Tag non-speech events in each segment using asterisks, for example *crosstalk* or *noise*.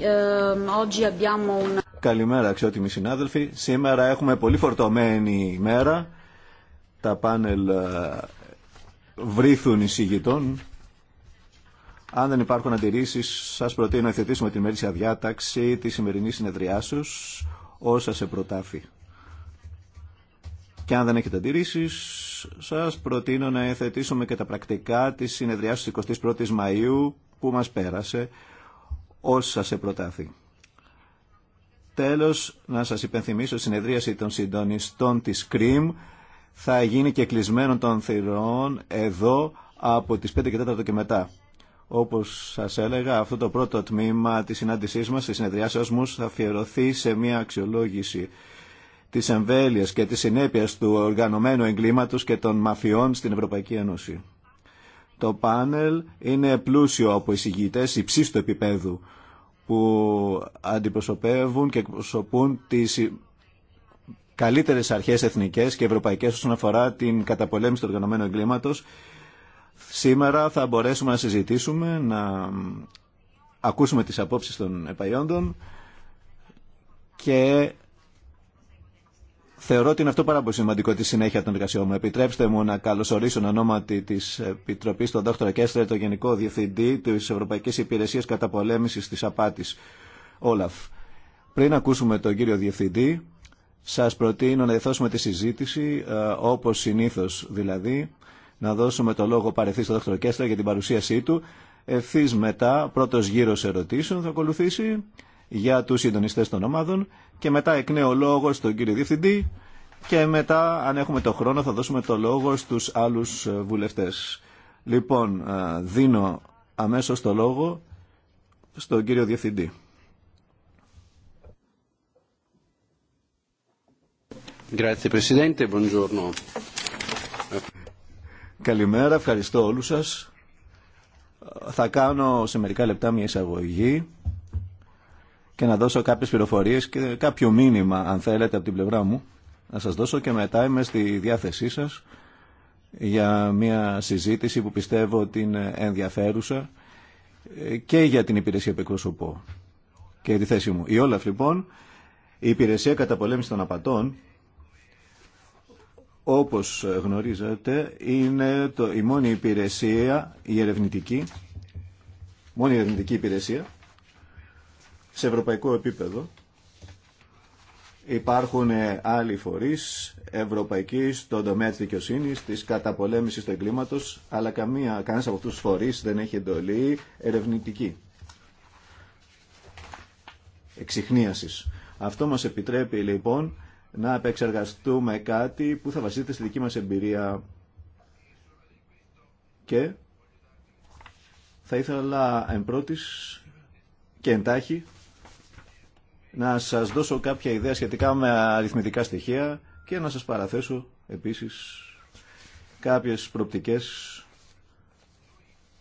Ehm, Καλημέρα αξιότιμοι συνάδελφοι. Σήμερα έχουμε πολύ φορτωμένη ημέρα. Τα πάνελ ε, βρίθουν εισηγητών. Αν δεν υπάρχουν αντιρρήσεις, σας προτείνω να θετήσουμε την αδιάταξη διάταξη της σημερινής συνεδριάσεως όσα σε προτάφει. Και αν δεν έχετε αντιρρήσεις, σας προτείνω να εθετήσουμε και τα πρακτικά της συνεδριάσης 21ης Μαΐου που μας πέρασε όσα σας επροτάθη. Τέλος, να σας υπενθυμίσω, η συνεδρίαση των συντονιστών της ΚΡΙΜ θα γίνει και κλεισμένων των θυρών εδώ από τις 5 και 4 και μετά. Όπως σας έλεγα, αυτό το πρώτο τμήμα της συνάντησής μας, συνεδριά συνεδριάσεως μου, θα αφιερωθεί σε μια αξιολόγηση Τη εμβέλειας και τη συνέπεια του οργανωμένου εγκλήματος και των μαφιών στην Ευρωπαϊκή Ένωση. Το πάνελ είναι πλούσιο από εισηγητές υψίστου επίπεδου που αντιπροσωπεύουν και εκπροσωπούν τις καλύτερες αρχές εθνικές και ευρωπαϊκές όσον αφορά την καταπολέμηση του οργανωμένου εγκλήματος. Σήμερα θα μπορέσουμε να συζητήσουμε, να ακούσουμε τις απόψεις των επαϊόντων και Θεωρώ ότι είναι αυτό πάρα πολύ σημαντικό τη συνέχεια των εργασιών μου. Επιτρέψτε μου να καλωσορίσω ονόματι τη Επιτροπή, τον Δόκτωρα Κέστρερ, τον Γενικό Διευθυντή τη Ευρωπαϊκή Υπηρεσία Καταπολέμηση τη Απάτη, Όλαφ. Πριν ακούσουμε τον κύριο Διευθυντή, σα προτείνω να διθώσουμε τη συζήτηση ε, όπω συνήθω δηλαδή, να δώσουμε το λόγο παρεθή στον Δόκτωρα Κέστρε για την παρουσίασή του. Ευθύ μετά, πρώτο γύρο ερωτήσεων θα ακολουθήσει για τους συντονιστές των ομάδων και μετά εκ νέου λόγο στον κύριο Διευθυντή και μετά αν έχουμε το χρόνο θα δώσουμε το λόγο στους άλλους ε, βουλευτές. Λοιπόν, ε, δίνω αμέσως το λόγο στον κύριο Διευθυντή. Καλημέρα, ευχαριστώ όλους σας. Θα κάνω σε μερικά λεπτά μια εισαγωγή και να δώσω κάποιες πληροφορίες και κάποιο μήνυμα αν θέλετε από την πλευρά μου να σας δώσω και μετά είμαι στη διάθεσή σας για μια συζήτηση που πιστεύω ότι είναι ενδιαφέρουσα και για την υπηρεσία που εκπροσωπώ και τη θέση μου. Η Όλαφ λοιπόν, η υπηρεσία καταπολέμησης των απατών όπως γνωρίζετε είναι το, η μόνη υπηρεσία, η ερευνητική μόνη ερευνητική υπηρεσία σε ευρωπαϊκό επίπεδο. Υπάρχουν ε, άλλοι φορείς ευρωπαϊκοί στον τομέα της δικαιοσύνης, της καταπολέμησης του εγκλήματος, αλλά καμία, κανένας από αυτούς τους φορείς δεν έχει εντολή ερευνητική εξυχνίασης. Αυτό μας επιτρέπει λοιπόν να επεξεργαστούμε κάτι που θα βασίζεται στη δική μας εμπειρία και θα ήθελα πρώτης και εντάχει να σας δώσω κάποια ιδέα σχετικά με αριθμητικά στοιχεία και να σας παραθέσω επίσης κάποιες προπτικές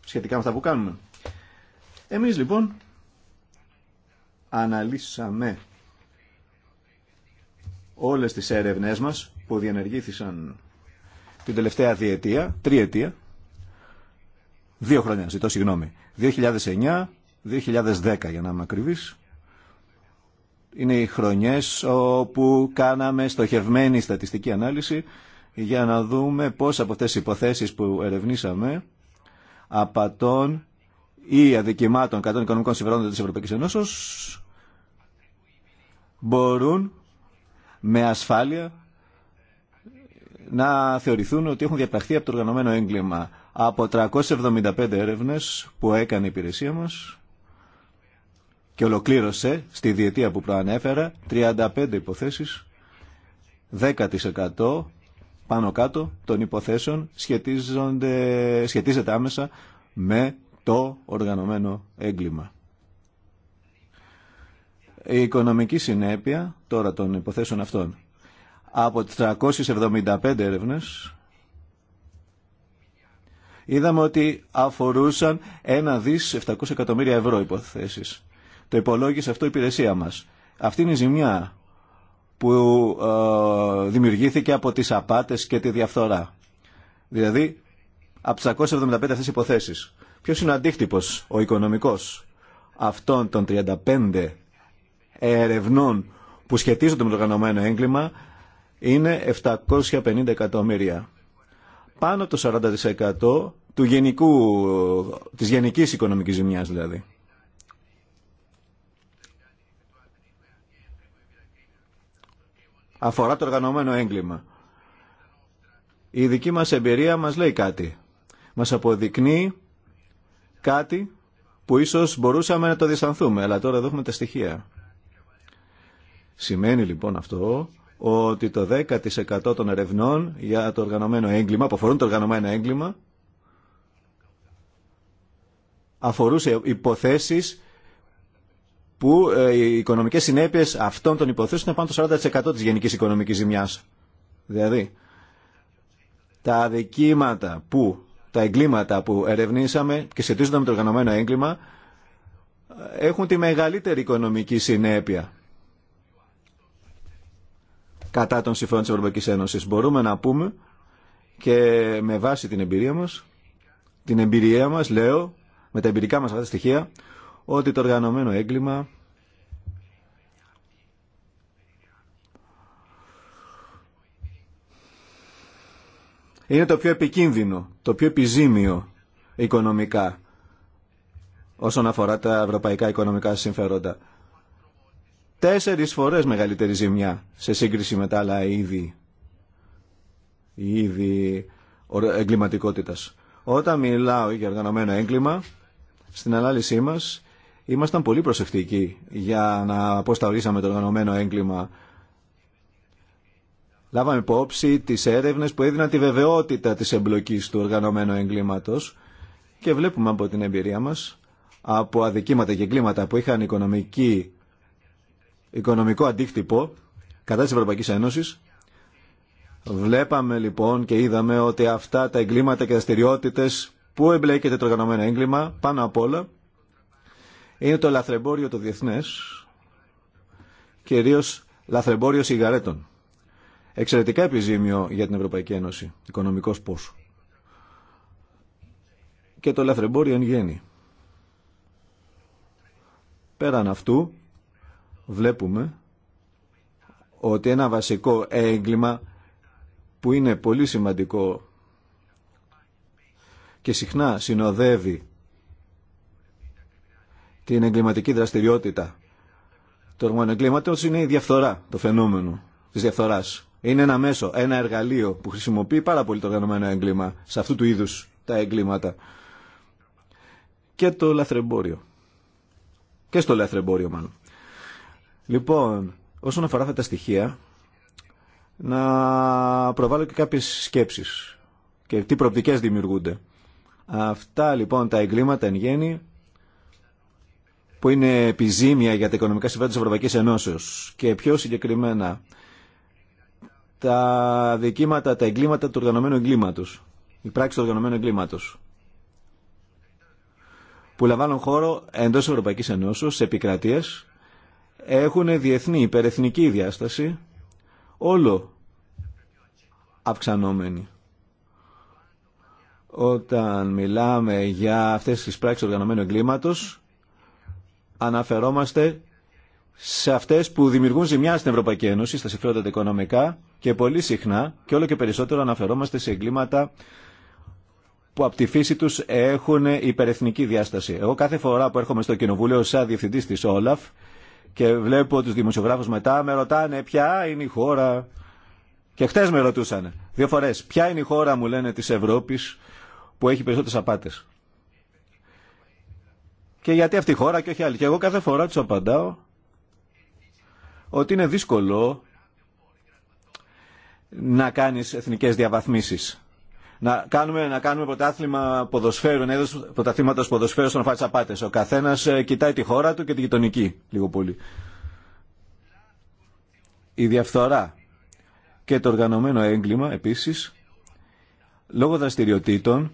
σχετικά με αυτά που κάνουμε. Εμείς λοιπόν αναλύσαμε όλες τις έρευνές μας που διενεργήθησαν την τελευταία διετία, τριετία, δύο χρόνια, ζητώ συγγνώμη, 2009-2010 για να είμαι ακριβής, είναι οι χρονιές όπου κάναμε στοχευμένη στατιστική ανάλυση για να δούμε πώς από αυτές τις υποθέσεις που ερευνήσαμε απατών ή αδικημάτων κατά των οικονομικών συμφερόντων της Ευρωπαϊκής Ενώσεως μπορούν με ασφάλεια να θεωρηθούν ότι έχουν διαπραχθεί από το οργανωμένο έγκλημα. Από 375 έρευνες που έκανε η υπηρεσία μας, και ολοκλήρωσε στη διετία που προανέφερα 35 υποθέσεις 10% πάνω κάτω των υποθέσεων σχετίζονται, σχετίζεται άμεσα με το οργανωμένο έγκλημα. Η οικονομική συνέπεια τώρα των υποθέσεων αυτών. Από 375 έρευνες είδαμε ότι αφορούσαν 1 δις 700 εκατομμύρια ευρώ υποθέσεις. Το υπολόγισε αυτό η υπηρεσία μας. Αυτή είναι η ζημιά που ε, δημιουργήθηκε από τις απάτες και τη διαφθορά. Δηλαδή, από τις 275 αυτές υποθέσεις. Ποιος είναι ο αντίκτυπος, ο οικονομικός, αυτών των 35 ερευνών που σχετίζονται με το οργανωμένο έγκλημα είναι 750 εκατομμύρια. Πάνω το 40% του γενικού, της γενικής οικονομικής ζημιάς δηλαδή. αφορά το οργανωμένο έγκλημα. Η δική μας εμπειρία μας λέει κάτι. Μας αποδεικνύει κάτι που ίσως μπορούσαμε να το διστανθούμε, αλλά τώρα εδώ έχουμε τα στοιχεία. Σημαίνει λοιπόν αυτό ότι το 10% των ερευνών για το οργανωμένο έγκλημα, που αφορούν το οργανωμένο έγκλημα, αφορούσε υποθέσεις που ε, οι οικονομικέ συνέπειε αυτών των υποθέσεων είναι πάνω το 40% τη γενική οικονομική ζημία. Δηλαδή, τα αδικήματα που, τα εγκλήματα που ερευνήσαμε και σχετίζονται με το οργανωμένο έγκλημα ε, έχουν τη μεγαλύτερη οικονομική συνέπεια κατά των συμφώνων της Ευρωπαϊκής Ένωσης. Μπορούμε να πούμε και με βάση την εμπειρία μας, την εμπειρία μας λέω, με τα εμπειρικά μας αυτά τα στοιχεία, ότι το οργανωμένο έγκλημα είναι το πιο επικίνδυνο, το πιο επιζήμιο οικονομικά όσον αφορά τα ευρωπαϊκά οικονομικά συμφέροντα. Τέσσερις φορές μεγαλύτερη ζημιά σε σύγκριση με τα άλλα είδη, είδη εγκληματικότητας. Όταν μιλάω για οργανωμένο έγκλημα, στην ανάλυση μας ήμασταν πολύ προσεκτικοί για να αποσταλήσαμε το οργανωμένο έγκλημα. Λάβαμε υπόψη τις έρευνες που έδιναν τη βεβαιότητα της εμπλοκής του οργανωμένου έγκληματος και βλέπουμε από την εμπειρία μας από αδικήματα και εγκλήματα που είχαν οικονομική, οικονομικό αντίκτυπο κατά της Ευρωπαϊκής Ένωσης. Βλέπαμε λοιπόν και είδαμε ότι αυτά τα εγκλήματα και δραστηριότητε που εμπλέκεται το οργανωμένο έγκλημα πάνω απ' όλα είναι το λαθρεμπόριο το διεθνές, κυρίως λαθρεμπόριο σιγαρέτων. Εξαιρετικά επιζήμιο για την Ευρωπαϊκή Ένωση, οικονομικός πόσο. Και το λαθρεμπόριο εν γέννη. Πέραν αυτού, βλέπουμε ότι ένα βασικό έγκλημα που είναι πολύ σημαντικό και συχνά συνοδεύει την εγκληματική δραστηριότητα. Το οργανωμένο είναι η διαφθορά, το φαινόμενο της διαφθοράς. Είναι ένα μέσο, ένα εργαλείο που χρησιμοποιεί πάρα πολύ το οργανωμένο έγκλημα σε αυτού του είδους τα εγκλήματα. Και το λαθρεμπόριο. Και στο λαθρεμπόριο μάλλον. Λοιπόν, όσον αφορά αυτά τα στοιχεία, να προβάλλω και κάποιες σκέψεις και τι προοπτικές δημιουργούνται. Αυτά λοιπόν τα εγκλήματα εν γέννη που είναι επιζήμια για τα οικονομικά συμφέροντα της Ευρωπαϊκής Ενώσεως και πιο συγκεκριμένα τα δικήματα, τα εγκλήματα του οργανωμένου εγκλήματος, η πράξη του οργανωμένου εγκλήματος που λαμβάνουν χώρο εντός Ευρωπαϊκής Ενώσεως, σε επικρατείες, έχουν διεθνή υπερεθνική διάσταση, όλο αυξανόμενη. Όταν μιλάμε για αυτές τις πράξεις οργανωμένου εγκλήματος, αναφερόμαστε σε αυτέ που δημιουργούν ζημιά στην Ευρωπαϊκή Ένωση, στα συμφέροντα τα οικονομικά και πολύ συχνά και όλο και περισσότερο αναφερόμαστε σε εγκλήματα που από τη φύση του έχουν υπερεθνική διάσταση. Εγώ κάθε φορά που έρχομαι στο Κοινοβούλιο σαν διευθυντή τη Όλαφ και βλέπω του δημοσιογράφου μετά με ρωτάνε ποια είναι η χώρα και χτε με ρωτούσαν δύο φορέ ποια είναι η χώρα μου λένε τη Ευρώπη που έχει περισσότερε απάτε. Και γιατί αυτή η χώρα και όχι άλλη. Και εγώ κάθε φορά του απαντάω ότι είναι δύσκολο να κάνεις εθνικές διαβαθμίσεις. Να κάνουμε, να κάνουμε πρωτάθλημα ποδοσφαίρου, ένα πρωταθλήματα ποδοσφαίρου στον φάτσα πάτες. Ο καθένας ε, κοιτάει τη χώρα του και τη γειτονική, λίγο πολύ. Η διαφθορά και το οργανωμένο έγκλημα, επίσης, λόγω δραστηριοτήτων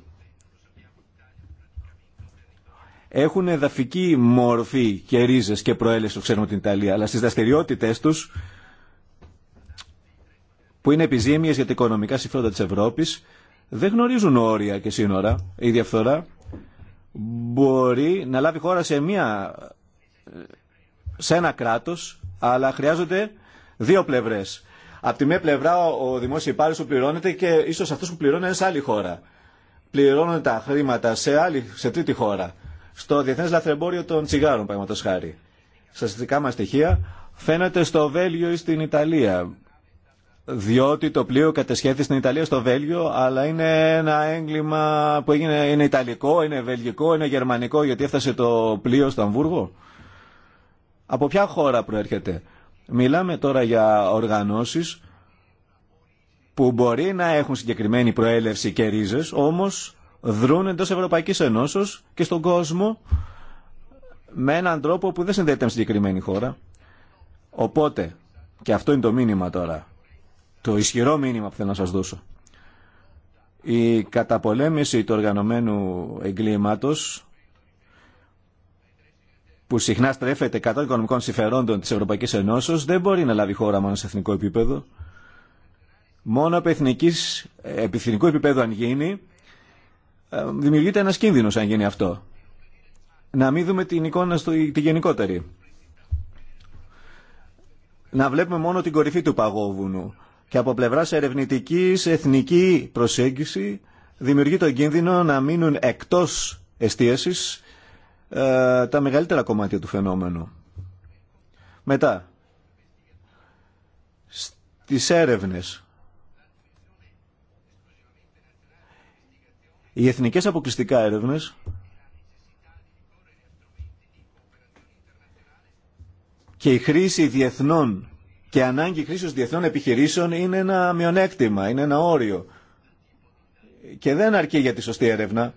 έχουν εδαφική μορφή και ρίζε και προέλευση, το ξέρουμε την Ιταλία, αλλά στις δραστηριότητε τους, που είναι επιζήμιες για τα οικονομικά συμφέροντα της Ευρώπης, δεν γνωρίζουν όρια και σύνορα. Η διαφθορά μπορεί να λάβει χώρα σε, μια, σε ένα κράτος, αλλά χρειάζονται δύο πλευρές. Από τη μία πλευρά ο δημόσιο υπάλληλο που πληρώνεται και ίσω αυτό που πληρώνεται σε άλλη χώρα. Πληρώνονται τα χρήματα σε, άλλη, σε τρίτη χώρα στο διεθνές λαθρεμπόριο των τσιγάρων, παραδείγματο χάρη. Στατιστικά μα στοιχεία φαίνεται στο Βέλγιο ή στην Ιταλία. Διότι το πλοίο κατεσχέθη στην Ιταλία στο Βέλγιο, αλλά είναι ένα έγκλημα που έγινε, είναι Ιταλικό, είναι Βελγικό, είναι Γερμανικό, γιατί έφτασε το πλοίο στο Αμβούργο. Από ποια χώρα προέρχεται. Μιλάμε τώρα για οργανώσεις που μπορεί να έχουν συγκεκριμένη προέλευση και ρίζες, όμως δρούν εντό Ευρωπαϊκή Ενώσεω και στον κόσμο με έναν τρόπο που δεν συνδέεται με συγκεκριμένη χώρα. Οπότε, και αυτό είναι το μήνυμα τώρα, το ισχυρό μήνυμα που θέλω να σας δώσω. Η καταπολέμηση του οργανωμένου εγκλήματος που συχνά στρέφεται κατά των οικονομικών συμφερόντων της Ευρωπαϊκής Ενώσεω δεν μπορεί να λάβει χώρα μόνο σε εθνικό επίπεδο. Μόνο από, εθνικής, επιθυνικού επίπεδο αν γίνει ε, δημιουργείται ένας κίνδυνος αν γίνει αυτό. Να μην δούμε την εικόνα στο, τη γενικότερη. Να βλέπουμε μόνο την κορυφή του παγόβουνου. Και από πλευρά ερευνητική εθνική προσέγγιση δημιουργεί το κίνδυνο να μείνουν εκτός εστίασης ε, τα μεγαλύτερα κομμάτια του φαινόμενου. Μετά, στις έρευνες Οι εθνικές αποκλειστικά έρευνες και η χρήση διεθνών και ανάγκη χρήσης διεθνών επιχειρήσεων είναι ένα μειονέκτημα, είναι ένα όριο και δεν αρκεί για τη σωστή έρευνα.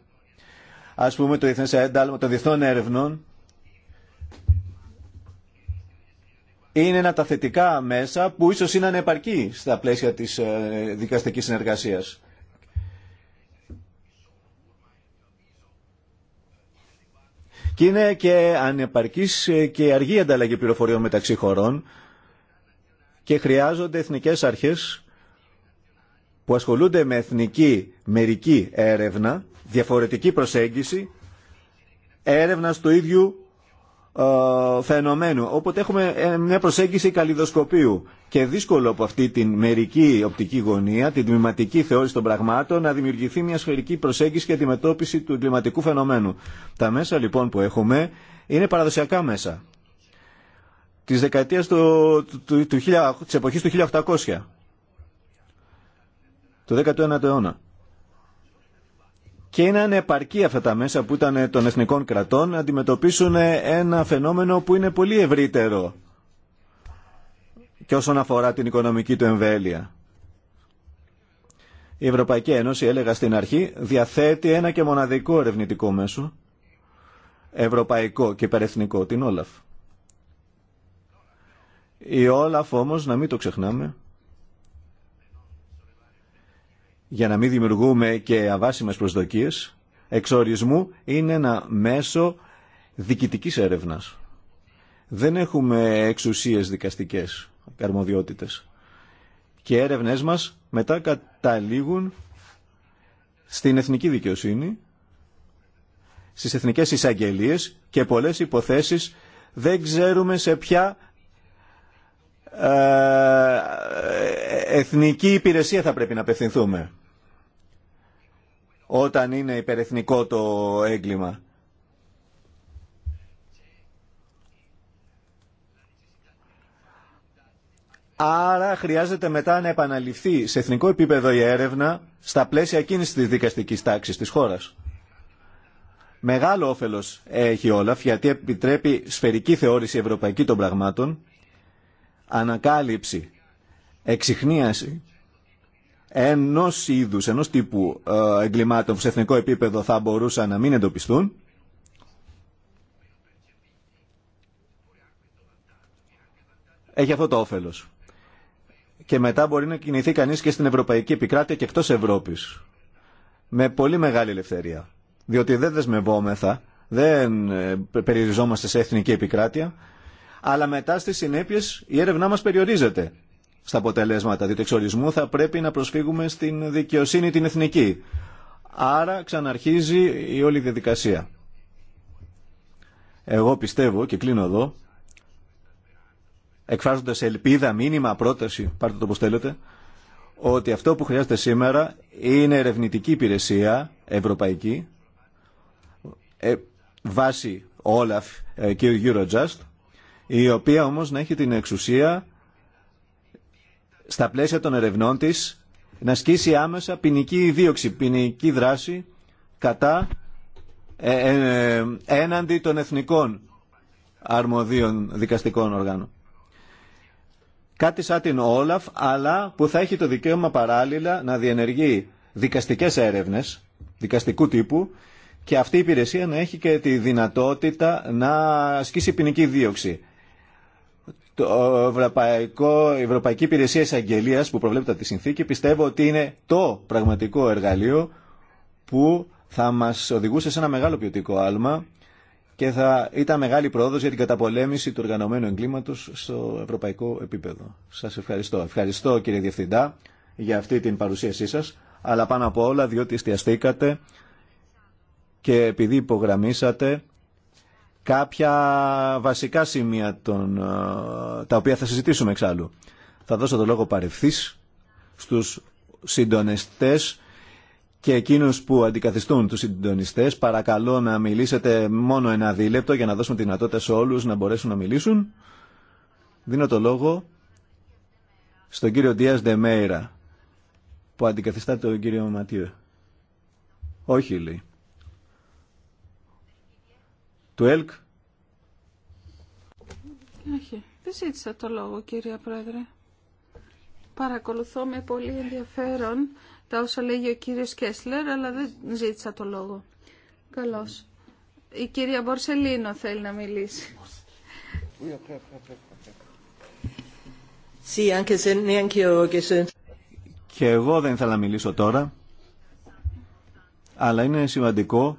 Ας πούμε το διεθνές ένταλμα των διεθνών έρευνων είναι ένα τα θετικά μέσα που ίσως είναι ανεπαρκή στα πλαίσια της ε, δικαστικής συνεργασίας. και είναι και ανεπαρκή και αργή ανταλλαγή πληροφοριών μεταξύ χωρών και χρειάζονται εθνικές αρχές που ασχολούνται με εθνική μερική έρευνα, διαφορετική προσέγγιση, έρευνα του ίδιου ε, φαινομένου. Όποτε έχουμε ε, μια προσέγγιση καλλιδοσκοπίου και δύσκολο από αυτή την μερική οπτική γωνία, την τμηματική θεώρηση των πραγμάτων, να δημιουργηθεί μια σφαιρική προσέγγιση και αντιμετώπιση του κλιματικού φαινομένου. Τα μέσα λοιπόν που έχουμε είναι παραδοσιακά μέσα. Της δεκαετίας του, του, του, της εποχής του 1800, του 19ου αιώνα και είναι ανεπαρκή αυτά τα μέσα που ήταν των εθνικών κρατών να αντιμετωπίσουν ένα φαινόμενο που είναι πολύ ευρύτερο και όσον αφορά την οικονομική του εμβέλεια. Η Ευρωπαϊκή Ένωση, έλεγα στην αρχή, διαθέτει ένα και μοναδικό ερευνητικό μέσο, ευρωπαϊκό και υπερεθνικό, την Όλαφ. Η Όλαφ όμως, να μην το ξεχνάμε, για να μην δημιουργούμε και αβάσιμες προσδοκίες, εξορισμού είναι ένα μέσο διοικητικής έρευνας. Δεν έχουμε εξουσίες δικαστικές, αρμοδιότητες. Και οι έρευνές μας μετά καταλήγουν στην εθνική δικαιοσύνη, στις εθνικές εισαγγελίες και πολλές υποθέσεις δεν ξέρουμε σε ποια ε, ε, εθνική υπηρεσία θα πρέπει να απευθυνθούμε όταν είναι υπερεθνικό το έγκλημα. Άρα χρειάζεται μετά να επαναληφθεί σε εθνικό επίπεδο η έρευνα στα πλαίσια εκείνης της δικαστικής τάξης της χώρας. Μεγάλο όφελος έχει όλα, γιατί επιτρέπει σφαιρική θεώρηση ευρωπαϊκή των πραγμάτων, ανακάλυψη, εξυχνίαση Ενό είδου, ενό τύπου ε, εγκλημάτων που σε εθνικό επίπεδο θα μπορούσαν να μην εντοπιστούν έχει αυτό το όφελος. Και μετά μπορεί να κινηθεί κανείς και στην Ευρωπαϊκή Επικράτεια και εκτό Ευρώπη. Με πολύ μεγάλη ελευθερία. Διότι δεν δεσμευόμεθα, δεν ε, περιοριζόμαστε σε εθνική επικράτεια, αλλά μετά στι συνέπειε η έρευνά μα περιορίζεται στα αποτελέσματα, διότι θα πρέπει να προσφύγουμε στην δικαιοσύνη την εθνική. Άρα ξαναρχίζει η όλη διαδικασία. Εγώ πιστεύω και κλείνω εδώ, εκφράζοντας ελπίδα, μήνυμα, πρόταση, πάρτε το όπως θέλετε, ότι αυτό που χρειάζεται σήμερα είναι ερευνητική υπηρεσία ευρωπαϊκή, ε, βάση Όλαφ ε, και Eurojust, η οποία όμως να έχει την εξουσία στα πλαίσια των ερευνών τη να σκίσει άμεσα ποινική δίωξη, ποινική δράση κατά ε, ε, έναντι των εθνικών αρμοδίων δικαστικών οργάνων. Κάτι σαν την Όλαφ, αλλά που θα έχει το δικαίωμα παράλληλα να διενεργεί δικαστικές έρευνες, δικαστικού τύπου, και αυτή η υπηρεσία να έχει και τη δυνατότητα να ασκήσει ποινική δίωξη. Το Ευρωπαϊκό, η Ευρωπαϊκή Υπηρεσία Εισαγγελία που προβλέπεται από τη συνθήκη πιστεύω ότι είναι το πραγματικό εργαλείο που θα μας οδηγούσε σε ένα μεγάλο ποιοτικό άλμα και θα ήταν μεγάλη πρόοδος για την καταπολέμηση του οργανωμένου εγκλήματος στο ευρωπαϊκό επίπεδο. Σας ευχαριστώ. Ευχαριστώ κύριε Διευθυντά για αυτή την παρουσίασή σας, αλλά πάνω από όλα διότι εστιαστήκατε και επειδή υπογραμμίσατε κάποια βασικά σημεία των, ε, τα οποία θα συζητήσουμε εξάλλου. Θα δώσω το λόγο παρευθύς στους συντονιστές και εκείνους που αντικαθιστούν τους συντονιστές. Παρακαλώ να μιλήσετε μόνο ένα δίλεπτο για να δώσουμε τη δυνατότητα σε όλους να μπορέσουν να μιλήσουν. Δίνω το λόγο στον κύριο Ντίας Δεμέιρα που αντικαθιστά τον κύριο Ματίου. Όχι λέει του ΕΛΚ. Όχι, δεν ζήτησα το λόγο κυρία Πρόεδρε. Παρακολουθώ με πολύ ενδιαφέρον τα όσα λέγει ο κύριος Κέσλερ, αλλά δεν ζήτησα το λόγο. Καλώς. Η κυρία Μπορσελίνο θέλει να μιλήσει. Και εγώ δεν ήθελα να μιλήσω τώρα, αλλά είναι σημαντικό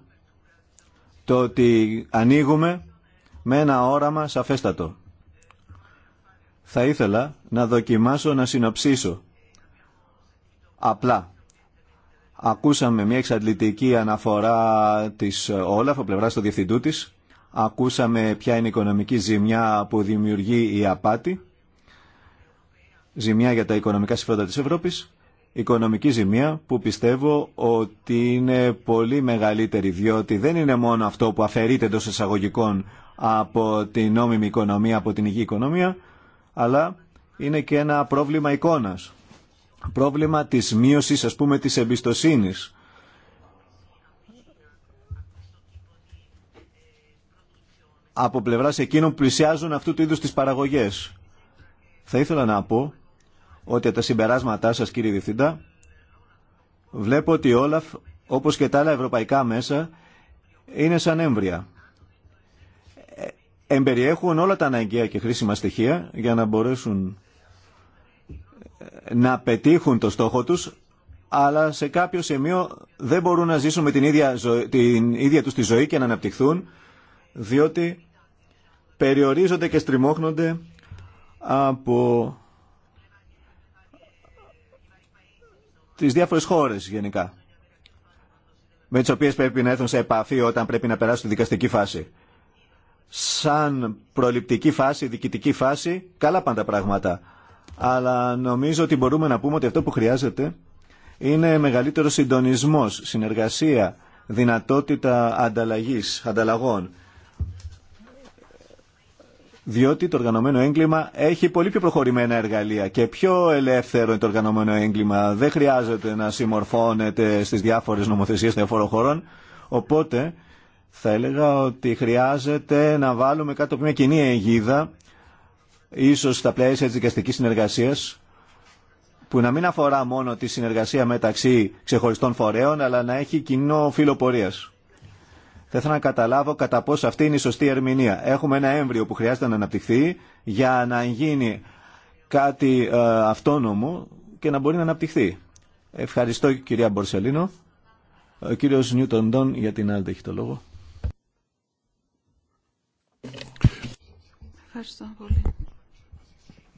το ότι ανοίγουμε με ένα όραμα σαφέστατο. Θα ήθελα να δοκιμάσω να συνοψίσω. Απλά. Ακούσαμε μια εξαντλητική αναφορά της Όλαφ, ο πλευράς του διευθυντού της. Ακούσαμε ποια είναι η οικονομική ζημιά που δημιουργεί η απάτη. Ζημιά για τα οικονομικά συμφέροντα της Ευρώπης οικονομική ζημία που πιστεύω ότι είναι πολύ μεγαλύτερη διότι δεν είναι μόνο αυτό που αφαιρείται εντό εισαγωγικών από την νόμιμη οικονομία, από την υγιή οικονομία αλλά είναι και ένα πρόβλημα εικόνας. Πρόβλημα της μείωσης ας πούμε της εμπιστοσύνης. Από πλευράς εκείνων πλησιάζουν αυτού του είδους τις παραγωγές. Θα ήθελα να πω ότι τα συμπεράσματά σας κύριε Διευθύντα βλέπω ότι όλα Όλαφ όπως και τα άλλα ευρωπαϊκά μέσα είναι σαν έμβρια. Ε, εμπεριέχουν όλα τα αναγκαία και χρήσιμα στοιχεία για να μπορέσουν ε, να πετύχουν το στόχο τους αλλά σε κάποιο σημείο δεν μπορούν να ζήσουν με την ίδια, ζωή, την ίδια τους τη ζωή και να αναπτυχθούν διότι περιορίζονται και στριμώχνονται από τις διάφορες χώρες γενικά, με τις οποίες πρέπει να έρθουν σε επαφή όταν πρέπει να περάσουν τη δικαστική φάση. Σαν προληπτική φάση, διοικητική φάση, καλά πάντα πράγματα. Αλλά νομίζω ότι μπορούμε να πούμε ότι αυτό που χρειάζεται είναι μεγαλύτερο συντονισμός, συνεργασία, δυνατότητα ανταλλαγής, ανταλλαγών διότι το οργανωμένο έγκλημα έχει πολύ πιο προχωρημένα εργαλεία και πιο ελεύθερο είναι το οργανωμένο έγκλημα. Δεν χρειάζεται να συμμορφώνεται στις διάφορες νομοθεσίες των χωρών. Οπότε θα έλεγα ότι χρειάζεται να βάλουμε κάτω από μια κοινή αιγίδα, ίσως στα πλαίσια της δικαστικής συνεργασίας, που να μην αφορά μόνο τη συνεργασία μεταξύ ξεχωριστών φορέων, αλλά να έχει κοινό φύλλο θα ήθελα να καταλάβω κατά πόσο αυτή είναι η σωστή ερμηνεία. Έχουμε ένα έμβριο που χρειάζεται να αναπτυχθεί για να γίνει κάτι ε, αυτόνομο και να μπορεί να αναπτυχθεί. Ευχαριστώ κυρία Μπορσελίνο. Ο κύριος Νιούτον Ντόν για την άλλη έχει το λόγο. Ευχαριστώ πολύ.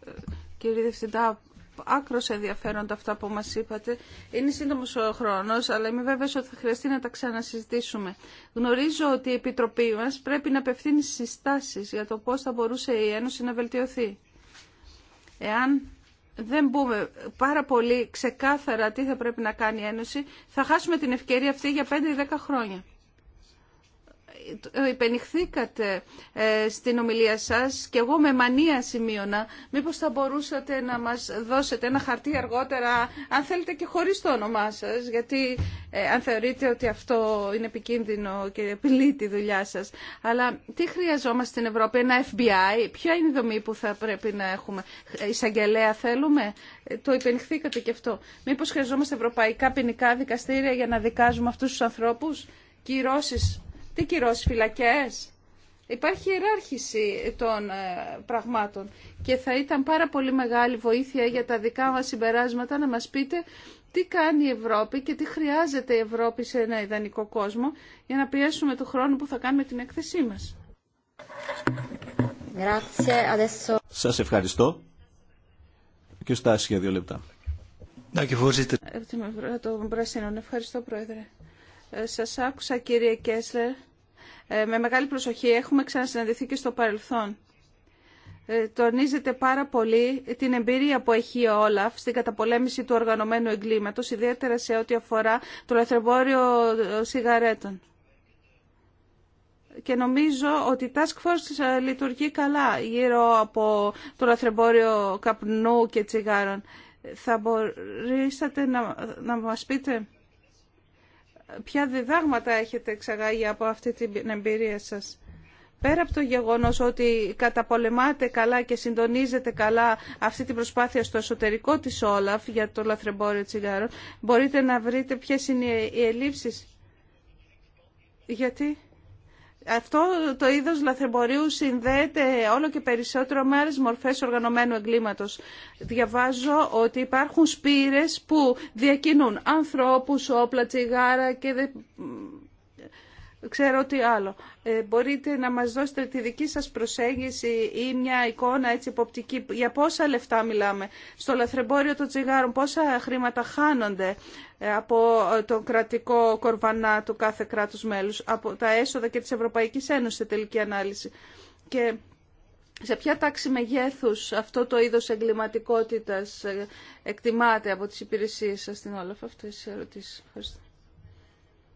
Ε, κύριε Διευθυντά, Ακρο ενδιαφέροντα αυτά που μας είπατε. Είναι σύντομος ο χρόνος, αλλά είμαι βέβαιο ότι θα χρειαστεί να τα ξανασυζητήσουμε. Γνωρίζω ότι η Επιτροπή μας πρέπει να απευθύνει συστάσει για το πώς θα μπορούσε η Ένωση να βελτιωθεί. Εάν δεν μπούμε πάρα πολύ ξεκάθαρα τι θα πρέπει να κάνει η Ένωση, θα χάσουμε την ευκαιρία αυτή για 5-10 χρόνια υπενηχθήκατε ε, στην ομιλία σας και εγώ με μανία σημείωνα. Μήπως θα μπορούσατε να μας δώσετε ένα χαρτί αργότερα, αν θέλετε και χωρίς το όνομά σας, γιατί ε, αν θεωρείτε ότι αυτό είναι επικίνδυνο και επιλύει τη δουλειά σας. Αλλά τι χρειαζόμαστε στην Ευρώπη, ένα FBI, ποια είναι η δομή που θα πρέπει να έχουμε, εισαγγελέα θέλουμε, ε, το υπενηχθήκατε και αυτό. Μήπως χρειαζόμαστε ευρωπαϊκά ποινικά δικαστήρια για να δικάζουμε αυτούς τους ανθρώπους, κυρώσεις τι κυρώσει φυλακέ. Υπάρχει ιεράρχηση των ε, πραγμάτων και θα ήταν πάρα πολύ μεγάλη βοήθεια για τα δικά μας συμπεράσματα να μας πείτε τι κάνει η Ευρώπη και τι χρειάζεται η Ευρώπη σε ένα ιδανικό κόσμο για να πιέσουμε το χρόνο που θα κάνουμε την έκθεσή μας. Σας ευχαριστώ. Και στάση για δύο λεπτά. Ευχαριστώ, Πρόεδρε. Ε, σας άκουσα, κύριε Κέσλερ ε, με μεγάλη προσοχή. Έχουμε ξανασυναντηθεί και στο παρελθόν. Ε, τονίζεται πάρα πολύ την εμπειρία που έχει ο Όλαφ στην καταπολέμηση του οργανωμένου εγκλήματος, ιδιαίτερα σε ό,τι αφορά το λαθρεμπόριο ε, σιγαρέτων. Και νομίζω ότι η Task Force λειτουργεί καλά γύρω από το λαθρεμπόριο καπνού και τσιγάρων. Θα μπορούσατε να, να μας πείτε ποια διδάγματα έχετε εξαγάγει από αυτή την εμπειρία σας. Πέρα από το γεγονός ότι καταπολεμάτε καλά και συντονίζετε καλά αυτή την προσπάθεια στο εσωτερικό της Όλαφ για το λαθρεμπόριο τσιγάρων, μπορείτε να βρείτε ποιες είναι οι ελλείψεις. Γιατί αυτό το είδος λαθρεμπορίου συνδέεται όλο και περισσότερο με άλλες μορφές οργανωμένου εγκλήματος. Διαβάζω ότι υπάρχουν σπήρες που διακινούν ανθρώπους, όπλα, τσιγάρα και ξέρω τι άλλο. Ε, μπορείτε να μας δώσετε τη δική σας προσέγγιση ή μια εικόνα έτσι υποπτική. Για πόσα λεφτά μιλάμε στο λαθρεμπόριο των τσιγάρων, πόσα χρήματα χάνονται ε, από ε, το κρατικό κορβανά του κάθε κράτους μέλους, από τα έσοδα και της Ευρωπαϊκής Ένωσης σε τελική ανάλυση. Και σε ποια τάξη μεγέθους αυτό το είδος εγκληματικότητας ε, εκτιμάται από τις υπηρεσίες σας στην όλα αυτές τις ερωτήσεις. Ευχαριστώ.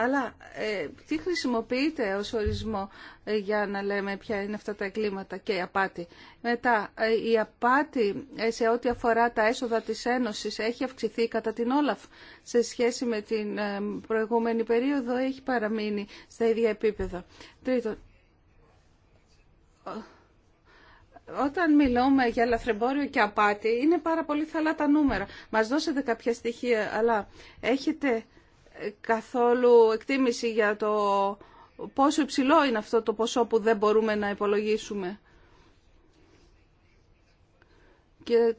Αλλά ε, τι χρησιμοποιείται ως ορισμό ε, για να λέμε ποια είναι αυτά τα εγκλήματα και η απάτη. Μετά, ε, η απάτη σε ό,τι αφορά τα έσοδα της Ένωσης έχει αυξηθεί κατά την Όλαφ σε σχέση με την προηγούμενη περίοδο έχει παραμείνει στα ίδια επίπεδα. Τρίτον, όταν μιλούμε για λαθρεμπόριο και απάτη είναι πάρα πολύ θαλά τα νούμερα. Μας δώσετε κάποια στοιχεία, αλλά έχετε καθόλου εκτίμηση για το πόσο υψηλό είναι αυτό το ποσό που δεν μπορούμε να υπολογίσουμε. Και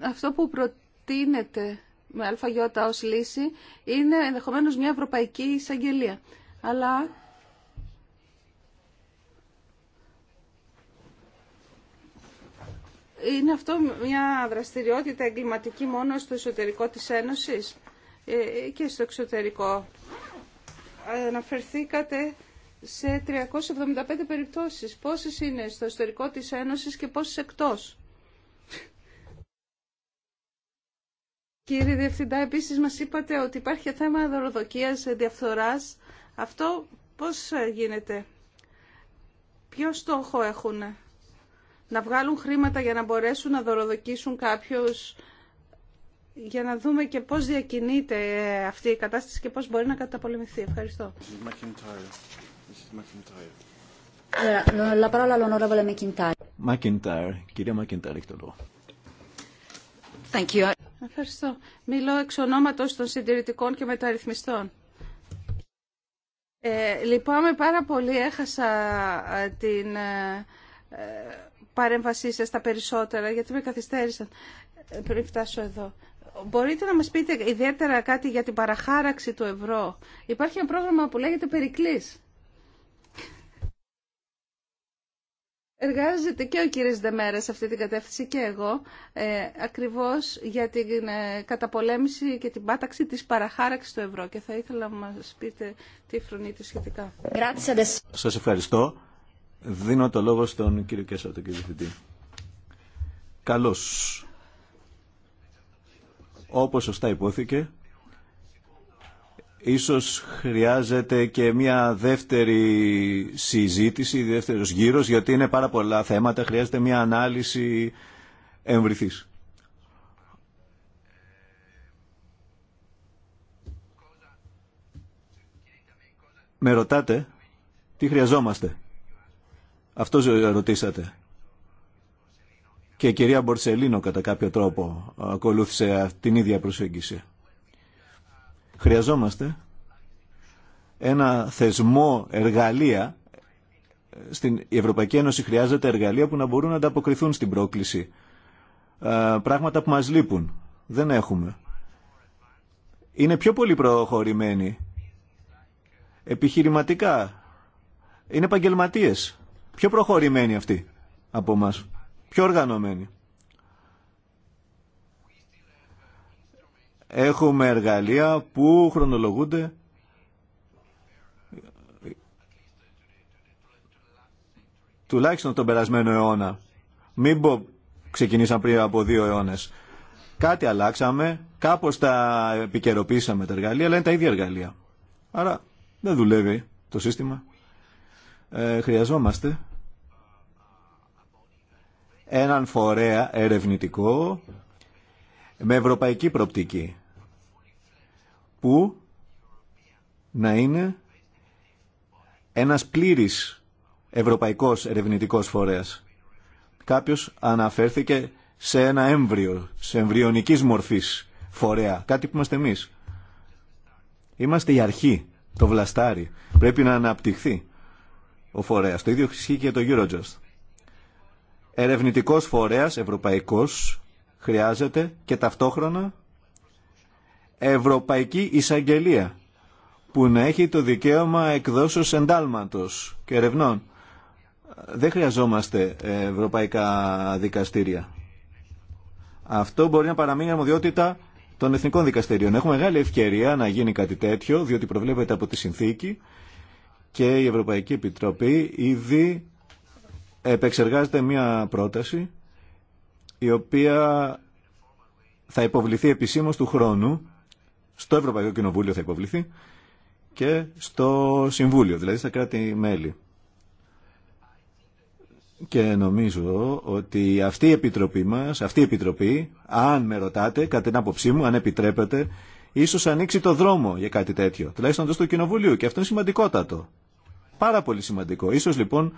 αυτό που προτείνεται με ΑΙ ως λύση είναι ενδεχομένω μια ευρωπαϊκή εισαγγελία. Αλλά είναι αυτό μια δραστηριότητα εγκληματική μόνο στο εσωτερικό της Ένωσης. Ε, και στο εξωτερικό. Αναφερθήκατε σε 375 περιπτώσεις. Πόσες είναι στο εσωτερικό της Ένωσης και πόσες εκτός. Κύριε Διευθυντά, επίσης μας είπατε ότι υπάρχει θέμα δωροδοκίας, διαφθοράς. Αυτό πώς γίνεται. Ποιο στόχο έχουν να βγάλουν χρήματα για να μπορέσουν να δωροδοκίσουν κάποιους για να δούμε και πώς διακινείται αυτή η κατάσταση και πώς μπορεί να καταπολεμηθεί. Ευχαριστώ. Ευχαριστώ. Μιλώ εξ ονόματος των συντηρητικών και μεταρρυθμιστών. Ε, λυπάμαι πάρα πολύ. Έχασα ε, την ε, ε, παρέμβασή σας τα περισσότερα, γιατί με καθυστέρησαν ε, πριν φτάσω εδώ. Μπορείτε να μας πείτε ιδιαίτερα κάτι για την παραχάραξη του ευρώ. Υπάρχει ένα πρόγραμμα που λέγεται Περικλής. Εργάζεται και ο κύριος Δεμέρα σε αυτή την κατεύθυνση και εγώ, ε, ακριβώς για την ε, καταπολέμηση και την πάταξη της παραχάραξης του ευρώ. Και θα ήθελα να μας πείτε τι φρονείτε σχετικά. Σας ευχαριστώ. Δίνω το λόγο στον κύριο Κέσσα, τον κύριο Διευθυντή. Καλώς. Όπως σωστά υπόθηκε, ίσως χρειάζεται και μια δεύτερη συζήτηση, δεύτερος γύρος, γιατί είναι πάρα πολλά θέματα, χρειάζεται μια ανάλυση εμβριθής. Με ρωτάτε τι χρειαζόμαστε. Αυτό ρωτήσατε και η κυρία Μπορσελίνο κατά κάποιο τρόπο ακολούθησε την ίδια προσέγγιση. Χρειαζόμαστε ένα θεσμό εργαλεία. Στην, η Ευρωπαϊκή Ένωση χρειάζεται εργαλεία που να μπορούν να ανταποκριθούν στην πρόκληση. Ε, πράγματα που μας λείπουν. Δεν έχουμε. Είναι πιο πολύ προχωρημένοι. Επιχειρηματικά. Είναι επαγγελματίε. Πιο προχωρημένοι αυτοί από μας πιο οργανωμένοι. Έχουμε εργαλεία που χρονολογούνται τουλάχιστον τον περασμένο αιώνα. Μην πω ξεκινήσαμε πριν από δύο αιώνες. Κάτι αλλάξαμε, κάπως τα επικαιροποίησαμε τα εργαλεία, αλλά είναι τα ίδια εργαλεία. Άρα δεν δουλεύει το σύστημα. Ε, χρειαζόμαστε έναν φορέα ερευνητικό με ευρωπαϊκή προπτική που να είναι ένας πλήρης ευρωπαϊκός ερευνητικός φορέας. Κάποιος αναφέρθηκε σε ένα έμβριο, σε εμβριονικής μορφής φορέα, κάτι που είμαστε εμείς. Είμαστε η αρχή, το βλαστάρι. Πρέπει να αναπτυχθεί ο φορέας. Το ίδιο ισχύει και το Eurojust ερευνητικός φορέας ευρωπαϊκός χρειάζεται και ταυτόχρονα ευρωπαϊκή εισαγγελία που να έχει το δικαίωμα εκδόσεως εντάλματος και ερευνών. Δεν χρειαζόμαστε ευρωπαϊκά δικαστήρια. Αυτό μπορεί να παραμείνει αρμοδιότητα των εθνικών δικαστηρίων. Έχουμε μεγάλη ευκαιρία να γίνει κάτι τέτοιο, διότι προβλέπεται από τη συνθήκη και η Ευρωπαϊκή Επιτροπή ήδη επεξεργάζεται μία πρόταση η οποία θα υποβληθεί επισήμως του χρόνου στο Ευρωπαϊκό Κοινοβούλιο θα υποβληθεί και στο Συμβούλιο, δηλαδή στα κράτη-μέλη. Και νομίζω ότι αυτή η επιτροπή μας, αυτή η επιτροπή, αν με ρωτάτε, κατά την άποψή μου, αν επιτρέπετε, ίσως ανοίξει το δρόμο για κάτι τέτοιο, τουλάχιστον το στο Κοινοβουλίο και αυτό είναι σημαντικότατο. Πάρα πολύ σημαντικό. Ίσως λοιπόν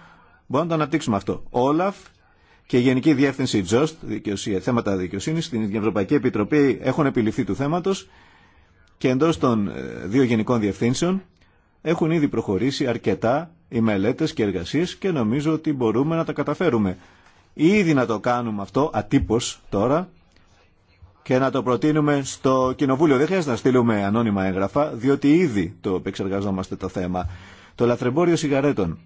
Μπορούμε να το αναπτύξουμε αυτό. Όλαφ και η Γενική Διεύθυνση Just, θέματα δικαιοσύνη, στην Ευρωπαϊκή Επιτροπή έχουν επιληφθεί του θέματο και εντό των ε, δύο Γενικών Διευθύνσεων έχουν ήδη προχωρήσει αρκετά οι μελέτε και εργασίε και νομίζω ότι μπορούμε να τα καταφέρουμε. Ήδη να το κάνουμε αυτό ατύπω τώρα και να το προτείνουμε στο Κοινοβούλιο. Δεν χρειάζεται να στείλουμε ανώνυμα έγγραφα, διότι ήδη το επεξεργαζόμαστε το θέμα. Το λαθρεμπόριο σιγαρέτων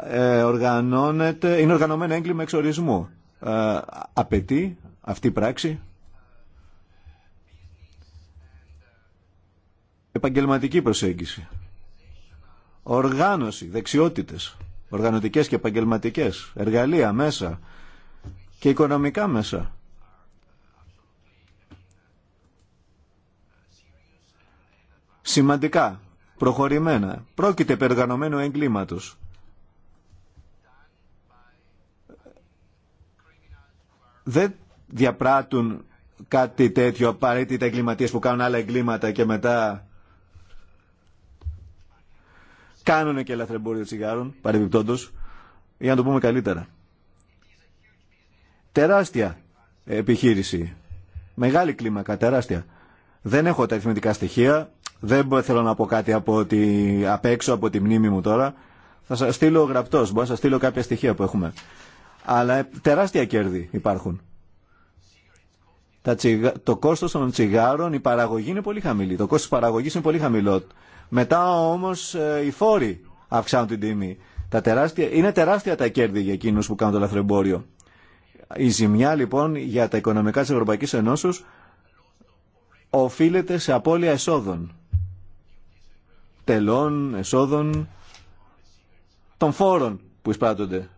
ε, οργανώνεται, είναι οργανωμένο έγκλημα εξορισμού. Ε, απαιτεί αυτή η πράξη επαγγελματική προσέγγιση. Οργάνωση, δεξιότητες, οργανωτικές και επαγγελματικές, εργαλεία, μέσα και οικονομικά μέσα. Σημαντικά, προχωρημένα, πρόκειται περγανωμένου εγκλήματος δεν διαπράττουν κάτι τέτοιο απαραίτητα εγκληματίε που κάνουν άλλα εγκλήματα και μετά κάνουν και λαθρεμπόριο τσιγάρων, παρεμπιπτόντω, για να το πούμε καλύτερα. Τεράστια επιχείρηση. Μεγάλη κλίμακα, τεράστια. Δεν έχω τα αριθμητικά στοιχεία. Δεν θέλω να πω κάτι από τη, απ' έξω από τη μνήμη μου τώρα. Θα σας στείλω γραπτός. Μπορώ να σας στείλω κάποια στοιχεία που έχουμε αλλά τεράστια κέρδη υπάρχουν. Τα Το κόστος των τσιγάρων, η παραγωγή είναι πολύ χαμηλή. Το κόστος τη παραγωγής είναι πολύ χαμηλό. Μετά όμως ε, οι φόροι αυξάνουν την τιμή. Τα τεράστια... Είναι τεράστια τα κέρδη για εκείνους που κάνουν το λαθρεμπόριο. Η ζημιά λοιπόν για τα οικονομικά τη Ευρωπαϊκή Ενώση οφείλεται σε απώλεια εσόδων. Τελών, εσόδων, των φόρων που εισπράττονται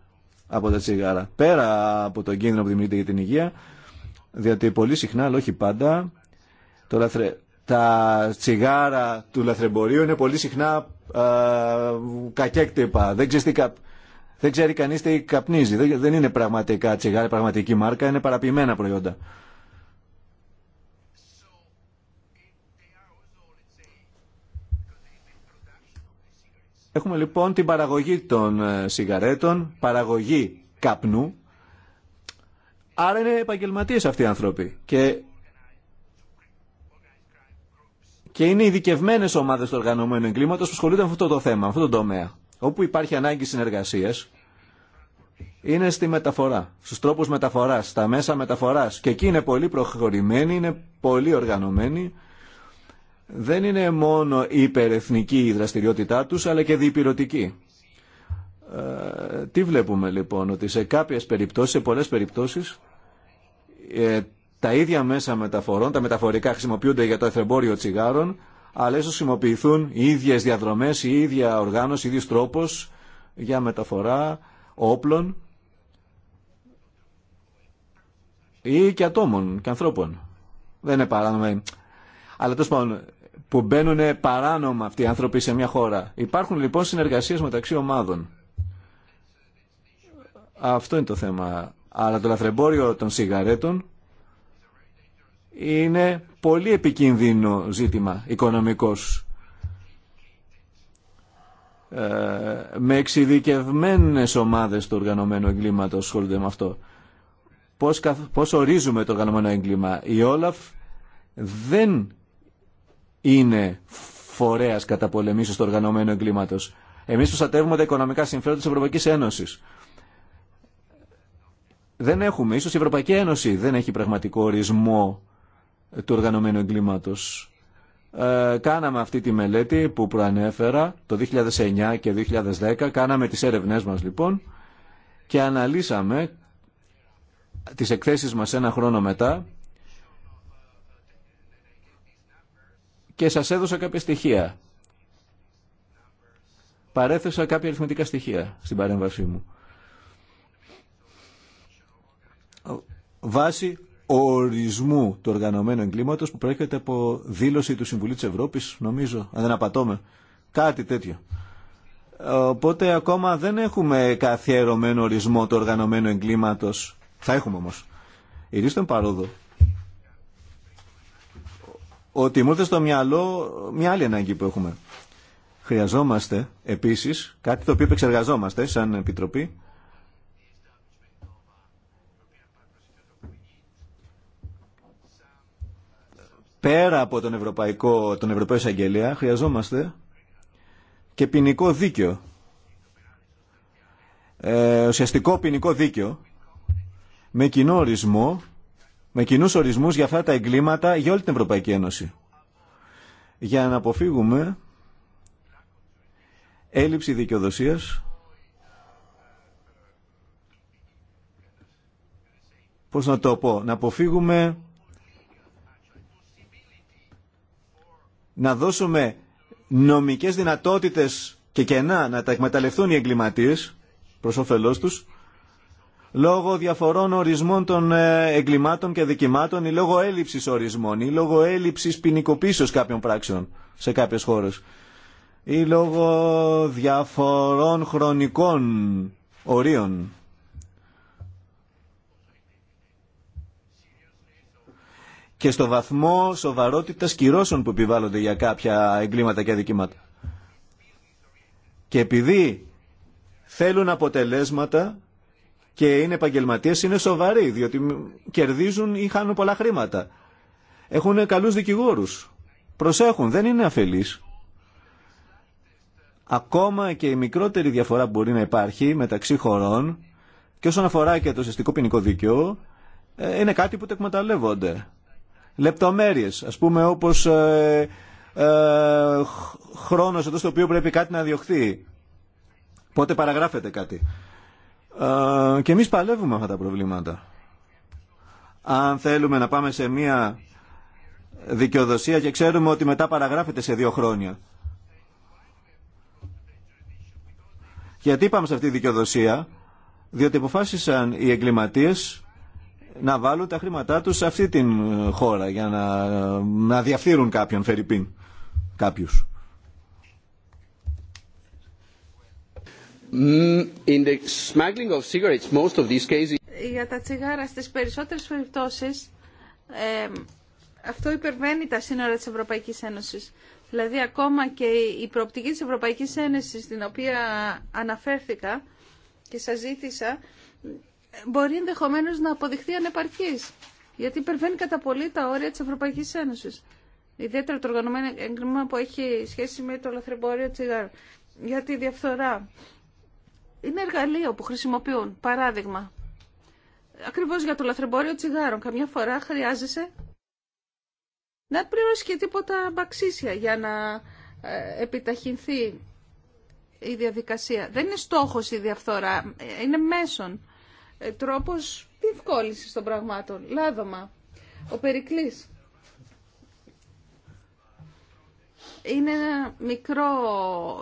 από τα τσιγάρα. Πέρα από τον κίνδυνο που δημιουργείται για την υγεία, διότι πολύ συχνά, αλλά όχι πάντα, το λαθρε... τα τσιγάρα του λαθρεμπορίου είναι πολύ συχνά α, κακέκτυπα. Δεν ξέρει, κα... δεν ξέρει κανείς τι καπνίζει. Δεν, είναι πραγματικά τσιγάρα, πραγματική μάρκα, είναι παραποιημένα προϊόντα. Έχουμε λοιπόν την παραγωγή των ε, σιγαρέτων, παραγωγή καπνού. Άρα είναι επαγγελματίε αυτοί οι άνθρωποι. Και, είναι ειδικευμένε ομάδε του οργανωμένου εγκλήματο που ασχολούνται με αυτό το θέμα, με αυτό το τομέα. Όπου υπάρχει ανάγκη συνεργασία είναι στη μεταφορά, στου τρόπου μεταφορά, στα μέσα μεταφορά. Και εκεί είναι πολύ προχωρημένοι, είναι πολύ οργανωμένοι δεν είναι μόνο υπερεθνική η δραστηριότητά τους, αλλά και διπυρωτική. Ε, τι βλέπουμε λοιπόν, ότι σε κάποιες περιπτώσεις, σε πολλές περιπτώσεις, ε, τα ίδια μέσα μεταφορών, τα μεταφορικά χρησιμοποιούνται για το εθρεμπόριο τσιγάρων, αλλά ίσως χρησιμοποιηθούν οι ίδιες διαδρομές, η ίδια οργάνωση, ο ίδιος τρόπος για μεταφορά όπλων ή και ατόμων και ανθρώπων. Δεν είναι παράνομο. Αλλά τέλο πάντων, που μπαίνουν παράνομα αυτοί οι άνθρωποι σε μια χώρα. Υπάρχουν λοιπόν συνεργασίες μεταξύ ομάδων. Αυτό είναι το θέμα. Αλλά το λαθρεμπόριο των σιγαρέτων είναι πολύ επικίνδυνο ζήτημα οικονομικός. Ε, με εξειδικευμένες ομάδες του οργανωμένου εγκλήματος ασχολούνται με αυτό. Πώς, ορίζουμε το οργανωμένο έγκλημα. Η Όλαφ δεν είναι φορέας καταπολεμήσεως του οργανωμένου εγκλήματος. Εμείς προστατεύουμε τα οικονομικά συμφέροντα της Ευρωπαϊκής Ένωσης. Δεν έχουμε, ίσως η Ευρωπαϊκή Ένωση δεν έχει πραγματικό ορισμό του οργανωμένου εγκλήματος. Ε, κάναμε αυτή τη μελέτη που προανέφερα το 2009 και 2010, κάναμε τις έρευνές μας λοιπόν και αναλύσαμε τις εκθέσεις μας ένα χρόνο μετά και σας έδωσα κάποια στοιχεία. Παρέθεσα κάποια αριθμητικά στοιχεία στην παρέμβασή μου. Βάση ορισμού του οργανωμένου εγκλήματος που προέρχεται από δήλωση του Συμβουλίου της Ευρώπης, νομίζω, αν δεν απατώμε, κάτι τέτοιο. Οπότε ακόμα δεν έχουμε καθιερωμένο ορισμό του οργανωμένου εγκλήματος. Θα έχουμε όμως. τον παρόδο ότι μου έρθει στο μυαλό μια άλλη ανάγκη που έχουμε. Χρειαζόμαστε επίσης κάτι το οποίο επεξεργαζόμαστε σαν Επιτροπή πέρα από τον Ευρωπαϊκό, τον Ευρωπαϊκό Εισαγγελία χρειαζόμαστε και ποινικό δίκαιο. Ε, ουσιαστικό ποινικό δίκαιο με κοινό ορισμό με κοινού ορισμού για αυτά τα εγκλήματα για όλη την Ευρωπαϊκή Ένωση. Για να αποφύγουμε έλλειψη δικαιοδοσίας πώς να το πω, να αποφύγουμε να δώσουμε νομικές δυνατότητες και κενά να τα εκμεταλλευτούν οι εγκληματίες προς όφελός τους λόγω διαφορών ορισμών των ε, εγκλημάτων και δικημάτων ή λόγω έλλειψη ορισμών ή λόγω έλλειψη ποινικοποίηση κάποιων πράξεων σε κάποιε χώρε ή λόγω διαφορών χρονικών ορίων. και στο βαθμό σοβαρότητας κυρώσεων που επιβάλλονται για κάποια εγκλήματα και αδικήματα. Και επειδή θέλουν αποτελέσματα, και είναι επαγγελματίε είναι σοβαροί, διότι κερδίζουν ή χάνουν πολλά χρήματα. Έχουν καλούς δικηγόρους. Προσέχουν, δεν είναι αφελείς. Ακόμα και η μικρότερη διαφορά μπορεί να υπάρχει μεταξύ χωρών και όσον αφορά και το συστικό ποινικό δίκαιο, ε, είναι κάτι που το εκμεταλλεύονται. Λεπτομέρειες, ας πούμε όπως ε, ε χρόνος εδώ στο οποίο πρέπει κάτι να διωχθεί. Πότε παραγράφεται κάτι και εμείς παλεύουμε αυτά τα προβλήματα. Αν θέλουμε να πάμε σε μια δικαιοδοσία και ξέρουμε ότι μετά παραγράφεται σε δύο χρόνια. Γιατί πάμε σε αυτή τη δικαιοδοσία, διότι αποφάσισαν οι εγκληματίες να βάλουν τα χρήματά τους σε αυτή την ε, χώρα για να, να διαφθείρουν κάποιον, Φερρυπίν, κάποιους. Για τα τσιγάρα στις περισσότερες περιπτώσεις αυτό υπερβαίνει τα σύνορα της Ευρωπαϊκής Ένωσης. Δηλαδή ακόμα και η προοπτική της Ευρωπαϊκής Ένωσης την οποία αναφέρθηκα και σας ζήτησα μπορεί ενδεχομένω να αποδειχθεί ανεπαρκής γιατί υπερβαίνει κατά πολύ τα όρια της Ευρωπαϊκής Ένωσης. Ιδιαίτερα το οργανωμένο έγκλημα που έχει σχέση με το λαθρεμπόριο τσιγάρου. Για τη διαφθορά είναι εργαλείο που χρησιμοποιούν. Παράδειγμα, ακριβώς για το λαθρεμπόριο τσιγάρων. Καμιά φορά χρειάζεσαι να πληρώσει και τίποτα μπαξίσια για να ε, επιταχυνθεί η διαδικασία. Δεν είναι στόχος η διαφθορά, ε, είναι μέσον. Ε, τρόπος διευκόλυνσης των πραγμάτων. Λάδωμα. Ο Περικλής Είναι ένα μικρό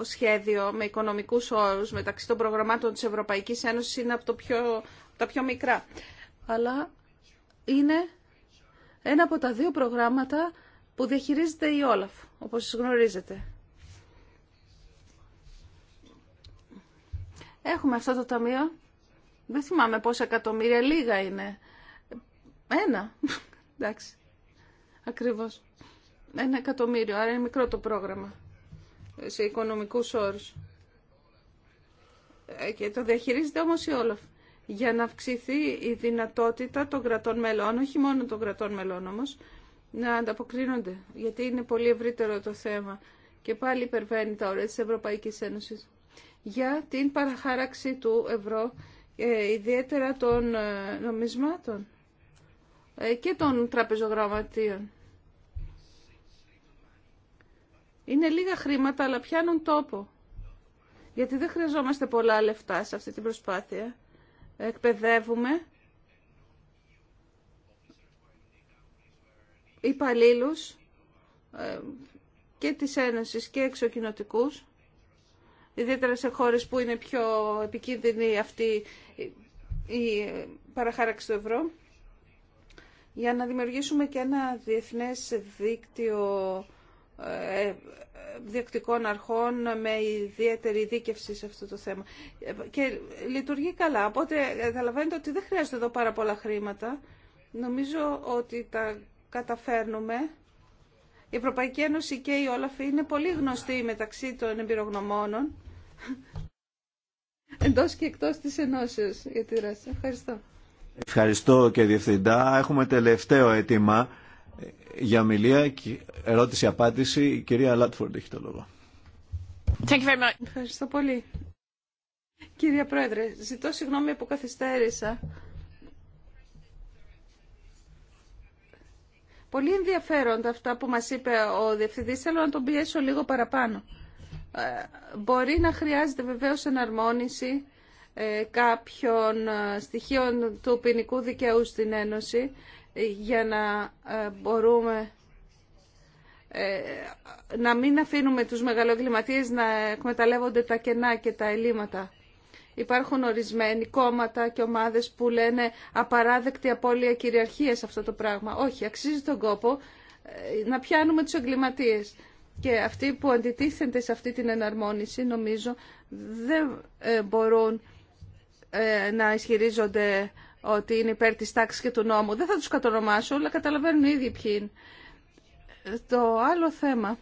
σχέδιο με οικονομικούς όρους μεταξύ των προγραμμάτων της Ευρωπαϊκής Ένωσης είναι από το πιο, τα πιο μικρά. Αλλά είναι ένα από τα δύο προγράμματα που διαχειρίζεται η Όλαφ, όπως γνωρίζετε. Έχουμε αυτό το ταμείο. Δεν θυμάμαι πόσα εκατομμύρια, λίγα είναι. Ένα. Εντάξει. Ακριβώς ένα εκατομμύριο, άρα είναι μικρό το πρόγραμμα σε οικονομικούς όρους. Ε, και το διαχειρίζεται όμως η Όλαφ για να αυξηθεί η δυνατότητα των κρατών μελών, όχι μόνο των κρατών μελών όμως, να ανταποκρίνονται, γιατί είναι πολύ ευρύτερο το θέμα και πάλι υπερβαίνει τα όρια της Ευρωπαϊκής Ένωσης. Για την παραχάραξη του ευρώ, ε, ιδιαίτερα των ε, νομισμάτων ε, και των τραπεζογραμματίων. Είναι λίγα χρήματα, αλλά πιάνουν τόπο. Γιατί δεν χρειαζόμαστε πολλά λεφτά σε αυτή την προσπάθεια. Εκπαιδεύουμε υπαλλήλου ε, και της Ένωσης και εξοκοινοτικούς, ιδιαίτερα σε χώρες που είναι πιο επικίνδυνη αυτή η ε, παραχάραξη του ευρώ, για να δημιουργήσουμε και ένα διεθνές δίκτυο ε, διεκτικών αρχών με ιδιαίτερη δίκευση σε αυτό το θέμα. Και λειτουργεί καλά. Οπότε καταλαβαίνετε ότι δεν χρειάζεται εδώ πάρα πολλά χρήματα. Νομίζω ότι τα καταφέρνουμε. Η Ευρωπαϊκή Ένωση και η Όλαφ είναι πολύ γνωστή μεταξύ των εμπειρογνωμόνων. *laughs* Εντό και εκτό της ενώσεω για τη δράση. Ευχαριστώ. Ευχαριστώ και Διευθυντά. Έχουμε τελευταίο αίτημα για μιλία, ερώτηση-απάντηση. Η κυρία Λάτφορντ έχει το λόγο. Thank you very much. Ευχαριστώ πολύ. Κυρία Πρόεδρε, ζητώ συγγνώμη που καθυστέρησα. Πολύ ενδιαφέροντα αυτά που μας είπε ο Διευθυντής. Θέλω να τον πιέσω λίγο παραπάνω. Ε, μπορεί να χρειάζεται βεβαίως εναρμόνιση ε, κάποιων ε, στοιχείων του ποινικού δικαίου στην Ένωση για να ε, μπορούμε ε, να μην αφήνουμε τους μεγαλογκληματίες να εκμεταλλεύονται τα κενά και τα ελλείμματα. Υπάρχουν ορισμένοι κόμματα και ομάδες που λένε απαράδεκτη απώλεια κυριαρχίας αυτό το πράγμα. Όχι, αξίζει τον κόπο ε, να πιάνουμε τους εγκληματίες. Και αυτοί που αντιτίθενται σε αυτή την εναρμόνιση νομίζω δεν μπορούν να ισχυρίζονται ότι είναι υπέρ της τάξης και του νόμου. Δεν θα τους κατονομάσω, αλλά καταλαβαίνουν ήδη ποιοι είναι. Το άλλο θέμα,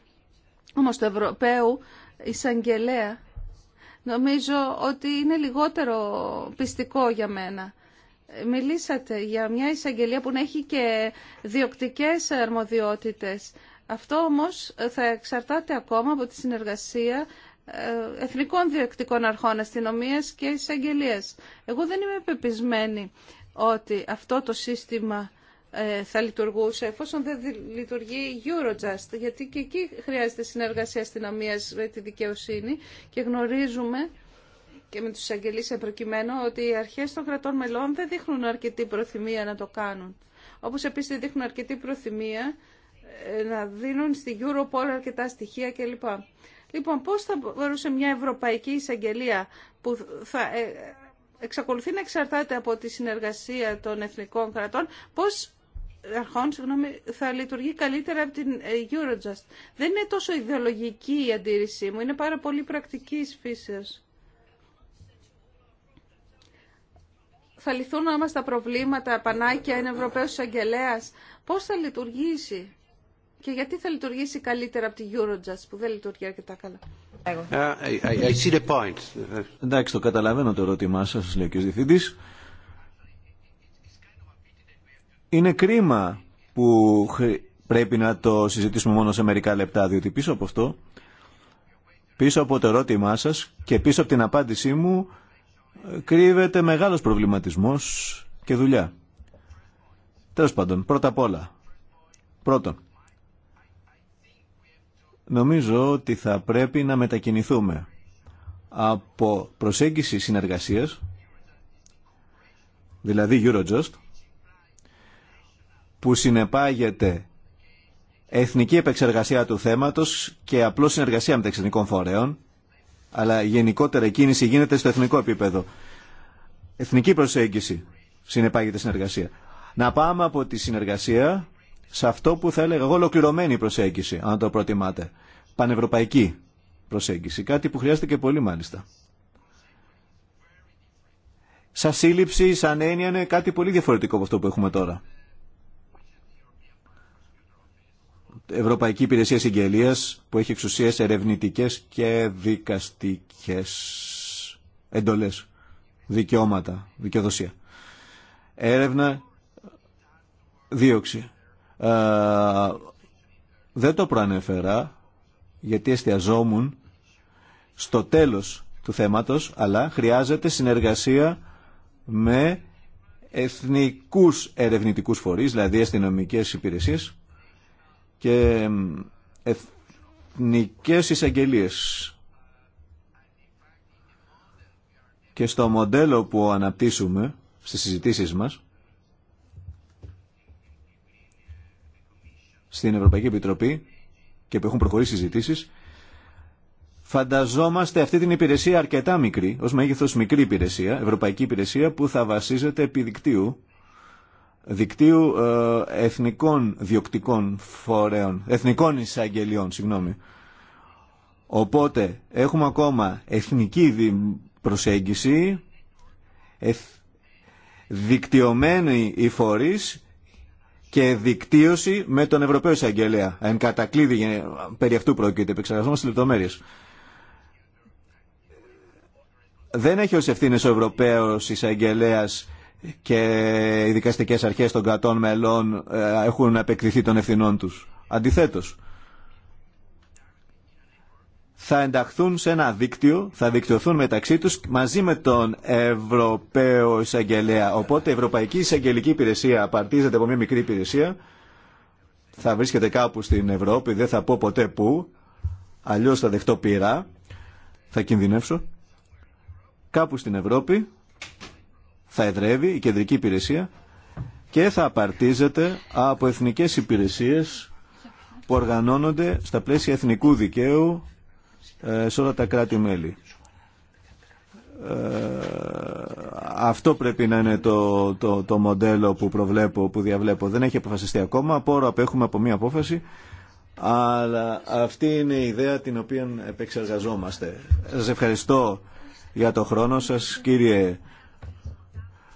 όμως του Ευρωπαίου εισαγγελέα, νομίζω ότι είναι λιγότερο πιστικό για μένα. Μιλήσατε για μια εισαγγελία που να έχει και διοκτικές αρμοδιότητες. Αυτό όμως θα εξαρτάται ακόμα από τη συνεργασία ε, εθνικών διεκτικών αρχών αστυνομία και εισαγγελία. Εγώ δεν είμαι πεπισμένη ότι αυτό το σύστημα ε, θα λειτουργούσε εφόσον δεν λειτουργεί Eurojust γιατί και εκεί χρειάζεται συνεργασία αστυνομία με τη δικαιοσύνη και γνωρίζουμε και με τους εισαγγελείς προκειμένου ότι οι αρχές των κρατών μελών δεν δείχνουν αρκετή προθυμία να το κάνουν. Όπως επίσης δεν δείχνουν αρκετή προθυμία ε, να δίνουν στη Europol αρκετά στοιχεία κλπ. Λοιπόν, πώς θα μπορούσε μια ευρωπαϊκή εισαγγελία που θα ε, εξακολουθεί να εξαρτάται από τη συνεργασία των εθνικών κρατών, πώς αρχών, συγγνώμη, θα λειτουργεί καλύτερα από την ε, Eurojust. Δεν είναι τόσο ιδεολογική η αντίρρησή μου, είναι πάρα πολύ πρακτική φύσεως. Θα λυθούν όμως τα προβλήματα, πανάκια, είναι Ευρωπαίος εισαγγελέα, Πώς θα λειτουργήσει και γιατί θα λειτουργήσει καλύτερα από τη Eurojust που δεν λειτουργεί αρκετά καλά. Uh, I, I see the point. Εντάξει, το καταλαβαίνω το ερώτημά σας, λέει ο κ. Είναι κρίμα που πρέπει να το συζητήσουμε μόνο σε μερικά λεπτά, διότι πίσω από αυτό, πίσω από το ερώτημά σας και πίσω από την απάντησή μου, κρύβεται μεγάλος προβληματισμό και δουλειά. Τέλο πάντων, πρώτα απ' όλα. Πρώτον, νομίζω ότι θα πρέπει να μετακινηθούμε από προσέγγιση συνεργασίας, δηλαδή Eurojust, που συνεπάγεται εθνική επεξεργασία του θέματος και απλώς συνεργασία τα εθνικών φορέων, αλλά γενικότερα η κίνηση γίνεται στο εθνικό επίπεδο. Εθνική προσέγγιση συνεπάγεται συνεργασία. Να πάμε από τη συνεργασία σε αυτό που θα έλεγα εγώ ολοκληρωμένη προσέγγιση, αν το προτιμάτε. Πανευρωπαϊκή προσέγγιση. Κάτι που χρειάζεται και πολύ μάλιστα. Σαν σύλληψη, σαν έννοια είναι κάτι πολύ διαφορετικό από αυτό που έχουμε τώρα. Ευρωπαϊκή Υπηρεσία Συγγελίας που έχει εξουσίες ερευνητικές και δικαστικές εντολές, δικαιώματα, δικαιοδοσία. Έρευνα, δίωξη. Ε, δεν το προανέφερα γιατί εστιαζόμουν στο τέλος του θέματος, αλλά χρειάζεται συνεργασία με εθνικούς ερευνητικούς φορείς, δηλαδή αστυνομικέ υπηρεσίες και εθνικές εισαγγελίε. Και στο μοντέλο που αναπτύσσουμε στις συζητήσεις μας, στην Ευρωπαϊκή Επιτροπή και που έχουν προχωρήσει συζητήσει. Φανταζόμαστε αυτή την υπηρεσία αρκετά μικρή, ω μέγεθο μικρή υπηρεσία, ευρωπαϊκή υπηρεσία που θα βασίζεται επί δικτύου, δικτύου ε, εθνικών διοκτικών φορέων, εθνικών εισαγγελιών, συγγνώμη. Οπότε έχουμε ακόμα εθνική προσέγγιση, εθ, δικτυωμένοι οι φορείς και δικτύωση με τον Ευρωπαίο Εισαγγελέα. Εν κατακλείδη, περί αυτού πρόκειται, επεξεργαζόμαστε λεπτομέρειες. Δεν έχει ως ευθύνε ο Ευρωπαίος Εισαγγελέα και οι δικαστικέ αρχές των κρατών μελών ε, έχουν απεκτηθεί των ευθυνών του. Αντιθέτω θα ενταχθούν σε ένα δίκτυο, θα δικτυωθούν μεταξύ τους μαζί με τον Ευρωπαίο Εισαγγελέα. Οπότε η Ευρωπαϊκή Εισαγγελική Υπηρεσία απαρτίζεται από μια μικρή υπηρεσία, θα βρίσκεται κάπου στην Ευρώπη, δεν θα πω ποτέ πού, αλλιώς θα δεχτώ πειρά, θα κινδυνεύσω. Κάπου στην Ευρώπη θα εδρεύει η κεντρική υπηρεσία και θα απαρτίζεται από εθνικές υπηρεσίες που οργανώνονται στα πλαίσια εθνικού δικαίου ε, σε όλα τα κράτη-μέλη. Ε, αυτό πρέπει να είναι το, το, το μοντέλο που προβλέπω, που διαβλέπω. Δεν έχει αποφασιστεί ακόμα, πόρο απέχουμε από μία απόφαση, αλλά αυτή είναι η ιδέα την οποία επεξεργαζόμαστε. Σας ευχαριστώ για το χρόνο σας, κύριε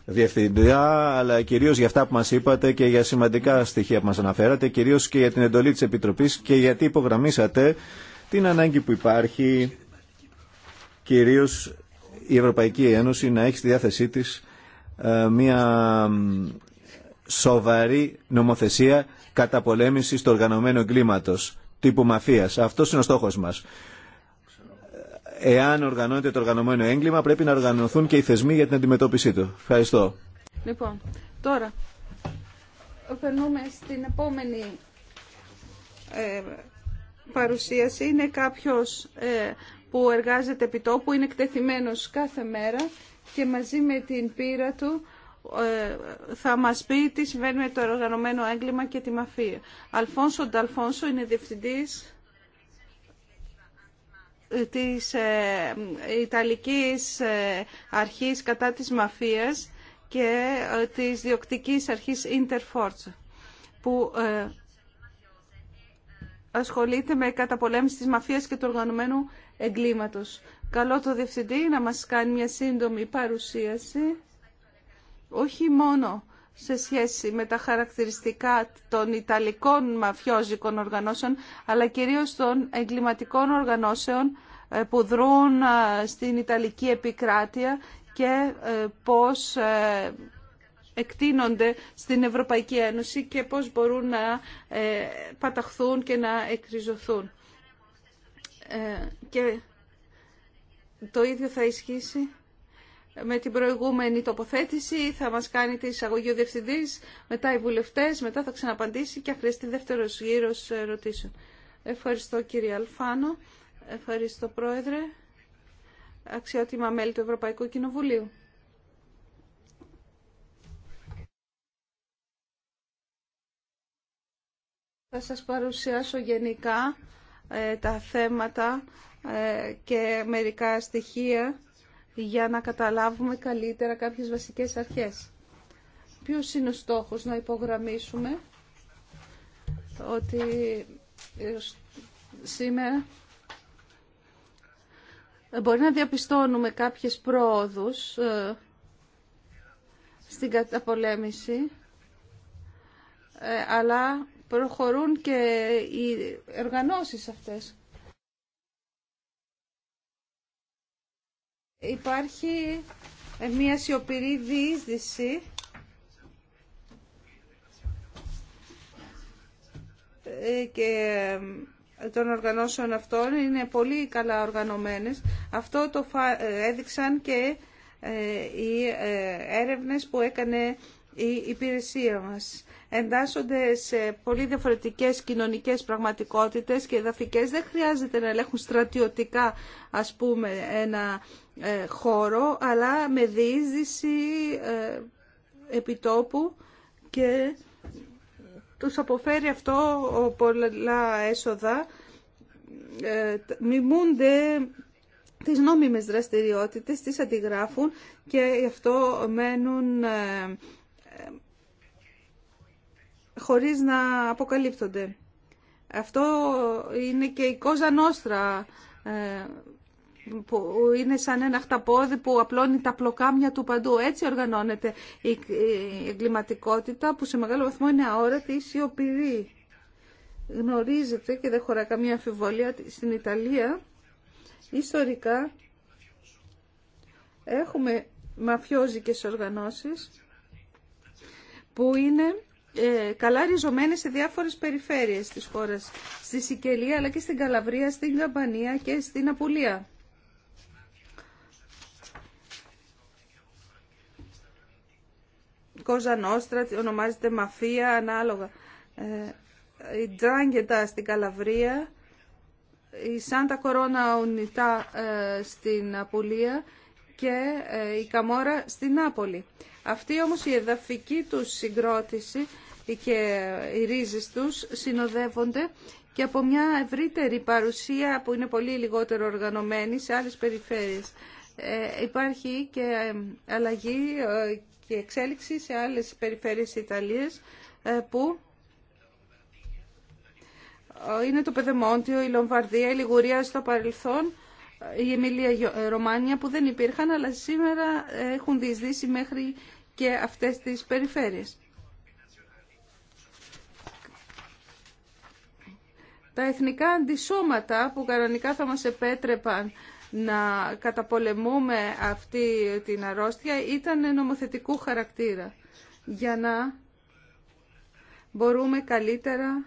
Διευθυντά, αλλά κυρίω για αυτά που μα είπατε και για σημαντικά στοιχεία που μα αναφέρατε, κυρίω και για την εντολή τη Επιτροπή και γιατί υπογραμμίσατε την ανάγκη που υπάρχει κυρίως η Ευρωπαϊκή Ένωση να έχει στη διάθεσή της ε, μια σοβαρή νομοθεσία καταπολέμησης του οργανωμένου εγκλήματος τύπου μαφίας. Αυτός είναι ο στόχος μας. Εάν οργανώνεται το οργανωμένο έγκλημα πρέπει να οργανωθούν και οι θεσμοί για την αντιμετώπιση του. Ευχαριστώ. Λοιπόν, τώρα περνούμε στην επόμενη ε, παρουσίαση είναι κάποιος ε, που εργάζεται επί τόπου, είναι εκτεθειμένος κάθε μέρα και μαζί με την πείρα του ε, θα μας πει τι συμβαίνει με το οργανωμένο έγκλημα και τη μαφία. Αλφόνσο Νταλφόνσο είναι διευθυντής ε, της Ιταλικής Αρχής κατά της μαφίας και της διοκτικής αρχής Interforce που ασχολείται με καταπολέμηση της μαφίας και του οργανωμένου εγκλήματος. Καλό το Διευθυντή να μας κάνει μια σύντομη παρουσίαση, όχι μόνο σε σχέση με τα χαρακτηριστικά των Ιταλικών μαφιόζικων οργανώσεων, αλλά κυρίως των εγκληματικών οργανώσεων ε, που δρούν ε, στην Ιταλική επικράτεια και ε, πώς εκτείνονται στην Ευρωπαϊκή Ένωση και πώς μπορούν να ε, παταχθούν και να εκριζωθούν. Ε, και το ίδιο θα ισχύσει με την προηγούμενη τοποθέτηση. Θα μας κάνει τη εισαγωγή ο Διευθυντής, μετά οι βουλευτές, μετά θα ξαναπαντήσει και χρειαστεί δεύτερος γύρος ερωτήσεων. Ευχαριστώ κύριε Αλφάνο. Ευχαριστώ πρόεδρε. Αξιότιμα μέλη του Ευρωπαϊκού Κοινοβουλίου. Θα σας παρουσιάσω γενικά ε, τα θέματα ε, και μερικά στοιχεία για να καταλάβουμε καλύτερα κάποιες βασικές αρχές. Ποιος είναι ο στόχος να υπογραμμίσουμε ότι ε, σήμερα μπορεί να διαπιστώνουμε κάποιες πρόοδους στην καταπολέμηση αλλά προχωρούν και οι εργανώσεις αυτές. Υπάρχει μια σιωπηρή διείσδυση ε, και ε, των οργανώσεων αυτών είναι πολύ καλά οργανωμένες. Αυτό το ε, έδειξαν και οι έρευνες που έκανε η υπηρεσία μας εντάσσονται σε πολύ διαφορετικές κοινωνικές πραγματικότητες και εδαφικές. Δεν χρειάζεται να ελέγχουν στρατιωτικά, ας πούμε, ένα ε, χώρο, αλλά με διείσδυση ε, επιτόπου και τους αποφέρει αυτό πολλά έσοδα. Ε, μιμούνται τις νόμιμες δραστηριότητες, τις αντιγράφουν και γι' αυτό μένουν ε, χωρίς να αποκαλύπτονται. Αυτό είναι και η κόζα νόστρα ε, που είναι σαν ένα χταπόδι που απλώνει τα πλοκάμια του παντού. Έτσι οργανώνεται η εγκληματικότητα που σε μεγάλο βαθμό είναι αόρατη ή σιωπηρή. Γνωρίζετε και δεν χωρά καμία αμφιβολία στην Ιταλία ιστορικά έχουμε μαφιόζικες οργανώσεις που είναι ε, καλά ριζωμένες σε διάφορες περιφέρειες της χώρας, στη Σικελία αλλά και στην Καλαβρία, στην Καμπανία και στην Απουλία. Κοζανόστρα ονομάζεται μαφία ανάλογα. Ε, η Τζάγκετα στην Καλαβρία, η Σάντα Κορώνα Ουνιτά ε, στην Απουλία και η Καμόρα στην Νάπολη. Αυτή όμως η εδαφική του συγκρότηση και οι ρίζες τους συνοδεύονται και από μια ευρύτερη παρουσία που είναι πολύ λιγότερο οργανωμένη σε άλλες περιφέρειες. Ε, υπάρχει και ε, αλλαγή ε, και εξέλιξη σε άλλες περιφέρειες της Ιταλίας που είναι το Πεδεμόντιο, η Λομβαρδία, η Λιγουρία στο παρελθόν, η Εμιλία Ρωμάνια που δεν υπήρχαν αλλά σήμερα έχουν διεισδύσει μέχρι και αυτές τις περιφέρειες. τα εθνικά αντισώματα που κανονικά θα μας επέτρεπαν να καταπολεμούμε αυτή την αρρώστια ήταν νομοθετικού χαρακτήρα για να μπορούμε καλύτερα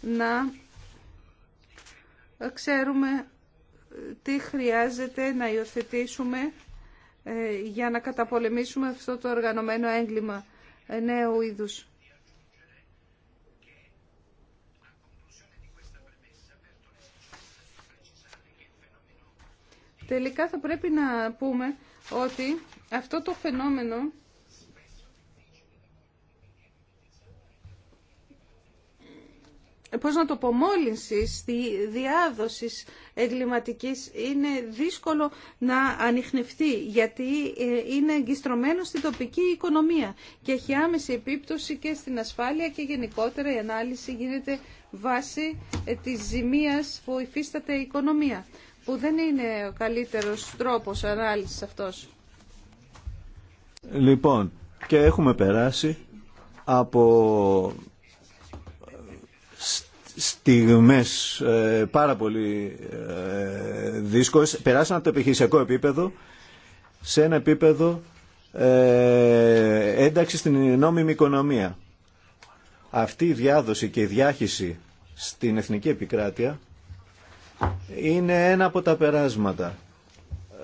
να ξέρουμε τι χρειάζεται να υιοθετήσουμε ε, για να καταπολεμήσουμε αυτό το οργανωμένο έγκλημα νέου είδους. Τελικά θα πρέπει να πούμε ότι αυτό το φαινόμενο πώς να το πω, στη διάδοση εγκληματικής είναι δύσκολο να ανοιχνευτεί γιατί ε, είναι εγκιστρωμένο στην τοπική οικονομία και έχει άμεση επίπτωση και στην ασφάλεια και γενικότερα η ανάλυση γίνεται βάση ε, της ζημίας που υφίσταται η οικονομία που δεν είναι ο καλύτερος τρόπος ανάλυσης αυτός. Λοιπόν, και έχουμε περάσει από ε, στιγμές ε, πάρα πολύ ε, δύσκολες. Περάσαμε από το επιχειρησιακό επίπεδο σε ένα επίπεδο ε, ένταξη στην νόμιμη οικονομία. Αυτή η διάδοση και η διάχυση στην εθνική επικράτεια είναι ένα από τα περάσματα.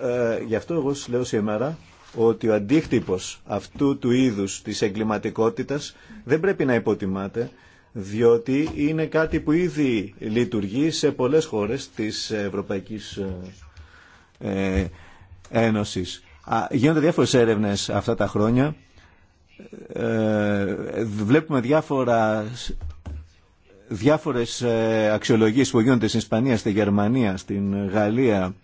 Ε, γι' αυτό εγώ λέω σήμερα ότι ο αντίκτυπος αυτού του είδους της εγκληματικότητας δεν πρέπει να υποτιμάται διότι είναι κάτι που ήδη λειτουργεί σε πολλές χώρες της Ευρωπαϊκής ε, ε Ένωσης. Γίνονται διάφορες έρευνες αυτά τα χρόνια. Ε, ε βλέπουμε διάφορα διάφορες ε, αξιολογίες που γίνονται στην Ισπανία, στη Γερμανία, στην Γαλλία,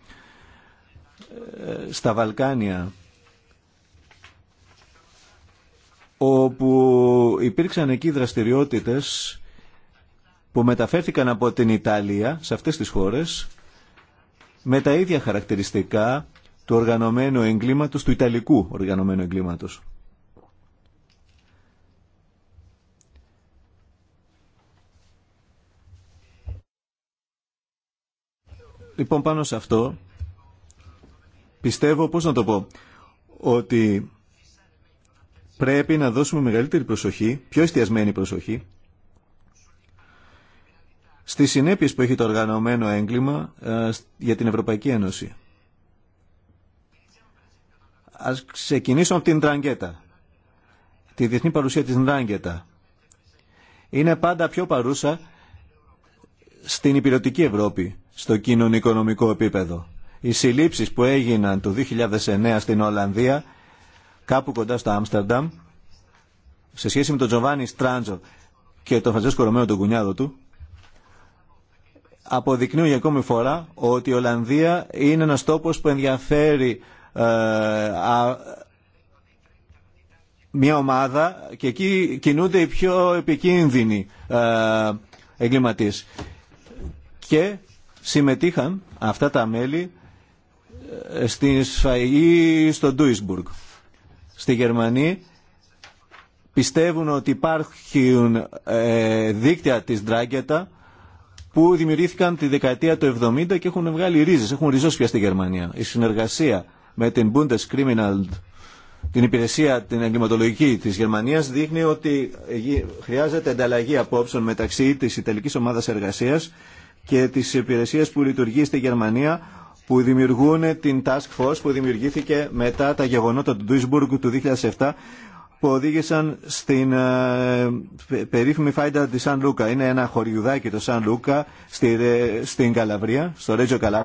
ε, στα Βαλκάνια, όπου υπήρξαν εκεί δραστηριότητες που μεταφέρθηκαν από την Ιταλία σε αυτές τις χώρες με τα ίδια χαρακτηριστικά του οργανωμένου εγκλήματος, του Ιταλικού οργανωμένου εγκλήματος. Λοιπόν, πάνω σε αυτό, πιστεύω, πώς να το πω, ότι πρέπει να δώσουμε μεγαλύτερη προσοχή, πιο εστιασμένη προσοχή, στις συνέπειες που έχει το οργανωμένο έγκλημα ε, για την Ευρωπαϊκή Ένωση. Ας ξεκινήσω από την Τραγκέτα, τη διεθνή παρουσία της Τραγκέτα. Είναι πάντα πιο παρούσα στην υπηρετική Ευρώπη, στο κοινωνικονομικό επίπεδο. Οι συλλήψεις που έγιναν το 2009 στην Ολλανδία, κάπου κοντά στο Άμστερνταμ, σε σχέση με τον Τζοβάνι Στράντζο και τον Φραντζέσκο Ρωμαίο, τον κουνιάδο του, αποδεικνύουν για ακόμη φορά ότι η Ολλανδία είναι ένας τόπος που ενδιαφέρει ε, μια ομάδα και εκεί κινούνται οι πιο επικίνδυνοι ε, και συμμετείχαν αυτά τα μέλη ε, στην σφαγή στο Ντούισμπουργκ. Στη Γερμανία πιστεύουν ότι υπάρχουν ε, δίκτυα της Ντράγκετα που δημιουργήθηκαν τη δεκαετία του 70 και έχουν βγάλει ρίζες, έχουν πια στη Γερμανία. Η συνεργασία με την Bundeskriminal, την υπηρεσία την εγκληματολογική της Γερμανίας, δείχνει ότι χρειάζεται ανταλλαγή απόψεων μεταξύ της Ιταλικής Ομάδας Εργασίας και τις υπηρεσίες που λειτουργεί στη Γερμανία που δημιουργούν την Task Force που δημιουργήθηκε μετά τα γεγονότα του Duisburg του 2007 που οδήγησαν στην ε, περίφημη φάιντα τη Σαν Λούκα. Είναι ένα χωριουδάκι το Σαν Λούκα στη, στην Καλαβρία, στο Ρέτζο Καλά.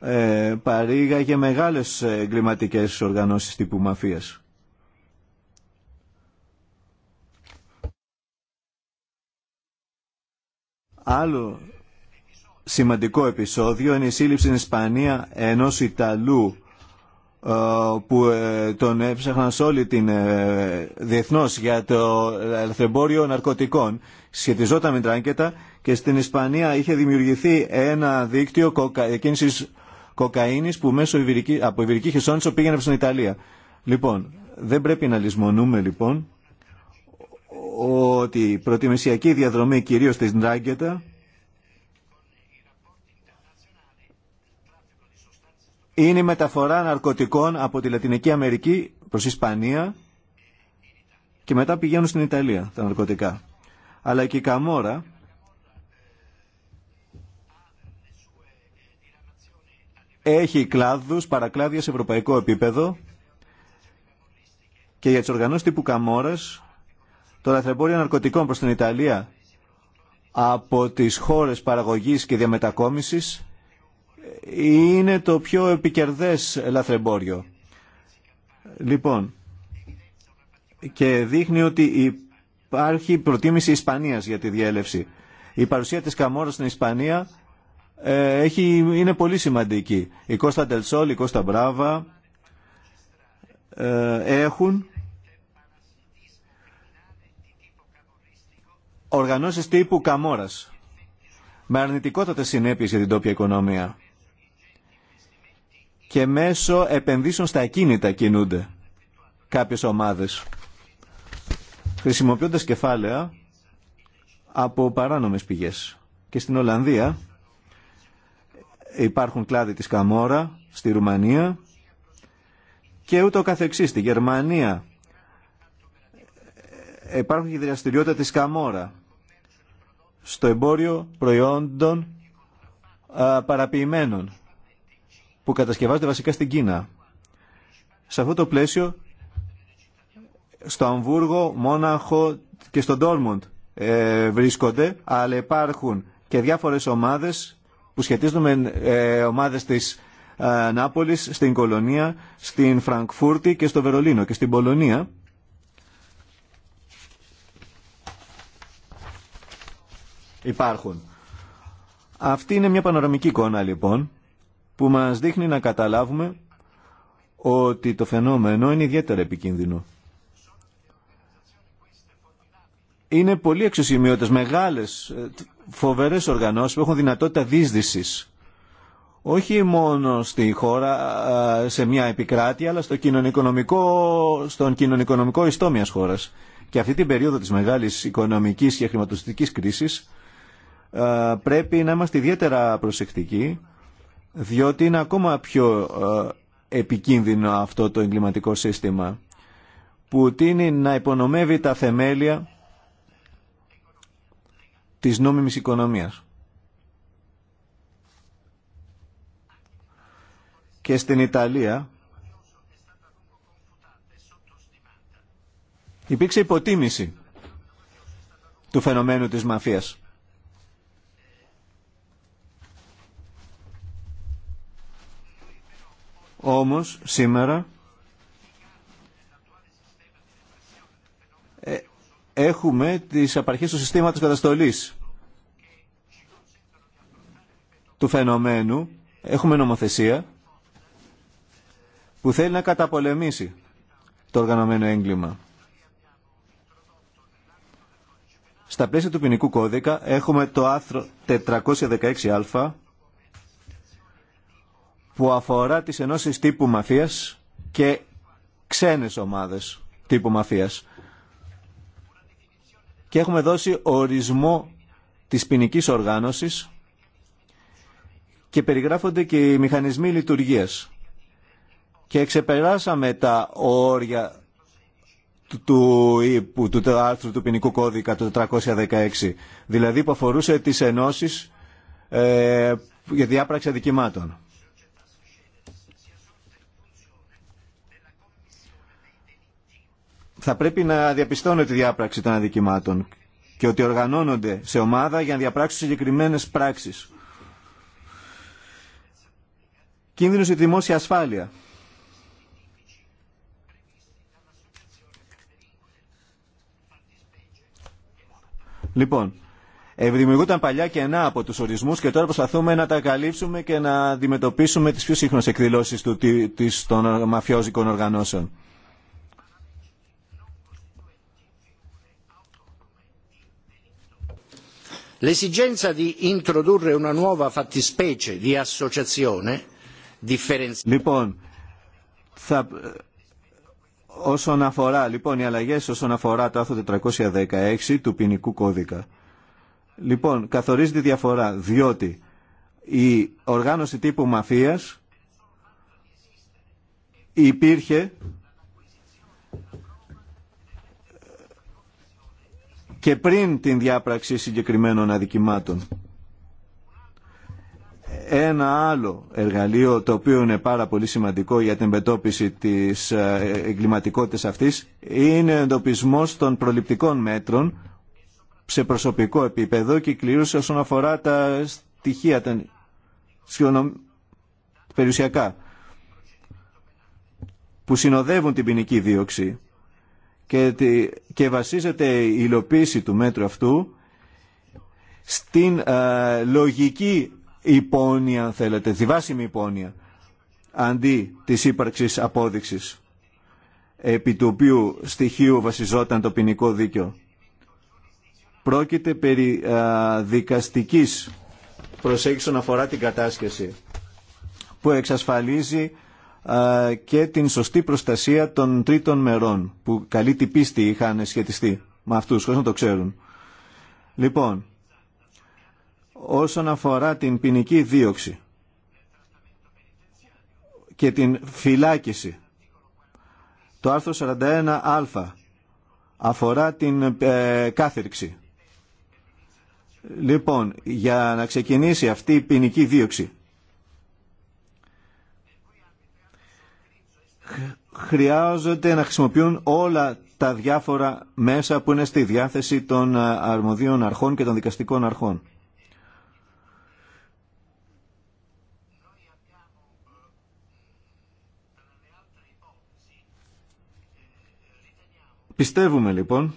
Ε, παρήγαγε μεγάλες εγκληματικές οργανώσεις τύπου μαφίας. Άλλο σημαντικό επεισόδιο είναι η σύλληψη στην Ισπανία ενός Ιταλού ε, που ε, τον έψαχναν σε όλη την ε, διεθνώς για το ελευθερμπόριο ναρκωτικών. Σχετιζόταν με τράγκετα και στην Ισπανία είχε δημιουργηθεί ένα δίκτυο κίνηση κοκαίνη κοκαίνης που μέσω υβηρική, από Ιβυρική Χεσόνησο πήγαινε στην Ιταλία. Λοιπόν, δεν πρέπει να λησμονούμε λοιπόν ότι η προτιμησιακή διαδρομή κυρίως της Ντράγκετα είναι η μεταφορά ναρκωτικών από τη Λατινική Αμερική προς Ισπανία και μετά πηγαίνουν στην Ιταλία τα ναρκωτικά. Αλλά και η Καμόρα έχει κλάδους, παρακλάδια σε ευρωπαϊκό επίπεδο και για τις οργανώσεις τύπου Καμόρας το λαθρεμπόριο ναρκωτικών προς την Ιταλία από τις χώρες παραγωγής και διαμετακόμισης είναι το πιο επικερδές λαθρεμπόριο. Λοιπόν, και δείχνει ότι υπάρχει προτίμηση Ισπανίας για τη διέλευση. Η παρουσία της Καμόρας στην Ισπανία ε, έχει, είναι πολύ σημαντική. Η Κώστα Τελσόλ, η Κώστα Μπράβα ε, έχουν οργανώσεις τύπου Καμόρας με αρνητικότατες συνέπειες για την τόπια οικονομία και μέσω επενδύσεων στα ακίνητα κινούνται κάποιες ομάδες χρησιμοποιώντας κεφάλαια από παράνομες πηγές. Και στην Ολλανδία υπάρχουν κλάδοι της Καμόρα, στη Ρουμανία και ούτω καθεξής. Στη Γερμανία υπάρχουν και δραστηριότητα της Καμόρα στο εμπόριο προϊόντων α, παραποιημένων που κατασκευάζεται βασικά στην Κίνα. Σε αυτό το πλαίσιο, στο Αμβούργο, Μόναχο και στο Ντόρμοντ ε, βρίσκονται, αλλά υπάρχουν και διάφορες ομάδες που σχετίζονται με ε, ομάδες της ε, Νάπολης, στην Κολονία, στην Φραγκφούρτη και στο Βερολίνο και στην Πολωνία. Υπάρχουν. Αυτή είναι μια πανοραμική εικόνα λοιπόν που μας δείχνει να καταλάβουμε ότι το φαινόμενο είναι ιδιαίτερα επικίνδυνο. Είναι πολύ εξωσημείωτες, μεγάλες, ε, φοβερές οργανώσεις που έχουν δυνατότητα δίσδυσης. Όχι μόνο στη χώρα, σε μια επικράτεια, αλλά στο κοινωνικονομικό, στον κοινωνικονομικό ιστό μιας χώρας. Και αυτή την περίοδο της μεγάλης οικονομικής και χρηματοστικής κρίσης πρέπει να είμαστε ιδιαίτερα προσεκτικοί διότι είναι ακόμα πιο ε, επικίνδυνο αυτό το εγκληματικό σύστημα που τίνει να υπονομεύει τα θεμέλια της νόμιμης οικονομίας. Και στην Ιταλία υπήρξε υποτίμηση του φαινομένου της μαφίας. Όμως σήμερα ε, έχουμε τις απαρχές του συστήματος καταστολής του φαινομένου. Έχουμε νομοθεσία που θέλει να καταπολεμήσει το οργανωμένο έγκλημα. Στα πλαίσια του ποινικού κώδικα έχουμε το άρθρο 416α που αφορά τις ενώσεις τύπου μαφίας και ξένες ομάδες τύπου μαφίας. Και έχουμε δώσει ορισμό της ποινική οργάνωσης και περιγράφονται και οι μηχανισμοί λειτουργίας. Και ξεπεράσαμε τα όρια του, του, του, του άρθρου του ποινικού κώδικα του 416, δηλαδή που αφορούσε τις ενώσεις ε, για διάπραξη αδικημάτων. θα πρέπει να διαπιστώνεται τη διάπραξη των αδικημάτων και ότι οργανώνονται σε ομάδα για να διαπράξουν συγκεκριμένε πράξεις. Κίνδυνο για δημόσια ασφάλεια. Λοιπόν, ευδημιουργούνταν παλιά κενά από τους ορισμούς και τώρα προσπαθούμε να τα καλύψουμε και να αντιμετωπίσουμε τις πιο σύγχρονες εκδηλώσεις του, των μαφιόζικων οργανώσεων. Λοιπόν, αφορά, λοιπόν, οι αλλαγέ όσον αφορά το άρθρο 416 του ποινικού κώδικα. Λοιπόν, καθορίζει τη διαφορά, διότι η οργάνωση τύπου μαφίας υπήρχε και πριν την διάπραξη συγκεκριμένων αδικημάτων. Ένα άλλο εργαλείο το οποίο είναι πάρα πολύ σημαντικό για την πετόπιση της ε, εγκληματικότητας αυτής είναι ο εντοπισμός των προληπτικών μέτρων σε προσωπικό επίπεδο και κλήρωση όσον αφορά τα στοιχεία τα περιουσιακά που συνοδεύουν την ποινική δίωξη και, και βασίζεται η υλοποίηση του μέτρου αυτού στην ε, λογική υπόνοια, αν θέλετε, τη βάσιμη υπόνοια, αντί της ύπαρξης απόδειξης, επί του οποίου στοιχείου βασιζόταν το ποινικό δίκαιο. Πρόκειται περί ε, δικαστικής προσέγγισης αφορά την κατάσχεση, που εξασφαλίζει και την σωστή προστασία των τρίτων μερών που καλή την πίστη είχαν σχετιστεί με αυτούς, χωρίς να το ξέρουν. Λοιπόν, όσον αφορά την ποινική δίωξη και την φυλάκιση, το άρθρο 41α αφορά την ε, κάθερξη. Λοιπόν, για να ξεκινήσει αυτή η ποινική δίωξη, χρειάζονται να χρησιμοποιούν όλα τα διάφορα μέσα που είναι στη διάθεση των ε, αρμοδίων αρχών και των δικαστικών αρχών. Πιστεύουμε λοιπόν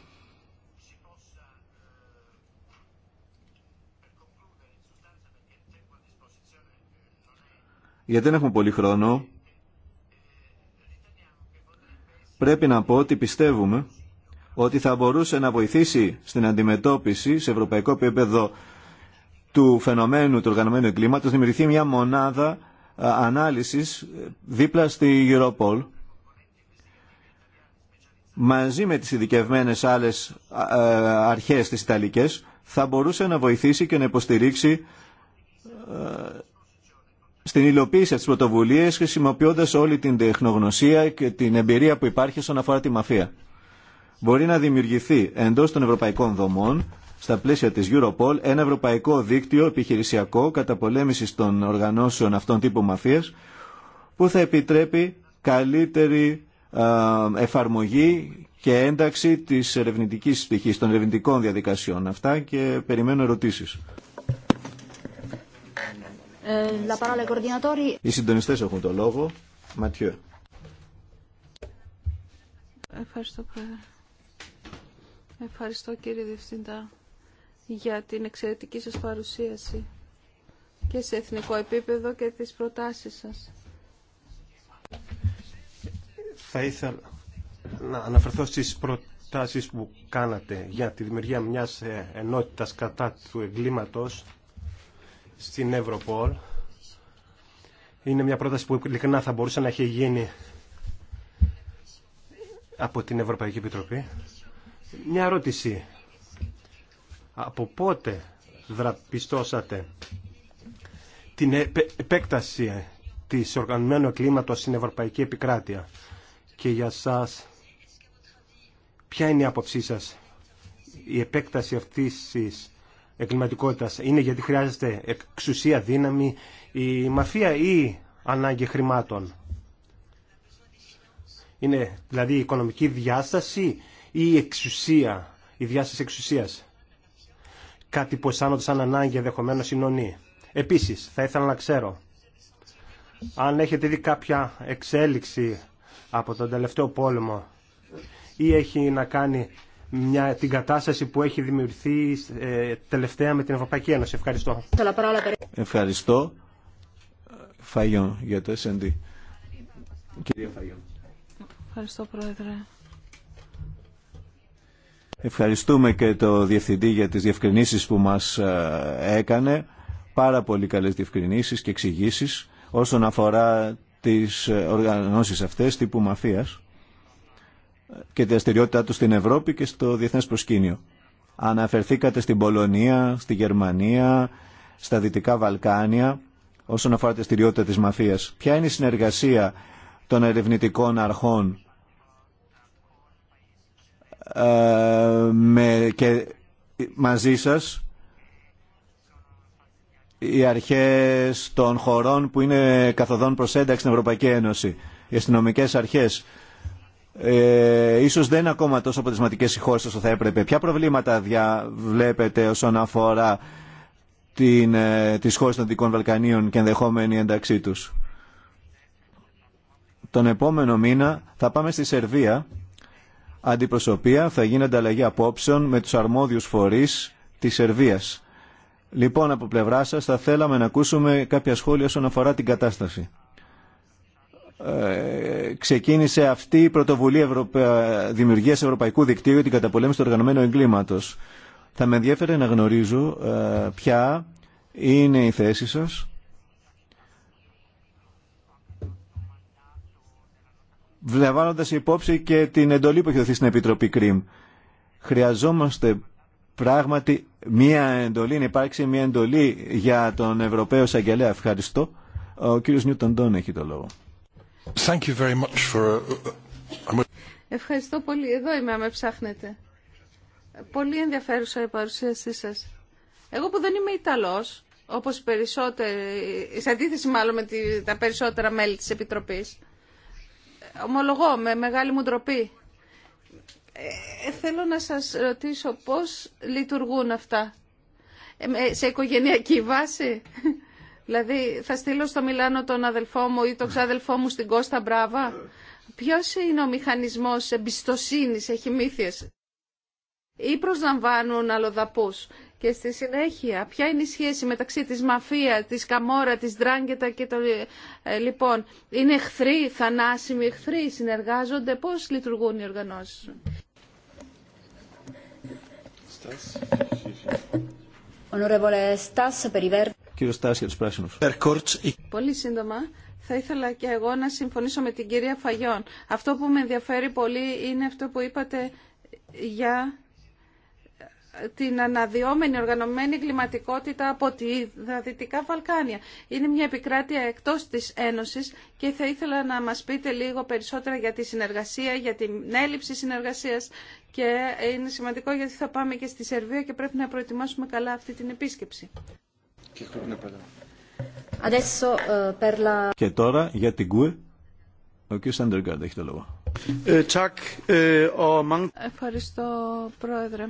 γιατί δεν έχουμε πολύ χρόνο πρέπει να πω ότι πιστεύουμε ότι θα μπορούσε να βοηθήσει στην αντιμετώπιση σε ευρωπαϊκό επίπεδο του φαινομένου του οργανωμένου εγκλήματος δημιουργηθεί μια μονάδα ανάλυσης δίπλα στη Europol μαζί με τις ειδικευμένες άλλες αρχές της Ιταλικές θα μπορούσε να βοηθήσει και να υποστηρίξει στην υλοποίηση της πρωτοβουλία χρησιμοποιώντα όλη την τεχνογνωσία και την εμπειρία που υπάρχει όσον αφορά τη μαφία. Μπορεί να δημιουργηθεί εντός των ευρωπαϊκών δομών, στα πλαίσια της Europol, ένα ευρωπαϊκό δίκτυο επιχειρησιακό καταπολέμησης των οργανώσεων αυτών τύπου μαφίας, που θα επιτρέπει καλύτερη εφαρμογή και ένταξη της ερευνητικής πτυχής των ερευνητικών διαδικασιών. Αυτά και περιμένω ερωτήσεις. Ε, Οι συντονιστές έχουν το λόγο. Ματιό. Ευχαριστώ Ευχαριστώ κύριε Διευθυντά για την εξαιρετική σας παρουσίαση και σε εθνικό επίπεδο και τις προτάσεις σας. Θα ήθελα να αναφερθώ στις προτάσεις που κάνατε για τη δημιουργία μιας ε, ενότητας κατά του εγκλήματος στην Ευρωπόλ. Είναι μια πρόταση που ειλικρινά θα μπορούσε να έχει γίνει από την Ευρωπαϊκή Επιτροπή. Μια ερώτηση. Από πότε δραπιστώσατε την επέκταση της οργανωμένου κλίματος στην Ευρωπαϊκή Επικράτεια και για σας ποια είναι η άποψή σας η επέκταση αυτής της εγκληματικότητας είναι γιατί χρειάζεται εξουσία, δύναμη, η μαφία ή ανάγκη χρημάτων. Είναι δηλαδή η οικονομική διάσταση ή η εξουσία, η διάσταση εξουσίας. Κάτι που αισθάνονται σαν ανάγκη ενδεχομένω συνωνεί. Επίσης, θα ήθελα να ξέρω αν έχετε δει κάποια εξέλιξη από τον τελευταίο πόλεμο ή έχει να κάνει μια, την κατάσταση που έχει δημιουργηθεί ε, τελευταία με την Ευρωπαϊκή Ένωση. Ευχαριστώ. Ευχαριστώ. Φαγιόν για το S&D. Κυρία Φαγιόν. Ευχαριστούμε και το Διευθυντή για τις διευκρινήσεις που μας ε, έκανε. Πάρα πολύ καλές διευκρινήσεις και εξηγήσει όσον αφορά τις ε, οργανώσεις αυτές τύπου μαφίας και τη δραστηριότητά του στην Ευρώπη και στο διεθνέ προσκήνιο. Αναφερθήκατε στην Πολωνία, στη Γερμανία, στα Δυτικά Βαλκάνια όσον αφορά τη δραστηριότητα της μαφίας. Ποια είναι η συνεργασία των ερευνητικών αρχών ε, με, και μαζί σας οι αρχές των χωρών που είναι καθοδόν προς ένταξη στην Ευρωπαϊκή Ένωση, οι αστυνομικέ αρχές ε, ίσως δεν είναι ακόμα τόσο αποτελεσματικές οι χώρε όσο θα έπρεπε. Ποια προβλήματα δια, βλέπετε όσον αφορά την, ε, τις χώρες των Δυτικών Βαλκανίων και ενδεχόμενη ένταξή τους. Τον επόμενο μήνα θα πάμε στη Σερβία. Αντιπροσωπεία θα γίνει ανταλλαγή απόψεων με τους αρμόδιους φορείς της Σερβίας. Λοιπόν, από πλευρά σας θα θέλαμε να ακούσουμε κάποια σχόλια όσον αφορά την κατάσταση ξεκίνησε αυτή η πρωτοβουλία δημιουργίας Ευρωπαϊκού Δικτύου για την καταπολέμηση του οργανωμένου εγκλήματος. Θα με ενδιαφέρει να γνωρίζω ε, ποια είναι η θέση σας βλεβάνοντας υπόψη και την εντολή που έχει δοθεί στην Επιτροπή ΚΡΙΜ. Χρειαζόμαστε πράγματι μία εντολή, να υπάρξει μία εντολή για τον Ευρωπαίο Σαγγελέα. Ευχαριστώ. Ο κύριος Νιούτον Τόν έχει το λόγο. Uh, Ευχαριστώ πολύ. Εδώ είμαι, με ψάχνετε. Πολύ ενδιαφέρουσα η παρουσίασή σας. Εγώ που δεν είμαι Ιταλός, όπως περισσότεροι, σε αντίθεση μάλλον με τα περισσότερα μέλη της Επιτροπής, ομολογώ με μεγάλη μου ντροπή. Ε, θέλω να σας ρωτήσω πώς λειτουργούν αυτά. Ε, σε οικογενειακή βάση Δηλαδή θα στείλω στο Μιλάνο τον αδελφό μου ή τον ξάδελφό μου στην Κώστα Μπράβα. Ποιος είναι ο μηχανισμός εμπιστοσύνης, εχημήθειας ή προσλαμβάνουν αλλοδαπούς. Και στη συνέχεια, ποια είναι η σχέση μεταξύ της μαφία, της καμόρα, της δράγκετα και το ε, ε, λοιπόν, είναι εχθροί, θανάσιμοι εχθροί, συνεργάζονται, πώς λειτουργούν οι οργανώσεις για Πολύ σύντομα. Θα ήθελα και εγώ να συμφωνήσω με την κυρία Φαγιόν. Αυτό που με ενδιαφέρει πολύ είναι αυτό που είπατε για την αναδυόμενη οργανωμένη κλιματικότητα από τη Δυτικά Βαλκάνια. Είναι μια επικράτεια εκτός της Ένωσης και θα ήθελα να μας πείτε λίγο περισσότερα για τη συνεργασία, για την έλλειψη συνεργασίας και είναι σημαντικό γιατί θα πάμε και στη Σερβία και πρέπει να προετοιμάσουμε καλά αυτή την επίσκεψη. Ε, και τώρα για την Κουε, ο κ. Σαντεργκάντ έχει το λόγο. Ε, ε, Ευχαριστώ, Πρόεδρε.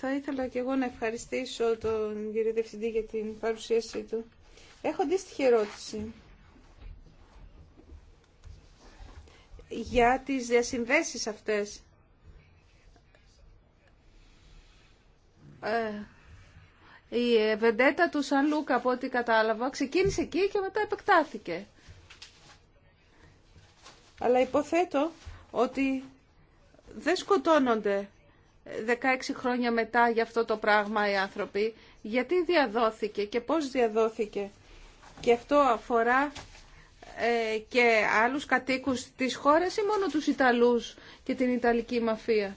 Θα ήθελα και εγώ να ευχαριστήσω τον κ. Δευθυντή για την παρουσίασή του. Έχω αντίστοιχη ερώτηση. Για τις διασυνδέσεις αυτές Ε, η βεντέτα του Σαν Λούκα, από ό,τι κατάλαβα, ξεκίνησε εκεί και μετά επεκτάθηκε. Αλλά υποθέτω ότι δεν σκοτώνονται 16 χρόνια μετά για αυτό το πράγμα οι άνθρωποι. Γιατί διαδόθηκε και πώς διαδόθηκε. Και αυτό αφορά ε, και άλλους κατοίκους της χώρας ή μόνο τους Ιταλούς και την Ιταλική μαφία.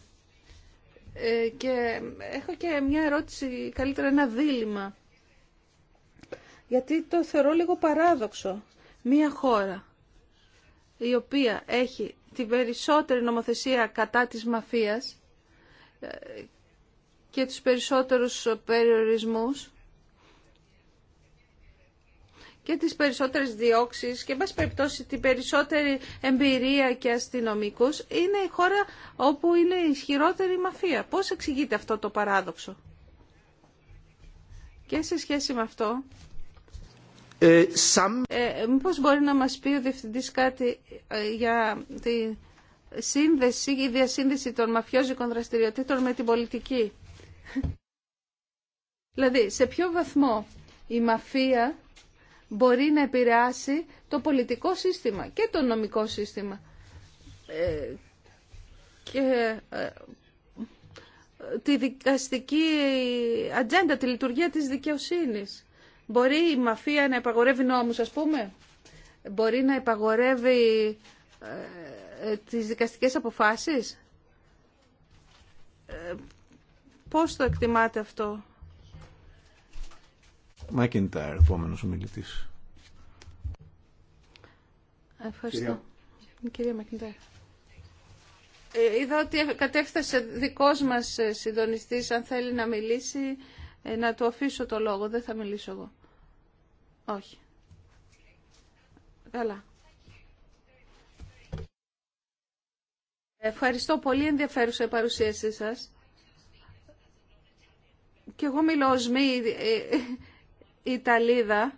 Ε, και έχω και μια ερώτηση, καλύτερα ένα δίλημα. Γιατί το θεωρώ λίγο παράδοξο. Μια χώρα η οποία έχει την περισσότερη νομοθεσία κατά της μαφίας ε, και τους περισσότερους περιορισμούς και τις περισσότερες διώξεις και, μας περιπτώσει, την περισσότερη εμπειρία και αστυνομικούς, είναι η χώρα όπου είναι η ισχυρότερη μαφία. Πώς εξηγείται αυτό το παράδοξο. Και σε σχέση με αυτό, ε, ε μπορεί να μας πει ο Διευθυντής κάτι ε, για τη σύνδεση, η διασύνδεση των μαφιόζικων δραστηριοτήτων με την πολιτική. *laughs* δηλαδή, σε ποιο βαθμό η μαφία μπορεί να επηρεάσει το πολιτικό σύστημα και το νομικό σύστημα. Ε, και ε, τη δικαστική ατζέντα, τη λειτουργία της δικαιοσύνης. Μπορεί η μαφία να επαγορεύει νόμους, ας πούμε. Μπορεί να επαγορεύει ε, τις δικαστικές αποφάσεις. Ε, πώς το εκτιμάτε αυτό. Μάκιντάρ, επόμενος ομιλητής. Ευχαριστώ. Κυρία Μακιντάρ. Ε, είδα ότι κατέφτασε δικός μας ε, συντονιστής, αν θέλει να μιλήσει, ε, να του αφήσω το λόγο. Δεν θα μιλήσω εγώ. Όχι. Καλά. Ευχαριστώ πολύ ενδιαφέρουσα η παρουσίασή σας. Και εγώ μιλώ ως μη Ιταλίδα.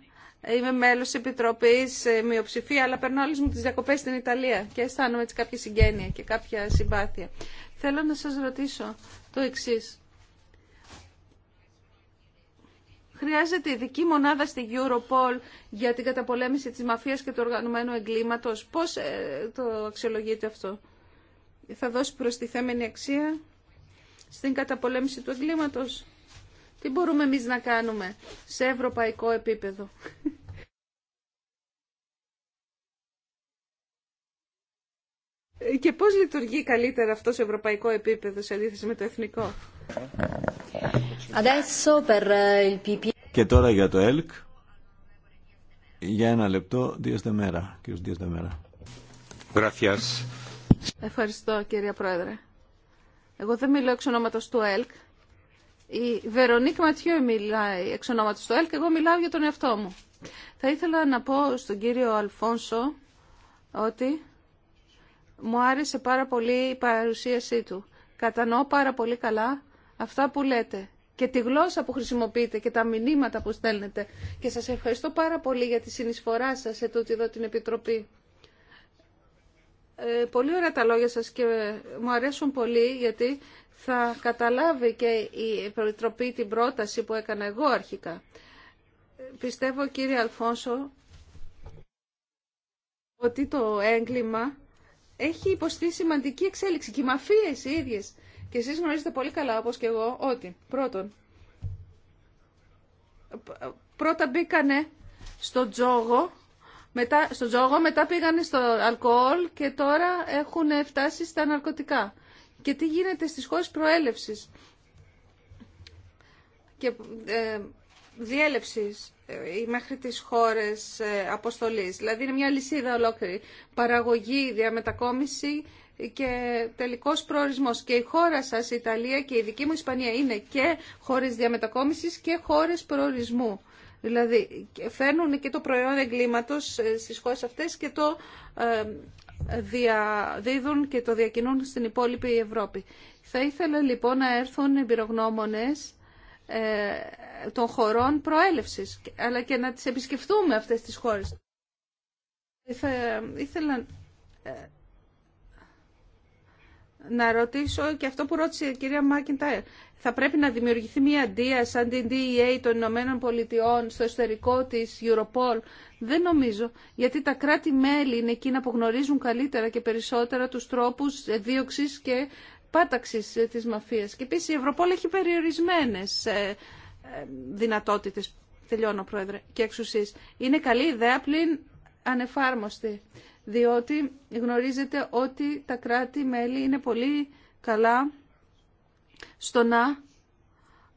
Είμαι μέλο τη Επιτροπή ε, Μειοψηφία, αλλά περνάω όλε μου τι διακοπέ στην Ιταλία και αισθάνομαι έτσι κάποια συγγένεια και κάποια συμπάθεια. Θέλω να σα ρωτήσω το εξή. Χρειάζεται ειδική μονάδα στη Europol για την καταπολέμηση της μαφίας και του οργανωμένου εγκλήματος. Πώς ε, το αξιολογείτε αυτό. Θα δώσει προστιθέμενη αξία στην καταπολέμηση του εγκλήματος. Τι μπορούμε εμείς να κάνουμε σε ευρωπαϊκό επίπεδο. Και πώς λειτουργεί καλύτερα αυτό σε ευρωπαϊκό επίπεδο σε αντίθεση με το εθνικό. Eh, e. Και τώρα για το ΕΛΚ. Για ένα λεπτό, δύο Μέρα, Κύριος Μέρα. Ευχαριστώ κύριε Πρόεδρε. Εγώ δεν μιλώ εξ ονόματος του ΕΛΚ, η Βερονίκ Ματιού μιλάει εξ ονόματος του ΕΛ και εγώ μιλάω για τον εαυτό μου. Θα ήθελα να πω στον κύριο Αλφόνσο ότι μου άρεσε πάρα πολύ η παρουσίασή του. Κατανοώ πάρα πολύ καλά αυτά που λέτε και τη γλώσσα που χρησιμοποιείτε και τα μηνύματα που στέλνετε. Και σας ευχαριστώ πάρα πολύ για τη συνεισφορά σας σε τούτη εδώ την Επιτροπή. Ε, πολύ ωραία τα λόγια σας και μου αρέσουν πολύ γιατί θα καταλάβει και η Επιτροπή την πρόταση που έκανα εγώ αρχικά. Πιστεύω κύριε Αλφόνσο ότι το έγκλημα έχει υποστεί σημαντική εξέλιξη και οι μαφίες οι ίδιες. Και εσείς γνωρίζετε πολύ καλά όπως και εγώ ότι πρώτον πρώτα μπήκανε στο τζόγο μετά, στο τζόγο, μετά πήγανε στο αλκοόλ και τώρα έχουν φτάσει στα ναρκωτικά και τι γίνεται στις χώρες προέλευσης και ε, διέλευσης ε, ή μέχρι τις χώρες ε, αποστολής. Δηλαδή είναι μια λυσίδα ολόκληρη. Παραγωγή, διαμετακόμιση και τελικός προορισμός. Και η χώρα σας, η Ιταλία και η δική μου Ισπανία είναι και χώρες διαμετακόμισης και χώρες προορισμού. Δηλαδή φέρνουν και το προϊόν εγκλήματος ε, στις χώρες αυτές και το διαδίδουν και το διακινούν στην υπόλοιπη Ευρώπη. Θα ήθελα λοιπόν να έρθουν εμπειρογνώμονες ε, των χωρών προέλευσης, αλλά και να τις επισκεφτούμε αυτές τις χώρες. ήθελα ε, να ρωτήσω και αυτό που ρώτησε η κυρία Μάκιντάιρ. Θα πρέπει να δημιουργηθεί μια αντία σαν την DEA των Ηνωμένων Πολιτειών στο εσωτερικό της Europol. Δεν νομίζω, γιατί τα κράτη-μέλη είναι εκείνα που γνωρίζουν καλύτερα και περισσότερα τους τρόπους δίωξης και πάταξης της μαφίας. Και επίσης η Ευρωπόλ έχει περιορισμένες ε, ε, δυνατότητες, τελειώνω πρόεδρε, και εξουσίες. Είναι καλή ιδέα πλην ανεφάρμοστη διότι γνωρίζετε ότι τα κράτη-μέλη είναι πολύ καλά στο να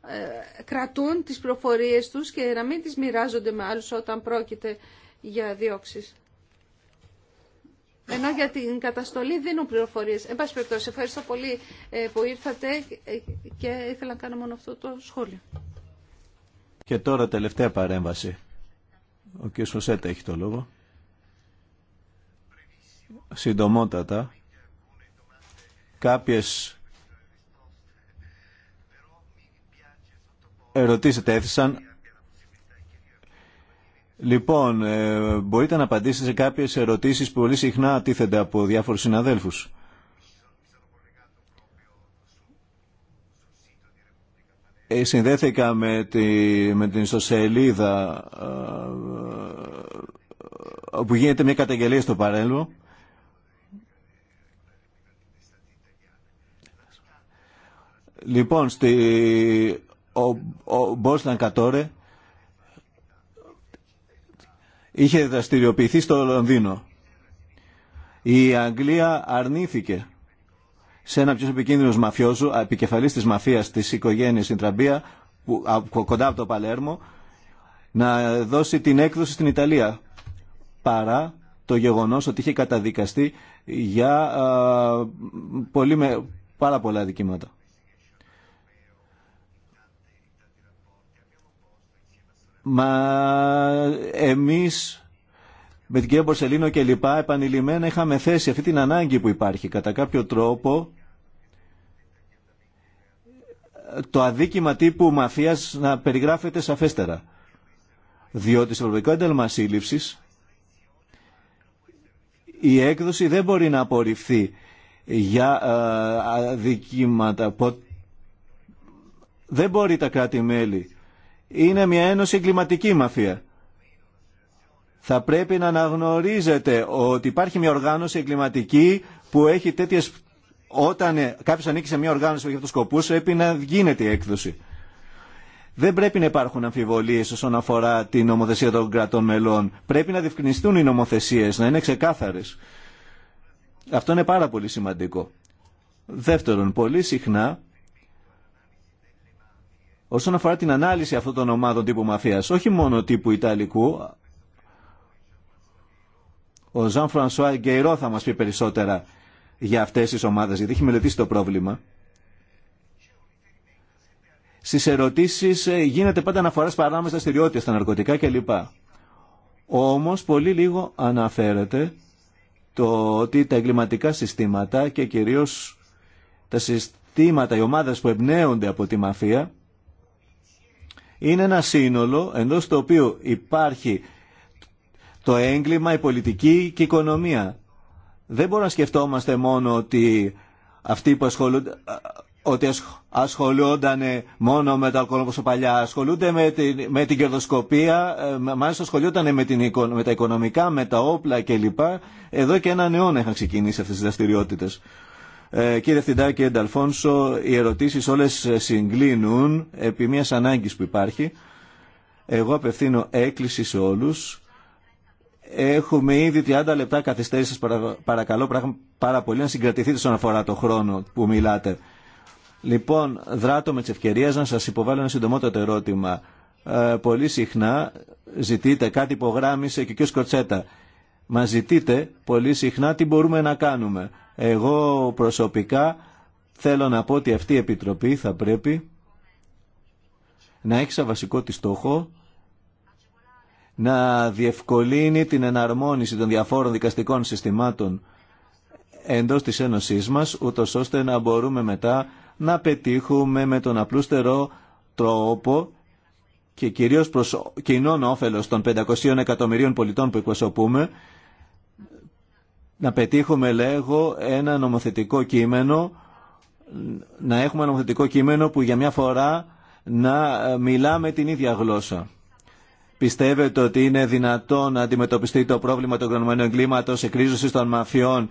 ε, κρατούν τις προφορίες τους και να μην τις μοιράζονται με άλλους όταν πρόκειται για διώξεις. Ενώ για την καταστολή δίνουν πληροφορίες. Εν πάση περιπτώσει, ευχαριστώ πολύ ε, που ήρθατε και ήθελα να κάνω μόνο αυτό το σχόλιο. Και τώρα τελευταία παρέμβαση. Ο κ. Σωσέτα έχει το λόγο συντομότατα κάποιες ερωτήσεις έθεσαν. Λοιπόν, ε, μπορείτε να απαντήσετε σε κάποιες ερωτήσεις που πολύ συχνά τίθενται από διάφορους συναδέλφους. Ε, συνδέθηκα με, την ιστοσελίδα ε, όπου γίνεται μια καταγγελία στο παρέλβο Λοιπόν, στη, ο, ο Μπόσλαν Κατόρε είχε δραστηριοποιηθεί στο Λονδίνο. Η Αγγλία αρνήθηκε σε ένα πιο επικίνδυνο μαφιόζου, επικεφαλή τη μαφία τη οικογένεια στην Τραμπία, που, κοντά από το Παλέρμο, να δώσει την έκδοση στην Ιταλία. Παρά το γεγονός ότι είχε καταδικαστεί για πολύ με, πάρα πολλά δικήματα. Μα εμείς με την κυρία Μπορσελίνο και λοιπά επανειλημμένα είχαμε θέσει αυτή την ανάγκη που υπάρχει. Κατά κάποιο τρόπο το αδίκημα τύπου μαφίας να περιγράφεται σαφέστερα. Διότι στο Ευρωπαϊκό Ένταλμα Σύλληψης η έκδοση δεν μπορεί να απορριφθεί για ε, αδικήματα. Δεν μπορεί τα κράτη-μέλη είναι μια ένωση εγκληματική μαφία. Θα πρέπει να αναγνωρίζετε ότι υπάρχει μια οργάνωση εγκληματική που έχει τέτοιες... Όταν ε, κάποιος ανήκει σε μια οργάνωση που έχει αυτούς σκοπούς, πρέπει να γίνεται η έκδοση. Δεν πρέπει να υπάρχουν αμφιβολίες όσον αφορά την νομοθεσία των κρατών μελών. Πρέπει να διευκρινιστούν οι νομοθεσίες, να είναι ξεκάθαρες. Αυτό είναι πάρα πολύ σημαντικό. Δεύτερον, πολύ συχνά όσον αφορά την ανάλυση αυτών των ομάδων τύπου μαφίας, όχι μόνο τύπου Ιταλικού, ο Ζαν Φρανσουά Γκεϊρό θα μας πει περισσότερα για αυτές τις ομάδες, γιατί έχει μελετήσει το πρόβλημα. Στις ερωτήσεις ε, γίνεται πάντα αναφορά παράμεσα στηριότητα, στα ναρκωτικά κλπ. Όμως πολύ λίγο αναφέρεται το ότι τα εγκληματικά συστήματα και κυρίως τα συστήματα, οι ομάδες που εμπνέονται από τη μαφία είναι ένα σύνολο εντός του οποίου υπάρχει το έγκλημα, η πολιτική και η οικονομία. Δεν μπορούμε να σκεφτόμαστε μόνο ότι αυτοί που ασχολούνται, ότι ασχολούνταν μόνο με τα αλκοόλ παλιά, ασχολούνται με την, με την κερδοσκοπία, ε, μάλιστα ασχολούνταν με, την, με τα οικονομικά, με τα όπλα κλπ. Εδώ και έναν αιώνα είχαν ξεκινήσει αυτές τις δραστηριότητε. Ε, κύριε Φιντάκη, και οι ερωτήσεις όλες ε, συγκλίνουν επί μιας ανάγκης που υπάρχει. Εγώ απευθύνω έκκληση σε όλους. Έχουμε ήδη 30 λεπτά καθυστέρηση σας. παρακαλώ πάρα πολύ να συγκρατηθείτε στον αφορά το χρόνο που μιλάτε. Λοιπόν, δράτω με τις ευκαιρίες να σας υποβάλω ένα συντομότερο ερώτημα. Ε, πολύ συχνά ζητείτε κάτι υπογράμμισε και ο κ. Σκοτσέτα μας ζητείτε πολύ συχνά τι μπορούμε να κάνουμε. Εγώ προσωπικά θέλω να πω ότι αυτή η Επιτροπή θα πρέπει να έχει σαν βασικό τη στόχο να διευκολύνει την εναρμόνιση των διαφόρων δικαστικών συστημάτων εντός της Ένωσής μας, ούτως ώστε να μπορούμε μετά να πετύχουμε με τον απλούστερο τρόπο και κυρίως προς κοινών όφελος των 500 εκατομμυρίων πολιτών που εκπροσωπούμε, να πετύχουμε, λέγω, ένα νομοθετικό κείμενο, να έχουμε ένα νομοθετικό κείμενο που για μια φορά να μιλάμε την ίδια γλώσσα. Πιστεύετε ότι είναι δυνατό να αντιμετωπιστεί το πρόβλημα του οργανωμένου σε κρίζωση των μαφιών,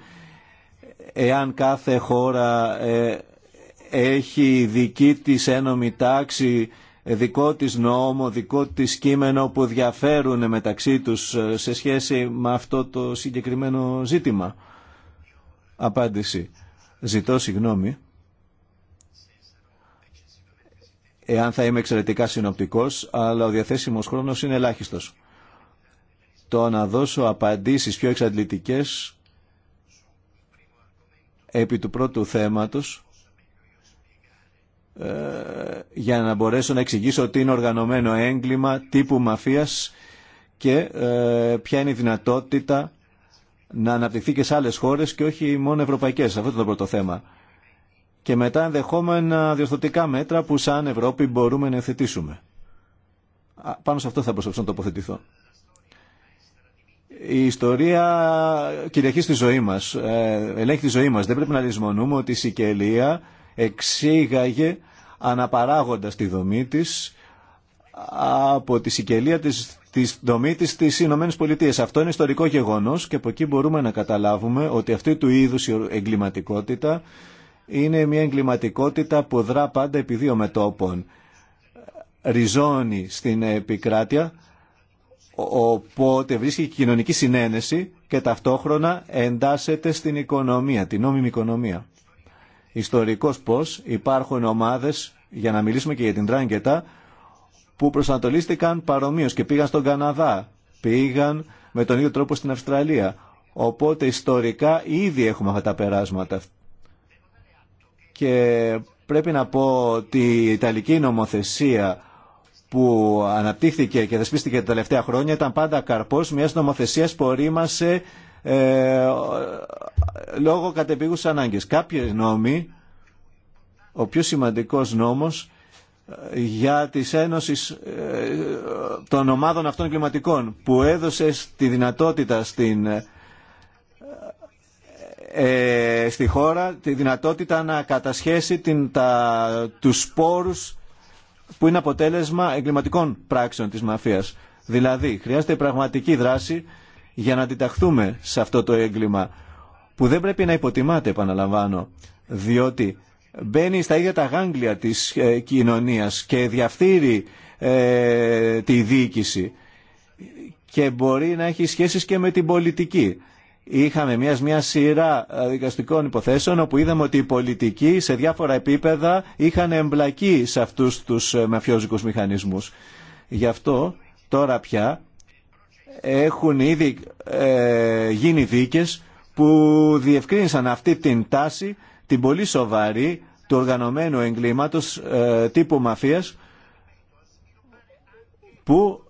εάν κάθε χώρα ε, έχει δική της ένομη τάξη δικό της νόμο, δικό της κείμενο που διαφέρουν μεταξύ τους ε, σε σχέση με αυτό το συγκεκριμένο ζήτημα. Απάντηση. Ζητώ συγγνώμη. Εάν θα είμαι εξαιρετικά συνοπτικός, αλλά ο διαθέσιμος χρόνος είναι ελάχιστος. Το να δώσω απαντήσεις πιο εξαντλητικές επί του πρώτου θέματος για να μπορέσω να εξηγήσω τι είναι οργανωμένο έγκλημα τύπου μαφίας και ε, ποια είναι η δυνατότητα να αναπτυχθεί και σε άλλες χώρες και όχι μόνο ευρωπαϊκές. Αυτό είναι το πρώτο θέμα. Και μετά ενδεχόμενα διορθωτικά μέτρα που σαν Ευρώπη μπορούμε να εθετήσουμε. Πάνω σε αυτό θα προσπαθήσω να τοποθετηθώ. Η ιστορία κυριαρχεί στη ζωή μας, ε, ελέγχει τη ζωή μας. Δεν πρέπει να λησμονούμε ότι η Σικελία εξήγαγε αναπαράγοντας τη δομή της από τη συγκελία της, της δομή της στις Ηνωμένες Πολιτείες. Αυτό είναι ιστορικό γεγονός και από εκεί μπορούμε να καταλάβουμε ότι αυτή του είδους η εγκληματικότητα είναι μια εγκληματικότητα που δρά πάντα επί δύο μετόπων. Ριζώνει στην επικράτεια, οπότε βρίσκει κοινωνική συνένεση και ταυτόχρονα εντάσσεται στην οικονομία, την νόμιμη οικονομία ιστορικός πώς υπάρχουν ομάδες, για να μιλήσουμε και για την Τράγκετα, που προσανατολίστηκαν παρομοίως και πήγαν στον Καναδά, πήγαν με τον ίδιο τρόπο στην Αυστραλία. Οπότε ιστορικά ήδη έχουμε αυτά τα περάσματα. Και πρέπει να πω ότι η Ιταλική νομοθεσία που αναπτύχθηκε και δεσπίστηκε τα τελευταία χρόνια ήταν πάντα καρπός μιας νομοθεσίας που ορίμασε ε, λόγω κατεπίγους ανάγκες. Κάποιοι νόμοι, ο πιο σημαντικός νόμος ε, για τις ένωσεις ε, των ομάδων αυτών κλιματικών που έδωσε τη δυνατότητα στην, ε, στη χώρα τη δυνατότητα να κατασχέσει την, τα, τους σπόρους που είναι αποτέλεσμα εγκληματικών πράξεων της μαφίας. Δηλαδή, χρειάζεται πραγματική δράση για να αντιταχθούμε σε αυτό το έγκλημα που δεν πρέπει να υποτιμάται, επαναλαμβάνω, διότι μπαίνει στα ίδια τα γάγκλια της ε, κοινωνίας και διαφθείρει ε, τη διοίκηση και μπορεί να έχει σχέσεις και με την πολιτική. Είχαμε μια, μια σειρά ε, δικαστικών υποθέσεων όπου είδαμε ότι οι πολιτικοί σε διάφορα επίπεδα είχαν εμπλακεί σε αυτούς τους μαφιόζικους μηχανισμούς. Γι' αυτό τώρα πια έχουν ήδη ε, γίνει δίκες που διευκρίνησαν αυτή την τάση, την πολύ σοβαρή του οργανωμένου εγκλήματος ε, τύπου μαφίας που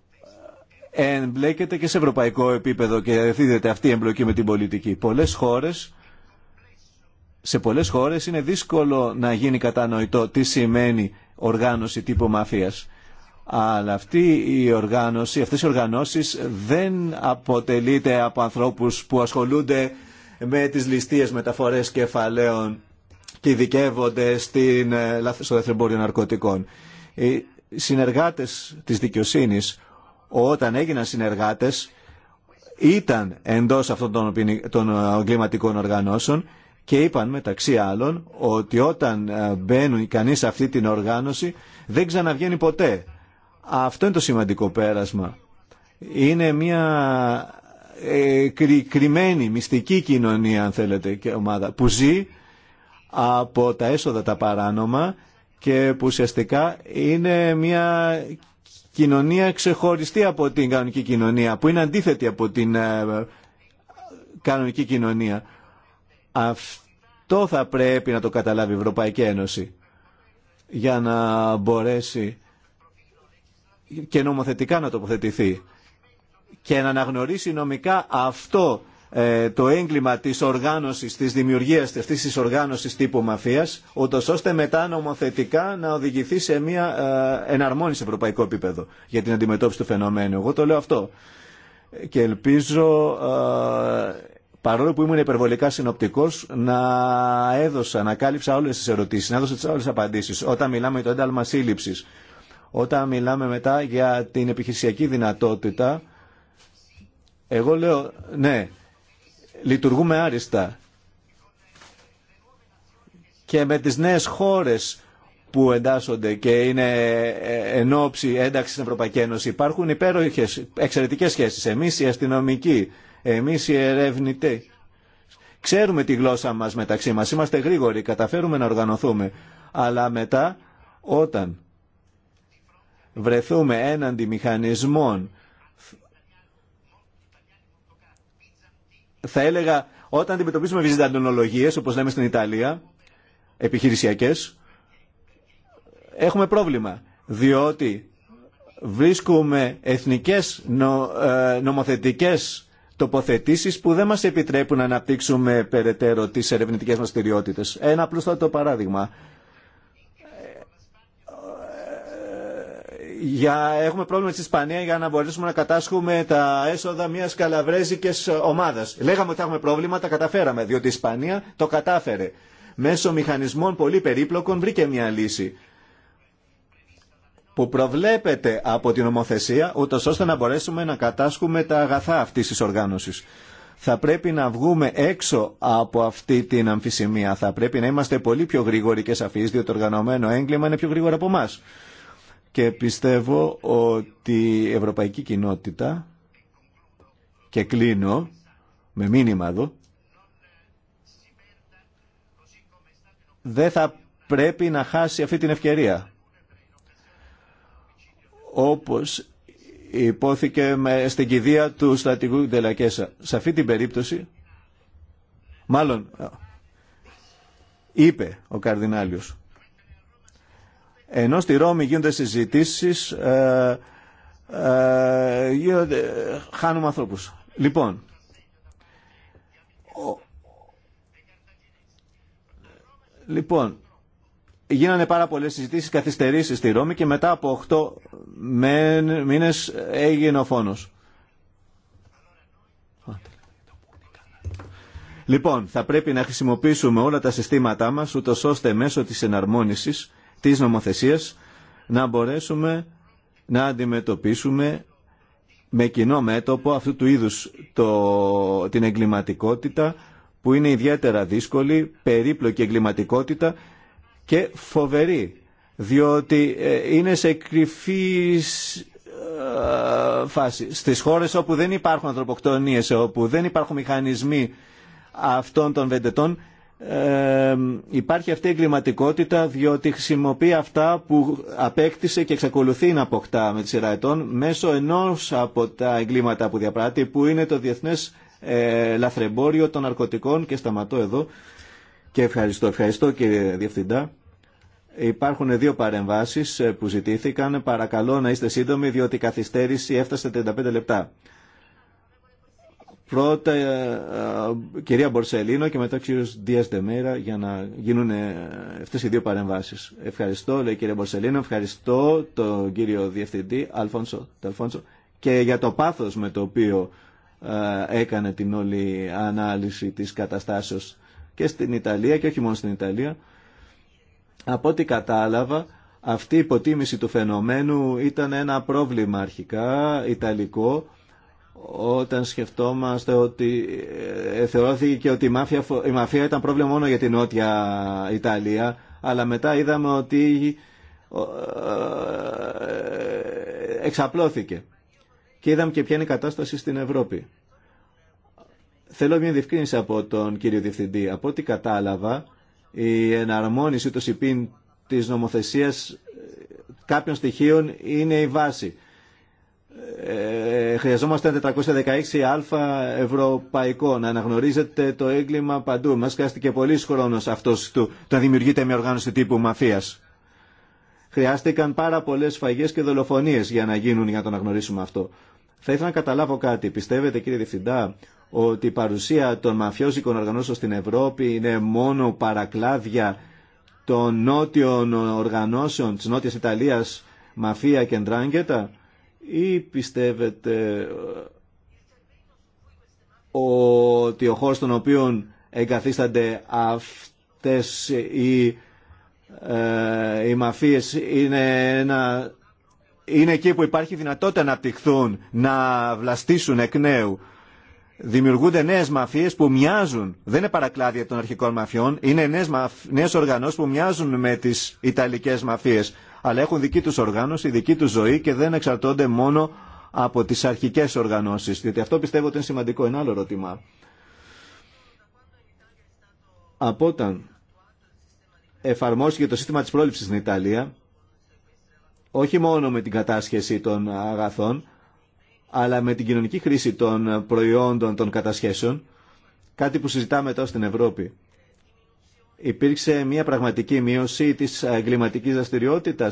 εμπλέκεται και σε ευρωπαϊκό επίπεδο και δίδεται αυτή η εμπλοκή με την πολιτική. Πολλές χώρες, σε πολλές χώρες είναι δύσκολο να γίνει κατανοητό τι σημαίνει οργάνωση τύπου μαφίας. Αλλά αυτή η οργάνωση, αυτές οι οργανώσεις δεν αποτελείται από ανθρώπους που ασχολούνται με τις ληστείες μεταφορές κεφαλαίων και ειδικεύονται στην, ε, στο δεθρεμπόριο ναρκωτικών. Οι συνεργάτες της δικαιοσύνης, όταν έγιναν συνεργάτες, ήταν εντός αυτών των, των ε, εγκληματικών οργανώσεων και είπαν μεταξύ άλλων ότι όταν ε, μπαίνουν κανείς σε αυτή την οργάνωση δεν ξαναβγαίνει ποτέ. Αυτό είναι το σημαντικό πέρασμα. Είναι μια ε, κρυμμένη, μυστική κοινωνία, αν θέλετε, και ομάδα, που ζει από τα έσοδα τα παράνομα και που ουσιαστικά είναι μια κοινωνία ξεχωριστή από την κανονική κοινωνία, που είναι αντίθετη από την ε, κανονική κοινωνία. Αυτό θα πρέπει να το καταλάβει η Ευρωπαϊκή Ένωση για να μπορέσει και νομοθετικά να τοποθετηθεί και να αναγνωρίσει νομικά αυτό ε, το έγκλημα της οργάνωσης, της δημιουργίας αυτής της οργάνωσης τύπου μαφίας, ούτως ώστε μετά νομοθετικά να οδηγηθεί σε μια ε, εναρμόνιση σε ευρωπαϊκό επίπεδο για την αντιμετώπιση του φαινομένου. Εγώ το λέω αυτό. Και ελπίζω, ε, παρόλο που ήμουν υπερβολικά συνοπτικός, να έδωσα, να κάλυψα όλες τις ερωτήσεις, να έδωσα όλες τις απαντήσεις. Όταν μιλάμε για το ένταλμα σύλληψη. Όταν μιλάμε μετά για την επιχειρησιακή δυνατότητα, εγώ λέω, ναι, λειτουργούμε άριστα. Και με τις νέες χώρες που εντάσσονται και είναι εν ένταξη στην Ευρωπαϊκή Ένωση υπάρχουν υπέροχες, εξαιρετικές σχέσεις. Εμείς οι αστυνομικοί, εμείς οι ερευνητές. Ξέρουμε τη γλώσσα μας μεταξύ μας, είμαστε γρήγοροι, καταφέρουμε να οργανωθούμε. Αλλά μετά όταν βρεθούμε έναντι μηχανισμών θα έλεγα όταν αντιμετωπίζουμε βυζαντινολογίες όπως λέμε στην Ιταλία επιχειρησιακές έχουμε πρόβλημα διότι βρίσκουμε εθνικές νο, ε, νομοθετικές τοποθετήσεις που δεν μας επιτρέπουν να αναπτύξουμε περαιτέρω τις ερευνητικές μας δραστηριότητε. Ένα απλούστατο παράδειγμα. για, έχουμε πρόβλημα στην Ισπανία για να μπορέσουμε να κατάσχουμε τα έσοδα μια καλαβρέζικη ομάδα. Λέγαμε ότι έχουμε πρόβλημα, τα καταφέραμε, διότι η Ισπανία το κατάφερε. Μέσω μηχανισμών πολύ περίπλοκων βρήκε μια λύση που προβλέπεται από την ομοθεσία, ούτω ώστε να μπορέσουμε να κατάσχουμε τα αγαθά αυτής της οργάνωσης. Θα πρέπει να βγούμε έξω από αυτή την αμφισημία. Θα πρέπει να είμαστε πολύ πιο γρήγοροι και σαφείς, διότι το οργανωμένο έγκλημα είναι πιο γρήγορο από εμά και πιστεύω ότι η ευρωπαϊκή κοινότητα και κλείνω με μήνυμα εδώ δεν θα πρέπει να χάσει αυτή την ευκαιρία όπως υπόθηκε με, στην κηδεία του στρατηγού Ντελακέσα. Σε αυτή την περίπτωση μάλλον είπε ο Καρδινάλιος ενώ στη Ρώμη γίνονται συζητήσεις, ε, ε, χάνουμε ανθρώπους. Λοιπόν, λοιπόν, γίνανε πάρα πολλές συζητήσεις, καθυστερήσεις στη Ρώμη και μετά από 8 μήνες έγινε ο φόνος. Λοιπόν, θα πρέπει να χρησιμοποιήσουμε όλα τα συστήματά μας, ούτως ώστε μέσω της εναρμόνισης της νομοθεσίας να μπορέσουμε να αντιμετωπίσουμε με κοινό μέτωπο αυτού του είδους το, την εγκληματικότητα που είναι ιδιαίτερα δύσκολη, περίπλοκη εγκληματικότητα και φοβερή διότι ε, είναι σε κρυφή ε, φάση. Στις χώρες όπου δεν υπάρχουν ανθρωποκτονίες, όπου δεν υπάρχουν μηχανισμοί αυτών των βεντετών υπάρχει αυτή η εγκληματικότητα διότι χρησιμοποιεί αυτά που απέκτησε και εξακολουθεί να αποκτά με τη σειρά ετών μέσω ενός από τα εγκλήματα που διαπράττει που είναι το διεθνές ε, λαθρεμπόριο των ναρκωτικών και σταματώ εδώ και ευχαριστώ, ευχαριστώ κύριε Διευθυντά Υπάρχουν δύο παρεμβάσεις ε, που ζητήθηκαν. Παρακαλώ να είστε σύντομοι διότι η καθυστέρηση έφτασε 35 λεπτά. Πρώτα ε, ε, κυρία Μπορσελίνο και μετά ο κύριο Δία Δεμέρα για να γίνουν ε, αυτέ οι δύο παρεμβάσει. Ευχαριστώ, λέει κυρία Μπορσελίνο, ευχαριστώ τον κύριο Διευθυντή Αλφόνσο, Αλφόνσο και για το πάθο με το οποίο έκανε την όλη ανάλυση της καταστάσεω και στην Ιταλία και όχι μόνο στην Ιταλία. Από ό,τι κατάλαβα, αυτή η υποτίμηση του φαινομένου ήταν ένα πρόβλημα αρχικά ιταλικό όταν σκεφτόμαστε ότι ε, θεωρώθηκε και ότι η μαφία, η μαφία ήταν πρόβλημα μόνο για την Νότια Ιταλία, αλλά μετά είδαμε ότι ε, εξαπλώθηκε. Και είδαμε και ποια είναι η κατάσταση στην Ευρώπη. Θέλω μια διευκρίνηση από τον κύριο Διευθυντή. Από ό,τι κατάλαβα, η εναρμόνιση του ΣΥΠΗΝ της νομοθεσίας ε, κάποιων στοιχείων είναι η βάση ε, χρειαζόμαστε 416α ευρωπαϊκό να αναγνωρίζετε το έγκλημα παντού. Μας χρειάστηκε πολλής χρόνο αυτός του, το να δημιουργείται μια οργάνωση τύπου μαφίας. Χρειάστηκαν πάρα πολλές φαγές και δολοφονίες για να γίνουν για να το αναγνωρίσουμε αυτό. Θα ήθελα να καταλάβω κάτι. Πιστεύετε κύριε Διευθυντά ότι η παρουσία των μαφιόζικων οργανώσεων στην Ευρώπη είναι μόνο παρακλάδια των νότιων οργανώσεων της Νότιας Ιταλίας μαφία και ντράγκετα ή πιστεύετε ε, ότι ο χώρος στον οποίο εγκαθίστανται αυτές οι, ε, μαφίες είναι, είναι εκεί που υπάρχει δυνατότητα να απτυχθούν, να βλαστήσουν εκ νέου. Δημιουργούνται νέες μαφίες που μοιάζουν, δεν είναι παρακλάδια των αρχικών μαφιών, είναι νέες, μαφ... νέες οργανώσεις που μοιάζουν με τις Ιταλικές μαφίες αλλά έχουν δική τους οργάνωση, δική τους ζωή και δεν εξαρτώνται μόνο από τις αρχικές οργανώσεις, διότι αυτό πιστεύω ότι είναι σημαντικό. Ένα άλλο ερώτημα. Από όταν εφαρμόστηκε το σύστημα της πρόληψης στην Ιταλία, όχι μόνο με την κατάσχεση των αγαθών, αλλά με την κοινωνική χρήση των προϊόντων των κατασχέσεων, κάτι που συζητάμε τώρα στην Ευρώπη υπήρξε μια πραγματική μείωση της εγκληματικής δραστηριότητα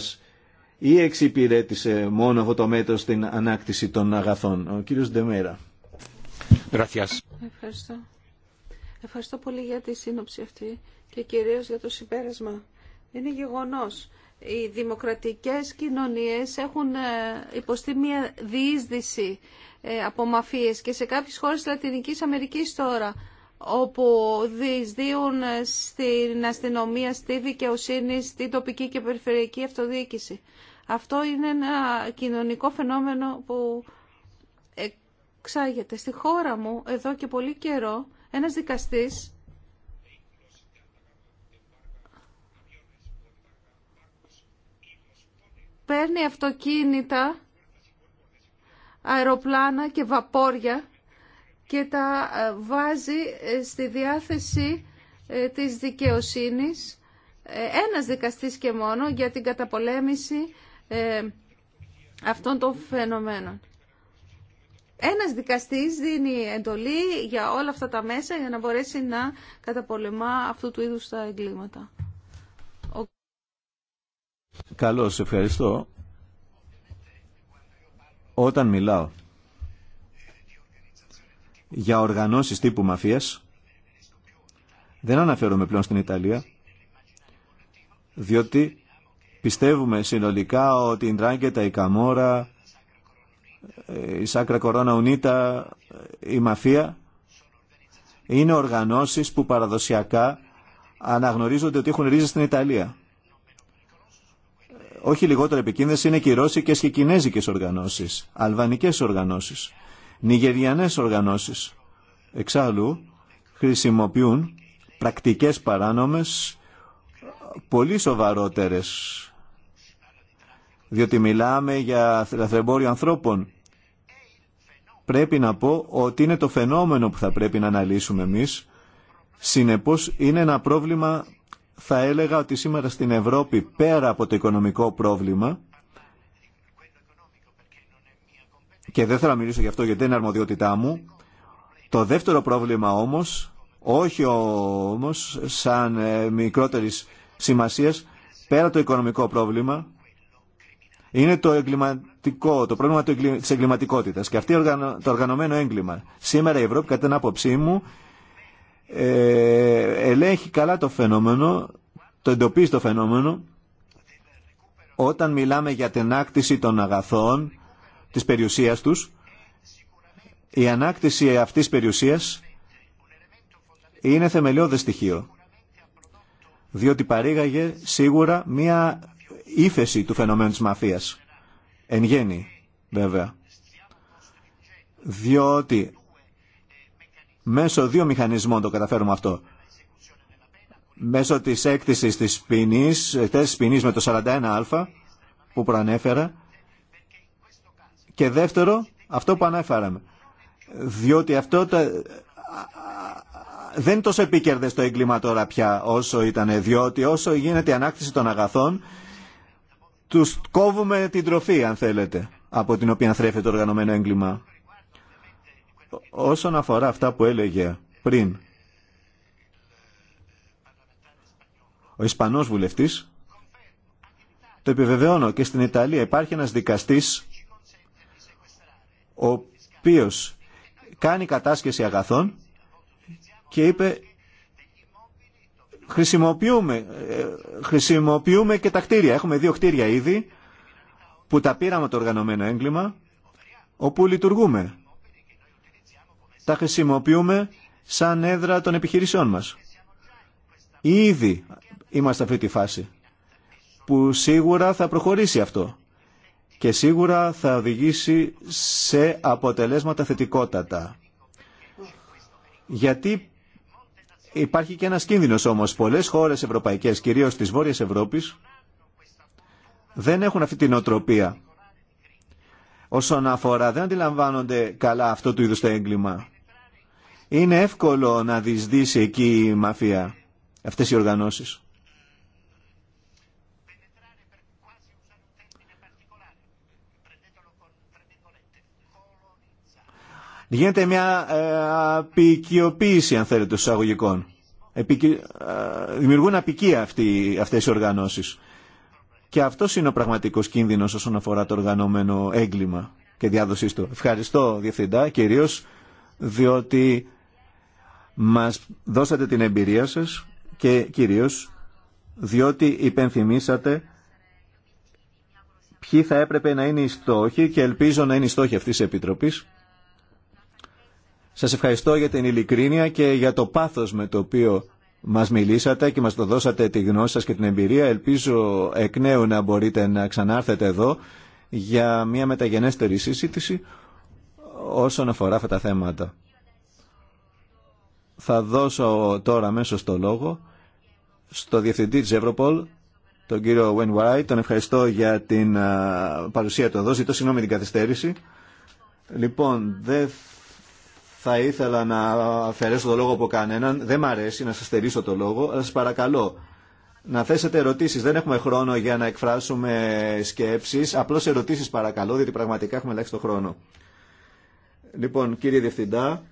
ή εξυπηρέτησε μόνο αυτό το μέτρο στην ανάκτηση των αγαθών. Ο κύριος Ντεμέρα. Ευχαριστώ. Ευχαριστώ πολύ για τη σύνοψη αυτή και κυρίως για το συμπέρασμα. Είναι γεγονός. Οι δημοκρατικές κοινωνίες έχουν ε, υποστεί μια διείσδυση ε, από μαφίες και σε κάποιες χώρες της Λατινικής Αμερικής τώρα όπου διεισδύουν στην αστυνομία, στη δικαιοσύνη, στη τοπική και περιφερειακή αυτοδιοίκηση. Αυτό είναι ένα κοινωνικό φαινόμενο που εξάγεται. Στη χώρα μου, εδώ και πολύ καιρό, ένας δικαστής παίρνει αυτοκίνητα, αεροπλάνα και βαπόρια και τα ε, βάζει ε, στη διάθεση ε, της δικαιοσύνης ένας δικαστής και μόνο για την καταπολέμηση αυτών των φαινομένων. Ένας δικαστής δίνει εντολή για όλα αυτά τα μέσα για να μπορέσει να καταπολεμά αυτού του είδους τα εγκλήματα. Καλώς, ευχαριστώ. Όταν μιλάω για οργανώσεις τύπου μαφίας. Δεν αναφέρομαι πλέον στην Ιταλία, διότι πιστεύουμε συνολικά ότι η Ντράγκετα, η Καμόρα, η Σάκρα Κορώνα Ουνίτα, η μαφία είναι οργανώσεις που παραδοσιακά αναγνωρίζονται ότι έχουν ρίζες στην Ιταλία. Όχι λιγότερο επικίνδυνες είναι και οι Ρώσικες και οι Κινέζικες οργανώσεις, αλβανικές οργανώσεις. Νιγεριανές οργανώσεις εξάλλου χρησιμοποιούν πρακτικές παράνομες πολύ σοβαρότερες διότι μιλάμε για λαθρεμπόριο ανθρώπων. Πρέπει να πω ότι είναι το φαινόμενο που θα πρέπει να αναλύσουμε εμείς. Συνεπώς είναι ένα πρόβλημα, θα έλεγα ότι σήμερα στην Ευρώπη πέρα από το οικονομικό πρόβλημα, και δεν θέλω να μιλήσω γι' αυτό γιατί δεν είναι αρμοδιότητά μου. Το δεύτερο πρόβλημα όμως, όχι όμως σαν ε, μικρότερη σημασίας, πέρα το οικονομικό πρόβλημα, είναι το εγκληματικό, το πρόβλημα της εγκληματικότητας και αυτή το οργανωμένο έγκλημα. Σήμερα η Ευρώπη, κατά την άποψή μου, ε, ελέγχει καλά το φαινόμενο, το εντοπίζει το φαινόμενο, όταν μιλάμε για την άκτηση των αγαθών, της περιουσίας τους, η ανάκτηση αυτής της περιουσίας είναι θεμελιώδε στοιχείο, διότι παρήγαγε σίγουρα μία ύφεση του φαινομένου της μαφίας, εν γέννη βέβαια, διότι μέσω δύο μηχανισμών το καταφέρουμε αυτό. Μέσω της έκτησης της ποινής, της ποινής με το 41α που προανέφερα και δεύτερο, αυτό που ανέφεραμε. Διότι αυτό δεν είναι τόσο επίκαιρδες το έγκλημα τώρα πια όσο ήταν, διότι όσο γίνεται η ανάκτηση των αγαθών, τους κόβουμε την τροφή, αν θέλετε, από την οποία θρέφεται το οργανωμένο έγκλημα. Όσον αφορά αυτά που έλεγε πριν ο Ισπανός βουλευτής, το επιβεβαιώνω και στην Ιταλία υπάρχει ένας δικαστής ο οποίος κάνει κατάσχεση αγαθών και είπε χρησιμοποιούμε, ε, χρησιμοποιούμε και τα κτίρια. Έχουμε δύο κτίρια ήδη που τα πήραμε το οργανωμένο έγκλημα όπου λειτουργούμε. Τα χρησιμοποιούμε σαν έδρα των επιχειρήσεών μας. Ήδη είμαστε αυτή τη φάση που σίγουρα θα προχωρήσει αυτό και σίγουρα θα οδηγήσει σε αποτελέσματα θετικότατα. Γιατί υπάρχει και ένας κίνδυνος όμως. Πολλές χώρες ευρωπαϊκές, κυρίως της Βόρειας Ευρώπης, δεν έχουν αυτή την οτροπία. Όσον αφορά, δεν αντιλαμβάνονται καλά αυτό του είδους το έγκλημα. Είναι εύκολο να διεισδύσει εκεί η μαφία, αυτές οι οργανώσεις. Γίνεται μια ε, απικιοποίηση, αν θέλετε, των εισαγωγικών. Ε, δημιουργούν απικία αυτοί, αυτές οι οργανώσεις. Και αυτό είναι ο πραγματικός κίνδυνος όσον αφορά το οργανωμένο έγκλημα και διάδοσή του. Ευχαριστώ, Διευθυντά, κυρίω διότι μας δώσατε την εμπειρία σας και κυρίω διότι υπενθυμίσατε ποιοι θα έπρεπε να είναι οι στόχοι και ελπίζω να είναι οι στόχοι αυτής της Επιτροπής σας ευχαριστώ για την ειλικρίνεια και για το πάθος με το οποίο μας μιλήσατε και μας το δώσατε τη γνώση σας και την εμπειρία. Ελπίζω εκ νέου να μπορείτε να ξανάρθετε εδώ για μια μεταγενέστερη συζήτηση όσον αφορά αυτά τα θέματα. Θα δώσω τώρα μέσω το λόγο στο Διευθυντή της Ευρωπόλ, τον κύριο White. Τον ευχαριστώ για την παρουσία του εδώ. Ζητώ συγγνώμη την καθυστέρηση. Λοιπόν, δεν θα ήθελα να αφαιρέσω το λόγο από κανέναν. Δεν μ' αρέσει να σας στερήσω το λόγο, αλλά σας παρακαλώ να θέσετε ερωτήσεις. Δεν έχουμε χρόνο για να εκφράσουμε σκέψεις. Απλώς ερωτήσεις παρακαλώ, διότι πραγματικά έχουμε ελάχιστο χρόνο. Λοιπόν, κύριε Διευθυντά,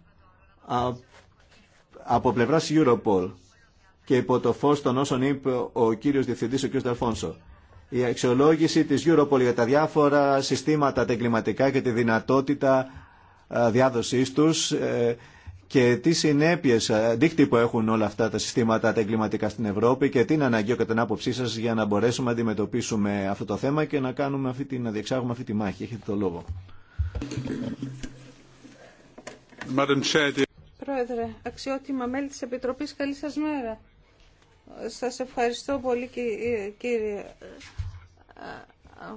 από πλευρά Europol και υπό το φως των όσων είπε ο κύριος Διευθυντής, ο κύριος Δαλφόνσο, η αξιολόγηση της Europol για τα διάφορα συστήματα τα εγκληματικά και τη δυνατότητα ε, διάδοσής τους ε, και τι συνέπειε ε, που έχουν όλα αυτά τα συστήματα τα εγκληματικά στην Ευρώπη και τι είναι αναγκαίο κατά την άποψή σα για να μπορέσουμε να αντιμετωπίσουμε αυτό το θέμα και να, κάνουμε αυτή τη, να διεξάγουμε αυτή τη μάχη. Έχετε το λόγο. Πρόεδρε, αξιότιμα μέλη της Επιτροπής, καλή σας μέρα. Σας ευχαριστώ πολύ κύριε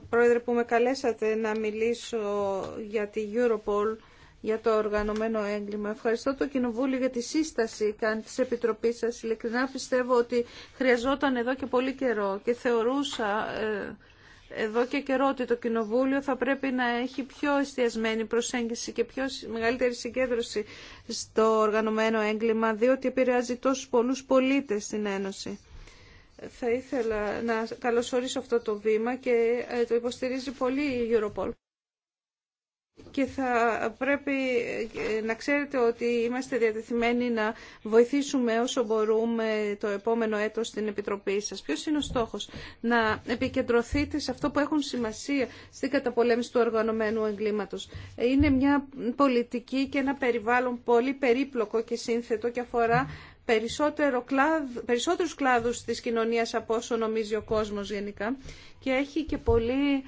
Πρόεδρε που με καλέσατε να μιλήσω για τη Europol για το οργανωμένο έγκλημα. Ευχαριστώ το Κοινοβούλιο για τη σύσταση τη Επιτροπής σας. Ειλικρινά πιστεύω ότι χρειαζόταν εδώ και πολύ καιρό και θεωρούσα ε, εδώ και καιρό ότι το Κοινοβούλιο θα πρέπει να έχει πιο εστιασμένη προσέγγιση και πιο μεγαλύτερη συγκέντρωση στο οργανωμένο έγκλημα, διότι επηρεάζει τόσους πολλούς πολίτες στην Ένωση. Θα ήθελα να καλωσορίσω αυτό το βήμα και ε, το υποστηρίζει πολύ η Europol και θα πρέπει να ξέρετε ότι είμαστε διατεθειμένοι να βοηθήσουμε όσο μπορούμε το επόμενο έτος στην Επιτροπή σας. Ποιος είναι ο στόχος? Να επικεντρωθείτε σε αυτό που έχουν σημασία στην καταπολέμηση του οργανωμένου εγκλήματος. Είναι μια πολιτική και ένα περιβάλλον πολύ περίπλοκο και σύνθετο και αφορά περισσότερο κλάδ, περισσότερους κλάδους της κοινωνίας από όσο νομίζει ο κόσμος γενικά και έχει και πολύ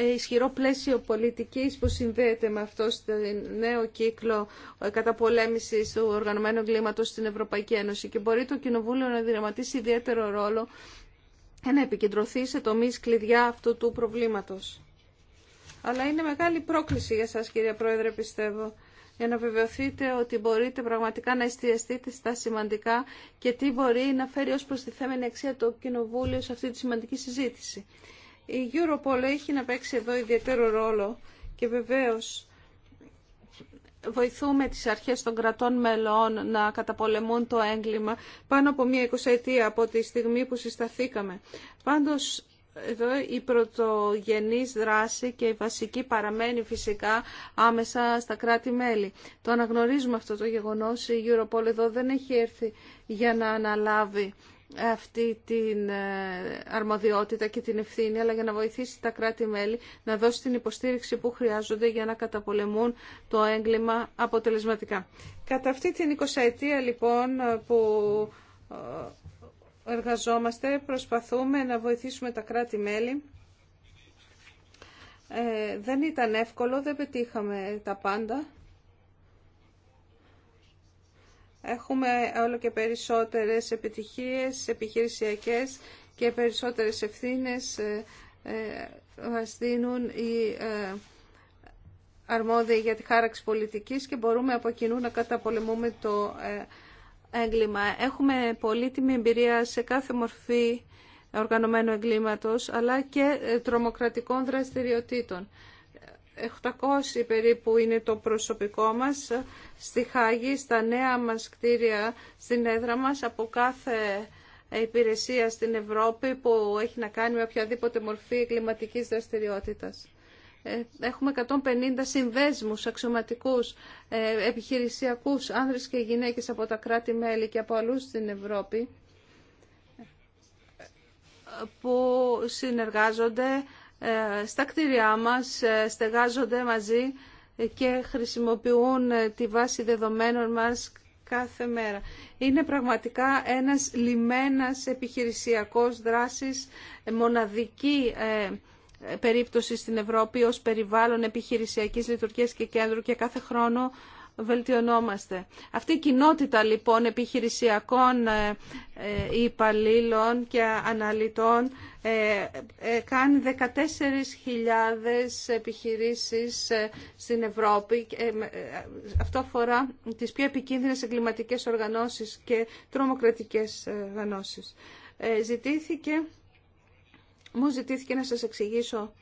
ισχυρό πλαίσιο πολιτικής που συνδέεται με αυτό στο νέο κύκλο καταπολέμησης του οργανωμένου κλίματος στην Ευρωπαϊκή Ένωση και μπορεί το Κοινοβούλιο να δυναματίσει ιδιαίτερο ρόλο και να επικεντρωθεί σε τομείς κλειδιά αυτού του προβλήματος. Αλλά είναι μεγάλη πρόκληση για σας κυρία Πρόεδρε πιστεύω για να βεβαιωθείτε ότι μπορείτε πραγματικά να εστιαστείτε στα σημαντικά και τι μπορεί να φέρει ως προστιθέμενη αξία το Κοινοβούλιο σε αυτή τη σημαντική συζήτηση. Η Europol έχει να παίξει εδώ ιδιαίτερο ρόλο και βεβαίως βοηθούμε τις αρχές των κρατών μελών να καταπολεμούν το έγκλημα πάνω από μία εικοσαετία από τη στιγμή που συσταθήκαμε. Πάντως εδώ η πρωτογενής δράση και η βασική παραμένει φυσικά άμεσα στα κράτη-μέλη. Το αναγνωρίζουμε αυτό το γεγονός. Η Europol εδώ δεν έχει έρθει για να αναλάβει αυτή την ε, αρμοδιότητα και την ευθύνη, αλλά για να βοηθήσει τα κράτη-μέλη να δώσει την υποστήριξη που χρειάζονται για να καταπολεμούν το έγκλημα αποτελεσματικά. Κατά αυτή την 20 ετία λοιπόν που ε, εργαζόμαστε, προσπαθούμε να βοηθήσουμε τα κράτη-μέλη. Ε, δεν ήταν εύκολο, δεν πετύχαμε τα πάντα έχουμε όλο και περισσότερες επιτυχίες επιχειρησιακές και περισσότερες ευθύνες ε, ε, μας δίνουν οι ε, αρμόδιοι για τη χάραξη πολιτικής και μπορούμε από κοινού να καταπολεμούμε το έγκλημα. Έχουμε πολύτιμη εμπειρία σε κάθε μορφή οργανωμένου εγκλήματος αλλά και τρομοκρατικών δραστηριοτήτων. 800 περίπου είναι το προσωπικό μας στη Χάγη, στα νέα μας κτίρια, στην έδρα μας, από κάθε υπηρεσία στην Ευρώπη που έχει να κάνει με οποιαδήποτε μορφή κλιματικής δραστηριότητας. Ε, έχουμε 150 συνδέσμους αξιωματικούς, ε, επιχειρησιακούς, άνδρες και γυναίκες από τα κράτη-μέλη και από αλλού στην Ευρώπη που συνεργάζονται στα κτίρια μας ε, στεγάζονται μαζί και χρησιμοποιούν ε, τη βάση δεδομένων μας κάθε μέρα. Είναι πραγματικά ένας λιμένας επιχειρησιακός δράσης, ε, μοναδική περίπτωση στην Ευρώπη ως περιβάλλον επιχειρησιακής λειτουργίας και κέντρου και κάθε χρόνο βελτιωνόμαστε. Αυτή η κοινότητα λοιπόν επιχειρησιακών ε, ε, υπαλλήλων και αναλυτών ε, κάνει 14.000 επιχειρήσεις στην Ευρώπη. Αυτό αφορά τις πιο επικίνδυνες εγκληματικές οργανώσεις και τρομοκρατικές οργανώσεις. Ζητήθηκε, μου ζητήθηκε να σας εξηγήσω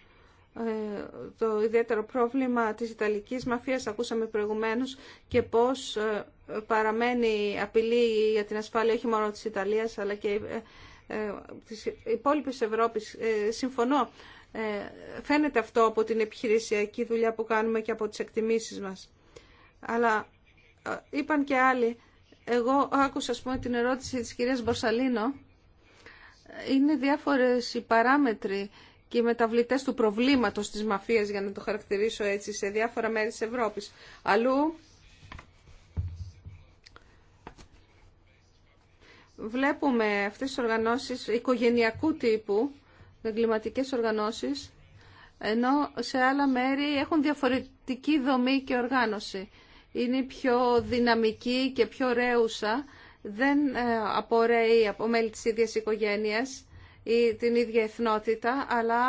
ε, το ιδιαίτερο πρόβλημα της Ιταλικής μαφίας ακούσαμε προηγουμένως και πώς ε, παραμένει απειλή για την ασφάλεια όχι μόνο της Ιταλίας αλλά και ε, της υπόλοιπης Ευρώπης. Συμφωνώ. Φαίνεται αυτό από την επιχειρησιακή δουλειά που κάνουμε και από τις εκτιμήσεις μας. Αλλά είπαν και άλλοι. Εγώ άκουσα την ερώτηση της κυρίας Μπορσαλίνο. Είναι διάφορες οι παράμετροι και οι μεταβλητές του προβλήματος της μαφίας, για να το χαρακτηρίσω έτσι, σε διάφορα μέρη της Ευρώπης. Αλλού βλέπουμε αυτές τις οργανώσεις οικογενειακού τύπου, εγκληματικέ οργανώσεις, ενώ σε άλλα μέρη έχουν διαφορετική δομή και οργάνωση. Είναι πιο δυναμική και πιο ρέουσα, δεν ε, απορρέει από μέλη της ίδιας οικογένειας ή την ίδια εθνότητα, αλλά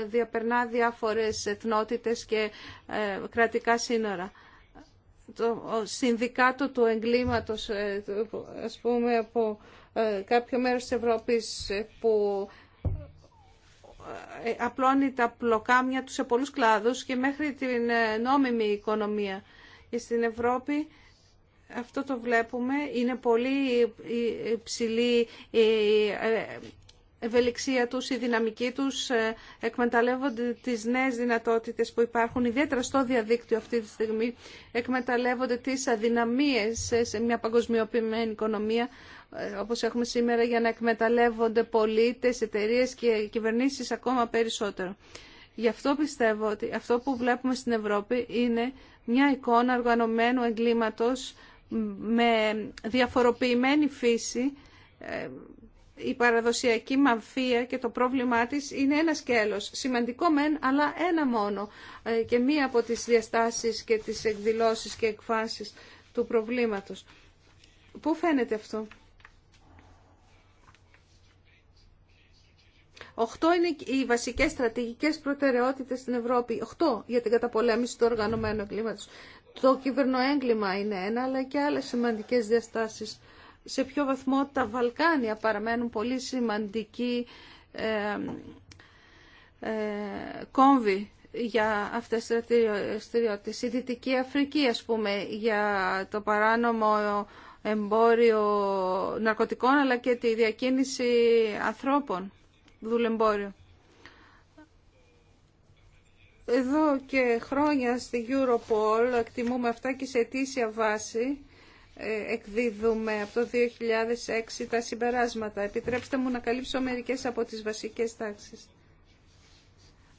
ε, διαπερνά διάφορες εθνότητες και ε, κρατικά σύνορα. Το συνδικάτο του εγκλήματος, ε, ας πούμε, από κάποιο μέρος της Ευρώπης που απλώνει τα πλοκάμια του σε πολλούς κλάδους και μέχρι την νόμιμη οικονομία. Και στην Ευρώπη αυτό το βλέπουμε. Είναι πολύ υψηλή ευελιξία τους, η δυναμική τους, ε, εκμεταλλεύονται τις νέες δυνατότητες που υπάρχουν, ιδιαίτερα στο διαδίκτυο αυτή τη στιγμή, εκμεταλλεύονται τις αδυναμίες σε μια παγκοσμιοποιημένη οικονομία, ε, όπως έχουμε σήμερα, για να εκμεταλλεύονται πολίτες, εταιρείε και κυβερνήσεις ακόμα περισσότερο. Γι' αυτό πιστεύω ότι αυτό που βλέπουμε στην Ευρώπη είναι μια εικόνα οργανωμένου εγκλήματος με διαφοροποιημένη φύση, ε, η παραδοσιακή μαφία και το πρόβλημά της είναι ένα σκέλος. Σημαντικό μεν, αλλά ένα μόνο. Ε, και μία από τις διαστάσεις και τις εκδηλώσεις και εκφάσεις του προβλήματος. Πού φαίνεται αυτό. Οχτώ είναι οι βασικές στρατηγικές προτεραιότητες στην Ευρώπη. Οχτώ για την καταπολέμηση του οργανωμένου εγκλήματος. Το κυβερνοέγκλημα είναι ένα, αλλά και άλλες σημαντικές διαστάσεις σε ποιο βαθμό τα Βαλκάνια παραμένουν πολύ σημαντικοί ε, ε για αυτές τις δραστηριότητες. Η Δυτική Αφρική, ας πούμε, για το παράνομο εμπόριο ναρκωτικών, αλλά και τη διακίνηση ανθρώπων, δουλεμπόριο. Εδώ και χρόνια στη Europol εκτιμούμε αυτά και σε αιτήσια βάση ε, εκδίδουμε από το 2006 τα συμπεράσματα. Επιτρέψτε μου να καλύψω μερικές από τις βασικές τάξεις.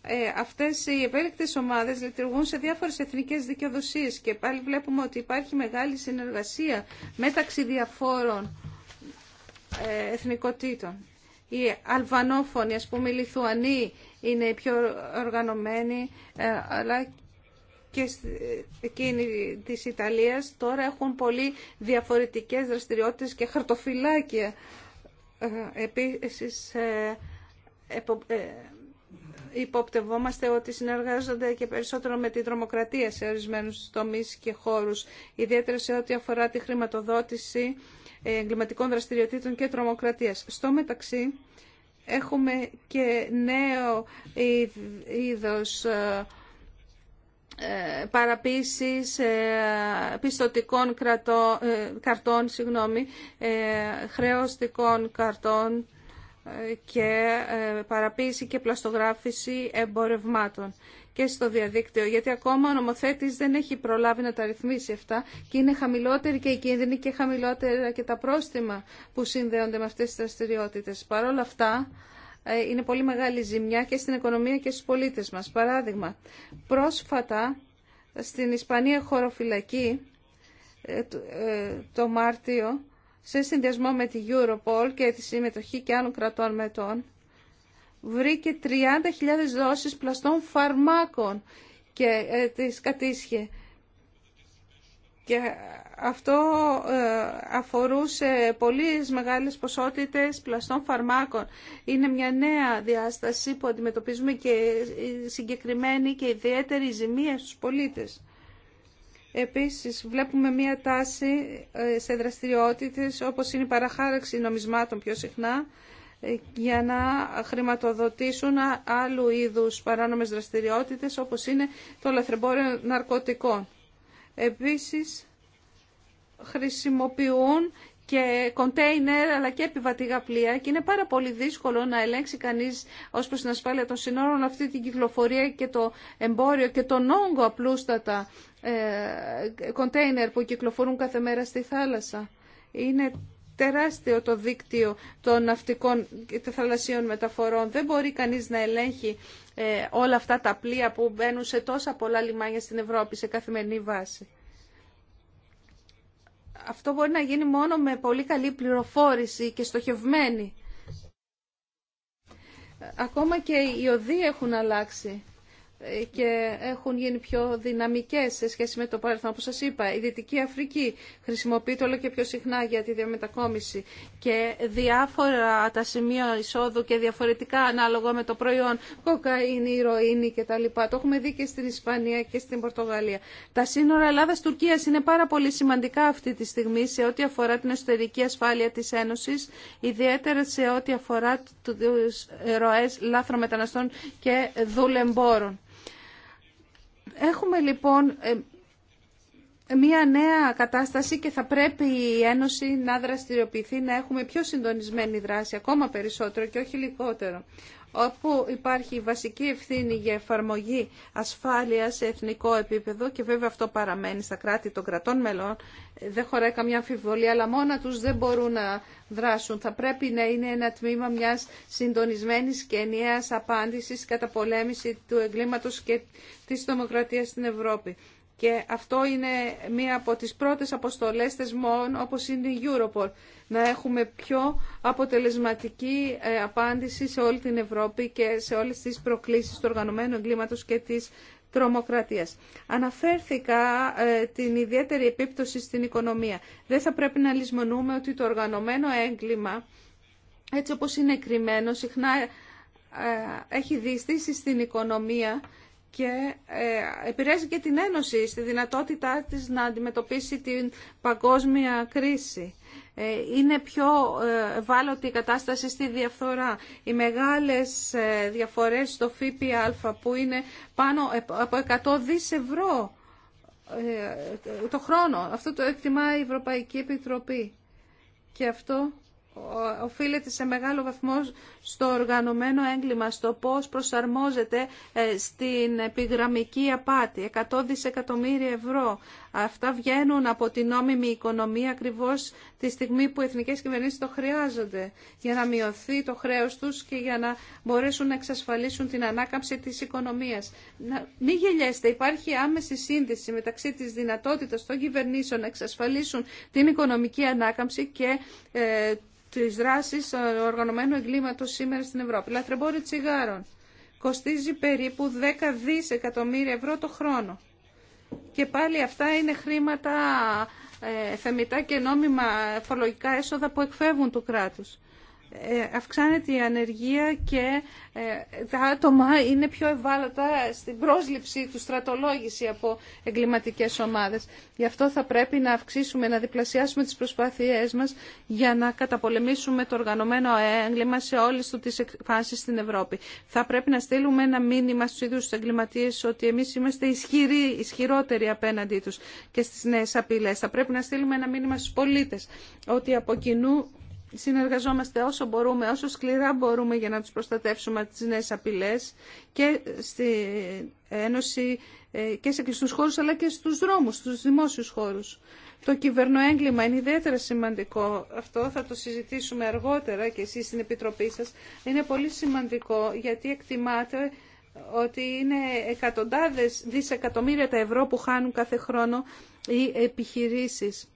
Ε, αυτές οι ευέλικτες ομάδες λειτουργούν σε διάφορες εθνικές δικαιοδοσίες και πάλι βλέπουμε ότι υπάρχει μεγάλη συνεργασία μεταξύ διαφόρων ε, εθνικοτήτων. Οι Αλβανόφωνοι, ας πούμε, οι Λιθουανοί είναι οι πιο οργανωμένοι, ε, αλλά και εκείνη της Ιταλίας τώρα έχουν πολύ διαφορετικές δραστηριότητες και χαρτοφυλάκια. Ε, επίσης, ε, ε, υποπτευόμαστε ότι συνεργάζονται και περισσότερο με τη τρομοκρατία σε ορισμένους τομείς και χώρους, ιδιαίτερα σε ό,τι αφορά τη χρηματοδότηση εγκληματικών δραστηριοτήτων και τρομοκρατίας. Στο μεταξύ, έχουμε και νέο είδος ε, παραποίησης ε, πιστοτικών ε, καρτών, συγγνώμη, χρεωστικών καρτών και παραποίηση και πλαστογράφηση εμπορευμάτων και στο διαδίκτυο, γιατί ακόμα ο νομοθέτης δεν έχει προλάβει να τα ρυθμίσει αυτά και είναι χαμηλότερη και η κίνδυνη και χαμηλότερα και τα πρόστιμα που συνδέονται με αυτές τις δραστηριότητε. Παρ' όλα αυτά, ε, είναι πολύ μεγάλη ζημιά και στην οικονομία και στους πολίτες μας. Παράδειγμα, πρόσφατα στην Ισπανία χωροφυλακή ε, ε, το Μάρτιο σε συνδυασμό με τη Europol και τη συμμετοχή και άλλων κρατών μετών βρήκε 30.000 δόσεις πλαστών φαρμάκων και τις κατήσχε. Αυτό ε, αφορούσε πολύ μεγάλες ποσότητες πλαστών φαρμάκων. Είναι μια νέα διάσταση που αντιμετωπίζουμε και συγκεκριμένη και ιδιαίτερη ζημία στους πολίτες. Επίσης βλέπουμε μια τάση ε, σε δραστηριότητες όπως είναι η παραχάραξη νομισμάτων πιο συχνά ε, για να χρηματοδοτήσουν άλλου είδους παράνομες δραστηριότητες όπως είναι το λαθρεμπόριο ναρκωτικών. Επίσης χρησιμοποιούν και κοντέινερ αλλά και επιβατηγά πλοία και είναι πάρα πολύ δύσκολο να ελέγξει κανείς ως προς την ασφάλεια των συνόρων αυτή την κυκλοφορία και το εμπόριο και τον όγκο απλούστατα ε, κοντέινερ που κυκλοφορούν κάθε μέρα στη θάλασσα. Είναι τεράστιο το δίκτυο των ναυτικών και των θαλασσίων μεταφορών. Δεν μπορεί κανείς να ελέγχει ε, όλα αυτά τα πλοία που μπαίνουν σε τόσα πολλά λιμάνια στην Ευρώπη σε καθημερινή βάση αυτό μπορεί να γίνει μόνο με πολύ καλή πληροφόρηση και στοχευμένη. Ακόμα και οι οδοί έχουν αλλάξει και έχουν γίνει πιο δυναμικές σε σχέση με το παρελθόν. Όπως σας είπα, η Δυτική Αφρική χρησιμοποιείται όλο και πιο συχνά για τη διαμετακόμιση και διάφορα τα σημεία εισόδου και διαφορετικά ανάλογα με το προϊόν, κοκαίνη, ηρωίνη κτλ. Το έχουμε δει και στην Ισπανία και στην Πορτογαλία. Τα σύνορα Ελλάδας-Τουρκίας είναι πάρα πολύ σημαντικά αυτή τη στιγμή σε ό,τι αφορά την εσωτερική ασφάλεια της Ένωσης, ιδιαίτερα σε ό,τι αφορά τις ροές λάθρομεταναστών και δουλεμπόρων. Έχουμε λοιπόν ε, μια νέα κατάσταση και θα πρέπει η Ένωση να δραστηριοποιηθεί, να έχουμε πιο συντονισμένη δράση, ακόμα περισσότερο και όχι λιγότερο. Όπου υπάρχει βασική ευθύνη για εφαρμογή ασφάλεια σε εθνικό επίπεδο και βέβαια αυτό παραμένει στα κράτη των κρατών μελών, δεν χωράει καμιά αμφιβολία, αλλά μόνα τους δεν μπορούν να δράσουν. Θα πρέπει να είναι ένα τμήμα μιας συντονισμένης και ενιαίας απάντησης κατά πολέμηση του εγκλήματος και της δημοκρατίας στην Ευρώπη. Και αυτό είναι μία από τις πρώτες αποστολές θεσμών όπως είναι η Europol. Να έχουμε πιο αποτελεσματική ε, απάντηση σε όλη την Ευρώπη και σε όλες τις προκλήσεις του οργανωμένου εγκλήματος και της τρομοκρατίας. Αναφέρθηκα ε, την ιδιαίτερη επίπτωση στην οικονομία. Δεν θα πρέπει να λησμονούμε ότι το οργανωμένο έγκλημα, έτσι όπως είναι κρυμμένο, συχνά ε, έχει διστήσει στην οικονομία και ε, επηρέαζε και την Ένωση στη δυνατότητά της να αντιμετωπίσει την παγκόσμια κρίση. Ε, είναι πιο βάλωτη ε, η κατάσταση στη διαφθορά. Οι μεγάλες διαφορές στο ΦΠΑ που είναι πάνω από 100 δις ευρώ το χρόνο. Αυτό το εκτιμά η Ευρωπαϊκή Επιτροπή. Και αυτό οφείλεται σε μεγάλο βαθμό στο οργανωμένο έγκλημα, στο πώς προσαρμόζεται ε, στην επιγραμμική απάτη. 100 δισεκατομμύρια ευρώ. Αυτά βγαίνουν από την νόμιμη οικονομία ακριβώς τη στιγμή που οι εθνικές κυβερνήσεις το χρειάζονται για να μειωθεί το χρέος τους και για να μπορέσουν να εξασφαλίσουν την ανάκαμψη της οικονομίας. Να, μην γελιέστε, υπάρχει άμεση σύνδεση μεταξύ της δυνατότητας των κυβερνήσεων να εξασφαλίσουν την οικονομική ανάκαμψη και ε, τις δράσεις οργανωμένου εγκλήματος σήμερα στην Ευρώπη. Λατρεμπόρι τσιγάρων κοστίζει περίπου 10 δισεκατομμύρια ευρώ το χρόνο. Και πάλι αυτά είναι χρήματα ε, θεμητά και νόμιμα φορολογικά έσοδα που εκφεύγουν του κράτους. Ε, αυξάνεται η ανεργία και ε, τα άτομα είναι πιο ευάλωτα στην πρόσληψη του στρατολόγηση από εγκληματικές ομάδες. Γι' αυτό θα πρέπει να αυξήσουμε, να διπλασιάσουμε τις προσπάθειές μας για να καταπολεμήσουμε το οργανωμένο έγκλημα σε όλες του τις εκφάνσεις στην Ευρώπη. Θα πρέπει να στείλουμε ένα μήνυμα στους ίδιους τους εγκληματίες ότι εμείς είμαστε ισχυροί, ισχυρότεροι απέναντί τους και στις νέες απειλές. Θα πρέπει να στείλουμε ένα μήνυμα στους πολίτες ότι από κοινού συνεργαζόμαστε όσο μπορούμε, όσο σκληρά μπορούμε για να τους προστατεύσουμε τις νέες απειλές και στη Ένωση ε, και σε κλειστούς χώρους αλλά και στους δρόμους, στους δημόσιους χώρους. Το κυβερνοέγκλημα είναι ιδιαίτερα σημαντικό. Αυτό θα το συζητήσουμε αργότερα και εσείς στην Επιτροπή σας. Είναι πολύ σημαντικό γιατί εκτιμάται ότι είναι εκατοντάδες δισεκατομμύρια τα ευρώ που χάνουν κάθε χρόνο οι επιχειρήσεις.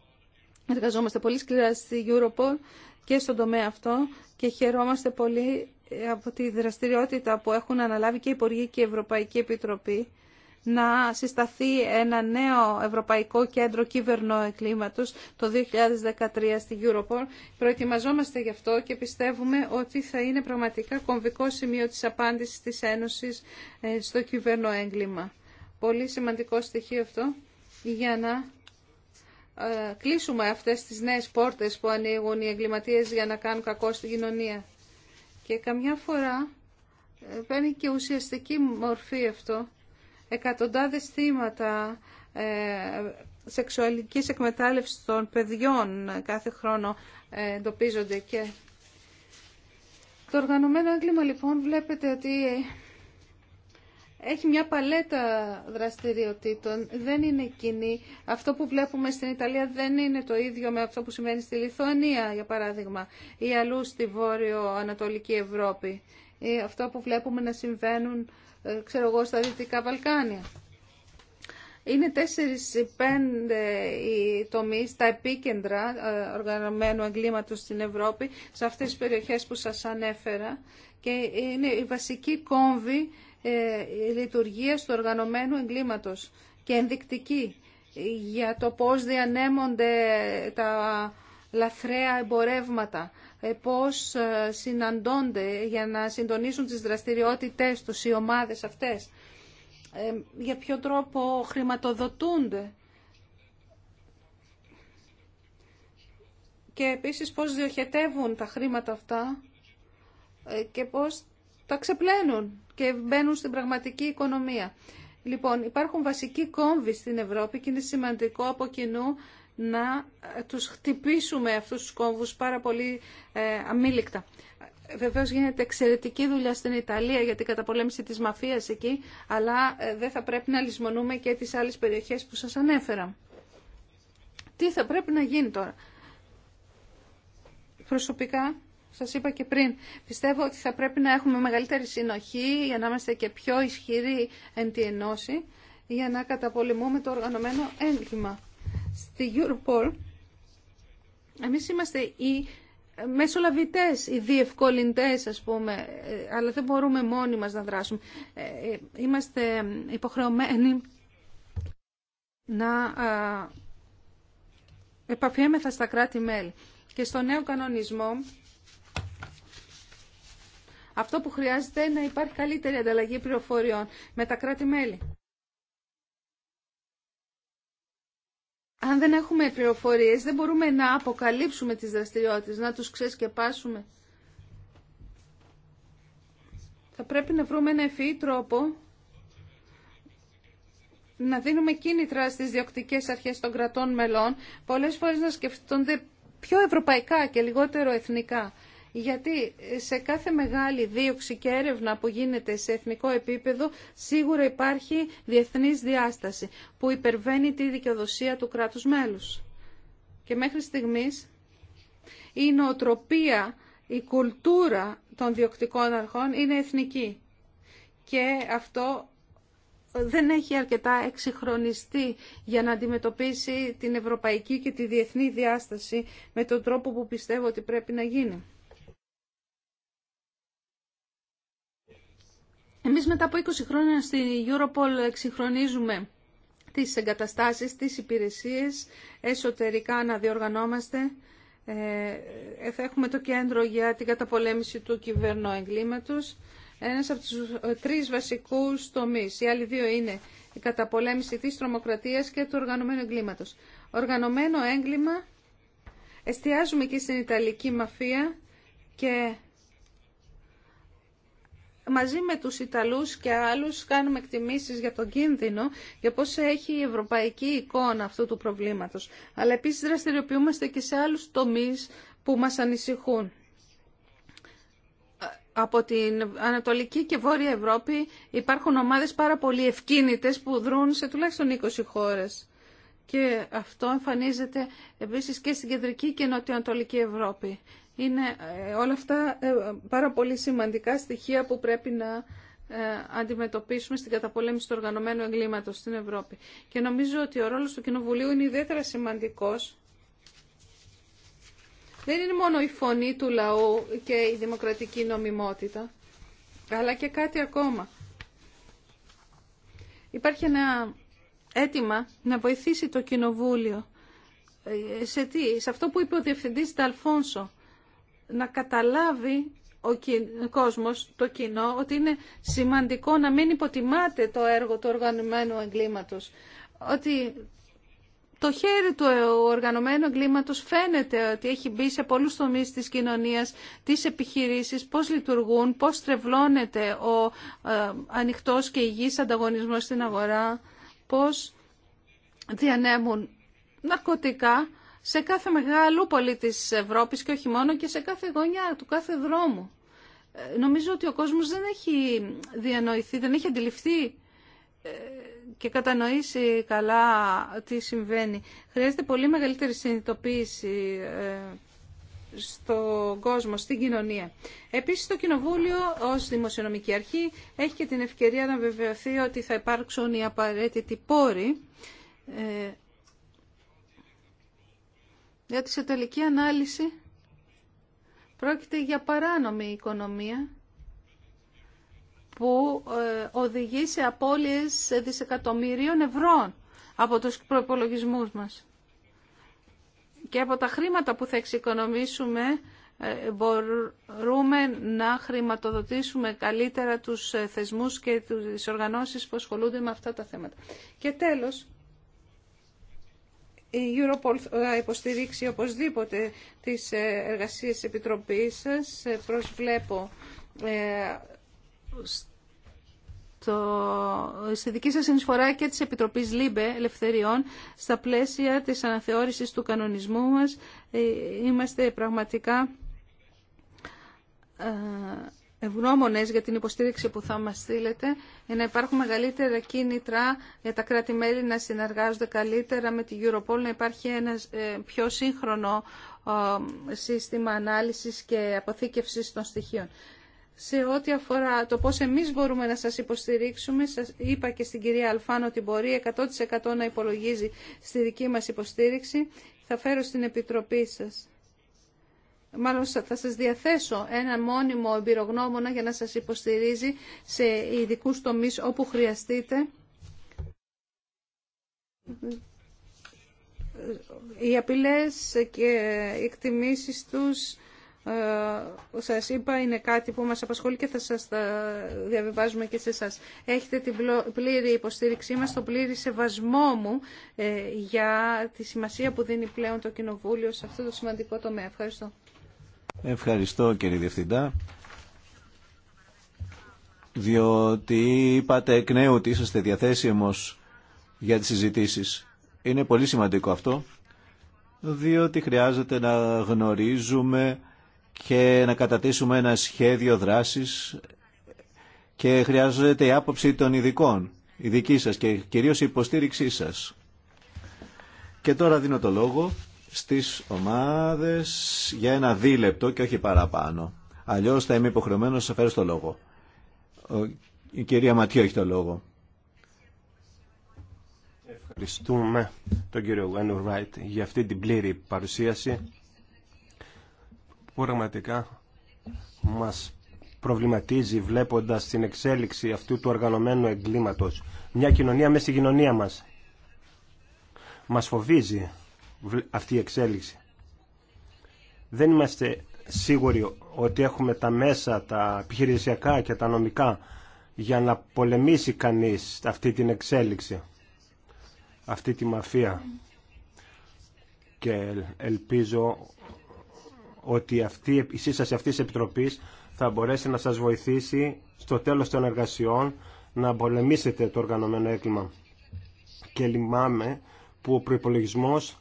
Εργαζόμαστε πολύ σκληρά στη Europol και στον τομέα αυτό και χαιρόμαστε πολύ ε, από τη δραστηριότητα που έχουν αναλάβει και η Υπουργή και η Ευρωπαϊκή Επιτροπή να συσταθεί ένα νέο Ευρωπαϊκό Κέντρο Εκκλήματος το 2013 στην Europol. Προετοιμαζόμαστε γι' αυτό και πιστεύουμε ότι θα είναι πραγματικά κομβικό σημείο της απάντησης της Ένωσης ε, στο κυβερνό έγκλημα. Πολύ σημαντικό στοιχείο αυτό για να ε, κλείσουμε αυτές τις νέες πόρτες που ανοίγουν οι εγκληματίες για να κάνουν κακό στην κοινωνία. Και καμιά φορά ε, παίρνει και ουσιαστική μορφή αυτό. Εκατοντάδες θύματα ε, σεξουαλικής εκμετάλλευσης των παιδιών κάθε χρόνο ε, εντοπίζονται και... Το οργανωμένο έγκλημα λοιπόν βλέπετε ότι έχει μια παλέτα δραστηριοτήτων, δεν είναι κοινή. Αυτό που βλέπουμε στην Ιταλία δεν είναι το ίδιο με αυτό που σημαίνει στη Λιθουανία, για παράδειγμα, ή αλλού στη βόρειο-ανατολική Ευρώπη, ή αυτό που βλέπουμε να συμβαίνουν, ε, ξέρω εγώ, στα Δυτικά Βαλκάνια. Είναι τέσσερις ή πέντε οι τομείς, τα επίκεντρα ε, οργανωμένου εγκλήματος στην Ευρώπη, σε αυτές τις περιοχές που σας ανέφερα, και είναι η βασική κόμβη ε, λειτουργία του οργανωμένου εγκλήματος και ενδεικτική για το πώς διανέμονται τα λαθρέα εμπορεύματα, ε, πώς ε, συναντώνται για να συντονίσουν τις δραστηριότητες τους οι ομάδες αυτές, για ποιο τρόπο χρηματοδοτούνται και επίσης πώς διοχετεύουν τα χρήματα αυτά και πώς τα ξεπλένουν και μπαίνουν στην πραγματική οικονομία. Λοιπόν, υπάρχουν βασικοί κόμβοι στην Ευρώπη και είναι σημαντικό από κοινού να τους χτυπήσουμε αυτούς τους κόμβους πάρα πολύ ε, αμήλικτα. Βεβαίως γίνεται εξαιρετική δουλειά στην Ιταλία για την καταπολέμηση της μαφίας εκεί, αλλά ε, δεν θα πρέπει να λησμονούμε και τις άλλες περιοχές που σας ανέφερα. Τι θα πρέπει να γίνει τώρα. Προσωπικά σας είπα και πριν, πιστεύω ότι θα πρέπει να έχουμε μεγαλύτερη συνοχή για να είμαστε και πιο ισχυροί εν τη ενώση για να καταπολεμούμε το οργανωμένο έγκλημα. Στη Europol εμείς είμαστε οι μεσολαβητές, οι διευκολυντές ας πούμε, αλλά δεν μπορούμε μόνοι μας να δράσουμε. Ε, είμαστε υποχρεωμένοι να επαφιέμεθα στα κράτη-μέλη. Και στο νέο κανονισμό αυτό που χρειάζεται είναι να υπάρχει καλύτερη ανταλλαγή πληροφοριών με τα κράτη-μέλη. Αν δεν έχουμε πληροφορίες, δεν μπορούμε να αποκαλύψουμε τις δραστηριότητες, να τους ξεσκεπάσουμε. Θα πρέπει να βρούμε ένα ευφυή τρόπο να δίνουμε κίνητρα στις διοκτικές αρχές των κρατών μελών, πολλές φορές να σκεφτούνται πιο ευρωπαϊκά και λιγότερο εθνικά γιατί σε κάθε μεγάλη δίωξη και έρευνα που γίνεται σε εθνικό επίπεδο σίγουρα υπάρχει διεθνής διάσταση που υπερβαίνει τη δικαιοδοσία του κράτους μέλους. Και μέχρι στιγμής η νοοτροπία, η κουλτούρα των διοκτικών αρχών είναι εθνική και αυτό δεν έχει αρκετά εξυγχρονιστεί για να αντιμετωπίσει την ευρωπαϊκή και τη διεθνή διάσταση με τον τρόπο που πιστεύω ότι πρέπει να γίνει. Εμείς μετά από 20 χρόνια στη Europol εξυγχρονίζουμε τις εγκαταστάσεις, τις υπηρεσίες, εσωτερικά να διοργανόμαστε. Ε, ε θα έχουμε το κέντρο για την καταπολέμηση του κυβερνού εγκλήματος. Ένας από τους ε, τρεις βασικούς τομείς. Οι άλλοι δύο είναι η καταπολέμηση της τρομοκρατίας και του οργανωμένου εγκλήματος. Οργανωμένο έγκλημα εστιάζουμε και στην Ιταλική μαφία και μαζί με τους Ιταλούς και άλλους κάνουμε εκτιμήσεις για τον κίνδυνο, για πώς έχει η ευρωπαϊκή εικόνα αυτού του προβλήματος. Αλλά επίσης δραστηριοποιούμαστε και σε άλλους τομείς που μας ανησυχούν. Από την Ανατολική και Βόρεια Ευρώπη υπάρχουν ομάδες πάρα πολύ ευκίνητες που δρούν σε τουλάχιστον 20 χώρες. Και αυτό εμφανίζεται επίσης και στην Κεντρική και Νοτιοανατολική Ευρώπη. Είναι ε, όλα αυτά ε, πάρα πολύ σημαντικά στοιχεία που πρέπει να ε, αντιμετωπίσουμε στην καταπολέμηση του οργανωμένου εγκλήματος στην Ευρώπη. Και νομίζω ότι ο ρόλος του Κοινοβουλίου είναι ιδιαίτερα σημαντικός. Δεν είναι μόνο η φωνή του λαού και η δημοκρατική νομιμότητα, αλλά και κάτι ακόμα. Υπάρχει ένα αίτημα να βοηθήσει το Κοινοβούλιο σε, αυτό που είπε ο Διευθυντής Ταλφόνσο, να καταλάβει ο κόσμος, το κοινό, ότι είναι σημαντικό να μην υποτιμάτε το έργο του οργανωμένου εγκλήματος. Ότι το χέρι του οργανωμένου εγκλήματος φαίνεται ότι έχει μπει σε πολλούς τομείς της κοινωνίας, τις επιχειρήσεις, πώς λειτουργούν, πώς τρευλώνεται ο ε, ανοιχτός και υγιής ανταγωνισμός στην αγορά, πώς διανέμουν ναρκωτικά σε κάθε μεγάλο πολίτη της Ευρώπης και όχι μόνο και σε κάθε γωνιά του κάθε δρόμου. Ε, νομίζω ότι ο κόσμος δεν έχει διανοηθεί, δεν έχει αντιληφθεί ε, και κατανοήσει καλά τι συμβαίνει. Χρειάζεται πολύ μεγαλύτερη συνειδητοποίηση ε, στον κόσμο, στην κοινωνία. Επίσης το Κοινοβούλιο ως Δημοσιονομική Αρχή έχει και την ευκαιρία να βεβαιωθεί ότι θα υπάρξουν οι απαραίτητοι πόροι γιατί σε τελική ανάλυση πρόκειται για παράνομη οικονομία που ε, οδηγεί σε απώλειες δισεκατομμυρίων ευρώ από τους προπολογισμούς μας. Και από τα χρήματα που θα εξοικονομήσουμε ε, μπορούμε να χρηματοδοτήσουμε καλύτερα τους ε, θεσμούς και τις οργανώσεις που ασχολούνται με αυτά τα θέματα. Και τέλος, η Europol θα υποστηρίξει οπωσδήποτε τις ε, εργασίες της Επιτροπής σας. Ε, προσβλέπω ε, στη δική σας συνεισφορά και της Επιτροπής ΛΥΜΠΕ Ελευθεριών στα πλαίσια της αναθεώρησης του κανονισμού μας. Είμαστε πραγματικά ευγνώμονες για την υποστήριξη που θα μας στείλετε για να υπάρχουν μεγαλύτερα κίνητρα για τα κράτη-μέλη να συνεργάζονται καλύτερα με την Europol, να υπάρχει ένα ε, πιο σύγχρονο σύστημα ανάλυσης και αποθήκευσης των στοιχείων. Σε ό,τι αφορά το πώς εμείς μπορούμε να σας υποστηρίξουμε, σας είπα και στην κυρία Αλφάνο ότι μπορεί 100% να υπολογίζει στη δική μας υποστήριξη, θα φέρω στην Επιτροπή σας μάλλον θα σας διαθέσω ένα μόνιμο εμπειρογνώμονα για να σας υποστηρίζει σε ειδικού τομείς όπου χρειαστείτε. Οι απειλές και οι εκτιμήσεις τους, ε, σας είπα, είναι κάτι που μας απασχολεί και θα σας τα διαβιβάζουμε και σε εσά. Έχετε την πλήρη υποστήριξή μας, τον πλήρη σεβασμό μου ε, για τη σημασία που δίνει πλέον το Κοινοβούλιο σε αυτό το σημαντικό τομέα. Ευχαριστώ. Ευχαριστώ κύριε Διευθυντά διότι είπατε εκ νέου ότι είσαστε διαθέσιμος για τις συζητήσεις. Είναι πολύ σημαντικό αυτό, διότι χρειάζεται να γνωρίζουμε και να κατατήσουμε ένα σχέδιο δράσης και χρειάζεται η άποψη των ειδικών, η δική σας και κυρίως η υποστήριξή σας. Και τώρα δίνω το λόγο στις ομάδες για ένα δίλεπτο και όχι παραπάνω. Αλλιώς θα είμαι υποχρεωμένος να σας φέρω στο λόγο. Η κυρία Ματιό έχει το λόγο. Ευχαριστούμε τον κύριο Γουένου Ράιτ για αυτή την πλήρη παρουσίαση που πραγματικά μας προβληματίζει βλέποντας την εξέλιξη αυτού του οργανωμένου εγκλήματος. Μια κοινωνία μέσα στην κοινωνία μας. Μας φοβίζει αυτή η εξέλιξη. Δεν είμαστε σίγουροι ότι έχουμε τα μέσα, τα επιχειρησιακά και τα νομικά για να πολεμήσει κανείς αυτή την εξέλιξη, αυτή τη μαφία. Και ελπίζω ότι αυτή, η σύσταση αυτής της Επιτροπής θα μπορέσει να σας βοηθήσει στο τέλος των εργασιών να πολεμήσετε το οργανωμένο έγκλημα. Και λυμάμαι που ο προϋπολογισμός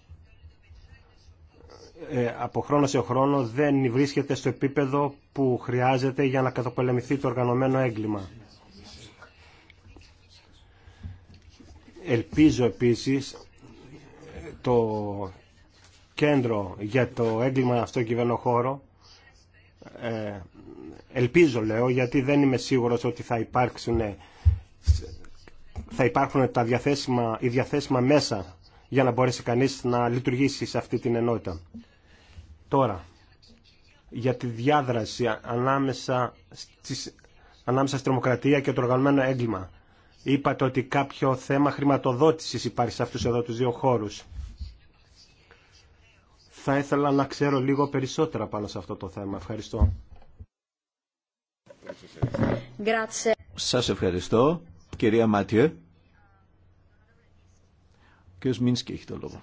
ε, από χρόνο σε χρόνο δεν βρίσκεται στο επίπεδο που χρειάζεται για να καταπολεμηθεί το οργανωμένο έγκλημα. Ελπίζω επίσης ε, το κέντρο για το έγκλημα αυτό κυβερνοχώρο ε, ελπίζω λέω γιατί δεν είμαι σίγουρος ότι θα υπάρξουν θα υπάρχουν τα διαθέσιμα, οι διαθέσιμα μέσα για να μπορέσει κανείς να λειτουργήσει σε αυτή την ενότητα. Τώρα, για τη διάδραση ανάμεσα, στις, ανάμεσα στη τρομοκρατία και το οργανωμένο έγκλημα. Είπατε ότι κάποιο θέμα χρηματοδότησης υπάρχει σε αυτούς εδώ τους δύο χώρους. Θα ήθελα να ξέρω λίγο περισσότερα πάνω σε αυτό το θέμα. Ευχαριστώ. Σας ευχαριστώ, κυρία Μάτιε κ. Μίνσκι έχει το λόγο.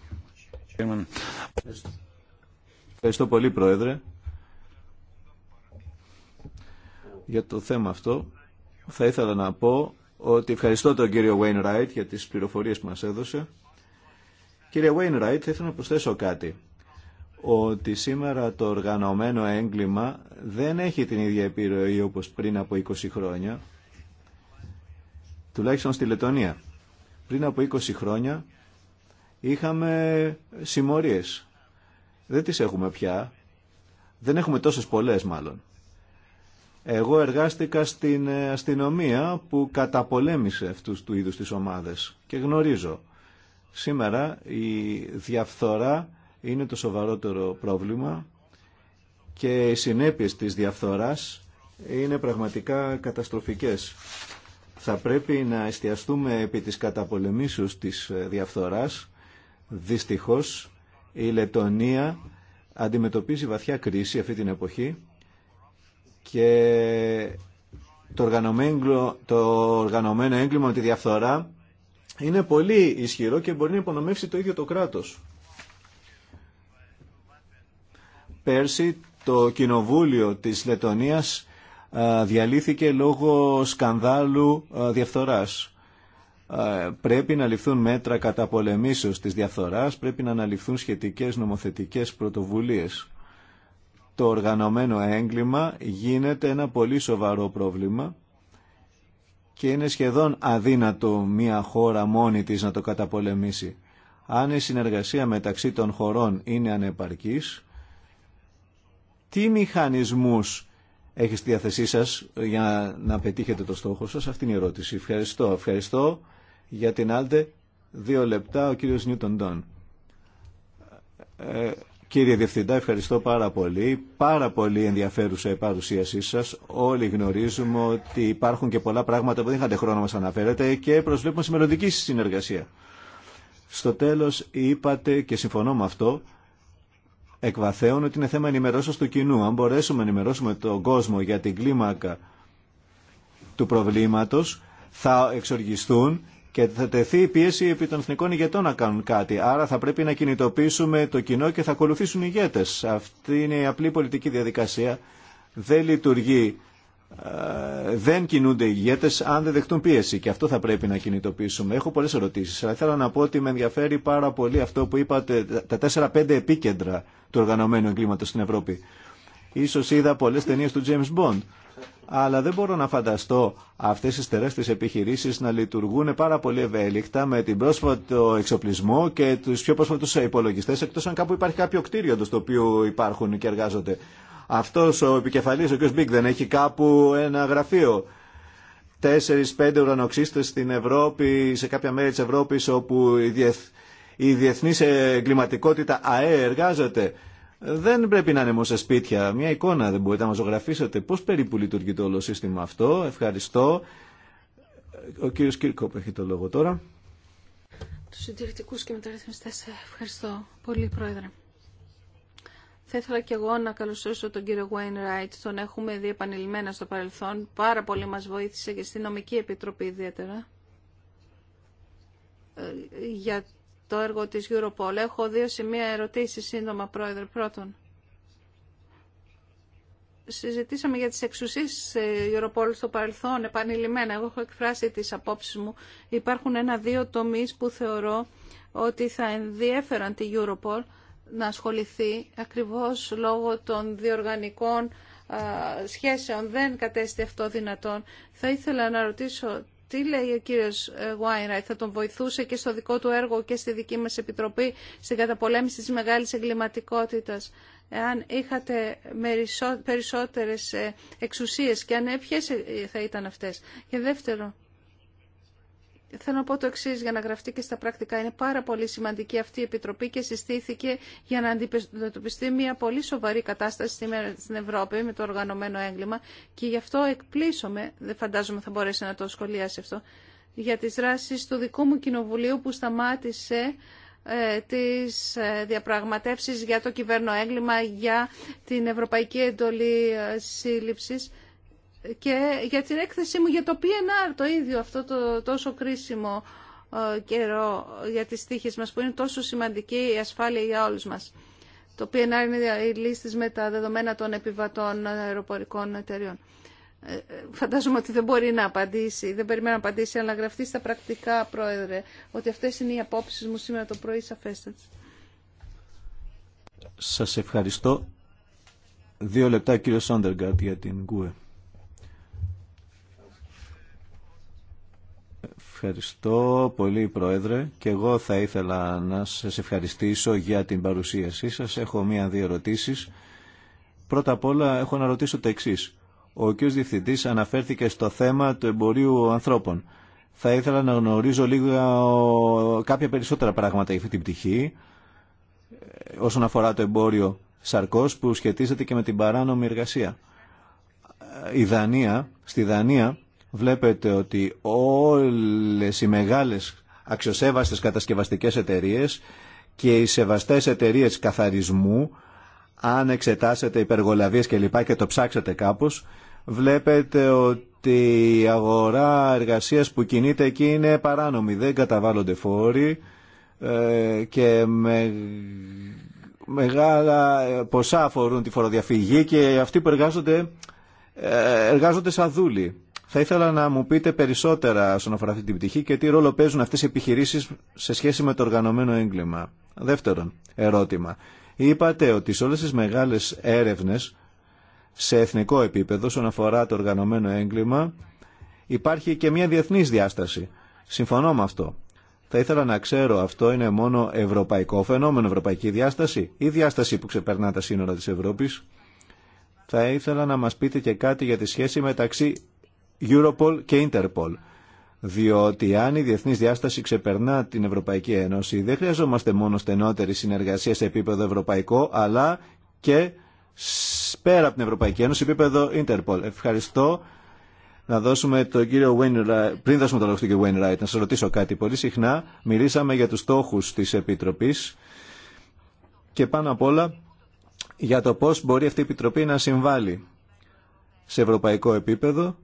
Ευχαριστώ. πολύ, Πρόεδρε. Για το θέμα αυτό θα ήθελα να πω ότι ευχαριστώ τον κύριο Ράιτ για τις πληροφορίες που μας έδωσε. Κύριε Ράιτ, θα ήθελα να προσθέσω κάτι. Ότι σήμερα το οργανωμένο έγκλημα δεν έχει την ίδια επιρροή όπως πριν από 20 χρόνια, τουλάχιστον στη Λετωνία. Πριν από 20 χρόνια είχαμε συμμορίες. Δεν τις έχουμε πια. Δεν έχουμε τόσες πολλές μάλλον. Εγώ εργάστηκα στην ε, αστυνομία που καταπολέμησε αυτούς του είδους τις ομάδες και γνωρίζω. Σήμερα η διαφθορά είναι το σοβαρότερο πρόβλημα και οι συνέπειες της διαφθοράς είναι πραγματικά καταστροφικές. Θα πρέπει να εστιαστούμε επί της καταπολεμήσεως της ε, διαφθοράς Δυστυχώς η Λετωνία αντιμετωπίζει βαθιά κρίση αυτή την εποχή και το οργανωμένο, το οργανωμένο έγκλημα με τη διαφθορά είναι πολύ ισχυρό και μπορεί να υπονομεύσει το ίδιο το κράτος. Πέρσι το κοινοβούλιο της Λετωνίας διαλύθηκε λόγω σκανδάλου διαφθοράς πρέπει να ληφθούν μέτρα κατά πολεμήσεως της διαφθοράς, πρέπει να αναλυφθούν σχετικές νομοθετικές πρωτοβουλίες. Το οργανωμένο έγκλημα γίνεται ένα πολύ σοβαρό πρόβλημα και είναι σχεδόν αδύνατο μια χώρα μόνη της να το καταπολεμήσει. Αν η συνεργασία μεταξύ των χωρών είναι ανεπαρκής, τι μηχανισμούς έχει στη διάθεσή σας για να πετύχετε το στόχο σας. Αυτή είναι η ερώτηση. Ευχαριστώ. Ευχαριστώ. Για την Άλτε, δύο λεπτά, ο κύριος Νιούτον Ντόν. Ε, κύριε Διευθυντά, ευχαριστώ πάρα πολύ. Πάρα πολύ ενδιαφέρουσα η παρουσίασή σας. Όλοι γνωρίζουμε ότι υπάρχουν και πολλά πράγματα που δεν είχατε χρόνο να μας αναφέρετε και προσβλέπουμε σε μελλοντική συνεργασία. Στο τέλος είπατε και συμφωνώ με αυτό εκβαθέων ότι είναι θέμα ενημερώσεως του κοινού. Αν μπορέσουμε να ενημερώσουμε τον κόσμο για την κλίμακα του προβλήματος θα εξοργιστούν και θα τεθεί η πίεση επί των εθνικών ηγετών να κάνουν κάτι. Άρα θα πρέπει να κινητοποιήσουμε το κοινό και θα ακολουθήσουν οι ηγέτες. Αυτή είναι η απλή πολιτική διαδικασία. Δεν λειτουργεί, ε, δεν κινούνται οι ηγέτες αν δεν δεχτούν πίεση και αυτό θα πρέπει να κινητοποιήσουμε. Έχω πολλές ερωτήσεις, αλλά θέλω να πω ότι με ενδιαφέρει πάρα πολύ αυτό που είπατε, τα 4-5 επίκεντρα του οργανωμένου εγκλήματος στην Ευρώπη. Ίσως είδα πολλές ταινίες του James Bond αλλά δεν μπορώ να φανταστώ αυτές τις τεράστιες επιχειρήσεις να λειτουργούν πάρα πολύ ευέλικτα με την πρόσφατο εξοπλισμό και τους πιο πρόσφατους υπολογιστές εκτός αν κάπου υπάρχει κάποιο κτίριο το οποίο υπάρχουν και εργάζονται. Αυτός ο επικεφαλής, ο κ. Μπίκ δεν έχει κάπου ένα γραφείο. Τέσσερις-πέντε ουρανοξύστες στην Ευρώπη, σε κάποια μέρη της Ευρώπης όπου η, διεθ... διεθνής εγκληματικότητα ΑΕ εργάζεται δεν πρέπει να είναι μόνο σε σπίτια. Μια εικόνα δεν μπορείτε να μα ζωγραφίσετε πώ περίπου λειτουργεί το όλο σύστημα αυτό. Ευχαριστώ. Ο κύριος Κύρκοπ έχει το λόγο τώρα. Του συντηρητικού και μεταρρυθμιστέ, ε, ευχαριστώ πολύ Πρόεδρε. Θα ήθελα και εγώ να καλωσορίσω τον κύριο Γουέιν Ράιτ. Τον έχουμε δει επανειλημμένα στο παρελθόν. Πάρα πολύ μα βοήθησε και στην νομική επιτροπή ιδιαίτερα ε, για το έργο της Europol. Έχω δύο σημεία ερωτήσεις σύντομα, Πρόεδρε. Πρώτον, συζητήσαμε για τις εξουσίες ε, Europol στο παρελθόν επανειλημμένα. Εγώ έχω εκφράσει τις απόψεις μου. Υπάρχουν ένα-δύο τομείς που θεωρώ ότι θα ενδιέφεραν τη Europol να ασχοληθεί ακριβώς λόγω των διοργανικών σχέσεων. Δεν κατέστη αυτό δυνατόν. Θα ήθελα να ρωτήσω τι λέει ο κύριος Γουάινραϊτ, ε, θα τον βοηθούσε και στο δικό του έργο και στη δική μας επιτροπή στην καταπολέμηση της μεγάλης εγκληματικότητας. Εάν είχατε περισσότερες ε, εξουσίες και αν ποιες ε, θα ήταν αυτές. Και δεύτερο, Θέλω να πω το εξή για να γραφτεί και στα πρακτικά. Είναι πάρα πολύ σημαντική αυτή η Επιτροπή και συστήθηκε για να αντιμετωπιστεί μια πολύ σοβαρή κατάσταση στην Ευρώπη με το οργανωμένο έγκλημα και γι' αυτό εκπλήσωμαι, δεν φαντάζομαι θα μπορέσει να το σχολιάσει αυτό, για τις δράσεις του δικού μου κοινοβουλίου που σταμάτησε ε, τις ε, διαπραγματεύσεις για το κυβέρνο έγκλημα, για την Ευρωπαϊκή Εντολή ε, Σύλληψης και για την έκθεσή μου για το PNR το ίδιο αυτό το τόσο κρίσιμο ε, καιρό για τις τύχες μας που είναι τόσο σημαντική η ασφάλεια για όλους μας. Το PNR είναι η λύση με τα δεδομένα των επιβατών αεροπορικών εταιριών. Ε, ε, φαντάζομαι ότι δεν μπορεί να απαντήσει, δεν περιμένω να απαντήσει, αλλά να γραφτεί στα πρακτικά, Πρόεδρε, ότι αυτές είναι οι απόψεις μου σήμερα το πρωί σαφέστατες. Σας ευχαριστώ. Δύο λεπτά, κύριο Σόντεργκατ, για την ΚΟΕ. Ευχαριστώ πολύ Πρόεδρε και εγώ θα ήθελα να σας ευχαριστήσω για την παρουσίασή σας. Έχω μία-δύο ερωτήσεις. Πρώτα απ' όλα έχω να ρωτήσω το εξή. Ο κ. Διευθυντής αναφέρθηκε στο θέμα του εμπορίου ανθρώπων. Θα ήθελα να γνωρίζω λίγα κάποια περισσότερα πράγματα για αυτή την πτυχή ε, όσον αφορά το εμπόριο σαρκός που σχετίζεται και με την παράνομη εργασία. Ε, η Δανία, στη Δανία βλέπετε ότι όλες οι μεγάλες αξιοσέβαστες κατασκευαστικές εταιρείες και οι σεβαστές εταιρείες καθαρισμού, αν εξετάσετε υπεργολαβίες και λοιπά και το ψάξετε κάπως, βλέπετε ότι η αγορά εργασίας που κινείται εκεί είναι παράνομη, δεν καταβάλλονται φόροι ε, και μεγάλα ποσά αφορούν τη φοροδιαφυγή και αυτοί που εργάζονται, ε, εργάζονται σαν δούλοι. Θα ήθελα να μου πείτε περισσότερα όσον αφορά αυτή την πτυχή και τι ρόλο παίζουν αυτές οι επιχειρήσεις σε σχέση με το οργανωμένο έγκλημα. Δεύτερον ερώτημα. Είπατε ότι σε όλες τις μεγάλες έρευνες σε εθνικό επίπεδο όσον αφορά το οργανωμένο έγκλημα υπάρχει και μια διεθνής διάσταση. Συμφωνώ με αυτό. Θα ήθελα να ξέρω αυτό είναι μόνο ευρωπαϊκό φαινόμενο, ευρωπαϊκή διάσταση ή διάσταση που ξεπερνά τα σύνορα της Ευρώπης. Θα ήθελα να μας πείτε και κάτι για τη σχέση μεταξύ Europol και Interpol. Διότι αν η διεθνή διάσταση ξεπερνά την Ευρωπαϊκή Ένωση, δεν χρειαζόμαστε μόνο στενότερη συνεργασία σε επίπεδο ευρωπαϊκό, αλλά και πέρα από την Ευρωπαϊκή Ένωση, επίπεδο Interpol. Ευχαριστώ. Να δώσουμε τον κύριο Wainwright, πριν δώσουμε το λόγο στον κύριο Wainwright, να σα ρωτήσω κάτι. Πολύ συχνά μιλήσαμε για του στόχου τη Επιτροπή και πάνω απ' όλα για το πώ μπορεί αυτή η Επιτροπή να συμβάλλει σε ευρωπαϊκό επίπεδο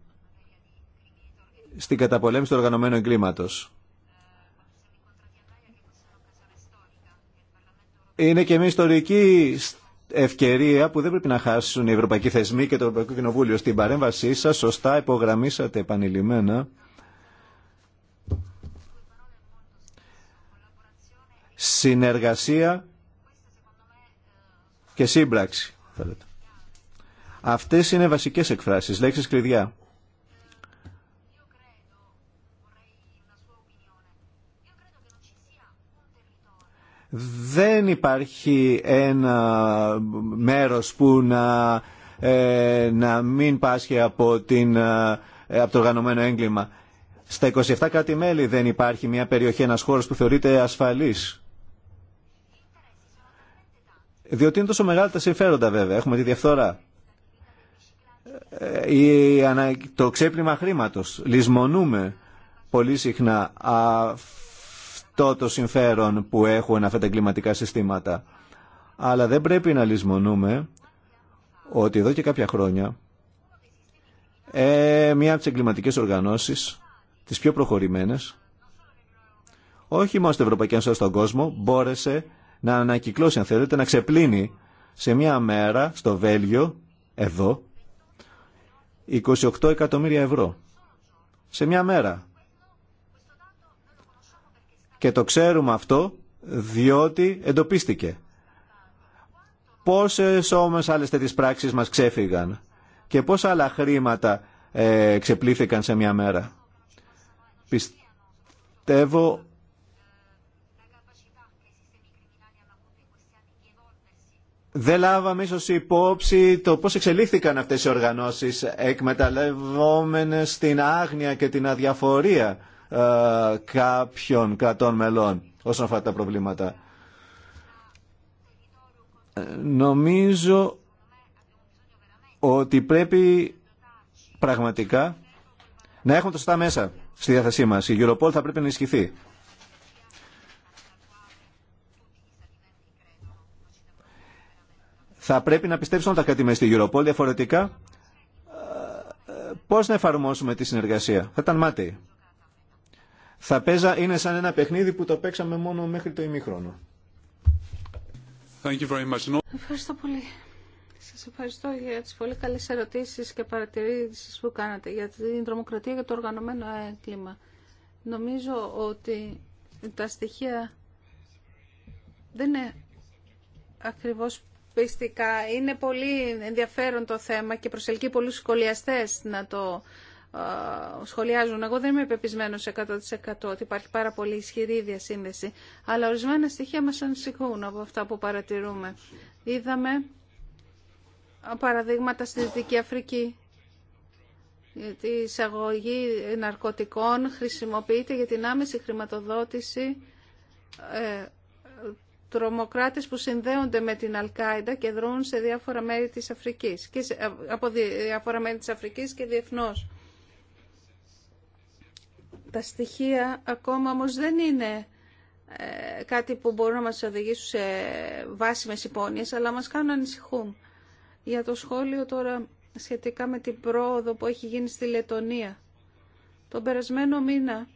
στην καταπολέμηση του οργανωμένου εγκλήματος. Είναι και μια ιστορική ευκαιρία που δεν πρέπει να χάσουν οι ευρωπαϊκοί θεσμοί και το Ευρωπαϊκό Κοινοβούλιο. Στην παρέμβασή σας σωστά υπογραμμίσατε επανειλημμένα συνεργασία και σύμπραξη. Αυτές είναι βασικές εκφράσεις, λέξεις κλειδιά. δεν υπάρχει ένα μέρος που να, ε, να μην πάσχει από, την, ε, από το οργανωμένο έγκλημα. Στα 27 κράτη-μέλη δεν υπάρχει μια περιοχή, ένας χώρος που θεωρείται ασφαλής. Διότι είναι τόσο μεγάλα τα συμφέροντα βέβαια. Έχουμε τη διαφθορά. Ε, το ξέπλυμα χρήματος. Λυσμονούμε πολύ συχνά τότος το συμφέρον που έχουν αυτά τα εγκληματικά συστήματα. Αλλά δεν πρέπει να λησμονούμε ότι εδώ και κάποια χρόνια ε, μία από τις εγκληματικές οργανώσεις, τις πιο προχωρημένες, όχι μόνο στην Ευρωπαϊκή Ένωση, στον κόσμο, μπόρεσε να ανακυκλώσει, αν θέλετε, να ξεπλύνει σε μία μέρα στο Βέλγιο, εδώ, 28 εκατομμύρια ευρώ. Σε μία μέρα. Και το ξέρουμε αυτό διότι εντοπίστηκε. Πόσες όμως άλλες τέτοιες πράξεις μας ξέφυγαν και πόσα άλλα χρήματα ε, ξεπλήθηκαν σε μια μέρα. Πιστεύω δεν λάβαμε ίσω υπόψη το πώς εξελίχθηκαν αυτές οι οργανώσεις εκμεταλλευόμενες την άγνοια και την αδιαφορία ε, κάποιων κρατών μελών όσον αφορά τα προβλήματα. Ε, νομίζω ότι πρέπει πραγματικά να έχουμε το σωστά μέσα στη διάθεσή μας. Η Europol θα πρέπει να ενισχυθεί. Θα πρέπει να πιστέψουν τα κράτη μέσα στη Europol διαφορετικά ε, πώς να εφαρμόσουμε τη συνεργασία. Θα ήταν μάταιοι θα παίζα είναι σαν ένα παιχνίδι που το παίξαμε μόνο μέχρι το ημίχρονο. Thank you very much. Ευχαριστώ πολύ. Σας ευχαριστώ για τις πολύ καλές ερωτήσεις και παρατηρήσεις που κάνατε για την τρομοκρατία και το οργανωμένο κλίμα. Νομίζω ότι τα στοιχεία δεν είναι ακριβώς πιστικά. Είναι πολύ ενδιαφέρον το θέμα και προσελκύει πολλούς σχολιαστές να το ε, σχολιάζουν. Εγώ δεν είμαι πεπισμένο 100% ότι υπάρχει πάρα πολύ ισχυρή διασύνδεση, αλλά ορισμένα στοιχεία μα ανησυχούν από αυτά που παρατηρούμε. Είδαμε παραδείγματα στη Δυτική Αφρική. Ε, Η εισαγωγή ναρκωτικών χρησιμοποιείται για την άμεση χρηματοδότηση ε, τρομοκράτες που συνδέονται με την Αλκάιντα και δρούν σε διάφορα μέρη της Αφρικής και ε, από διάφορα μέρη της Αφρικής και διεθνώς. Τα στοιχεία ακόμα όμως δεν είναι ε, κάτι που μπορούν να μας οδηγήσουν σε βάσιμες υπόνοιες, αλλά μας κάνουν να ανησυχούν. Για το σχόλιο τώρα σχετικά με την πρόοδο που έχει γίνει στη Λετωνία. Τον περασμένο μήνα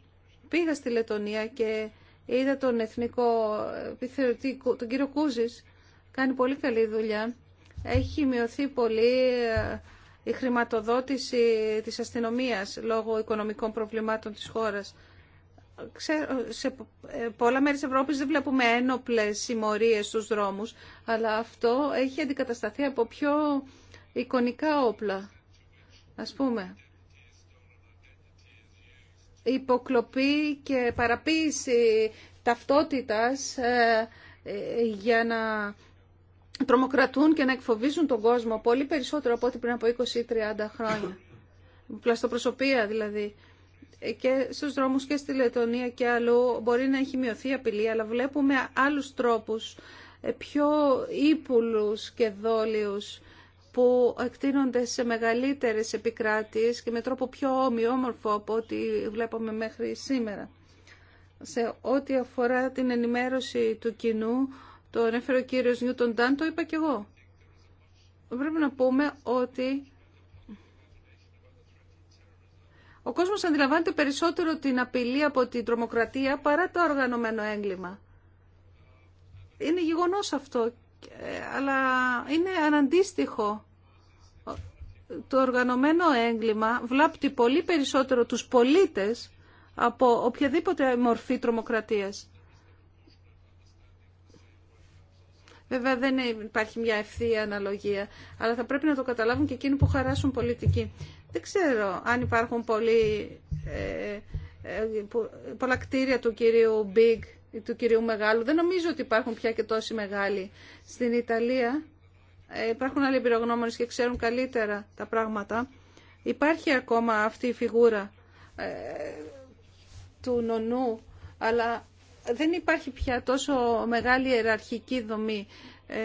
πήγα στη Λετωνία και είδα τον εθνικό ε, επιθεωρητή, τον κύριο Κούζης, κάνει πολύ καλή δουλειά. Έχει μειωθεί πολύ ε, η χρηματοδότηση της αστυνομίας λόγω οικονομικών προβλημάτων της χώρας. σε ε, πολλά μέρη της Ευρώπης δεν βλέπουμε ένοπλες συμμορίες στους δρόμους, αλλά αυτό έχει αντικατασταθεί από πιο εικονικά όπλα. Ας πούμε, υποκλοπή και παραποίηση ταυτότητας ε, ε, για να τρομοκρατούν και να εκφοβίζουν τον κόσμο πολύ περισσότερο από ό,τι πριν από 20 ή 30 χρόνια. Πλαστοπροσωπεία δηλαδή και στους δρόμους και στη Λετωνία και αλλού μπορεί να έχει μειωθεί η απειλή, αλλά βλέπουμε άλλους τρόπους ε, πιο ύπουλους και δόλιους που εκτείνονται σε μεγαλύτερες επικράτειες και με τρόπο πιο ομοιόμορφο από ό,τι βλέπουμε μέχρι σήμερα. Σε ό,τι αφορά την ενημέρωση του κοινού, το ανέφερε ο κύριος Νιούτον Ντάν, το είπα και εγώ. Πρέπει να πούμε ότι ο κόσμος αντιλαμβάνεται περισσότερο την απειλή από την τρομοκρατία παρά το οργανωμένο έγκλημα. Είναι γεγονός αυτό, αλλά είναι αναντίστοιχο. Το οργανωμένο έγκλημα βλάπτει πολύ περισσότερο τους πολίτες από οποιαδήποτε μορφή τρομοκρατίας. Βέβαια δεν υπάρχει μια ευθεία αναλογία, αλλά θα πρέπει να το καταλάβουν και εκείνοι που χαράσουν πολιτική. Δεν ξέρω αν υπάρχουν ε, ε, πολλά κτίρια του κυρίου Big ή του κυρίου Μεγάλου. Δεν νομίζω ότι υπάρχουν πια και τόσοι μεγάλοι. Στην Ιταλία ε, υπάρχουν άλλοι εμπειρογνώμονες και ξέρουν καλύτερα τα πράγματα. Υπάρχει ακόμα αυτή η φιγούρα ε, του νονού, αλλά δεν υπάρχει πια τόσο μεγάλη ιεραρχική δομή. Ε,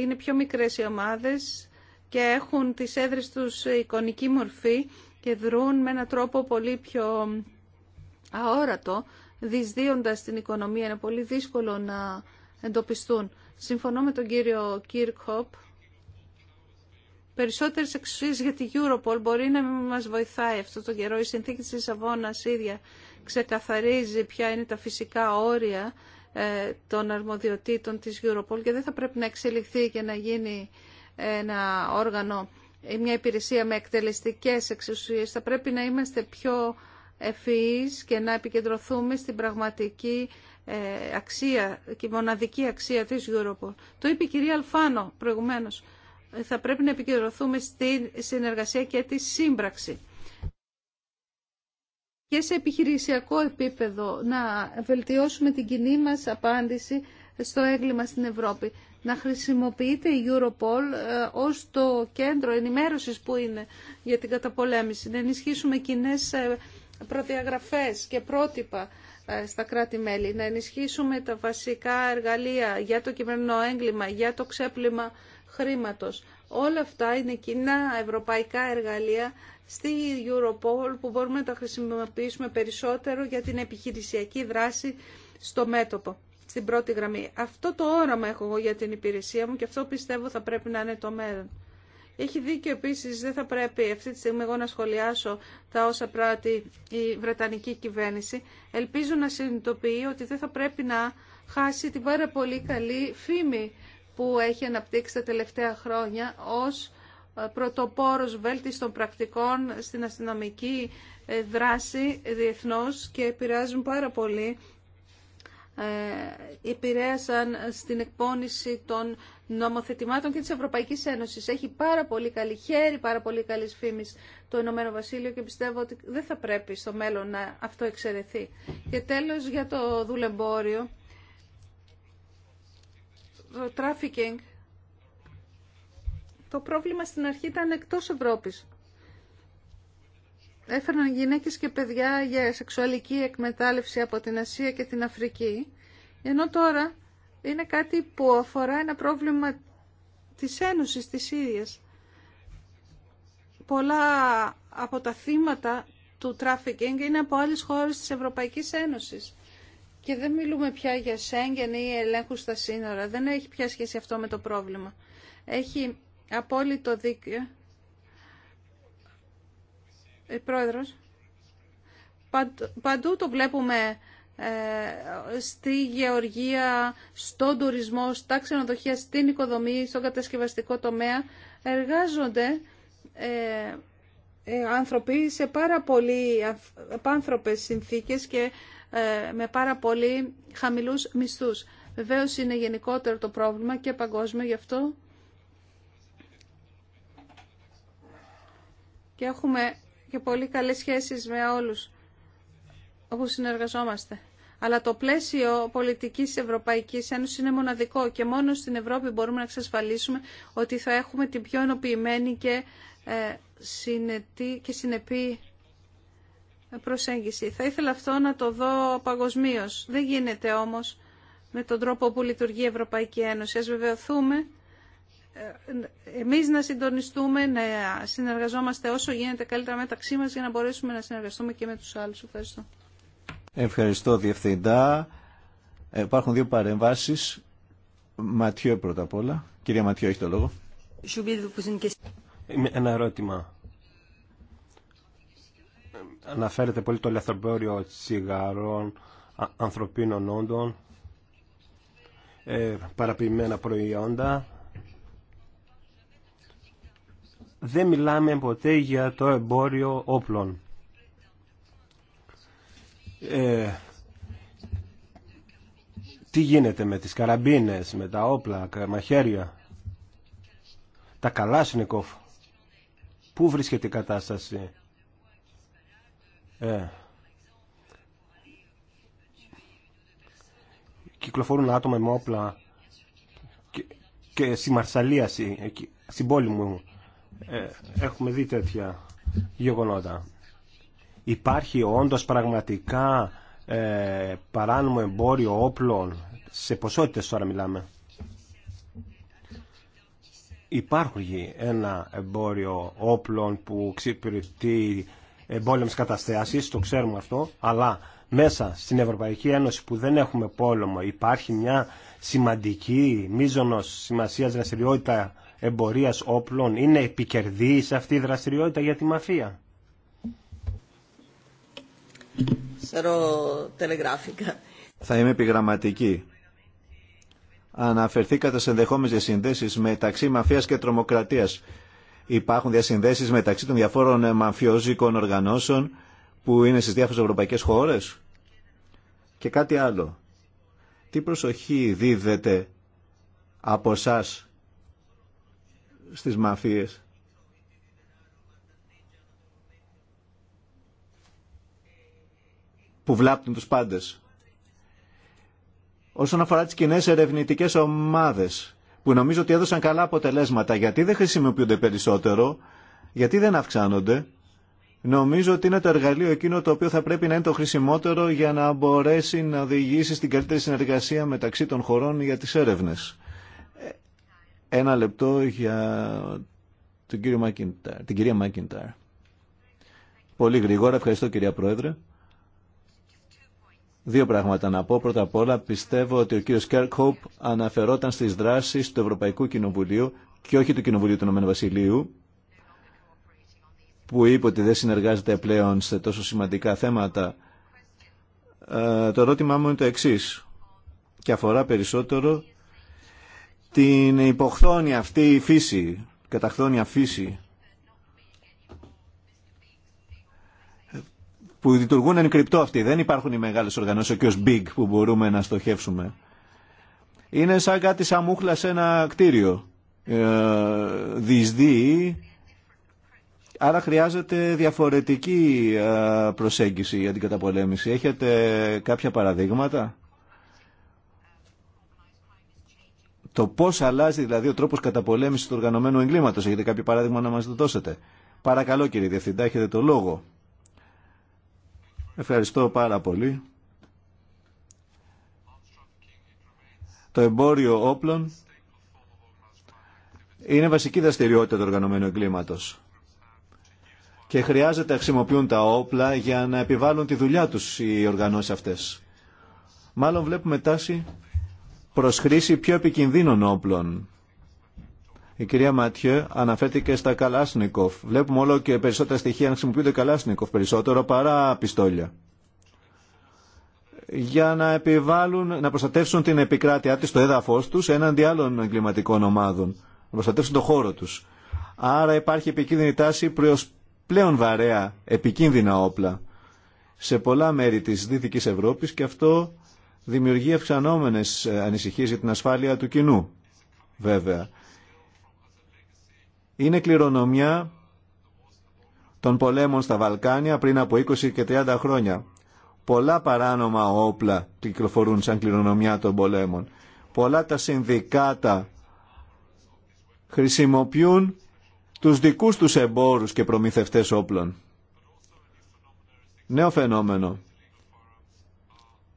είναι πιο μικρές οι ομάδες και έχουν τις έδρες τους εικονική μορφή και δρούν με έναν τρόπο πολύ πιο αόρατο, δυσδύοντας την οικονομία. Είναι πολύ δύσκολο να εντοπιστούν. Συμφωνώ με τον κύριο Κίρκοπ. Περισσότερες εξουσίες για τη Europol μπορεί να μας βοηθάει αυτό το καιρό. Η συνθήκη της ίδια ξεκαθαρίζει ποια είναι τα φυσικά όρια ε, των αρμοδιοτήτων της Europol και δεν θα πρέπει να εξελιχθεί και να γίνει ένα όργανο ή μια υπηρεσία με εκτελεστικές εξουσίες. Θα πρέπει να είμαστε πιο ευφυείς και να επικεντρωθούμε στην πραγματική ε, αξία και μοναδική αξία της Europol. Το είπε η κυρία Αλφάνο προηγουμένως. Ε, θα πρέπει να επικεντρωθούμε στη συνεργασία και τη σύμπραξη και σε επιχειρησιακό επίπεδο να βελτιώσουμε την κοινή μας απάντηση στο έγκλημα στην Ευρώπη. Να χρησιμοποιείται η Europol ε, ως το κέντρο ενημέρωσης που είναι για την καταπολέμηση. Να ενισχύσουμε κοινέ ε, προδιαγραφές και πρότυπα ε, στα κράτη-μέλη. Να ενισχύσουμε τα βασικά εργαλεία για το κυβερνό έγκλημα, για το ξέπλυμα χρήματος. Όλα αυτά είναι κοινά ευρωπαϊκά εργαλεία στη Europol που μπορούμε να τα χρησιμοποιήσουμε περισσότερο για την επιχειρησιακή δράση στο μέτωπο, στην πρώτη γραμμή. Αυτό το όραμα έχω εγώ για την υπηρεσία μου και αυτό πιστεύω θα πρέπει να είναι το μέλλον. Έχει δίκιο επίση, δεν θα πρέπει αυτή τη στιγμή εγώ να σχολιάσω τα όσα πράττει η Βρετανική κυβέρνηση. Ελπίζω να συνειδητοποιεί ότι δεν θα πρέπει να χάσει την πάρα πολύ καλή φήμη που έχει αναπτύξει τα τελευταία χρόνια ως ε, πρωτοπόρος βέλτιστων πρακτικών στην αστυνομική ε, δράση διεθνώς και επηρεάζουν πάρα πολύ ε, επηρέασαν στην εκπόνηση των νομοθετημάτων και της Ευρωπαϊκής Ένωσης. Έχει πάρα πολύ καλή χέρι, πάρα πολύ καλή φήμη το Ηνωμένο Βασίλειο και πιστεύω ότι δεν θα πρέπει στο μέλλον να αυτό εξαιρεθεί. Και τέλος για το δουλεμπόριο, το trafficking το πρόβλημα στην αρχή ήταν εκτός Ευρώπης. Έφερναν γυναίκες και παιδιά για σεξουαλική εκμετάλλευση από την Ασία και την Αφρική, ενώ τώρα είναι κάτι που αφορά ένα πρόβλημα της Ένωσης της Σύριας. Πολλά από τα θύματα του τράφικινγκ είναι από άλλες χώρες της Ευρωπαϊκής Ένωσης. Και δεν μιλούμε πια για Σέγγεν ή ελέγχου στα σύνορα. Δεν έχει πια σχέση αυτό με το πρόβλημα. Έχει Απόλυτο δίκαιο. Ε πρόεδρος. Παντού το βλέπουμε ε, στη γεωργία, στον τουρισμό, στα ξενοδοχεία, στην οικοδομή, στον κατασκευαστικό τομέα. Εργάζονται ε, ε, άνθρωποι σε πάρα πολύ επάνθρωπες συνθήκες και με πάρα πολύ χαμηλούς μισθούς. Βεβαίως είναι γενικότερο το πρόβλημα και παγκόσμιο, γι' αυτό και έχουμε και πολύ καλές σχέσεις με όλους όπου συνεργαζόμαστε. Αλλά το πλαίσιο πολιτικής Ευρωπαϊκής Ένωσης είναι μοναδικό και μόνο στην Ευρώπη μπορούμε να εξασφαλίσουμε ότι θα έχουμε την πιο ενοποιημένη και, ε, συνετή και συνεπή προσέγγιση. Θα ήθελα αυτό να το δω παγκοσμίω. Δεν γίνεται όμως με τον τρόπο που λειτουργεί η Ευρωπαϊκή Ένωση. Ας βεβαιωθούμε ε, εμείς να συντονιστούμε, να συνεργαζόμαστε όσο γίνεται καλύτερα μεταξύ μας για να μπορέσουμε να συνεργαστούμε και με τους άλλους. Ευχαριστώ. Ευχαριστώ Διευθυντά. Υπάρχουν δύο παρεμβάσεις. Ματιό πρώτα απ' όλα. Κυρία Ματιό, έχει το λόγο. Ένα ερώτημα. Αναφέρεται πολύ το ελευθερμπόριο τσιγαρών, ανθρωπίνων όντων, ε, παραποιημένα προϊόντα δεν μιλάμε ποτέ για το εμπόριο όπλων. Ε, τι γίνεται με τις καραμπίνες, με τα όπλα, μαχαίρια, τα καλάσνικοφ. Πού βρίσκεται η κατάσταση. Ε, κυκλοφορούν άτομα με όπλα και, και στη Μαρσαλία, στην πόλη μου, ε, έχουμε δει τέτοια γεγονότα. Υπάρχει όντως πραγματικά ε, παράνομο εμπόριο όπλων σε ποσότητες τώρα μιλάμε. Υπάρχει ένα εμπόριο όπλων που ξυπηρετεί εμπόλεμες καταστάσεις, το ξέρουμε αυτό, αλλά μέσα στην Ευρωπαϊκή Ένωση που δεν έχουμε πόλεμο υπάρχει μια σημαντική, μίζωνος σημασίας δραστηριότητα εμπορίας όπλων είναι επικερδής αυτή η δραστηριότητα για τη μαφία. Θα είμαι επιγραμματική. Αναφερθήκατε σε ενδεχόμενε συνδέσει μεταξύ μαφία και τρομοκρατία. Υπάρχουν διασυνδέσει μεταξύ των διαφόρων μαφιόζικων οργανώσεων που είναι στι διάφορε ευρωπαϊκέ χώρε. Και κάτι άλλο. Τι προσοχή δίδεται από εσά στις μαφίες. που βλάπτουν τους πάντες. Όσον αφορά τις κοινέ ερευνητικέ ομάδες, που νομίζω ότι έδωσαν καλά αποτελέσματα, γιατί δεν χρησιμοποιούνται περισσότερο, γιατί δεν αυξάνονται, νομίζω ότι είναι το εργαλείο εκείνο το οποίο θα πρέπει να είναι το χρησιμότερο για να μπορέσει να οδηγήσει στην καλύτερη συνεργασία μεταξύ των χωρών για τις έρευνες. Ένα λεπτό για τον κύριο Μακιντάρ, την κυρία Μάκιντάρ. Πολύ γρήγορα, ευχαριστώ κυρία Πρόεδρε. Δύο πράγματα να πω. Πρώτα απ' όλα πιστεύω ότι ο κύριος Κέρκοπ αναφερόταν στις δράσεις του Ευρωπαϊκού Κοινοβουλίου και όχι του Κοινοβουλίου του Ηνωμένου Βασιλείου που είπε ότι δεν συνεργάζεται πλέον σε τόσο σημαντικά θέματα. Ε, το ερώτημά μου είναι το εξής και αφορά περισσότερο την υποχθόνια αυτή η φύση, καταχθόνια φύση που λειτουργούν εν κρυπτό αυτοί. Δεν υπάρχουν οι μεγάλες οργανώσεις, ο κ. Big που μπορούμε να στοχεύσουμε. Είναι σαν κάτι σαν μούχλα σε ένα κτίριο. Ε, άρα χρειάζεται διαφορετική ε, προσέγγιση για την καταπολέμηση. Έχετε κάποια παραδείγματα? Το πώς αλλάζει δηλαδή ο τρόπος καταπολέμησης του οργανωμένου εγκλήματος. Έχετε κάποιο παράδειγμα να μας το δώσετε. Παρακαλώ κύριε Διευθυντά, έχετε το λόγο. Ευχαριστώ πάρα πολύ. Το εμπόριο όπλων είναι βασική δραστηριότητα του οργανωμένου εγκλήματος και χρειάζεται να χρησιμοποιούν τα όπλα για να επιβάλλουν τη δουλειά τους οι οργανώσεις αυτές. Μάλλον βλέπουμε τάση προς χρήση πιο επικινδύνων όπλων. Η κυρία Ματιέ αναφέρθηκε στα Καλάσνικοφ. Βλέπουμε όλο και περισσότερα στοιχεία να χρησιμοποιούνται Καλάσνικοφ περισσότερο παρά πιστόλια. Για να επιβάλλουν, να προστατεύσουν την επικράτειά της στο έδαφος τους έναντι άλλων εγκληματικών ομάδων. Να προστατεύσουν τον χώρο τους. Άρα υπάρχει επικίνδυνη τάση προς πλέον βαρέα επικίνδυνα όπλα σε πολλά μέρη της Δυτικής Ευρώπης και αυτό δημιουργεί αυξανόμενες ε, ανησυχίες για την ασφάλεια του κοινού, βέβαια. Είναι κληρονομιά των πολέμων στα Βαλκάνια πριν από 20 και 30 χρόνια. Πολλά παράνομα όπλα κυκλοφορούν σαν κληρονομιά των πολέμων. Πολλά τα συνδικάτα χρησιμοποιούν τους δικούς τους εμπόρους και προμηθευτές όπλων. Νέο φαινόμενο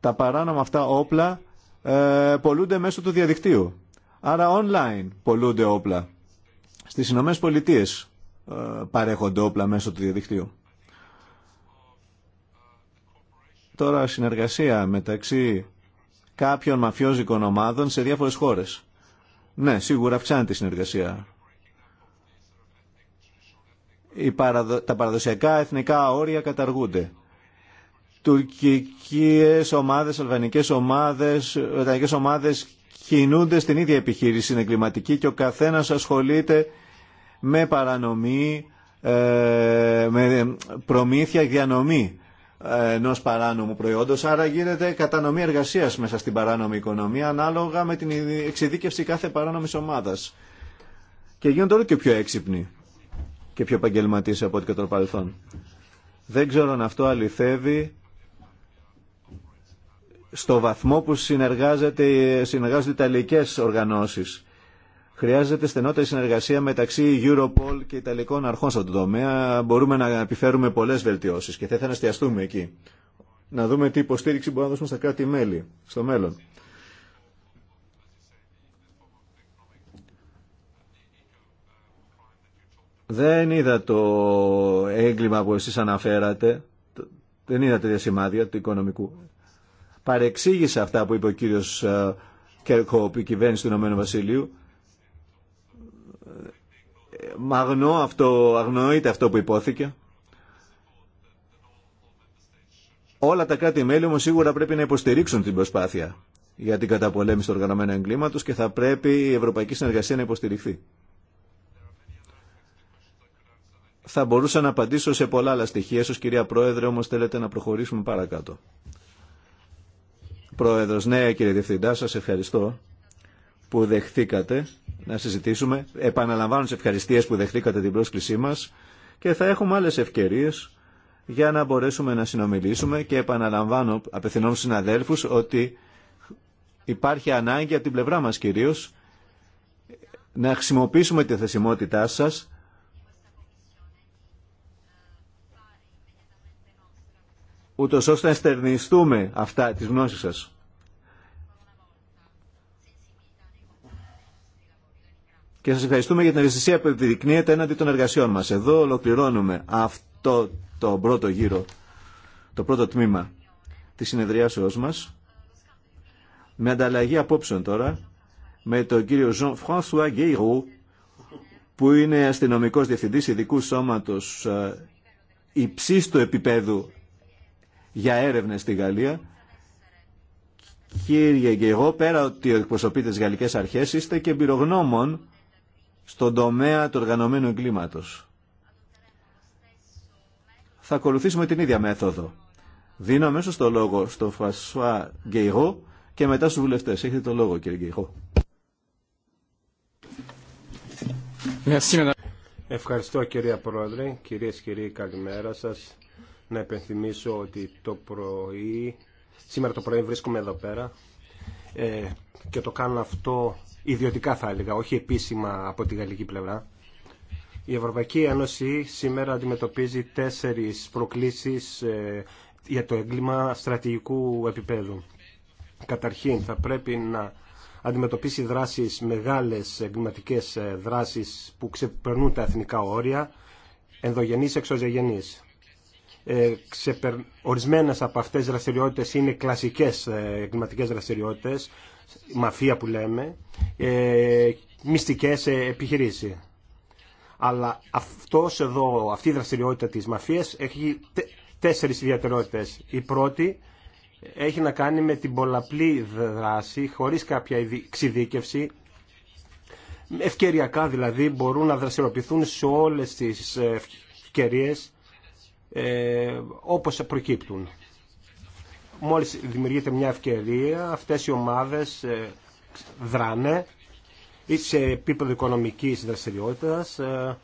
τα παράνομα αυτά όπλα ε, πολλούνται μέσω του διαδικτύου. Άρα online πολλούνται όπλα. Στις Ηνωμένες Πολιτείες ε, παρέχονται όπλα μέσω του διαδικτύου. Τώρα συνεργασία μεταξύ κάποιων μαφιόζικων ομάδων σε διάφορες χώρες. Ναι, σίγουρα αυξάνεται η συνεργασία. Τα παραδοσιακά εθνικά όρια καταργούνται τουρκικές ομάδες, αλβανικές ομάδες, βρετανικές ομάδες κινούνται στην ίδια επιχείρηση, είναι εγκληματική και ο καθένας ασχολείται με παρανομή, ε, με προμήθεια διανομή ε, ενό παράνομου προϊόντος, άρα γίνεται κατανομή εργασίας μέσα στην παράνομη οικονομία ανάλογα με την εξειδίκευση κάθε παράνομης ομάδας. Και γίνονται όλο και πιο έξυπνοι και πιο επαγγελματίε από ό,τι και το παρελθόν. Δεν ξέρω αν αυτό αληθεύει στο βαθμό που συνεργάζεται, συνεργάζονται οι Ιταλικές οργανώσεις. Χρειάζεται στενότερη συνεργασία μεταξύ Europol και Ιταλικών αρχών στον τομέα. Μπορούμε να επιφέρουμε πολλές βελτιώσεις και θα ήθελα να εστιαστούμε εκεί. Να δούμε τι υποστήριξη μπορούμε να δώσουμε στα κράτη-μέλη στο μέλλον. Δεν είδα το έγκλημα που εσείς αναφέρατε. Δεν είδα τέτοια σημάδια του οικονομικού παρεξήγησε αυτά που είπε ο κύριος ε, Κέρκοπ, η κυβέρνηση του Ηνωμένου Βασιλείου. Μαγνώ αυτό, αγνοείται αυτό που υπόθηκε. Όλα τα κράτη-μέλη όμως σίγουρα πρέπει να υποστηρίξουν την προσπάθεια για την καταπολέμηση του οργανωμένου εγκλήματο και θα πρέπει η Ευρωπαϊκή Συνεργασία να υποστηριχθεί. Θα μπορούσα να απαντήσω σε πολλά άλλα στοιχεία, ίσως κυρία Πρόεδρε, όμως θέλετε να προχωρήσουμε παρακάτω. Πρόεδρος, Νέα, κύριε Διευθυντά, σα ευχαριστώ που δεχθήκατε να συζητήσουμε. Επαναλαμβάνω τι ευχαριστίες που δεχθήκατε την πρόσκλησή μας και θα έχουμε άλλες ευκαιρίες για να μπορέσουμε να συνομιλήσουμε και επαναλαμβάνω απευθυνών στους συναδέλφους ότι υπάρχει ανάγκη από την πλευρά μας κυρίως να χρησιμοποιήσουμε τη θεσιμότητά σας ούτω ώστε να εστερνιστούμε αυτά τις γνώσεις σας. Και σα ευχαριστούμε για την ευαισθησία που επιδεικνύεται έναντι των εργασιών μας. Εδώ ολοκληρώνουμε αυτό το πρώτο γύρο, το πρώτο τμήμα της συνεδριάσεώς μας. Με ανταλλαγή απόψεων τώρα με τον κύριο Ζων Φρανσουά Γκέιρου που είναι αστυνομικό διευθυντή ειδικού σώματο ε, υψίστου επίπεδου για έρευνες στη Γαλλία. Κύριε και πέρα ότι εκπροσωπείτε τι γαλλικές αρχές, είστε και εμπειρογνώμων στον τομέα του οργανωμένου εγκλήματο. Θα ακολουθήσουμε την ίδια μέθοδο. Δίνω αμέσω το λόγο στον Φασουά Γκέιγο και μετά στου βουλευτέ. Έχετε το λόγο κύριε Γκέιγο. Ευχαριστώ κυρία Πρόεδρε, κυρίες και κύριοι καλημέρα σας να επενθυμίσω ότι το πρωί, σήμερα το πρωί βρίσκομαι εδώ πέρα ε, και το κάνω αυτό ιδιωτικά θα έλεγα, όχι επίσημα από τη γαλλική πλευρά. Η Ευρωπαϊκή Ένωση σήμερα αντιμετωπίζει τέσσερις προκλήσεις ε, για το έγκλημα στρατηγικού επίπεδου. Καταρχήν θα πρέπει να αντιμετωπίσει δράσεις, μεγάλες εγκληματικές ε, δράσεις που ξεπερνούν τα εθνικά όρια, ενδογενείς, εξωγενείς. Ε, ορισμένες από αυτές τις δραστηριότητες είναι κλασικές ε, εγκληματικές δραστηριότητες, μαφία που λέμε, ε, μυστικές επιχειρήσεις. Αλλά αυτός εδώ, αυτή η δραστηριότητα της μαφίας έχει τέσσερις ιδιαιτερότητες. Η πρώτη έχει να κάνει με την πολλαπλή δράση, χωρίς κάποια εξειδίκευση, ευκαιριακά δηλαδή μπορούν να δραστηριοποιηθούν σε όλες τις ευκαιρίες ε, όπως προκύπτουν. Μόλις δημιουργείται μια ευκαιρία, αυτές οι ομάδες ε, δράνε ή σε επίπεδο οικονομικής δραστηριότητας ε,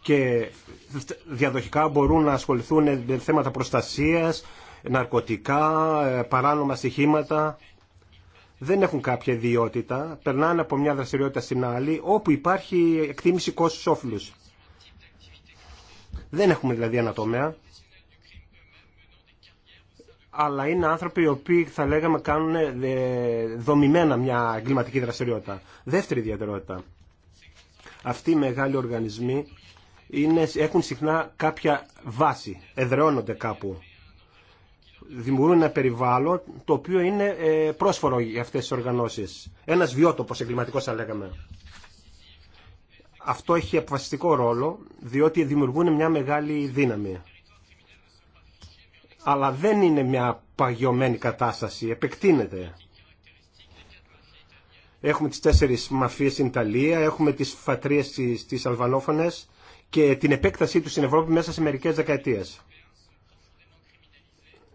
και διαδοχικά μπορούν να ασχοληθούν με θέματα προστασίας, ναρκωτικά, ε, παράνομα στοιχήματα. Δεν έχουν κάποια ιδιότητα, περνάνε από μια δραστηριότητα στην άλλη, όπου υπάρχει εκτίμηση κόστους όφλους. Δεν έχουμε δηλαδή ένα τομέα, αλλά είναι άνθρωποι οι οποίοι θα λέγαμε κάνουν ε, δομημένα μια εγκληματική δραστηριότητα. Δεύτερη ιδιαιτερότητα. Αυτοί οι μεγάλοι οργανισμοί έχουν συχνά κάποια βάση, εδραιώνονται κάπου. Δημιουργούν ένα περιβάλλον το οποίο είναι ε, πρόσφορο για αυτές τις οργανώσεις. Ένας βιότοπος εγκληματικός θα λέγαμε αυτό έχει αποφασιστικό ρόλο, διότι δημιουργούν μια μεγάλη δύναμη. Αλλά δεν είναι μια παγιωμένη κατάσταση, επεκτείνεται. Έχουμε τις τέσσερις μαφίες στην Ιταλία, έχουμε τις φατρίες στις Αλβανόφωνες και την επέκτασή του στην Ευρώπη μέσα σε μερικές δεκαετίες.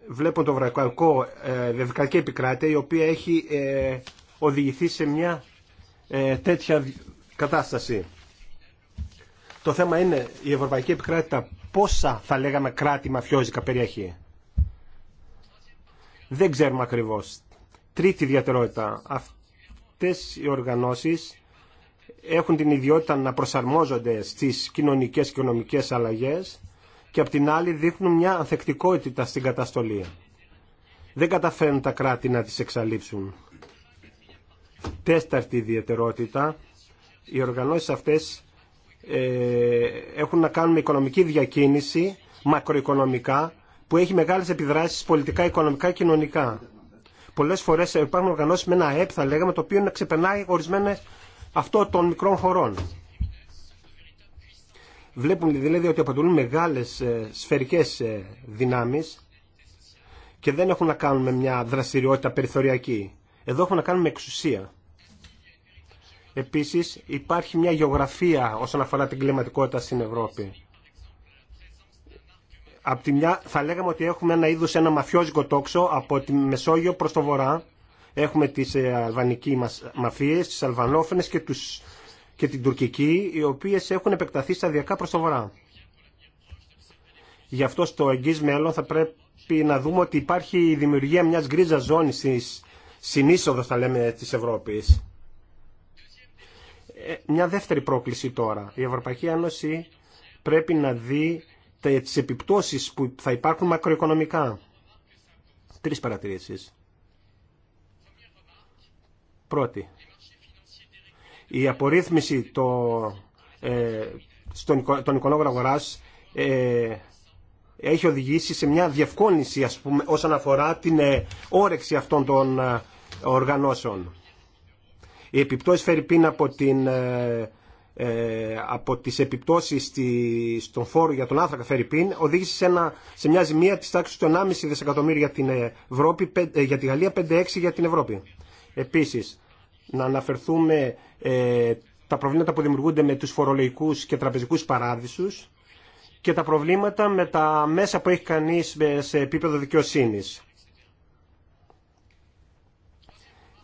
βλέπω το βραϊκό ε, επικράτεια η οποία έχει ε, οδηγηθεί σε μια ε, τέτοια κατάσταση. Το θέμα είναι η Ευρωπαϊκή Επικράτητα πόσα θα λέγαμε κράτη μαφιόζικα περιέχει. Δεν ξέρουμε ακριβώς. Τρίτη ιδιαιτερότητα. Αυτές οι οργανώσεις έχουν την ιδιότητα να προσαρμόζονται στις κοινωνικές και οικονομικές αλλαγές και απ' την άλλη δείχνουν μια ανθεκτικότητα στην καταστολή. Δεν καταφέρνουν τα κράτη να τις εξαλείψουν. Τέσταρτη ιδιαιτερότητα. Οι οργανώσεις αυτές ε, έχουν να κάνουν με οικονομική διακίνηση, μακροοικονομικά, που έχει μεγάλες επιδράσεις πολιτικά, οικονομικά, κοινωνικά. Πολλές φορές υπάρχουν οργανώσεις με ένα ΑΕΠ, θα λέγαμε, το οποίο να ξεπερνάει ορισμένες αυτό των μικρών χωρών. Βλέπουν δηλαδή ότι αποτελούν μεγάλες ε, σφαιρικές ε, δυνάμεις και δεν έχουν να κάνουν με μια δραστηριότητα περιθωριακή. Εδώ έχουν να κάνουμε εξουσία. Επίσης υπάρχει μια γεωγραφία όσον αφορά την κλιματικότητα στην Ευρώπη. από τη μια θα λέγαμε ότι έχουμε ένα είδος ένα μαφιόζικο τόξο από τη Μεσόγειο προς το Βορρά. Έχουμε τις ε, αλβανικοί μαφίες, τις αλβανόφενες και, τους, και την τουρκική, οι οποίες έχουν επεκταθεί σταδιακά προς το Βορρά. Γι' αυτό στο εγγύς μέλλον θα πρέπει να δούμε ότι υπάρχει η δημιουργία μιας γκρίζας ζώνης της είσοδο, θα λέμε, της Ευρώπης μια δεύτερη πρόκληση τώρα. Η Ευρωπαϊκή Ένωση πρέπει να δει τι επιπτώσεις που θα υπάρχουν μακροοικονομικά. Τρει παρατηρήσεις. Πρώτη, η απορρίθμιση το, ε, στον, των εικονόγων αγορά ε, έχει οδηγήσει σε μια διευκόλυνση πούμε, όσον αφορά την ε, όρεξη αυτών των οργανώσεων. Οι φέρει φερρυπίν από, την, ε, ε, από τις επιπτώσεις στον φόρο για τον άνθρακα φερρυπίν οδήγησε σε, ένα, σε μια ζημία της τάξης των 1,5 δισεκατομμύρια για την, Ευρώπη, ε, για τη Γαλλία, 5-6 για την Ευρώπη. Επίσης, να αναφερθούμε τα προβλήματα που δημιουργούνται με τους φορολογικούς και τραπεζικούς παράδεισους και τα προβλήματα με τα μέσα που έχει κανείς σε επίπεδο δικαιοσύνης.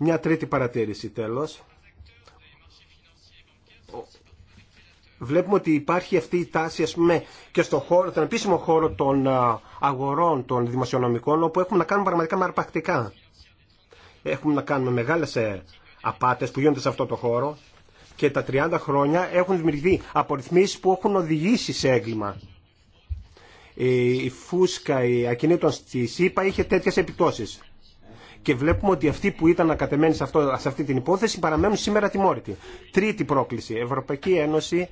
Μια τρίτη παρατήρηση τέλος. Βλέπουμε ότι υπάρχει αυτή η τάση ας και στον χώρο, τον επίσημο χώρο των αγορών των δημοσιονομικών όπου έχουμε να κάνουμε πραγματικά με αρπακτικά. Έχουμε να κάνουμε μεγάλες ε, απάτες που γίνονται σε αυτό το χώρο και τα 30 χρόνια έχουν δημιουργηθεί απορριθμίσεις που έχουν οδηγήσει σε έγκλημα. Η φούσκα, η ακινήτων στη ΣΥΠΑ είχε τέτοιες επιπτώσεις και βλέπουμε ότι αυτοί που ήταν ακατεμένοι σε, αυτό, αυτή την υπόθεση παραμένουν σήμερα τιμόρυτοι. Τρίτη πρόκληση. Η Ευρωπαϊκή Ένωση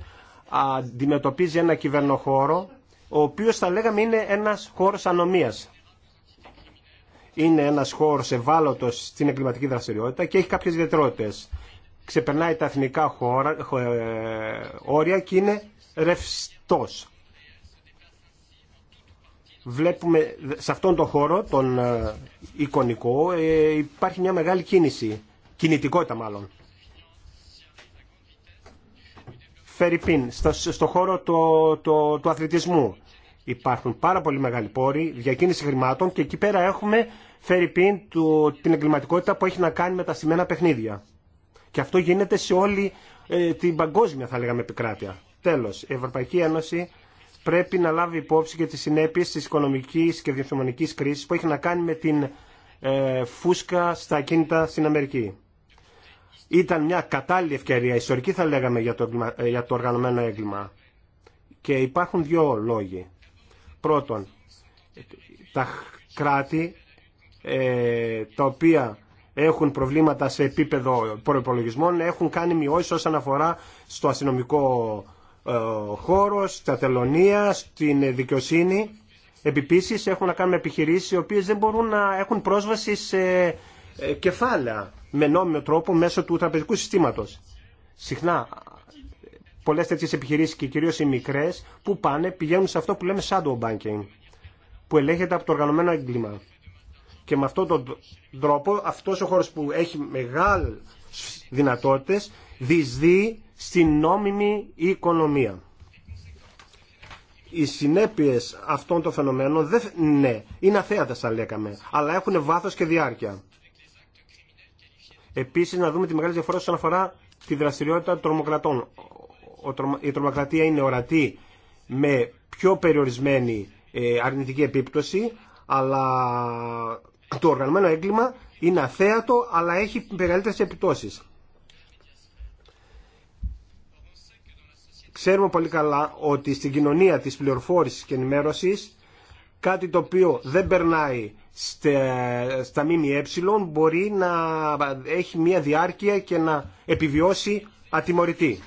αντιμετωπίζει ένα κυβερνοχώρο ο οποίος θα λέγαμε είναι ένας χώρος ανομίας. Είναι ένας χώρος ευάλωτος στην εγκληματική δραστηριότητα και έχει κάποιες ιδιαιτερότητες. Ξεπερνάει τα εθνικά χώρα, ε, όρια και είναι ρευστός βλέπουμε σε αυτόν τον χώρο, τον ε, εικονικό, ε, υπάρχει μια μεγάλη κίνηση, κινητικότητα μάλλον. Φερρυπίν, στο, στο χώρο το, το, του αθλητισμού υπάρχουν πάρα πολύ μεγάλοι πόροι, διακίνηση χρημάτων και εκεί πέρα έχουμε Φερρυπίν την εγκληματικότητα που έχει να κάνει με τα σημαίνα παιχνίδια. Και αυτό γίνεται σε όλη ε, την παγκόσμια θα λέγαμε επικράτεια. Τέλος, η Ευρωπαϊκή Ένωση πρέπει να λάβει υπόψη και τις συνέπειες της οικονομικής και διεθνική κρίσης που έχει να κάνει με την ε, φούσκα στα ακίνητα στην Αμερική. Ήταν μια κατάλληλη ευκαιρία, ιστορική θα λέγαμε, για το, ε, οργανωμένο έγκλημα. Και υπάρχουν δύο λόγοι. Πρώτον, τα κράτη ε, τα οποία έχουν προβλήματα σε επίπεδο προπολογισμών έχουν κάνει μειώσει όσον αφορά στο αστυνομικό ε, χώρος, στα θελωνία, στην δικαιοσύνη. Επιπίσεις έχουν να κάνουν επιχειρήσεις οι οποίες δεν μπορούν να έχουν πρόσβαση σε ε, κεφάλαια με νόμιμο τρόπο μέσω του τραπεζικού συστήματος. Συχνά πολλές τέτοιες επιχειρήσεις και κυρίως οι μικρές που πάνε πηγαίνουν σε αυτό που λέμε shadow banking που ελέγχεται από το οργανωμένο έγκλημα. Και με αυτόν τον τρόπο αυτός ο χώρος που έχει μεγάλες δυνατότητες διεισδύει στην νόμιμη οικονομία. Οι συνέπειες αυτών των φαινομένων δεν, ναι, είναι αθέατες θα λέγαμε, αλλά έχουν βάθος και διάρκεια. Επίσης να δούμε τη μεγάλη διαφορά όσον αφορά τη δραστηριότητα των τρομοκρατών. Η τρομοκρατία είναι ορατή με πιο περιορισμένη ε, αρνητική επίπτωση, αλλά το οργανωμένο έγκλημα είναι αθέατο, αλλά έχει μεγαλύτερε επιπτώσεις. Ξέρουμε πολύ καλά ότι στην κοινωνία της πληροφόρησης και ενημέρωσης κάτι το οποίο δεν περνάει στα ΜΜΕ μπορεί να έχει μια διάρκεια και να επιβιώσει ατιμωρητή.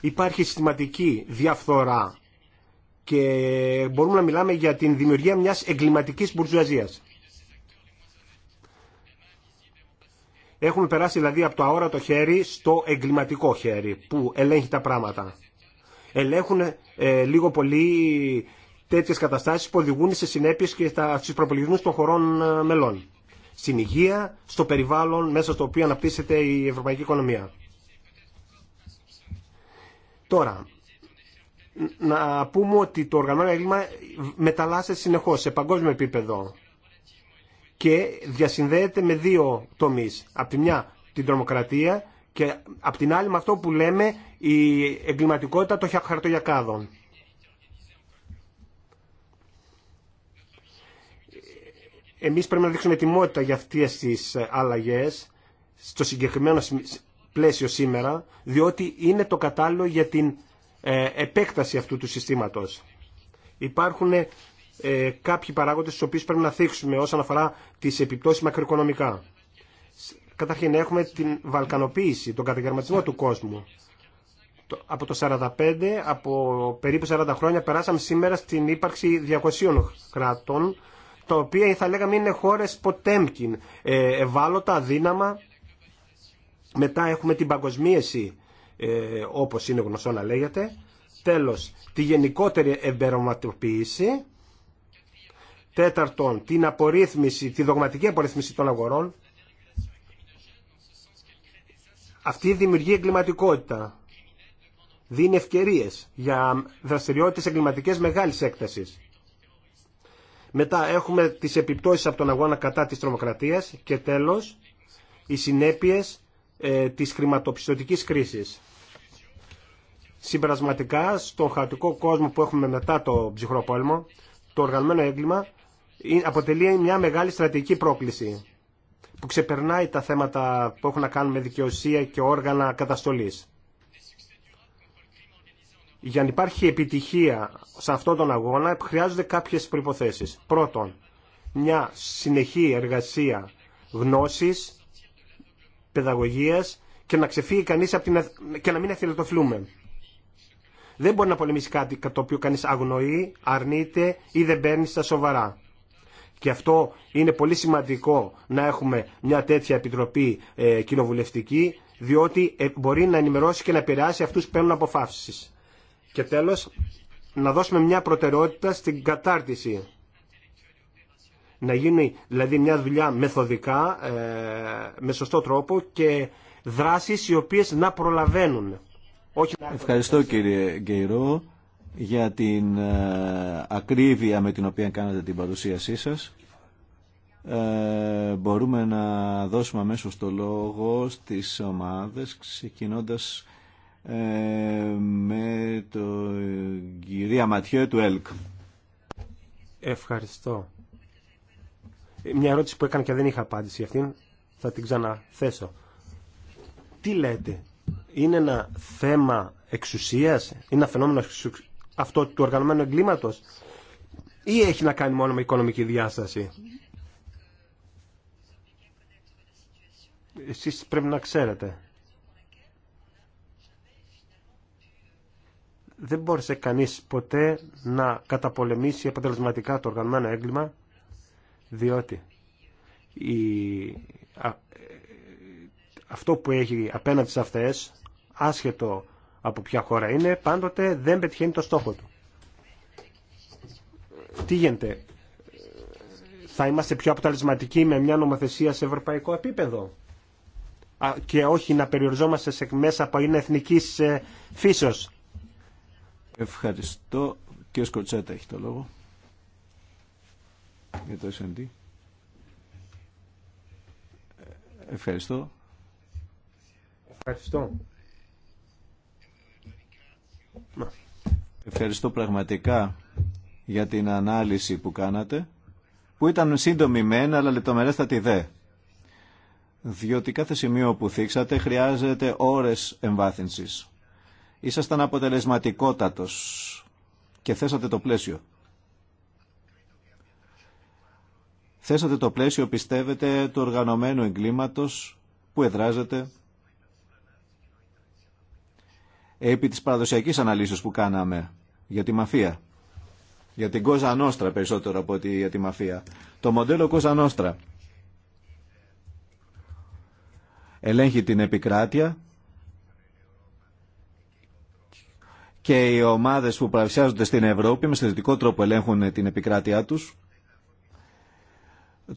Υπάρχει συστηματική διαφθορά και μπορούμε να μιλάμε για την δημιουργία μιας εγκληματικής μπουρζουαζίας. Έχουμε περάσει δηλαδή από το αόρατο χέρι στο εγκληματικό χέρι που ελέγχει τα πράγματα. Ελέγχουν ε, λίγο πολύ τέτοιες καταστάσεις που οδηγούν σε συνέπειες και στους προπολογισμούς των χωρών ε, μελών. Στην υγεία, στο περιβάλλον μέσα στο οποίο αναπτύσσεται η ευρωπαϊκή οικονομία. Τώρα, να πούμε ότι το οργανωμένο έγκλημα μεταλλάσσεται συνεχώς σε παγκόσμιο επίπεδο και διασυνδέεται με δύο τομείς. Απ' τη μια την τρομοκρατία και απ' την άλλη με αυτό που λέμε η εγκληματικότητα των χαρτογιακάδων. Εμείς πρέπει να δείξουμε ετοιμότητα για αυτές τις ε, αλλαγές στο συγκεκριμένο πλαίσιο σήμερα, διότι είναι το κατάλληλο για την ε, επέκταση αυτού του συστήματος. Υπάρχουν ε, ε, κάποιοι παράγοντες στους οποίους πρέπει να θίξουμε όσον αφορά τις επιπτώσεις μακροοικονομικά. Καταρχήν έχουμε την βαλκανοποίηση, τον καταγερματισμό του κόσμου. Από το 45, από περίπου 40 χρόνια, περάσαμε σήμερα στην ύπαρξη 200 κρατών, τα οποία θα λέγαμε είναι χώρες ποτέμκιν, ε, ευάλωτα, αδύναμα. Μετά έχουμε την παγκοσμίεση, ε, όπως είναι γνωστό να λέγεται. Τέλος, τη γενικότερη εμπεραματοποίηση Τέταρτον, την απορρίθμιση, τη δογματική απορρίθμιση των αγορών. Αυτή δημιουργεί εγκληματικότητα. Δίνει ευκαιρίε για δραστηριότητε εγκληματικέ μεγάλη έκταση. Μετά έχουμε τι επιπτώσει από τον αγώνα κατά τη τρομοκρατία. Και τέλο, οι συνέπειε ε, της τη χρηματοπιστωτική κρίση. Συμπερασματικά, στον χαοτικό κόσμο που έχουμε μετά το ψυχρό πόλεμο, το οργανωμένο έγκλημα αποτελεί μια μεγάλη στρατηγική πρόκληση που ξεπερνάει τα θέματα που έχουν να κάνουν με δικαιοσία και όργανα καταστολής. Για να υπάρχει επιτυχία σε αυτόν τον αγώνα χρειάζονται κάποιες προϋποθέσεις. Πρώτον, μια συνεχή εργασία γνώσης, παιδαγωγίας και να ξεφύγει κανείς από την και να μην εθελοτοφλούμε. Δεν μπορεί να πολεμήσει κάτι το οποίο κανείς αγνοεί, αρνείται ή δεν παίρνει στα σοβαρά. Και αυτό είναι πολύ σημαντικό να έχουμε μια τέτοια επιτροπή ε, κοινοβουλευτική, διότι ε, μπορεί να ενημερώσει και να επηρεάσει αυτούς που παίρνουν αποφάσεις. Και τέλος, να δώσουμε μια προτεραιότητα στην κατάρτιση. Να γίνει δηλαδή μια δουλειά μεθοδικά, ε, με σωστό τρόπο και δράσεις οι οποίες να προλαβαίνουν. Όχι... Ευχαριστώ κύριε Γκέιρο για την ε, ακρίβεια με την οποία κάνατε την παρουσίασή σας. Ε, μπορούμε να δώσουμε αμέσω το λόγο στις ομάδες ξεκινώντας ε, με τον κυρία Ματιέ του ΕΛΚ. Ευχαριστώ. Μια ερώτηση που έκανα και δεν είχα απάντηση αυτήν, θα την ξαναθέσω. Τι λέτε, είναι ένα θέμα εξουσίας, είναι ένα φαινόμενο αυτό του οργανωμένου εγκλήματος ή έχει να κάνει μόνο με οικονομική διάσταση. Εσείς πρέπει να ξέρετε. Δεν μπόρεσε κανείς ποτέ να καταπολεμήσει αποτελεσματικά το οργανωμένο έγκλημα διότι η... Ε, αυτό που έχει απέναντι σε αυτές άσχετο από ποια χώρα είναι, πάντοτε δεν πετυχαίνει το στόχο του. Τι γίνεται, θα είμαστε πιο αποτελεσματικοί με μια νομοθεσία σε ευρωπαϊκό επίπεδο και όχι να περιοριζόμαστε σε μέσα από είναι εθνικής ε, φύσεως. Ευχαριστώ. Σκοτσέτα έχει το λόγο. Για το ε, Ευχαριστώ. Ευχαριστώ. Ευχαριστώ πραγματικά για την ανάλυση που κάνατε, που ήταν σύντομη μεν, αλλά λεπτομερέστατη δε. Διότι κάθε σημείο που θίξατε χρειάζεται ώρες εμβάθυνσης. Ήσασταν αποτελεσματικότατος και θέσατε το πλαίσιο. Θέσατε το πλαίσιο, πιστεύετε, του οργανωμένου εγκλήματος που εδράζεται επί της παραδοσιακής αναλύσεως που κάναμε για τη μαφία. Για την Κόζα Νόστρα περισσότερο από ότι για τη μαφία. Το μοντέλο Κόζα Νόστρα ελέγχει την επικράτεια και οι ομάδες που παρουσιάζονται στην Ευρώπη με συνδετικό τρόπο ελέγχουν την επικράτειά τους.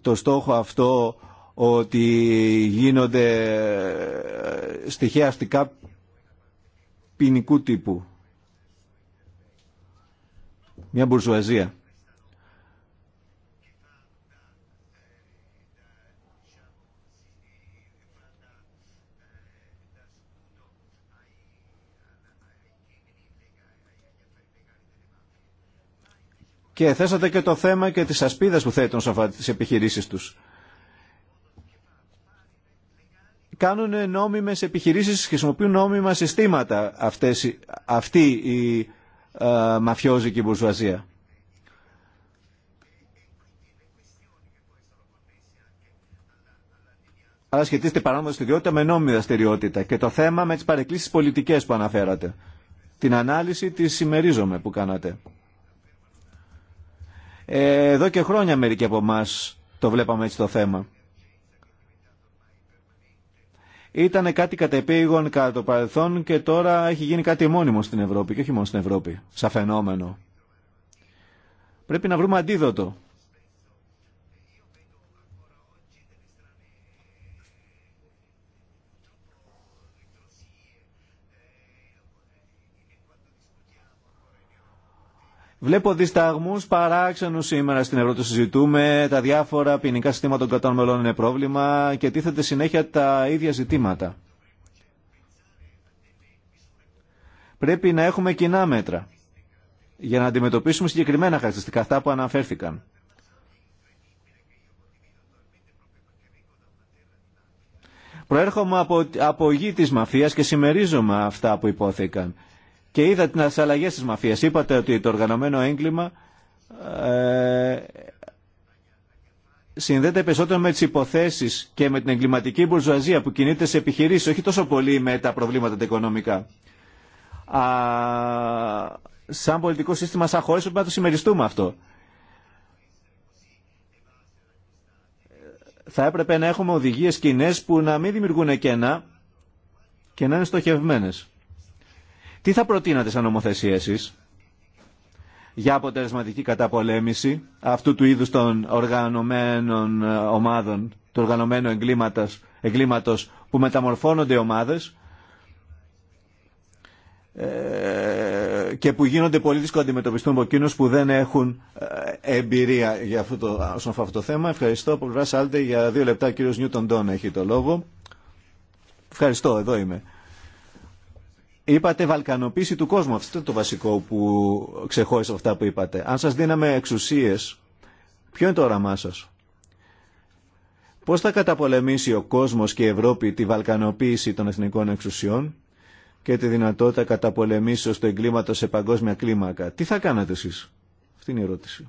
Το στόχο αυτό ότι γίνονται στοιχεία αστικά ποινικού τύπου. Μια μπουρζουαζία. Και θέσατε και το θέμα και τις ασπίδες που θέτουν σε επιχειρήσεις τους κάνουν νόμιμες επιχειρήσεις, χρησιμοποιούν νόμιμα συστήματα αυτές, αυτή ε, η ε, μαφιόζικη μπουρζουαζία. Άρα σχετίζεται παράνομη δραστηριότητα με νόμιμη δραστηριότητα και το θέμα με τις παρεκκλήσεις πολιτικές που αναφέρατε. Την ανάλυση τη συμμερίζομαι που κάνατε. Ε, εδώ και χρόνια μερικοί από εμά το βλέπαμε έτσι το θέμα ήταν κάτι κατεπήγον κατά το παρελθόν και τώρα έχει γίνει κάτι μόνιμο στην Ευρώπη και όχι μόνο στην Ευρώπη, σαν φαινόμενο. Πρέπει να βρούμε αντίδοτο. Βλέπω δισταγμού παράξενου σήμερα στην Ευρώπη. Το συζητούμε, τα διάφορα ποινικά συστήματα των κρατών μελών είναι πρόβλημα και τίθεται συνέχεια τα ίδια ζητήματα. Πρέπει να έχουμε κοινά μέτρα για να αντιμετωπίσουμε συγκεκριμένα χαρακτηριστικά, αυτά που αναφέρθηκαν. Προέρχομαι από, από γη της μαφίας και συμμερίζομαι αυτά που υπόθηκαν και είδα τι αλλαγέ τη μαφίας. Είπατε ότι το οργανωμένο έγκλημα ε, συνδέεται περισσότερο με τις υποθέσεις και με την εγκληματική μπουρζουαζία που κινείται σε επιχειρήσεις, όχι τόσο πολύ με τα προβλήματα τα οικονομικά. Α, σαν πολιτικό σύστημα, σαν χώρε πρέπει να το συμμεριστούμε αυτό. Θα έπρεπε να έχουμε οδηγίες κοινέ που να μην δημιουργούν κενά και να είναι στοχευμένες. Τι θα προτείνατε σαν νομοθεσία εσείς για αποτελεσματική καταπολέμηση αυτού του είδους των οργανωμένων ομάδων, του οργανωμένου εγκλήματος, εγκλήματος που μεταμορφώνονται οι ομάδες ε, και που γίνονται πολύ δύσκολα αντιμετωπιστούν από εκείνους που δεν έχουν ε, εμπειρία για αυτό το, όσον αυτό το θέμα. Ευχαριστώ από πλευρά για δύο λεπτά. Ο κύριο Νιούτον Ντόν έχει το λόγο. Ευχαριστώ, εδώ είμαι. Είπατε βαλκανοποίηση του κόσμου. Αυτό είναι το βασικό που ξεχώρισε αυτά που είπατε. Αν σας δίναμε εξουσίες, ποιο είναι το όραμά σας. Πώς θα καταπολεμήσει ο κόσμος και η Ευρώπη τη βαλκανοποίηση των εθνικών εξουσιών και τη δυνατότητα καταπολεμήσεως του εγκλήματο σε παγκόσμια κλίμακα. Τι θα κάνατε εσείς. Αυτή είναι η ερώτηση.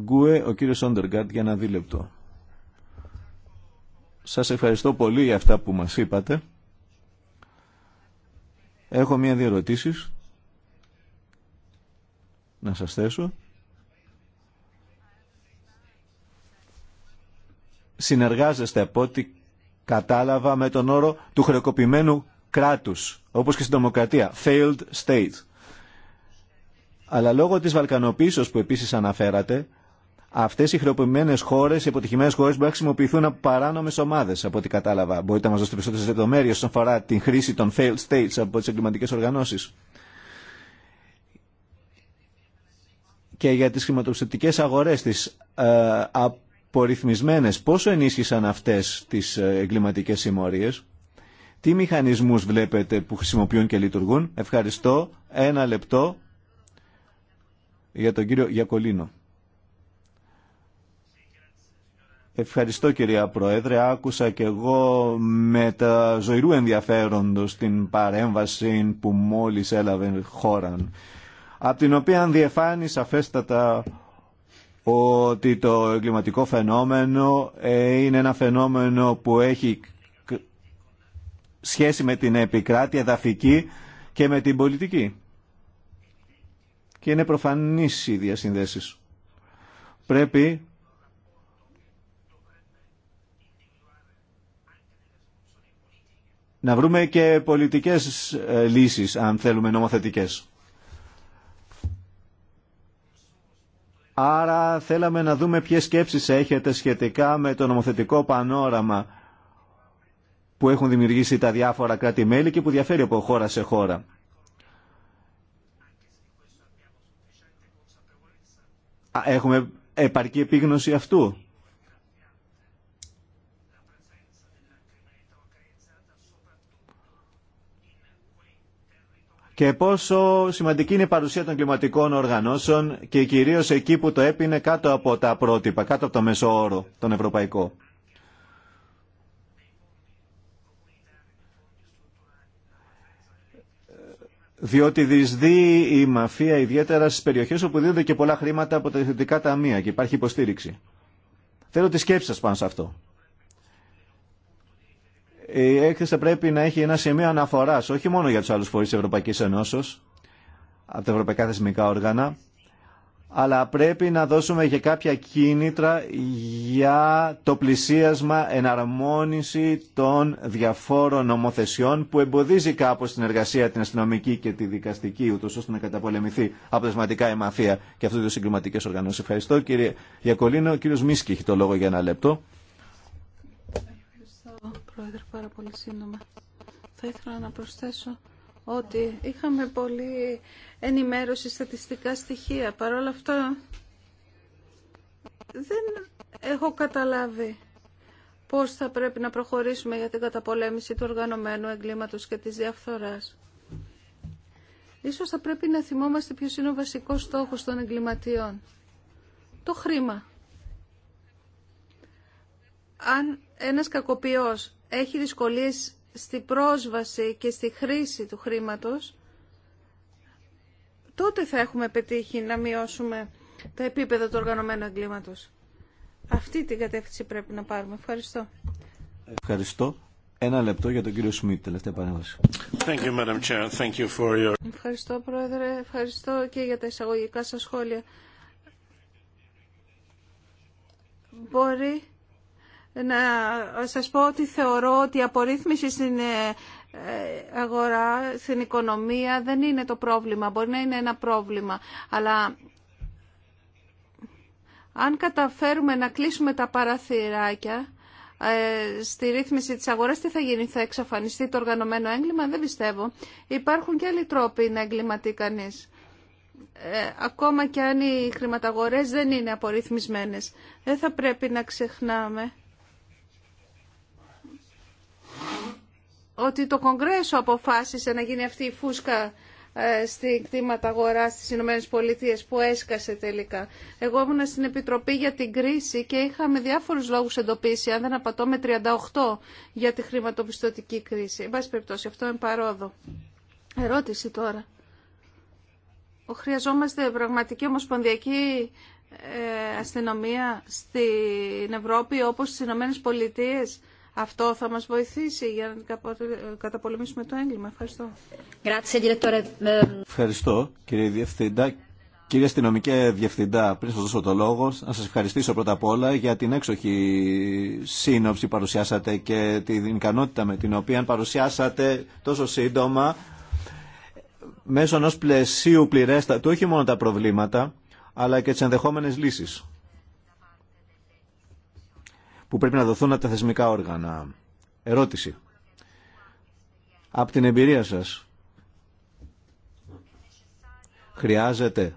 Γκουε, ο κύριος Σόντεργκάρτ για ένα δίλεπτο. Σας ευχαριστώ πολύ για αυτά που μας είπατε. Έχω μία δύο να σας θέσω. Συνεργάζεστε από ό,τι κατάλαβα με τον όρο του χρεοκοπημένου κράτους, όπως και στην δημοκρατία, failed state. Αλλά λόγω της βαλκανοποίησης που επίσης αναφέρατε, Αυτέ οι χρεοποιημένε χώρε, οι αποτυχημένε χώρε μπορεί να χρησιμοποιηθούν από παράνομε ομάδε, από ό,τι κατάλαβα. Μπορείτε να μα δώσετε περισσότερε λεπτομέρειε όσον αφορά την χρήση των failed states από τι εγκληματικέ οργανώσει. Και για τι χρηματοπιστωτικέ αγορέ, τι ε, απορριθμισμένε, πόσο ενίσχυσαν αυτέ τι ε, εγκληματικέ συμμορίε. Τι μηχανισμούς βλέπετε που χρησιμοποιούν και λειτουργούν. Ευχαριστώ. Ένα λεπτό για τον κύριο Γιακολίνο. Ευχαριστώ κυρία Πρόεδρε. Άκουσα και εγώ με τα ζωηρού ενδιαφέροντος την παρέμβαση που μόλις έλαβε χώρα. Από την οποία διεφάνει σαφέστατα ότι το εγκληματικό φαινόμενο είναι ένα φαινόμενο που έχει σχέση με την επικράτεια δαφική και με την πολιτική. Και είναι προφανής οι διασυνδέσεις. Πρέπει να βρούμε και πολιτικές ε, λύσεις αν θέλουμε νομοθετικές. Άρα θέλαμε να δούμε ποιες σκέψεις έχετε σχετικά με το νομοθετικό πανόραμα που έχουν δημιουργήσει τα διάφορα κράτη-μέλη και που διαφέρει από χώρα σε χώρα. Έχουμε επαρκή επίγνωση αυτού. και πόσο σημαντική είναι η παρουσία των κλιματικών οργανώσεων και κυρίως εκεί που το έπινε κάτω από τα πρότυπα, κάτω από το μέσο τον ευρωπαϊκό. διότι δυσδύει η μαφία ιδιαίτερα στις περιοχές όπου δίδονται και πολλά χρήματα από τα ιδιωτικά ταμεία και υπάρχει υποστήριξη. Θέλω τη σκέψη σας πάνω σε αυτό η έκθεση πρέπει να έχει ένα σημείο αναφορά, όχι μόνο για του άλλου φορεί τη Ευρωπαϊκή Ενώσεω, από τα ευρωπαϊκά θεσμικά όργανα, αλλά πρέπει να δώσουμε και κάποια κίνητρα για το πλησίασμα εναρμόνιση των διαφόρων νομοθεσιών που εμποδίζει κάπως την εργασία την αστυνομική και τη δικαστική ούτως ώστε να καταπολεμηθεί αποτελεσματικά η μαφία και αυτού του συγκληματικές οργανώσεις. Ευχαριστώ κύριε Γιακολίνο. Ο κύριος Μίσκη έχει το λόγο για ένα λεπτό. Πρόεδρε, πάρα πολύ σύντομα. Θα ήθελα να προσθέσω ότι είχαμε πολύ ενημέρωση στατιστικά στοιχεία. Παρ' όλα αυτά δεν έχω καταλάβει πώς θα πρέπει να προχωρήσουμε για την καταπολέμηση του οργανωμένου εγκλήματος και της διαφθοράς. Ίσως θα πρέπει να θυμόμαστε ποιος είναι ο βασικός στόχος των εγκληματιών. Το χρήμα αν ένας κακοποιός έχει δυσκολίες στη πρόσβαση και στη χρήση του χρήματος, τότε θα έχουμε πετύχει να μειώσουμε τα επίπεδα του οργανωμένου εγκλήματος. Αυτή την κατεύθυνση πρέπει να πάρουμε. Ευχαριστώ. Ευχαριστώ. Ένα λεπτό για τον κύριο Σμιτ, τελευταία παρέμβαση. Ευχαριστώ, Πρόεδρε. Ευχαριστώ και για τα εισαγωγικά σας σχόλια. Μπορεί να σας πω ότι θεωρώ ότι η απορρίθμιση στην ε, ε, αγορά, στην οικονομία δεν είναι το πρόβλημα. Μπορεί να είναι ένα πρόβλημα, αλλά αν καταφέρουμε να κλείσουμε τα παραθυράκια ε, στη ρύθμιση της αγοράς, τι θα γίνει, θα εξαφανιστεί το οργανωμένο έγκλημα, δεν πιστεύω. Υπάρχουν και άλλοι τρόποι να εγκληματεί κανείς. ακόμα και αν οι χρηματαγορές δεν είναι απορριθμισμένες. Δεν θα πρέπει να ξεχνάμε ότι το Κογκρέσο αποφάσισε να γίνει αυτή η φούσκα ε, στην κτήματα αγορά στι Ηνωμένες Πολιτείες που έσκασε τελικά. Εγώ ήμουν στην Επιτροπή για την κρίση και είχαμε διάφορους λόγους εντοπίσει, αν δεν απατώ με 38, για τη χρηματοπιστωτική κρίση. Εν πάση περιπτώσει, αυτό είναι παρόδο. Ερώτηση τώρα. Χρειαζόμαστε πραγματική ομοσπονδιακή ε, αστυνομία στην Ευρώπη όπως στις Ηνωμένες Πολιτείες αυτό θα μας βοηθήσει για να καταπολεμήσουμε το έγκλημα. Ευχαριστώ. Ευχαριστώ κύριε Διευθυντά. Κύριε Αστυνομικέ Διευθυντά, πριν σας δώσω το λόγο, να σας ευχαριστήσω πρώτα απ' όλα για την έξοχη σύνοψη παρουσιάσατε και την ικανότητα με την οποία παρουσιάσατε τόσο σύντομα μέσω ενός πλαισίου πληρέστατου όχι μόνο τα προβλήματα, αλλά και τις ενδεχόμενες λύσεις που πρέπει να δοθούν από τα θεσμικά όργανα. Ερώτηση. Από την εμπειρία σας, χρειάζεται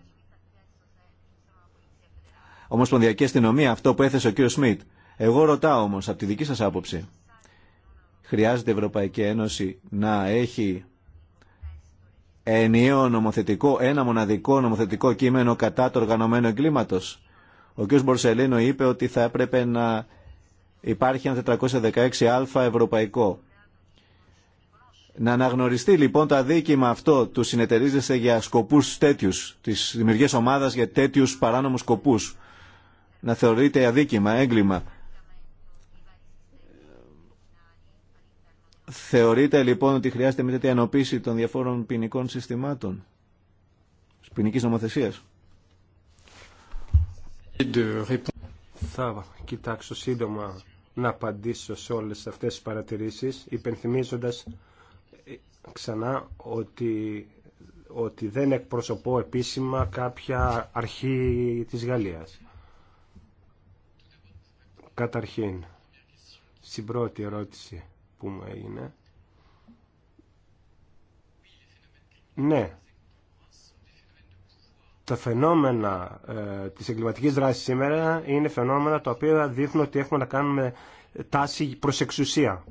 ομοσπονδιακή αστυνομία αυτό που έθεσε ο κύριος Σμιτ. Εγώ ρωτάω όμως, από τη δική σας άποψη, χρειάζεται η Ευρωπαϊκή Ένωση να έχει ενιαίο νομοθετικό, ένα μοναδικό νομοθετικό κείμενο κατά το οργανωμένο εγκλήματος. Ο κ. Μπορσελίνο είπε ότι θα έπρεπε να Υπάρχει ένα 416α ευρωπαϊκό. Να αναγνωριστεί λοιπόν το αδίκημα αυτό του συνεταιρίζεσαι για σκοπούς τέτοιου, της δημιουργία ομάδας για τέτοιου παράνομους σκοπούς. Να θεωρείται αδίκημα, έγκλημα. Θεωρείται λοιπόν ότι χρειάζεται μια τέτοια ενοποίηση των διαφόρων ποινικών συστημάτων τη ποινική νομοθεσία. Θα κοιτάξω σύντομα να απαντήσω σε όλες αυτές τις παρατηρήσεις, υπενθυμίζοντας ε, ξανά ότι, ότι δεν εκπροσωπώ επίσημα κάποια αρχή της Γαλλίας. Καταρχήν, στην πρώτη ερώτηση που μου έγινε, ναι, τα φαινόμενα ε, της εγκληματικής δράσης σήμερα είναι φαινόμενα τα οποία δείχνουν ότι έχουμε να κάνουμε τάση προς εξουσία.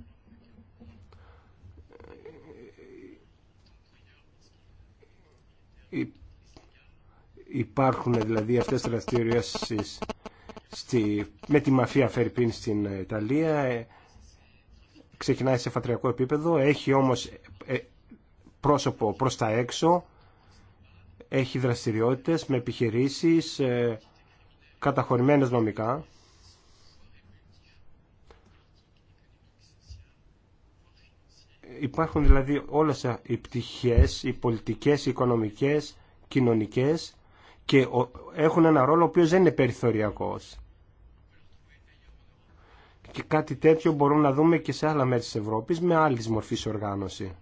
Υπάρχουν δηλαδή αυτές τις δραστηριότητες στη, με τη μαφία Φερπίν στην Ιταλία. Ξεκινάει σε φατριακό επίπεδο, έχει όμως πρόσωπο προς τα έξω έχει δραστηριότητες με επιχειρήσεις ε, καταχωρημένες νομικά υπάρχουν δηλαδή όλες οι πτυχές, οι πολιτικές, οι οικονομικές, κοινωνικές και έχουν ένα ρόλο ο οποίος δεν είναι περιθωριακός. Και κάτι τέτοιο μπορούμε να δούμε και σε άλλα μέρη της Ευρώπης με άλλη μορφή οργάνωση.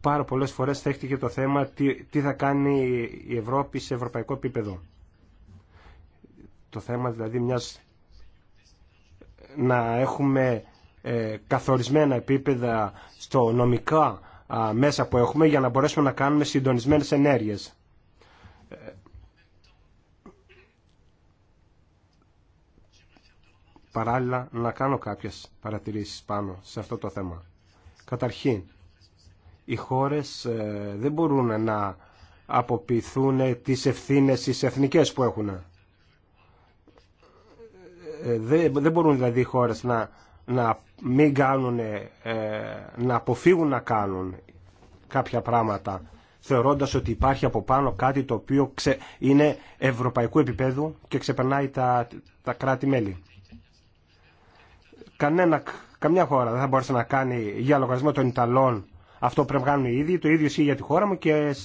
πάρα πολλές φορές θέχτηκε το θέμα τι, θα κάνει η Ευρώπη σε ευρωπαϊκό επίπεδο. Το θέμα δηλαδή μιας να έχουμε ε, καθορισμένα επίπεδα στο νομικά μέσα που έχουμε για να μπορέσουμε να κάνουμε συντονισμένες ενέργειες. Ε, παράλληλα να κάνω κάποιες παρατηρήσεις πάνω σε αυτό το θέμα. Καταρχήν, οι χώρες ε, δεν μπορούν να αποποιηθούν τις ευθύνες τις εθνικές που έχουν. Ε, δεν μπορούν δηλαδή οι χώρες να, να μην κάνουν, ε, να αποφύγουν να κάνουν κάποια πράγματα θεωρώντας ότι υπάρχει από πάνω κάτι το οποίο είναι ευρωπαϊκού επίπεδου και ξεπερνάει τα, τα κράτη-μέλη. Κανένα, καμιά χώρα δεν θα μπορούσε να κάνει για λογαριασμό των Ιταλών αυτό πρέπει να κάνουν οι ίδιοι, το ίδιο ισχύει για τη χώρα μου και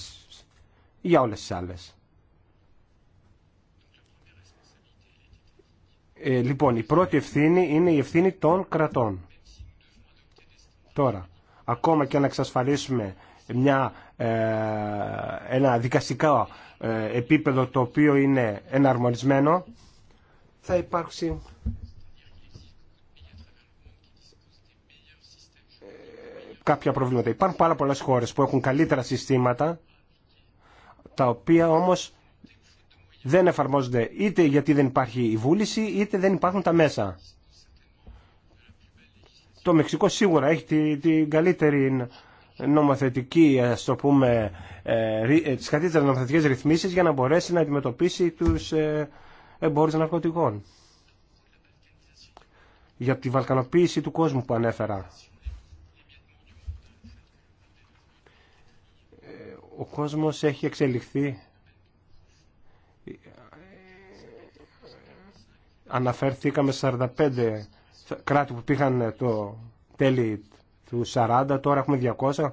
για όλες τις άλλες. Ε, λοιπόν, η πρώτη ευθύνη είναι η ευθύνη των κρατών. Τώρα, ακόμα και να εξασφαλίσουμε μια, ε, ένα δικαστικό ε, επίπεδο το οποίο είναι εναρμονισμένο, θα υπάρξει κάποια προβλήματα. Υπάρχουν πάρα πολλές χώρες που έχουν καλύτερα συστήματα, τα οποία όμως δεν εφαρμόζονται είτε γιατί δεν υπάρχει η βούληση, είτε δεν υπάρχουν τα μέσα. Το Μεξικό σίγουρα έχει την καλύτερη νομοθετική, ας πούμε, ε, ε, τις καλύτερες νομοθετικές ρυθμίσεις για να μπορέσει να αντιμετωπίσει τους ε, εμπόρους ναρκωτικών. Για τη βαλκανοποίηση του κόσμου που ανέφερα. ο κόσμος έχει εξελιχθεί. Αναφέρθηκαμε 45 κράτη που πήγαν το τέλη του 40, τώρα έχουμε 200.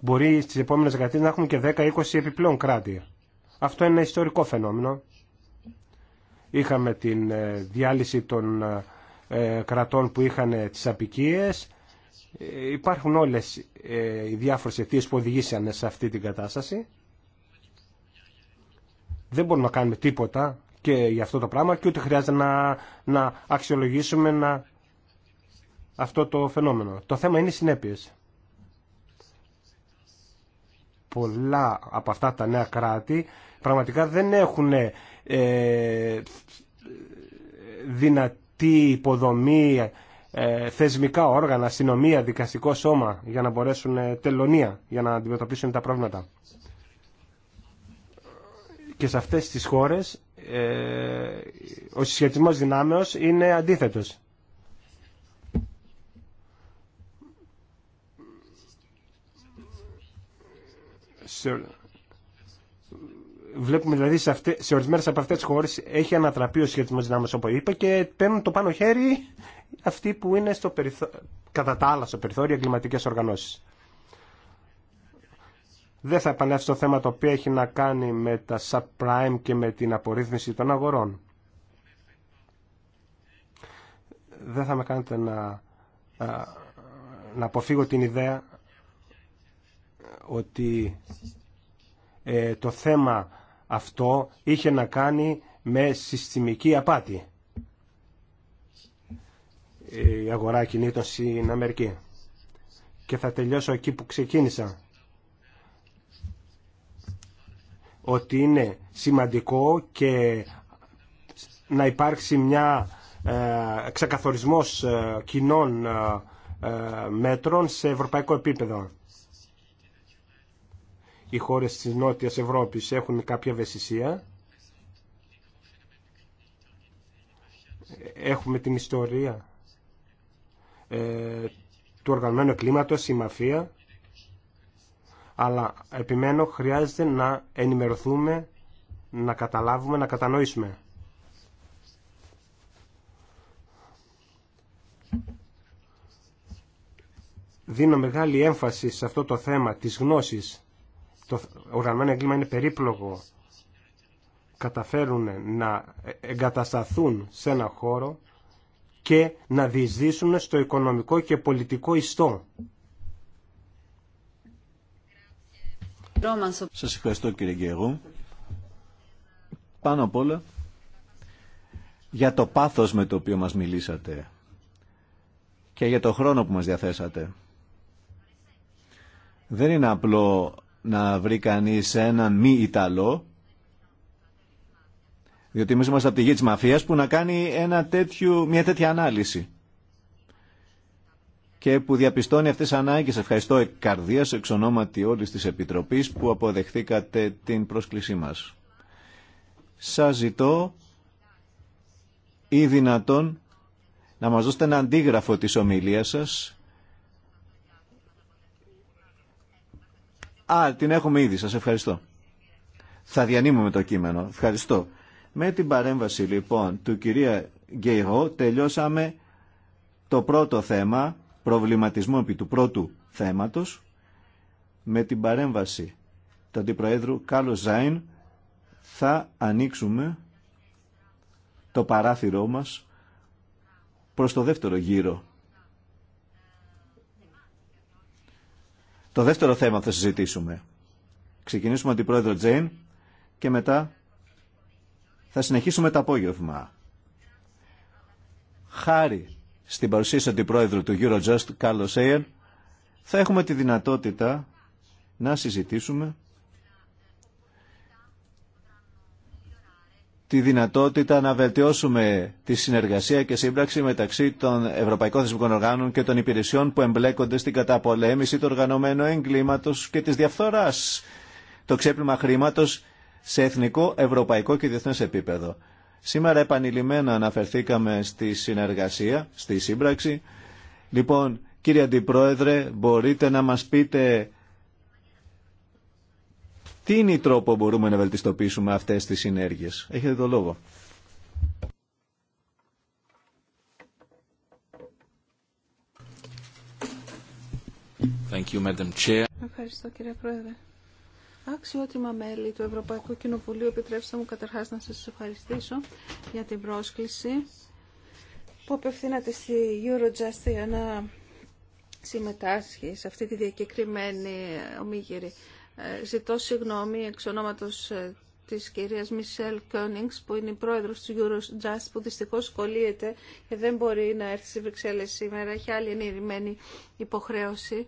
Μπορεί στις επόμενες δεκαετίες να έχουμε και 10-20 επιπλέον κράτη. Αυτό είναι ένα ιστορικό φαινόμενο. Είχαμε την ε, διάλυση των ε, κρατών που είχαν ε, τις απικίες Υπάρχουν όλες ε, οι διάφορες αιτίες που οδηγήσαν σε αυτή την κατάσταση. Δεν μπορούμε να κάνουμε τίποτα και για αυτό το πράγμα και ούτε χρειάζεται να, να αξιολογήσουμε να... αυτό το φαινόμενο. Το θέμα είναι οι συνέπειες. Πολλά από αυτά τα νέα κράτη πραγματικά δεν έχουν ε, δυνατή υποδομή ε, θεσμικά όργανα, αστυνομία, δικαστικό σώμα για να μπορέσουν ε, τελωνία για να αντιμετωπίσουν τα πρόβληματα. Και σε αυτές τις χώρες ε, ο συσχετισμός δυνάμεως είναι αντίθετος. Βλέπουμε δηλαδή σε, αυτές, σε ορισμένες από αυτές τις χώρες έχει ανατραπεί ο συσχετισμός δυνάμεως όπως είπα και παίρνουν το πάνω χέρι αυτοί που είναι στο περιθώ... κατά τα άλλα στο περιθώριο εγκληματικέ οργανώσεις. Δεν θα επανέλθω στο θέμα το οποίο έχει να κάνει με τα subprime και με την απορρίθμιση των αγορών. Δεν θα με κάνετε να, να αποφύγω την ιδέα ότι ε, το θέμα αυτό είχε να κάνει με συστημική απάτη η αγορά κινήτων στην Αμερική. Και θα τελειώσω εκεί που ξεκίνησα. Ότι είναι σημαντικό και να υπάρξει μια ε, ξεκαθορισμός ε, κοινών ε, ε, μέτρων σε ευρωπαϊκό επίπεδο. Οι χώρες της Νότιας Ευρώπης έχουν κάποια ευαισθησία. Έχουμε την ιστορία ε, του οργανωμένου κλίματος, η μαφία, αλλά επιμένω χρειάζεται να ενημερωθούμε, να καταλάβουμε, να κατανοήσουμε. Δίνω μεγάλη έμφαση σε αυτό το θέμα της γνώσης. Το οργανωμένο κλίμα είναι περίπλογο. Καταφέρουν να εγκατασταθούν σε ένα χώρο και να διεισδύσουν στο οικονομικό και πολιτικό ιστό. Σας ευχαριστώ κύριε Γκέγου. Πάνω απ' όλα για το πάθος με το οποίο μας μιλήσατε και για το χρόνο που μας διαθέσατε. Δεν είναι απλό να βρει κανείς έναν μη Ιταλό διότι εμείς είμαστε από τη γη της μαφίας, που να κάνει ένα τέτοιο, μια τέτοια ανάλυση και που διαπιστώνει αυτές τις ανάγκες. Ευχαριστώ εκ καρδίας, εξ ονόματι όλης της Επιτροπής που αποδεχθήκατε την πρόσκλησή μας. Σας ζητώ ή δυνατόν να μας δώσετε ένα αντίγραφο της ομιλίας σας. Α, την έχουμε ήδη. Σας ευχαριστώ. Θα διανύμουμε το κείμενο. Ευχαριστώ. Με την παρέμβαση λοιπόν του κυρία Γκέιγο τελειώσαμε το πρώτο θέμα, προβληματισμό επί του πρώτου θέματος, με την παρέμβαση του Αντιπροέδρου Κάλλος Ζάιν θα ανοίξουμε το παράθυρό μας προς το δεύτερο γύρο. Το δεύτερο θέμα θα συζητήσουμε. Ξεκινήσουμε την πρόεδρο Τζέιν και μετά θα συνεχίσουμε το απόγευμα. Χάρη στην παρουσίαση του πρόεδρου του Eurojust, Κάρλο Σέιερ, θα έχουμε τη δυνατότητα να συζητήσουμε τη δυνατότητα να βελτιώσουμε τη συνεργασία και σύμπραξη μεταξύ των Ευρωπαϊκών Θεσμικών Οργάνων και των υπηρεσιών που εμπλέκονται στην καταπολέμηση του οργανωμένου εγκλήματος και της διαφθοράς, το ξέπλυμα χρήματος σε εθνικό, ευρωπαϊκό και διεθνές επίπεδο. Σήμερα επανειλημμένα αναφερθήκαμε στη συνεργασία, στη σύμπραξη. Λοιπόν, κύριε Αντιπρόεδρε, μπορείτε να μας πείτε τι είναι η τρόπο μπορούμε να βελτιστοποιήσουμε αυτές τις συνέργειες. Έχετε το λόγο. Thank you, Madam Chair. Ευχαριστώ κύριε Πρόεδρε. Αξιότιμα μέλη του Ευρωπαϊκού Κοινοβουλίου, επιτρέψτε μου καταρχάς να σας ευχαριστήσω για την πρόσκληση που απευθύνατε στη Eurojust για να συμμετάσχει σε αυτή τη διακεκριμένη ομίγυρη. Ε, ζητώ συγγνώμη εξ ονόματος ε, της κυρίας Μισελ Κόνιγκς που είναι η πρόεδρος του Eurojust που δυστυχώς κολλείεται και δεν μπορεί να έρθει στη Βρυξέλλες σήμερα. Έχει άλλη ενηρημένη υποχρέωση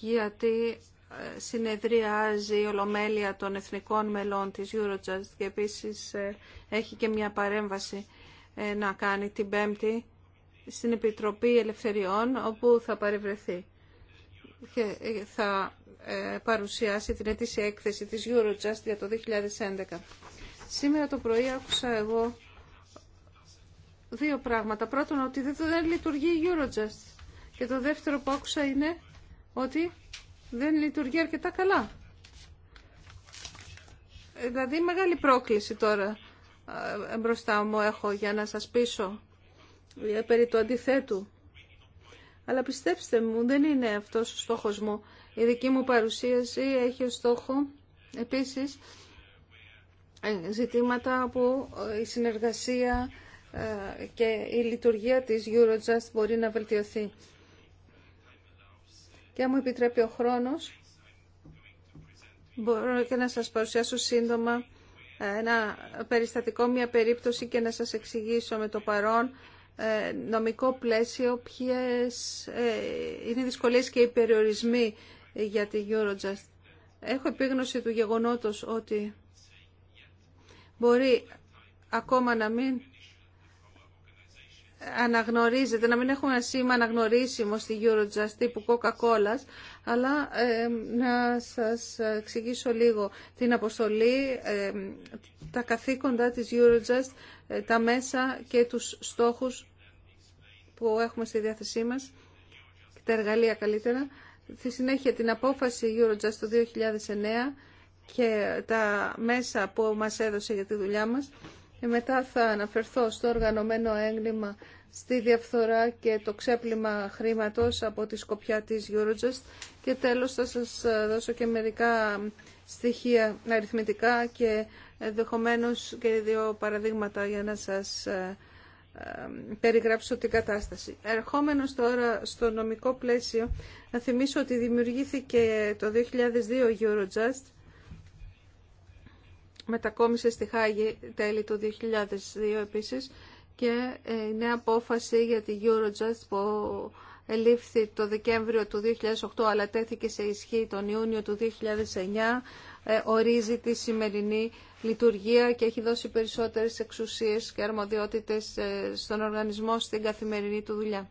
γιατί συνεδριάζει η Ολομέλεια των Εθνικών Μελών της Eurojust και επίσης ε, έχει και μια παρέμβαση ε, να κάνει την Πέμπτη στην Επιτροπή Ελευθεριών όπου θα παρευρεθεί και ε, θα παρουσιάσει την ετήσια έκθεση της Eurojust για το 2011. Σήμερα το πρωί άκουσα εγώ δύο πράγματα. Πρώτον ότι δεν λειτουργεί η Eurojust και το δεύτερο που άκουσα είναι ότι δεν λειτουργεί αρκετά καλά. Δηλαδή μεγάλη πρόκληση τώρα ε, μπροστά μου έχω για να σας πείσω ε, περί του αντιθέτου. Αλλά πιστέψτε μου, δεν είναι αυτός ο στόχος μου. Η δική μου παρουσίαση έχει ως στόχο επίσης ε, ζητήματα που η συνεργασία και η λειτουργία της Eurojust μπορεί να βελτιωθεί. Και αν μου επιτρέπει ο χρόνος, μπορώ και να σας παρουσιάσω σύντομα ε, ένα περιστατικό, μια περίπτωση και να σας εξηγήσω με το παρόν ε, νομικό πλαίσιο ποιες ε, είναι οι δυσκολίες και οι περιορισμοί για τη Eurojust. Έχω επίγνωση του γεγονότος ότι μπορεί ακόμα να μην αναγνωρίζεται, να μην έχουμε ένα σήμα αναγνωρίσιμο στη Eurojust τύπου Coca-Cola, αλλά ε, να σας εξηγήσω λίγο την αποστολή, τα καθήκοντα της Eurojust, ε, τα μέσα και τους στόχους που έχουμε στη διάθεσή μας, και τα εργαλεία καλύτερα. Στη συνέχεια την απόφαση Eurojust το 2009 και τα μέσα που μας έδωσε για τη δουλειά μας ε, μετά θα αναφερθώ στο οργανωμένο έγκλημα, στη διαφθορά και το ξέπλυμα χρήματος από τη σκοπιά της Eurojust και τέλος θα σας ε, δώσω και μερικά στοιχεία αριθμητικά και ενδεχομένω και δύο παραδείγματα για να σας ε, περιγράψω την κατάσταση. Ερχόμενος τώρα στο νομικό πλαίσιο, να θυμίσω ότι δημιουργήθηκε το 2002 Eurojust μετακόμισε στη Χάγη τέλη του 2002 επίσης και ε, η νέα απόφαση για τη Eurojust που ελήφθη το Δεκέμβριο του 2008 αλλά τέθηκε σε ισχύ τον Ιούνιο του 2009 ε, ορίζει τη σημερινή λειτουργία και έχει δώσει περισσότερες εξουσίες και αρμοδιότητες ε, στον οργανισμό στην καθημερινή του δουλειά.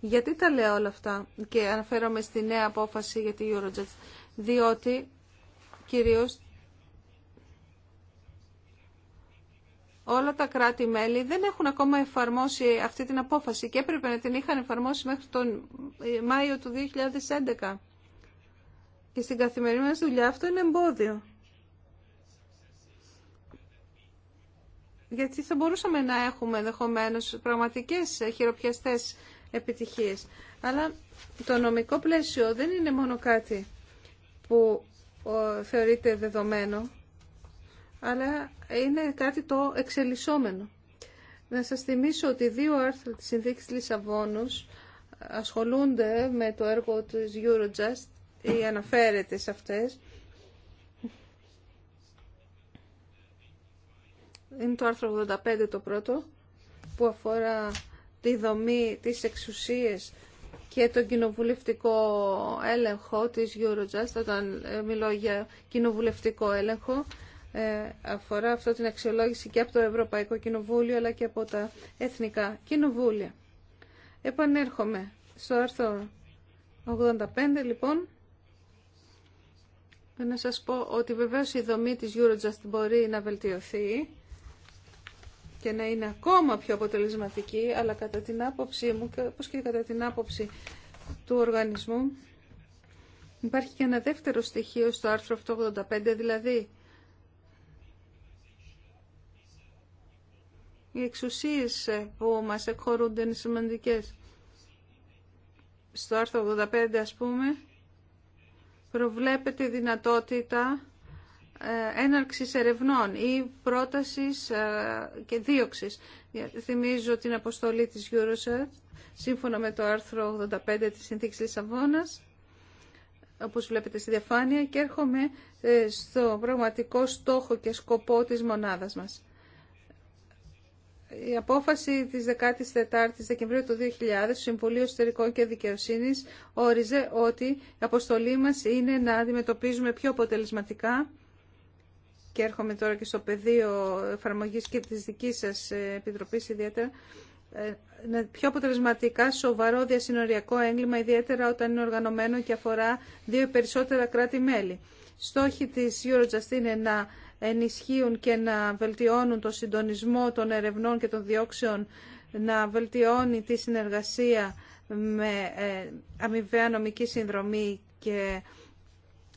Γιατί τα λέω όλα αυτά και αναφέρομαι στη νέα απόφαση για τη Eurojust. Διότι κυρίως όλα τα κράτη-μέλη δεν έχουν ακόμα εφαρμόσει αυτή την απόφαση και έπρεπε να την είχαν εφαρμόσει μέχρι τον Μάιο του 2011. Και στην καθημερινή μας δουλειά αυτό είναι εμπόδιο. Γιατί θα μπορούσαμε να έχουμε ενδεχομένω πραγματικές χειροπιαστές επιτυχίες. Αλλά το νομικό πλαίσιο δεν είναι μόνο κάτι που ε, θεωρείται δεδομένο αλλά είναι κάτι το εξελισσόμενο. Να σας θυμίσω ότι δύο άρθρα της Συνθήκης Λισαβόνος ασχολούνται με το έργο της Eurojust ή αναφέρεται σε αυτές. Είναι το άρθρο 85 το πρώτο που αφορά τη δομή της εξουσίες και τον κοινοβουλευτικό έλεγχο της Eurojust όταν ε, μιλώ για κοινοβουλευτικό έλεγχο ε, αφορά αυτό την αξιολόγηση και από το Ευρωπαϊκό Κοινοβούλιο αλλά και από τα Εθνικά Κοινοβούλια. Επανέρχομαι στο άρθρο 85 λοιπόν. Να σας πω ότι βεβαίως η δομή της Eurojust μπορεί να βελτιωθεί και να είναι ακόμα πιο αποτελεσματική, αλλά κατά την άποψή μου, και όπως και κατά την άποψη του οργανισμού, υπάρχει και ένα δεύτερο στοιχείο στο άρθρο 85, δηλαδή οι εξουσίες που μας εκχωρούνται είναι σημαντικές. Στο άρθρο 85 ας πούμε προβλέπεται δυνατότητα ε, έναρξης ερευνών ή πρότασης ε, και δίωξης. Θυμίζω την αποστολή της Eurosat σύμφωνα με το άρθρο 85 της Συνθήκης Λισαβόνας όπως βλέπετε στη διαφάνεια και έρχομαι ε, στο πραγματικό στόχο και σκοπό της μονάδας μας η απόφαση της 14ης Δεκεμβρίου του 2000 του Συμβουλίου Εσωτερικών και Δικαιοσύνης όριζε ότι η αποστολή μας είναι να αντιμετωπίζουμε πιο αποτελεσματικά και έρχομαι τώρα και στο πεδίο εφαρμογή και της δικής σας ε, επιτροπής ιδιαίτερα ε, πιο αποτελεσματικά σοβαρό διασυνοριακό έγκλημα ιδιαίτερα όταν είναι οργανωμένο και αφορά δύο περισσότερα κράτη-μέλη. Στόχοι της Eurojust είναι να ενισχύουν και να βελτιώνουν το συντονισμό των ερευνών και των διώξεων, να βελτιώνει τη συνεργασία με ε, αμοιβαία νομική συνδρομή και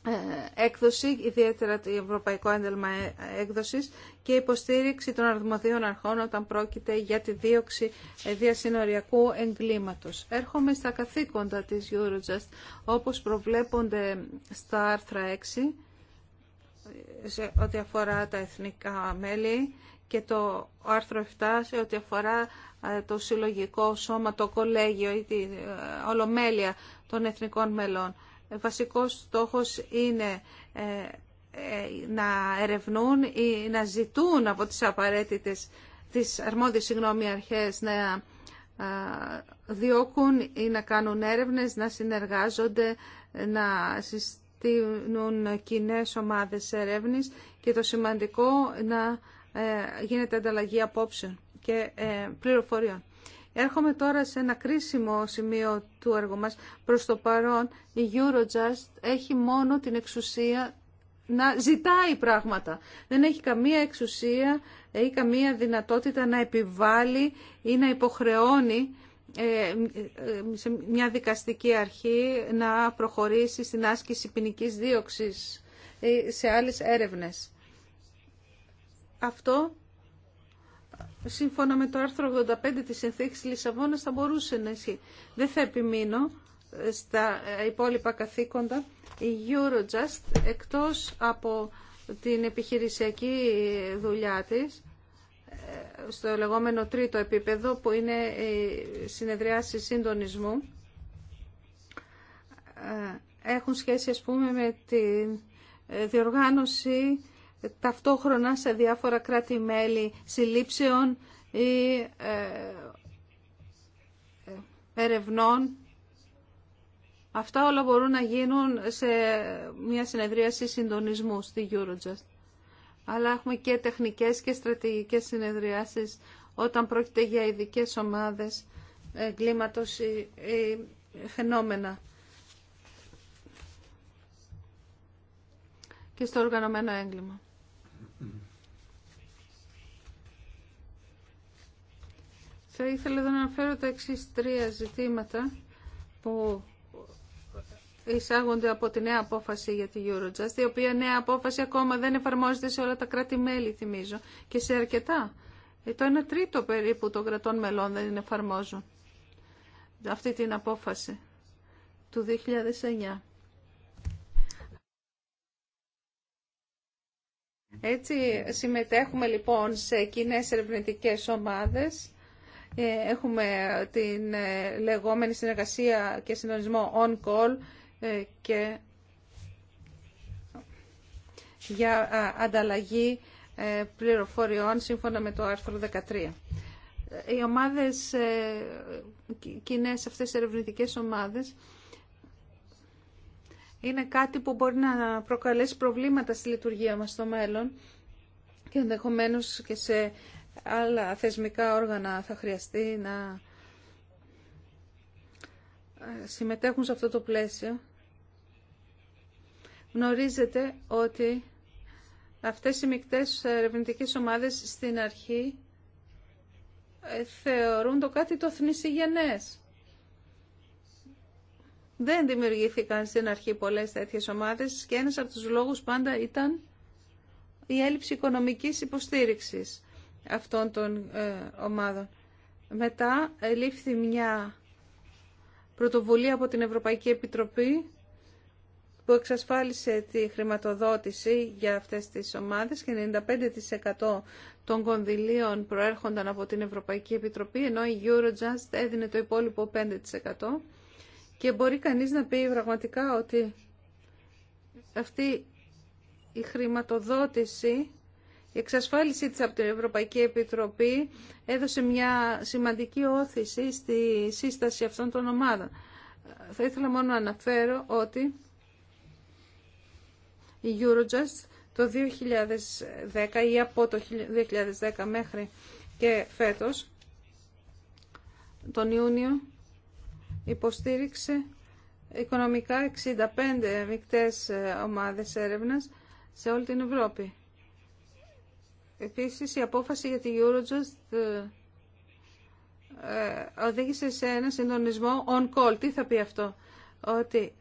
ε, έκδοση, ιδιαίτερα το Ευρωπαϊκό Ένταλμα ε, Έκδοσης και υποστήριξη των αρμοδίων αρχών όταν πρόκειται για τη δίωξη διασυνοριακού εγκλήματος. Έρχομαι στα καθήκοντα της Eurojust, όπως προβλέπονται στα άρθρα 6 σε ό,τι αφορά τα εθνικά μέλη και το άρθρο 7 σε ό,τι αφορά ε, το συλλογικό σώμα, το κολέγιο ή την ε, ολομέλεια των εθνικών μελών. Ε, βασικός στόχος είναι να ερευνούν ή να ζητούν από τις απαραίτητες, τις αρμόδιες συγγνώμη αρχές να διώκουν ή να κάνουν έρευνες, να συνεργάζονται, να συστήνουν τινούν κοινέ ομάδες ερεύνης και το σημαντικό να ε, γίνεται ανταλλαγή απόψεων και ε, πληροφοριών. Έρχομαι τώρα σε ένα κρίσιμο σημείο του έργου μας. Προς το παρόν η Eurojust έχει μόνο την εξουσία να ζητάει πράγματα. Δεν έχει καμία εξουσία ή καμία δυνατότητα να επιβάλλει ή να υποχρεώνει ε, ε, σε μια δικαστική αρχή να προχωρήσει στην άσκηση ποινική δίωξης ε, σε άλλες έρευνες. Αυτό, σύμφωνα με το άρθρο 85 της Συνθήκης Λισαβόνας, θα μπορούσε να ισχύει. Δεν θα επιμείνω στα υπόλοιπα καθήκοντα. Η Eurojust, εκτός από την επιχειρησιακή δουλειά της, στο λεγόμενο τρίτο επίπεδο που είναι οι συνεδριάση συντονισμού ε, έχουν σχέση ας πούμε με τη ε, διοργάνωση ταυτόχρονα σε διάφορα κράτη-μέλη συλλήψεων ή ε, ερευνών. Αυτά όλα μπορούν να γίνουν σε μια συνεδρίαση συντονισμού στη Eurojust αλλά έχουμε και τεχνικές και στρατηγικές συνεδριάσεις όταν πρόκειται για ειδικέ ομάδες εγκλήματος ή, ε, ή ε, φαινόμενα. Και στο οργανωμένο έγκλημα. Θα ήθελα εδώ να αναφέρω τα εξή τρία ζητήματα που εισάγονται από τη νέα απόφαση για τη Eurojust, η οποία νέα απόφαση ακόμα δεν εφαρμόζεται σε όλα τα κράτη-μέλη, θυμίζω, και σε αρκετά. Ε, το 1 τρίτο περίπου των κρατών μελών δεν εφαρμόζουν αυτή την απόφαση του 2009. Έτσι συμμετέχουμε λοιπόν σε κοινέ ερευνητικέ ομάδες. Ε, έχουμε την ε, λεγόμενη συνεργασία και συντονισμό on-call ε, και για ανταλλαγή ε, πληροφοριών σύμφωνα με το άρθρο 13. Ε, οι ομάδες, κοινέ αυτές οι ερευνητικές ομάδες, είναι κάτι που μπορεί να προκαλέσει προβλήματα στη λειτουργία μας στο μέλλον και ενδεχομένω και σε άλλα θεσμικά όργανα θα χρειαστεί να συμμετέχουν σε αυτό το πλαίσιο Γνωρίζετε ότι αυτές οι μικτές ερευνητικέ ομάδες στην αρχή ε, θεωρούν το κάτι το θνησιγενές. Δεν δημιουργήθηκαν στην αρχή πολλές τέτοιες ομάδες και ένας από τους λόγους πάντα ήταν η έλλειψη οικονομικής υποστήριξης αυτών των ε, ομάδων. Μετά λήφθη μια πρωτοβουλία από την Ευρωπαϊκή Επιτροπή που εξασφάλισε τη χρηματοδότηση για αυτές τις ομάδες και 95% των κονδυλίων προέρχονταν από την Ευρωπαϊκή Επιτροπή, ενώ η Eurojust έδινε το υπόλοιπο 5%. Και μπορεί κανείς να πει πραγματικά ότι αυτή η χρηματοδότηση, η εξασφάλιση της από την Ευρωπαϊκή Επιτροπή έδωσε μια σημαντική όθηση στη σύσταση αυτών των ομάδων. Θα ήθελα μόνο να αναφέρω ότι η Eurojust το 2010 ή από το 2010 μέχρι και φέτος, τον Ιούνιο, υποστήριξε οικονομικά 65 μικτές ε, ομάδες έρευνας σε όλη την Ευρώπη. Επίσης, η απόφαση για τη Eurojust ε, ε, οδήγησε σε ένα συντονισμό on-call. Τι θα πει αυτό? Ότι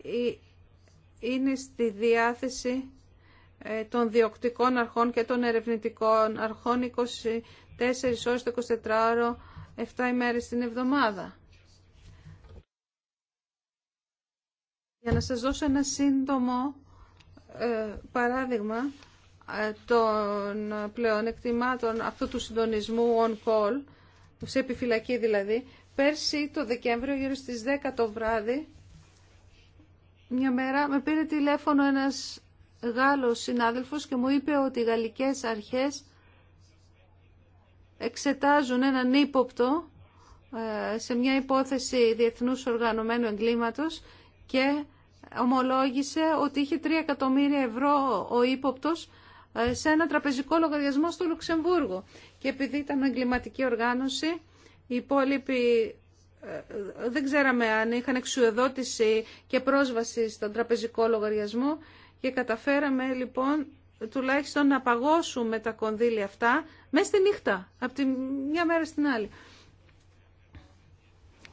είναι στη διάθεση ε, των διοκτικών αρχών και των ερευνητικών αρχών 24 ώρες το 24ωρο, 7 ημέρες την εβδομάδα. Για να σας δώσω ένα σύντομο ε, παράδειγμα ε, των εκτιμάτων αυτού του συντονισμού on call, σε επιφυλακή δηλαδή, πέρσι το Δεκέμβριο γύρω στις 10 το βράδυ μια μέρα με πήρε τηλέφωνο ένας Γάλλος συνάδελφος και μου είπε ότι οι γαλλικές αρχές εξετάζουν έναν ύποπτο ε, σε μια υπόθεση διεθνούς οργανωμένου εγκλήματος και ομολόγησε ότι είχε 3 εκατομμύρια ευρώ ο ύποπτος ε, σε ένα τραπεζικό λογαριασμό στο Λουξεμβούργο. Και επειδή ήταν εγκληματική οργάνωση, οι υπόλοιποι ε, δεν ξέραμε αν είχαν εξουεδότηση και πρόσβαση στον τραπεζικό λογαριασμό και καταφέραμε λοιπόν τουλάχιστον να παγώσουμε τα κονδύλια αυτά μέσα στη νύχτα, από τη μια μέρα στην άλλη.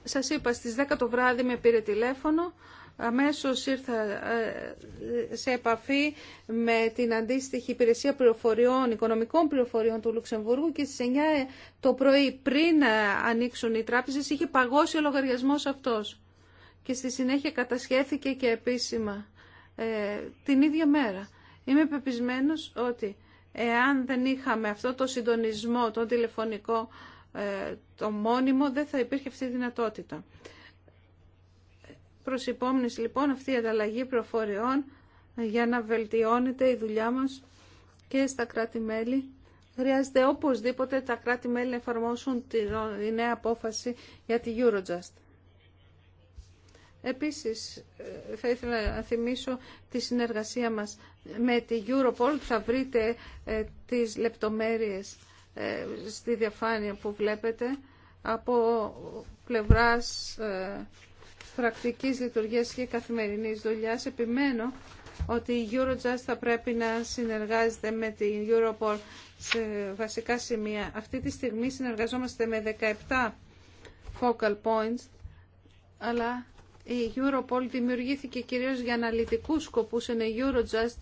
Σας είπα στις 10 το βράδυ με πήρε τηλέφωνο αμέσως ήρθα ε, σε επαφή με την αντίστοιχη υπηρεσία πληροφοριών, οικονομικών πληροφοριών του Λουξεμβούργου και στις 9 ε, το πρωί πριν ε, ανοίξουν οι τράπεζες είχε παγώσει ο λογαριασμός αυτός και στη συνέχεια κατασχέθηκε και επίσημα την ίδια μέρα. Είμαι πεπισμένος ότι εάν δεν είχαμε αυτό το συντονισμό, το τηλεφωνικό, το μόνιμο, δεν θα υπήρχε αυτή η δυνατότητα προς λοιπόν αυτή η ανταλλαγή προφοριών για να βελτιώνεται η δουλειά μας και στα κράτη-μέλη. Χρειάζεται οπωσδήποτε τα κράτη-μέλη να εφαρμόσουν τη νέα απόφαση για τη Eurojust. Επίσης, ε, θα ήθελα να θυμίσω τη συνεργασία μας με τη Europol. Θα βρείτε ε, τις λεπτομέρειες ε, στη διαφάνεια που βλέπετε από πλευράς πρακτικής λειτουργίας και καθημερινής δουλειάς. Επιμένω ότι η Eurojust θα πρέπει να συνεργάζεται με την Europol σε βασικά σημεία. Αυτή τη στιγμή συνεργαζόμαστε με 17 focal points, αλλά η Europol δημιουργήθηκε κυρίως για αναλυτικούς σκοπούς, ενώ η Eurojust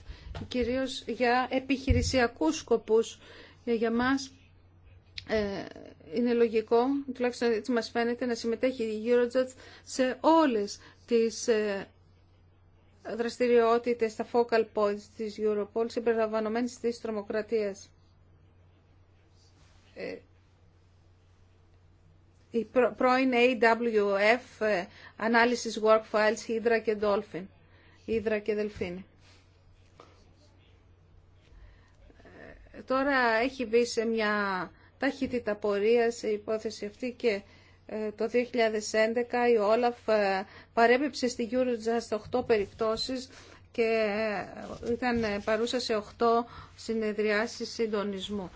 κυρίως για επιχειρησιακούς σκοπούς. Για μας ε, είναι λογικό, τουλάχιστον έτσι μας φαίνεται, να συμμετέχει η Eurojust σε όλες τις ε, δραστηριότητες στα focal points της Europol, συμπεριλαμβανομένης της τρομοκρατίας. Ε, η πρώην AWF, analysis ε, work files, Hydra και Dolphin. Hydra και Τώρα έχει μπει σε μια ταχύτητα πορείας σε υπόθεση αυτή και ε, το 2011 η Όλαφ ε, παρέπεψε στη Eurojust 8 περιπτώσεις και ε, ήταν παρούσα σε 8 συνεδριάσεις συντονισμού.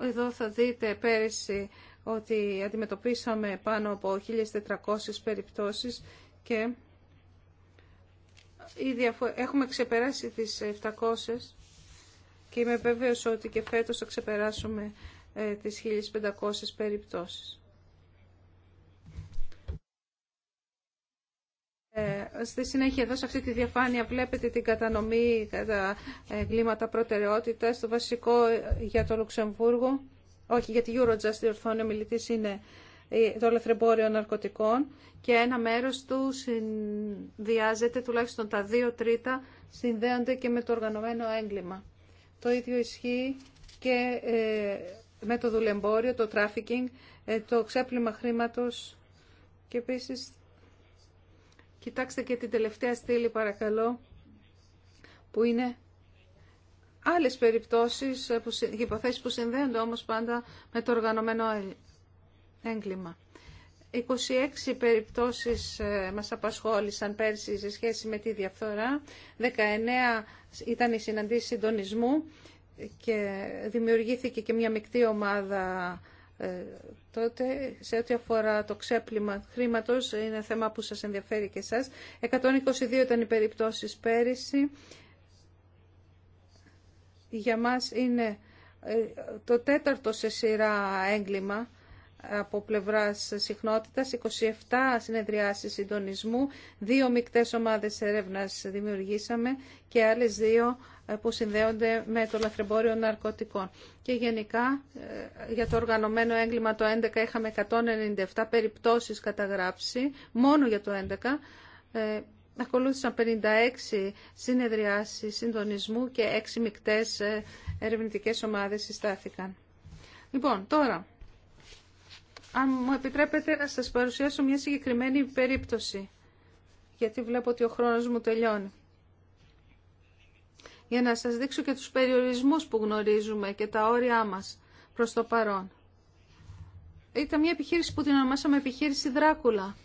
Εδώ θα δείτε πέρυσι ότι αντιμετωπίσαμε πάνω από 1.400 περιπτώσεις και ήδη έχουμε ξεπεράσει τις 700 και είμαι βέβαιος ότι και φέτος θα ξεπεράσουμε ε, τις 1500 περιπτώσεις. Ε, στη συνέχεια εδώ σε αυτή τη διαφάνεια βλέπετε την κατανομή κατά εγκλήματα προτεραιότητας. Το βασικό ε, για το Λουξεμβούργο, όχι για τη Eurojust διορθώνει ο μιλητής είναι το λαθρεμπόριο ναρκωτικών και ένα μέρος του συνδυάζεται, τουλάχιστον τα δύο τρίτα συνδέονται και με το οργανωμένο έγκλημα. Το ίδιο ισχύει και ε, με το δουλεμπόριο, το τράφικινγκ, ε, το ξέπλυμα χρήματος και επίσης κοιτάξτε και την τελευταία στήλη παρακαλώ που είναι άλλες περιπτώσεις, ε, υποθέσεις που συνδέονται όμως πάντα με το οργανωμένο έγκλημα. 26 περιπτώσεις ε, μας απασχόλησαν πέρσι σε σχέση με τη διαφθορά. 19 ήταν οι συναντήσεις συντονισμού και δημιουργήθηκε και μια μεικτή ομάδα ε, τότε σε ό,τι αφορά το ξέπλυμα χρήματος είναι θέμα που σας ενδιαφέρει και εσάς 122 ήταν οι περιπτώσεις πέρυσι για μας είναι ε, το τέταρτο σε σειρά έγκλημα από πλευράς συχνότητας, 27 συνεδριάσεις συντονισμού, δύο μικτές ομάδες έρευνας δημιουργήσαμε και άλλες δύο ε, που συνδέονται με το λαθρεμπόριο ναρκωτικών. Και γενικά ε, για το οργανωμένο έγκλημα το 11 είχαμε 197 περιπτώσεις καταγράψει, μόνο για το 11, ε, Ακολούθησαν 56 συνεδριάσεις συντονισμού και 6 μικτές ερευνητικές ομάδες συστάθηκαν. Λοιπόν, τώρα, αν μου επιτρέπετε να σας παρουσιάσω μια συγκεκριμένη περίπτωση, γιατί βλέπω ότι ο χρόνος μου τελειώνει. Για να σας δείξω και τους περιορισμούς που γνωρίζουμε και τα όρια μας προς το παρόν. Ήταν μια επιχείρηση που την ονομάσαμε επιχείρηση Δράκουλα.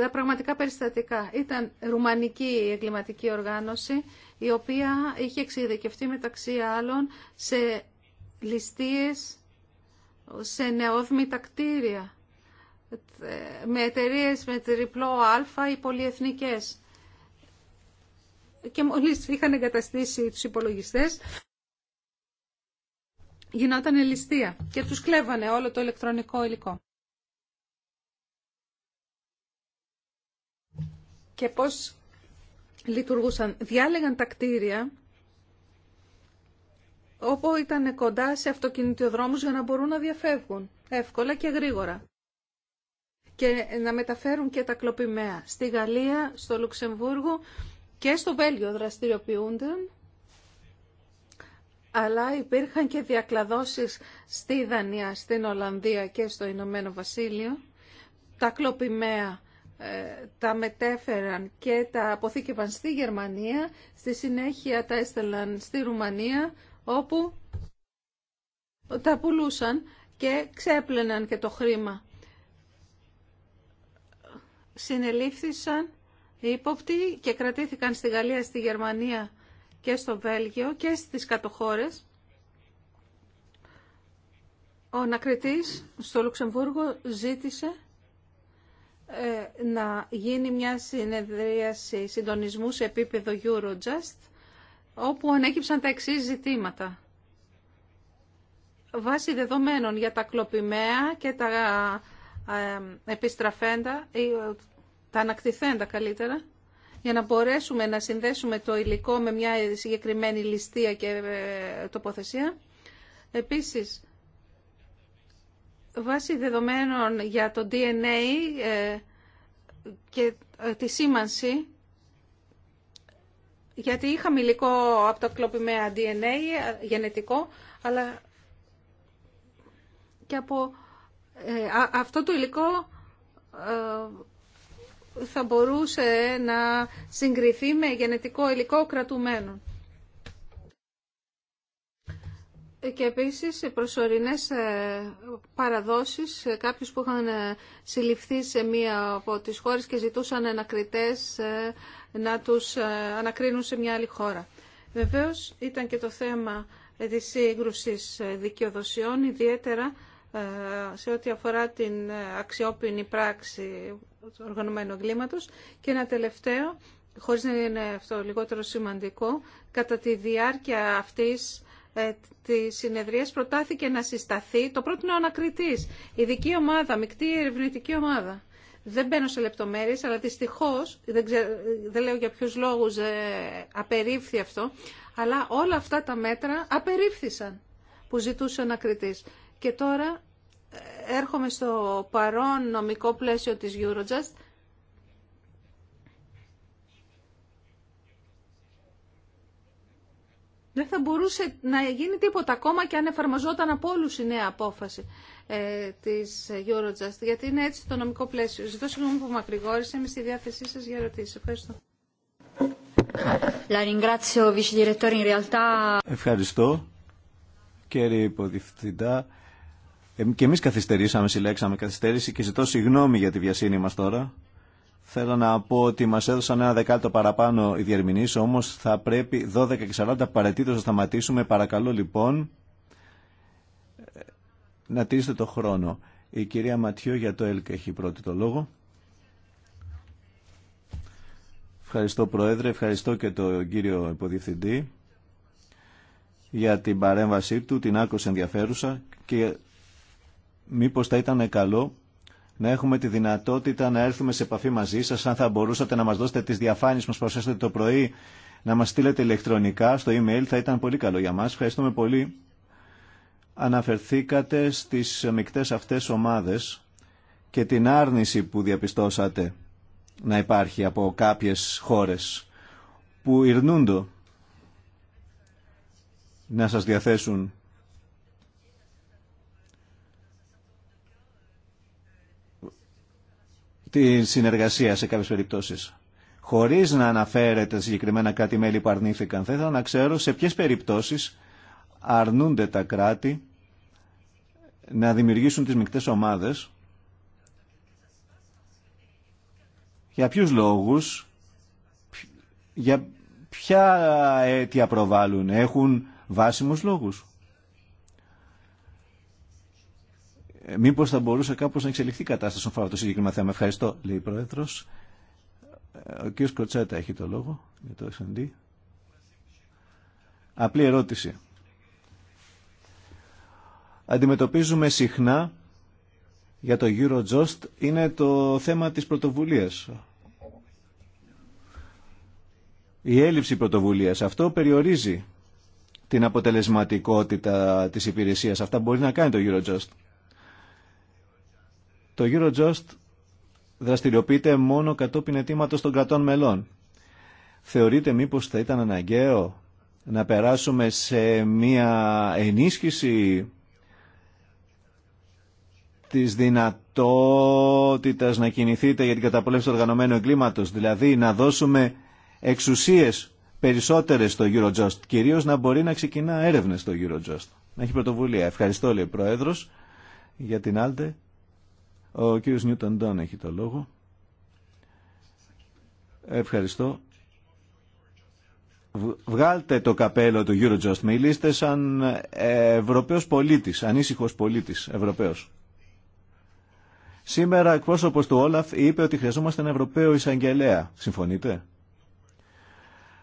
Τα πραγματικά περιστατικά. Ήταν ρουμανική η εγκληματική οργάνωση, η οποία είχε εξειδικευτεί μεταξύ άλλων σε ληστείες σε τα κτίρια με εταιρείε με τριπλό α ή πολυεθνικές. Και μόλι είχαν εγκαταστήσει του υπολογιστές, γινόταν ληστεια και τους κλέβανε όλο το ηλεκτρονικό υλικό. Και πώς λειτουργούσαν. Διάλεγαν τα κτίρια όπου ήταν κοντά σε αυτοκινητοδρόμους για να μπορούν να διαφεύγουν εύκολα και γρήγορα και να μεταφέρουν και τα κλοπημαία. Στη Γαλλία, στο Λουξεμβούργο και στο Βέλγιο δραστηριοποιούνταν, αλλά υπήρχαν και διακλαδώσεις στη Δανία, στην Ολλανδία και στο Ηνωμένο Βασίλειο. Τα κλοπημαία ε, τα μετέφεραν και τα αποθήκευαν στη Γερμανία, στη συνέχεια τα έστελαν στη Ρουμανία, όπου τα πουλούσαν και ξέπλαιναν και το χρήμα. Συνελήφθησαν οι ύποπτοι και κρατήθηκαν στη Γαλλία, στη Γερμανία και στο Βέλγιο και στις κατοχώρες. Ο Νακριτής στο Λουξεμβούργο ζήτησε ε, να γίνει μια συνεδρίαση συντονισμού σε επίπεδο Eurojust όπου ανέκυψαν τα εξή ζητήματα. Βάσει δεδομένων για τα κλοπημαία και τα ε, επιστραφέντα, ή ε, τα ανακτηθέντα καλύτερα, για να μπορέσουμε να συνδέσουμε το υλικό με μια συγκεκριμένη ληστεία και ε, τοποθεσία. Επίσης, βάση δεδομένων για το DNA και τη σήμανση γιατί είχαμε υλικό από το κλοπημέα DNA, γενετικό, αλλά και από ε, αυτό το υλικό ε, θα μπορούσε να συγκριθεί με γενετικό υλικό κρατουμένων. Και επίσης προσωρινές ε, παραδόσεις, κάποιους που είχαν συλληφθεί σε μία από τις χώρες και ζητούσαν ανακριτές να τους ε, ανακρίνουν σε μια άλλη χώρα. Βεβαίως ήταν και το θέμα της σύγκρουση ε, δικαιοδοσιών, ιδιαίτερα ε, σε ό,τι αφορά την αξιόπινη πράξη του οργανωμένου εγκλήματος. Και ένα τελευταίο, χωρίς να είναι αυτό λιγότερο σημαντικό, κατά τη διάρκεια αυτής τη συνεδρία προτάθηκε να συσταθεί το πρώτο ανακριτή, ειδική ομάδα, μεικτή ερευνητική ομάδα. Δεν μπαίνω σε λεπτομέρειες, αλλά δυστυχώ δεν, δεν λέω για ποιου λόγους ε, απερίφθη αυτό, αλλά όλα αυτά τα μέτρα απερίφθησαν που ζητούσε ο ανακριτή. Και τώρα ε, έρχομαι στο παρόν νομικό πλαίσιο της Eurojust. Δεν θα μπορούσε να γίνει τίποτα ακόμα και αν εφαρμοζόταν από όλου η νέα απόφαση. Ε, τη Eurojust, γιατί είναι έτσι το νομικό πλαίσιο. Ζητώ συγγνώμη που με ακρηγόρησε, είμαι στη διάθεσή σα για ερωτήσει. Ευχαριστώ. Ευχαριστώ, κύριε υποδιευθυντά. Ε, και εμείς καθυστερήσαμε, συλλέξαμε καθυστέρηση και ζητώ συγγνώμη για τη βιασύνη μας τώρα. Θέλω να πω ότι μας έδωσαν ένα δεκάλεπτο παραπάνω οι διερμηνείς, όμως θα πρέπει 12 και 40 παρατήτως να σταματήσουμε. Παρακαλώ λοιπόν να τηρήσετε το χρόνο. Η κυρία Ματιό για το ΕΛΚ έχει πρώτη το λόγο. Ευχαριστώ Πρόεδρε, ευχαριστώ και τον κύριο Υποδιευθυντή για την παρέμβασή του, την άκουσα ενδιαφέρουσα και μήπως θα ήταν καλό να έχουμε τη δυνατότητα να έρθουμε σε επαφή μαζί σας, αν θα μπορούσατε να μας δώσετε τις διαφάνειες που μας προσθέσετε το πρωί, να μας στείλετε ηλεκτρονικά στο email, θα ήταν πολύ καλό για μας. Ευχαριστούμε πολύ αναφερθήκατε στις μικτές αυτές ομάδες και την άρνηση που διαπιστώσατε να υπάρχει από κάποιες χώρες που ειρνούντο να σας διαθέσουν τη συνεργασία σε κάποιες περιπτώσεις. Χωρίς να αναφέρετε συγκεκριμένα κάτι μέλη που αρνήθηκαν, θα ήθελα να ξέρω σε ποιες περιπτώσεις αρνούνται τα κράτη να δημιουργήσουν τις μικτές ομάδες. Για ποιους λόγους, για ποια αίτια προβάλλουν, έχουν βάσιμους λόγους. Ε, μήπως θα μπορούσε κάπως να εξελιχθεί η κατάσταση όσον αφορά το συγκεκριμένο θέμα. Ευχαριστώ, λέει η Πρόεδρος. Ε, ο κ. Κοτσέτα έχει το λόγο για το S&D. Απλή ερώτηση αντιμετωπίζουμε συχνά για το Eurojust είναι το θέμα της πρωτοβουλίας. Η έλλειψη πρωτοβουλίας αυτό περιορίζει την αποτελεσματικότητα της υπηρεσίας. Αυτά μπορεί να κάνει το Eurojust. Το Eurojust δραστηριοποιείται μόνο κατόπιν ετήματος των κρατών μελών. Θεωρείτε μήπως θα ήταν αναγκαίο να περάσουμε σε μία ενίσχυση Τη δυνατότητα να κινηθείτε για την καταπολέμηση του οργανωμένου εγκλήματος, δηλαδή να δώσουμε εξουσίες περισσότερες στο Eurojust, κυρίως να μπορεί να ξεκινά έρευνε στο Eurojust. Να έχει πρωτοβουλία. Ευχαριστώ, λέει ο Πρόεδρος, για την Άλτε. Ο κύριος Νιούτον Ντόν έχει το λόγο. Ευχαριστώ. Βγάλτε το καπέλο του Eurojust. Μιλήστε σαν Ευρωπαίος πολίτης, ανήσυχος πολίτης Ευρωπαίος. Σήμερα εκπρόσωπος του Όλαφ είπε ότι χρειαζόμαστε ένα Ευρωπαίο εισαγγελέα. Συμφωνείτε?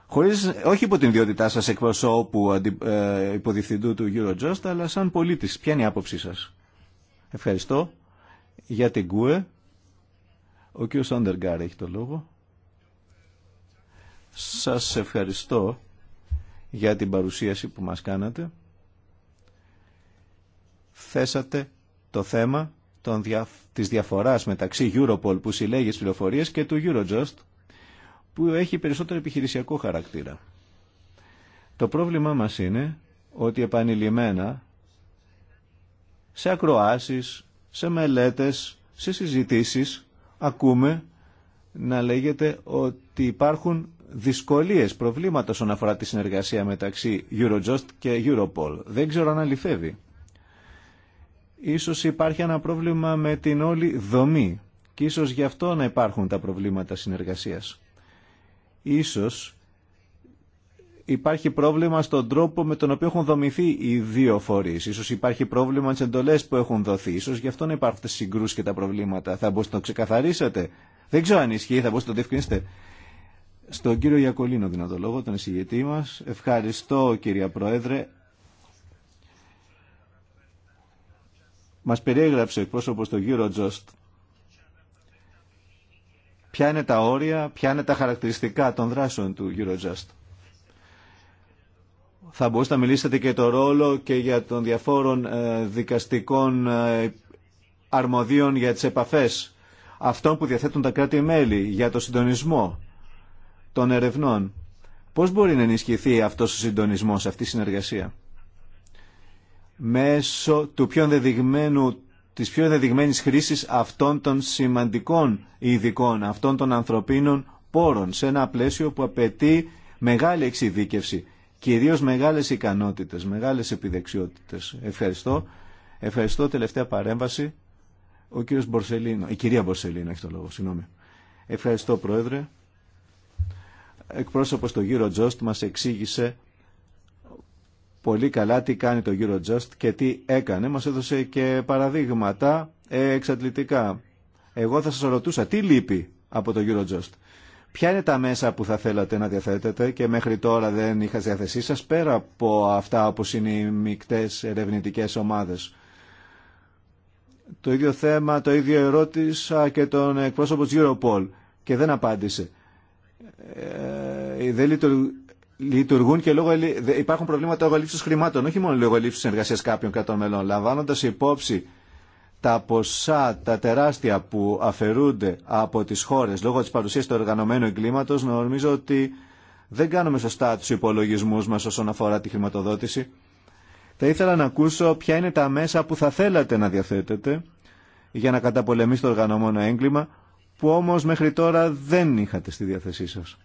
Χωρίς, όχι υπό την ιδιότητά σας εκπροσώπου αντι, ε, υποδιευθυντού του Eurojust, αλλά σαν πολίτης. Ποια είναι η άποψή σας? Ευχαριστώ. Για την ΚΟΕ, ο κ. Σόντεργκάρ έχει το λόγο. Σας ευχαριστώ για την παρουσίαση που μας κάνατε. Θέσατε το θέμα των δια... της διαφοράς μεταξύ Europol που συλλέγει τις πληροφορίες και του Eurojust που έχει περισσότερο επιχειρησιακό χαρακτήρα. Το πρόβλημά μας είναι ότι επανειλημμένα σε ακροάσεις, σε μελέτες, σε συζητήσεις ακούμε να λέγεται ότι υπάρχουν δυσκολίες, προβλήματα όσον αφορά τη συνεργασία μεταξύ Eurojust και Europol. Δεν ξέρω αν αληθεύει. Ίσως υπάρχει ένα πρόβλημα με την όλη δομή και ίσως γι' αυτό να υπάρχουν τα προβλήματα συνεργασίας. Ίσως υπάρχει πρόβλημα στον τρόπο με τον οποίο έχουν δομηθεί οι δύο φορείς. Ίσως υπάρχει πρόβλημα στις εντολές που έχουν δοθεί. Ίσως γι' αυτό να υπάρχουν τα και τα προβλήματα. Θα μπορούσατε να το ξεκαθαρίσετε. Δεν ξέρω αν ισχύει, θα μπορούσατε να το διευκρινίσετε. Στον κύριο Γιακολίνο, δυνατό τον εισηγητή μας. Ευχαριστώ, κυρία Πρόεδρε. Μας περιέγραψε εκπρόσωπος του Eurojust ποια είναι τα όρια, ποια είναι τα χαρακτηριστικά των δράσεων του Eurojust. Θα μπορούσατε να μιλήσετε και το ρόλο και για των διαφόρων ε, δικαστικών ε, αρμοδίων για τις επαφές αυτών που διαθέτουν τα κράτη-μέλη για το συντονισμό των ερευνών. Πώς μπορεί να ενισχυθεί αυτός ο συντονισμός, αυτή η συνεργασία μέσω του πιο ενδεδειγμένου της πιο ενδεδειγμένης χρήσης αυτών των σημαντικών ειδικών, αυτών των ανθρωπίνων πόρων, σε ένα πλαίσιο που απαιτεί μεγάλη εξειδίκευση, κυρίως μεγάλες ικανότητες, μεγάλες επιδεξιότητες. Ευχαριστώ. Ευχαριστώ τελευταία παρέμβαση. Ο κύριος Μπορσελίνο, η κυρία Μπορσελίνο έχει το λόγο, συγγνώμη. Ευχαριστώ Πρόεδρε. Εκπρόσωπος του Τζοστ μας εξήγησε πολύ καλά τι κάνει το Eurojust και τι έκανε. Μας έδωσε και παραδείγματα εξαντλητικά. Εγώ θα σας ρωτούσα τι λείπει από το Eurojust. Ποια είναι τα μέσα που θα θέλατε να διαθέτετε και μέχρι τώρα δεν είχα διαθεσή σας πέρα από αυτά όπω είναι οι μικτές ερευνητικές ομάδες. Το ίδιο θέμα, το ίδιο ερώτησα και τον εκπρόσωπο της Europol και δεν απάντησε. Ε, δεν λειτουργεί λειτουργούν και λόγω, υπάρχουν προβλήματα λόγω ελλείψης χρημάτων, όχι μόνο λόγω ελλείψης εργασίας κάποιων κρατών μελών, λαμβάνοντας υπόψη τα ποσά, τα τεράστια που αφαιρούνται από τις χώρες λόγω της παρουσίας του οργανωμένου εγκλήματος, νομίζω ότι δεν κάνουμε σωστά τους υπολογισμούς μας όσον αφορά τη χρηματοδότηση. Θα ήθελα να ακούσω ποια είναι τα μέσα που θα θέλατε να διαθέτετε για να καταπολεμήσει το οργανωμένο έγκλημα, που όμως μέχρι τώρα δεν είχατε στη διάθεσή σας.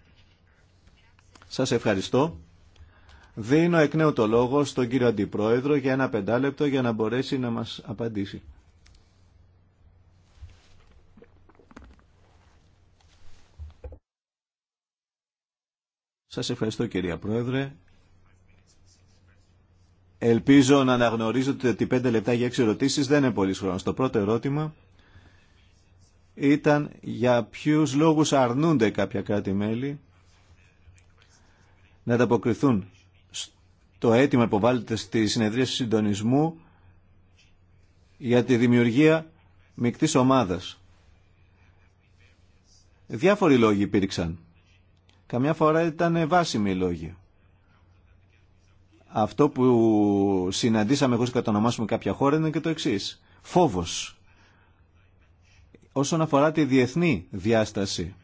Σας ευχαριστώ. Δίνω εκ νέου το λόγο στον κύριο Αντιπρόεδρο για ένα πεντάλεπτο για να μπορέσει να μας απαντήσει. Σας ευχαριστώ κυρία Πρόεδρε. Ελπίζω να αναγνωρίζετε ότι πέντε λεπτά για έξι ερωτήσεις δεν είναι πολύ χρόνο. Το πρώτο ερώτημα ήταν για ποιους λόγους αρνούνται κάποια κράτη-μέλη να ανταποκριθούν στο αίτημα που βάλετε στη συνεδρία συντονισμού για τη δημιουργία μικτής ομάδας. Διάφοροι λόγοι υπήρξαν. Καμιά φορά ήταν βάσιμοι λόγοι. Αυτό που συναντήσαμε χωρίς κατονομάσουμε κάποια χώρα είναι και το εξής. Φόβος. Όσον αφορά τη διεθνή διάσταση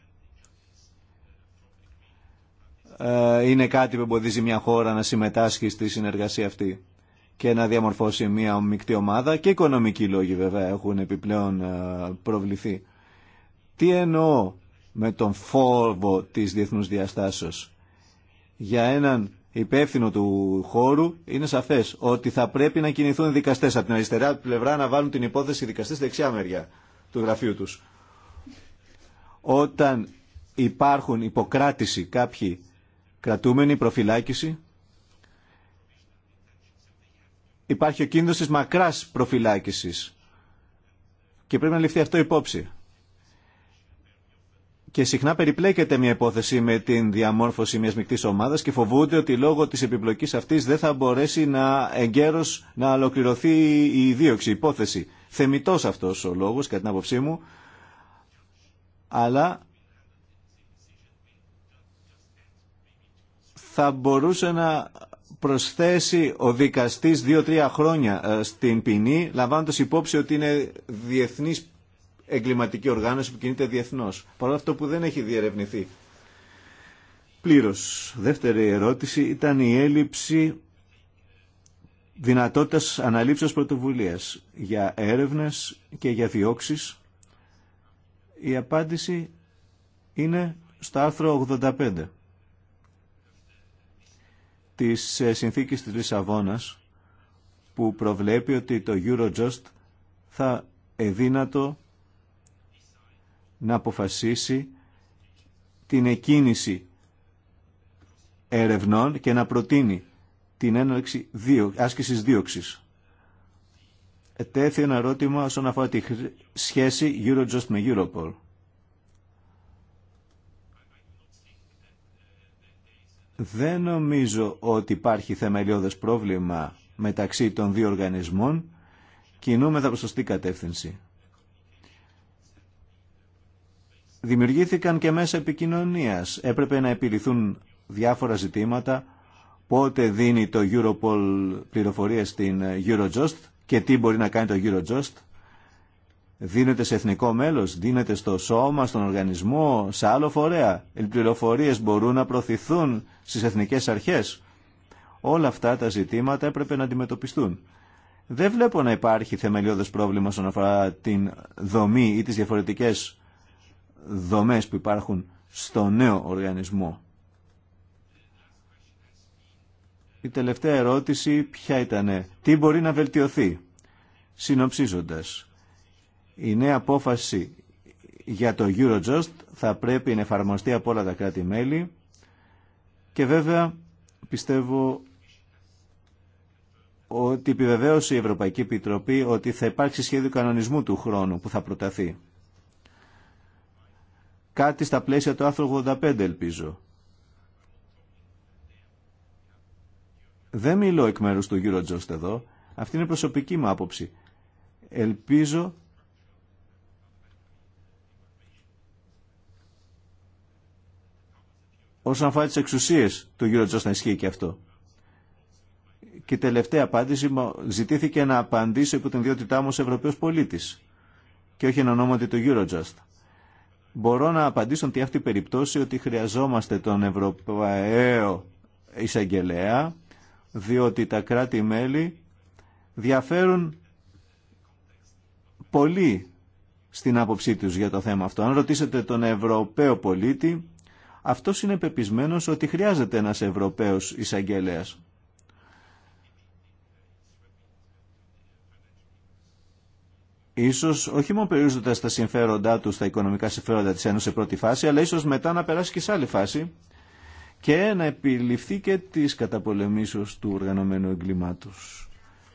ε, είναι κάτι που εμποδίζει μια χώρα να συμμετάσχει στη συνεργασία αυτή και να διαμορφώσει μια μεικτή ομάδα και οικονομικοί λόγοι βέβαια έχουν επιπλέον ε, προβληθεί. Τι εννοώ με τον φόβο της διεθνούς διαστάσεως. Για έναν υπεύθυνο του χώρου είναι σαφές ότι θα πρέπει να κινηθούν δικαστές από την αριστερά πλευρά να βάλουν την υπόθεση δικαστές στη δεξιά μεριά του γραφείου τους. Όταν υπάρχουν υποκράτηση κάποιοι Κρατούμενη προφυλάκηση. Υπάρχει ο κίνδυνος της μακράς προφυλάκησης και πρέπει να ληφθεί αυτό υπόψη. Και συχνά περιπλέκεται μια υπόθεση με την διαμόρφωση μιας μεικτής ομάδας και φοβούνται ότι λόγω της επιπλοκής αυτής δεν θα μπορέσει να εγκαίρως να ολοκληρωθεί η δίωξη, η υπόθεση. Θεμητός αυτός ο λόγος, κατά την άποψή μου, αλλά θα μπορούσε να προσθέσει ο δικαστης δυο δύο-τρία χρόνια ε, στην ποινή, λαμβάνοντας υπόψη ότι είναι διεθνής εγκληματική οργάνωση που κινείται διεθνώς. Παρόλο αυτό που δεν έχει διερευνηθεί. Πλήρως. Δεύτερη ερώτηση ήταν η έλλειψη δυνατότητας αναλήψεως πρωτοβουλίας για έρευνες και για διώξεις. Η απάντηση είναι στο άρθρο 85 της ε, συνθήκης της Λισαβόνας που προβλέπει ότι το Eurojust θα εδύνατο να αποφασίσει την εκκίνηση ερευνών και να προτείνει την έναρξη δίω, άσκησης δίωξης. Ετέθη ένα ερώτημα όσον αφορά τη σχέση Eurojust με Europol. Δεν νομίζω ότι υπάρχει θεμελιώδες πρόβλημα μεταξύ των δύο οργανισμών. Κινούμεθα προς σωστή κατεύθυνση. Δημιουργήθηκαν και μέσα επικοινωνίας. Έπρεπε να επιληθούν διάφορα ζητήματα. Πότε δίνει το Europol πληροφορίες στην Eurojust και τι μπορεί να κάνει το Eurojust. Δίνεται σε εθνικό μέλος, δίνεται στο σώμα, στον οργανισμό, σε άλλο φορέα. Οι πληροφορίες μπορούν να προωθηθούν στις εθνικές αρχές. Όλα αυτά τα ζητήματα έπρεπε να αντιμετωπιστούν. Δεν βλέπω να υπάρχει θεμελιώδες πρόβλημα όσον αφορά την δομή ή τις διαφορετικές δομές που υπάρχουν στο νέο οργανισμό. Η τελευταία ερώτηση ποια ήτανε, τι μπορεί να βελτιωθεί. Συνοψίζοντας, η νέα απόφαση για το Eurojust θα πρέπει να εφαρμοστεί από όλα τα κράτη-μέλη και βέβαια πιστεύω ότι επιβεβαίωσε η Ευρωπαϊκή Επιτροπή ότι θα υπάρξει σχέδιο κανονισμού του χρόνου που θα προταθεί. Κάτι στα πλαίσια του άρθρου 85 ελπίζω. Δεν μιλώ εκ μέρους του Eurojust εδώ. Αυτή είναι η προσωπική μου άποψη. Ελπίζω όσον αφορά τι εξουσίε του Eurojust να ισχύει και αυτό. Και η τελευταία απάντηση ζητήθηκε να απαντήσω υπό την ιδιότητά μου ως Ευρωπαίος πολίτης και όχι εν ονόματι του Eurojust. Μπορώ να απαντήσω ότι αυτή η περιπτώση ότι χρειαζόμαστε τον Ευρωπαίο εισαγγελέα διότι τα κράτη-μέλη διαφέρουν πολύ στην άποψή τους για το θέμα αυτό. Αν ρωτήσετε τον Ευρωπαίο πολίτη αυτό είναι πεπισμένο ότι χρειάζεται ένας Ευρωπαίος εισαγγελέα. Ίσως όχι μόνο περιορίζοντα τα συμφέροντά του στα οικονομικά συμφέροντα της Ένωση σε πρώτη φάση, αλλά ίσως μετά να περάσει και σε άλλη φάση και να επιληφθεί και τη καταπολεμήσεω του οργανωμένου εγκλημάτου.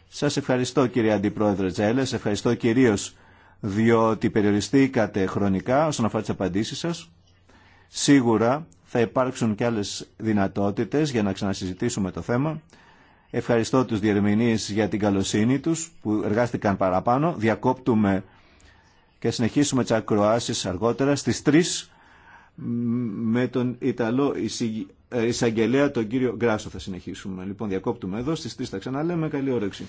Σας ευχαριστώ κύριε Αντιπρόεδρε Τζέλε, ευχαριστώ κυρίω διότι περιοριστήκατε χρονικά όσον αφορά τι απαντήσει σας. Σίγουρα θα υπάρξουν και άλλες δυνατότητες για να ξανασυζητήσουμε το θέμα. Ευχαριστώ τους διερμηνείς για την καλοσύνη τους που εργάστηκαν παραπάνω. Διακόπτουμε και συνεχίσουμε τις ακροάσεις αργότερα στις 3 με τον Ιταλό ε, εισαγγελέα τον κύριο Γκράσο θα συνεχίσουμε. Λοιπόν διακόπτουμε εδώ, στις 3 θα ξαναλέμε. Καλή όρεξη.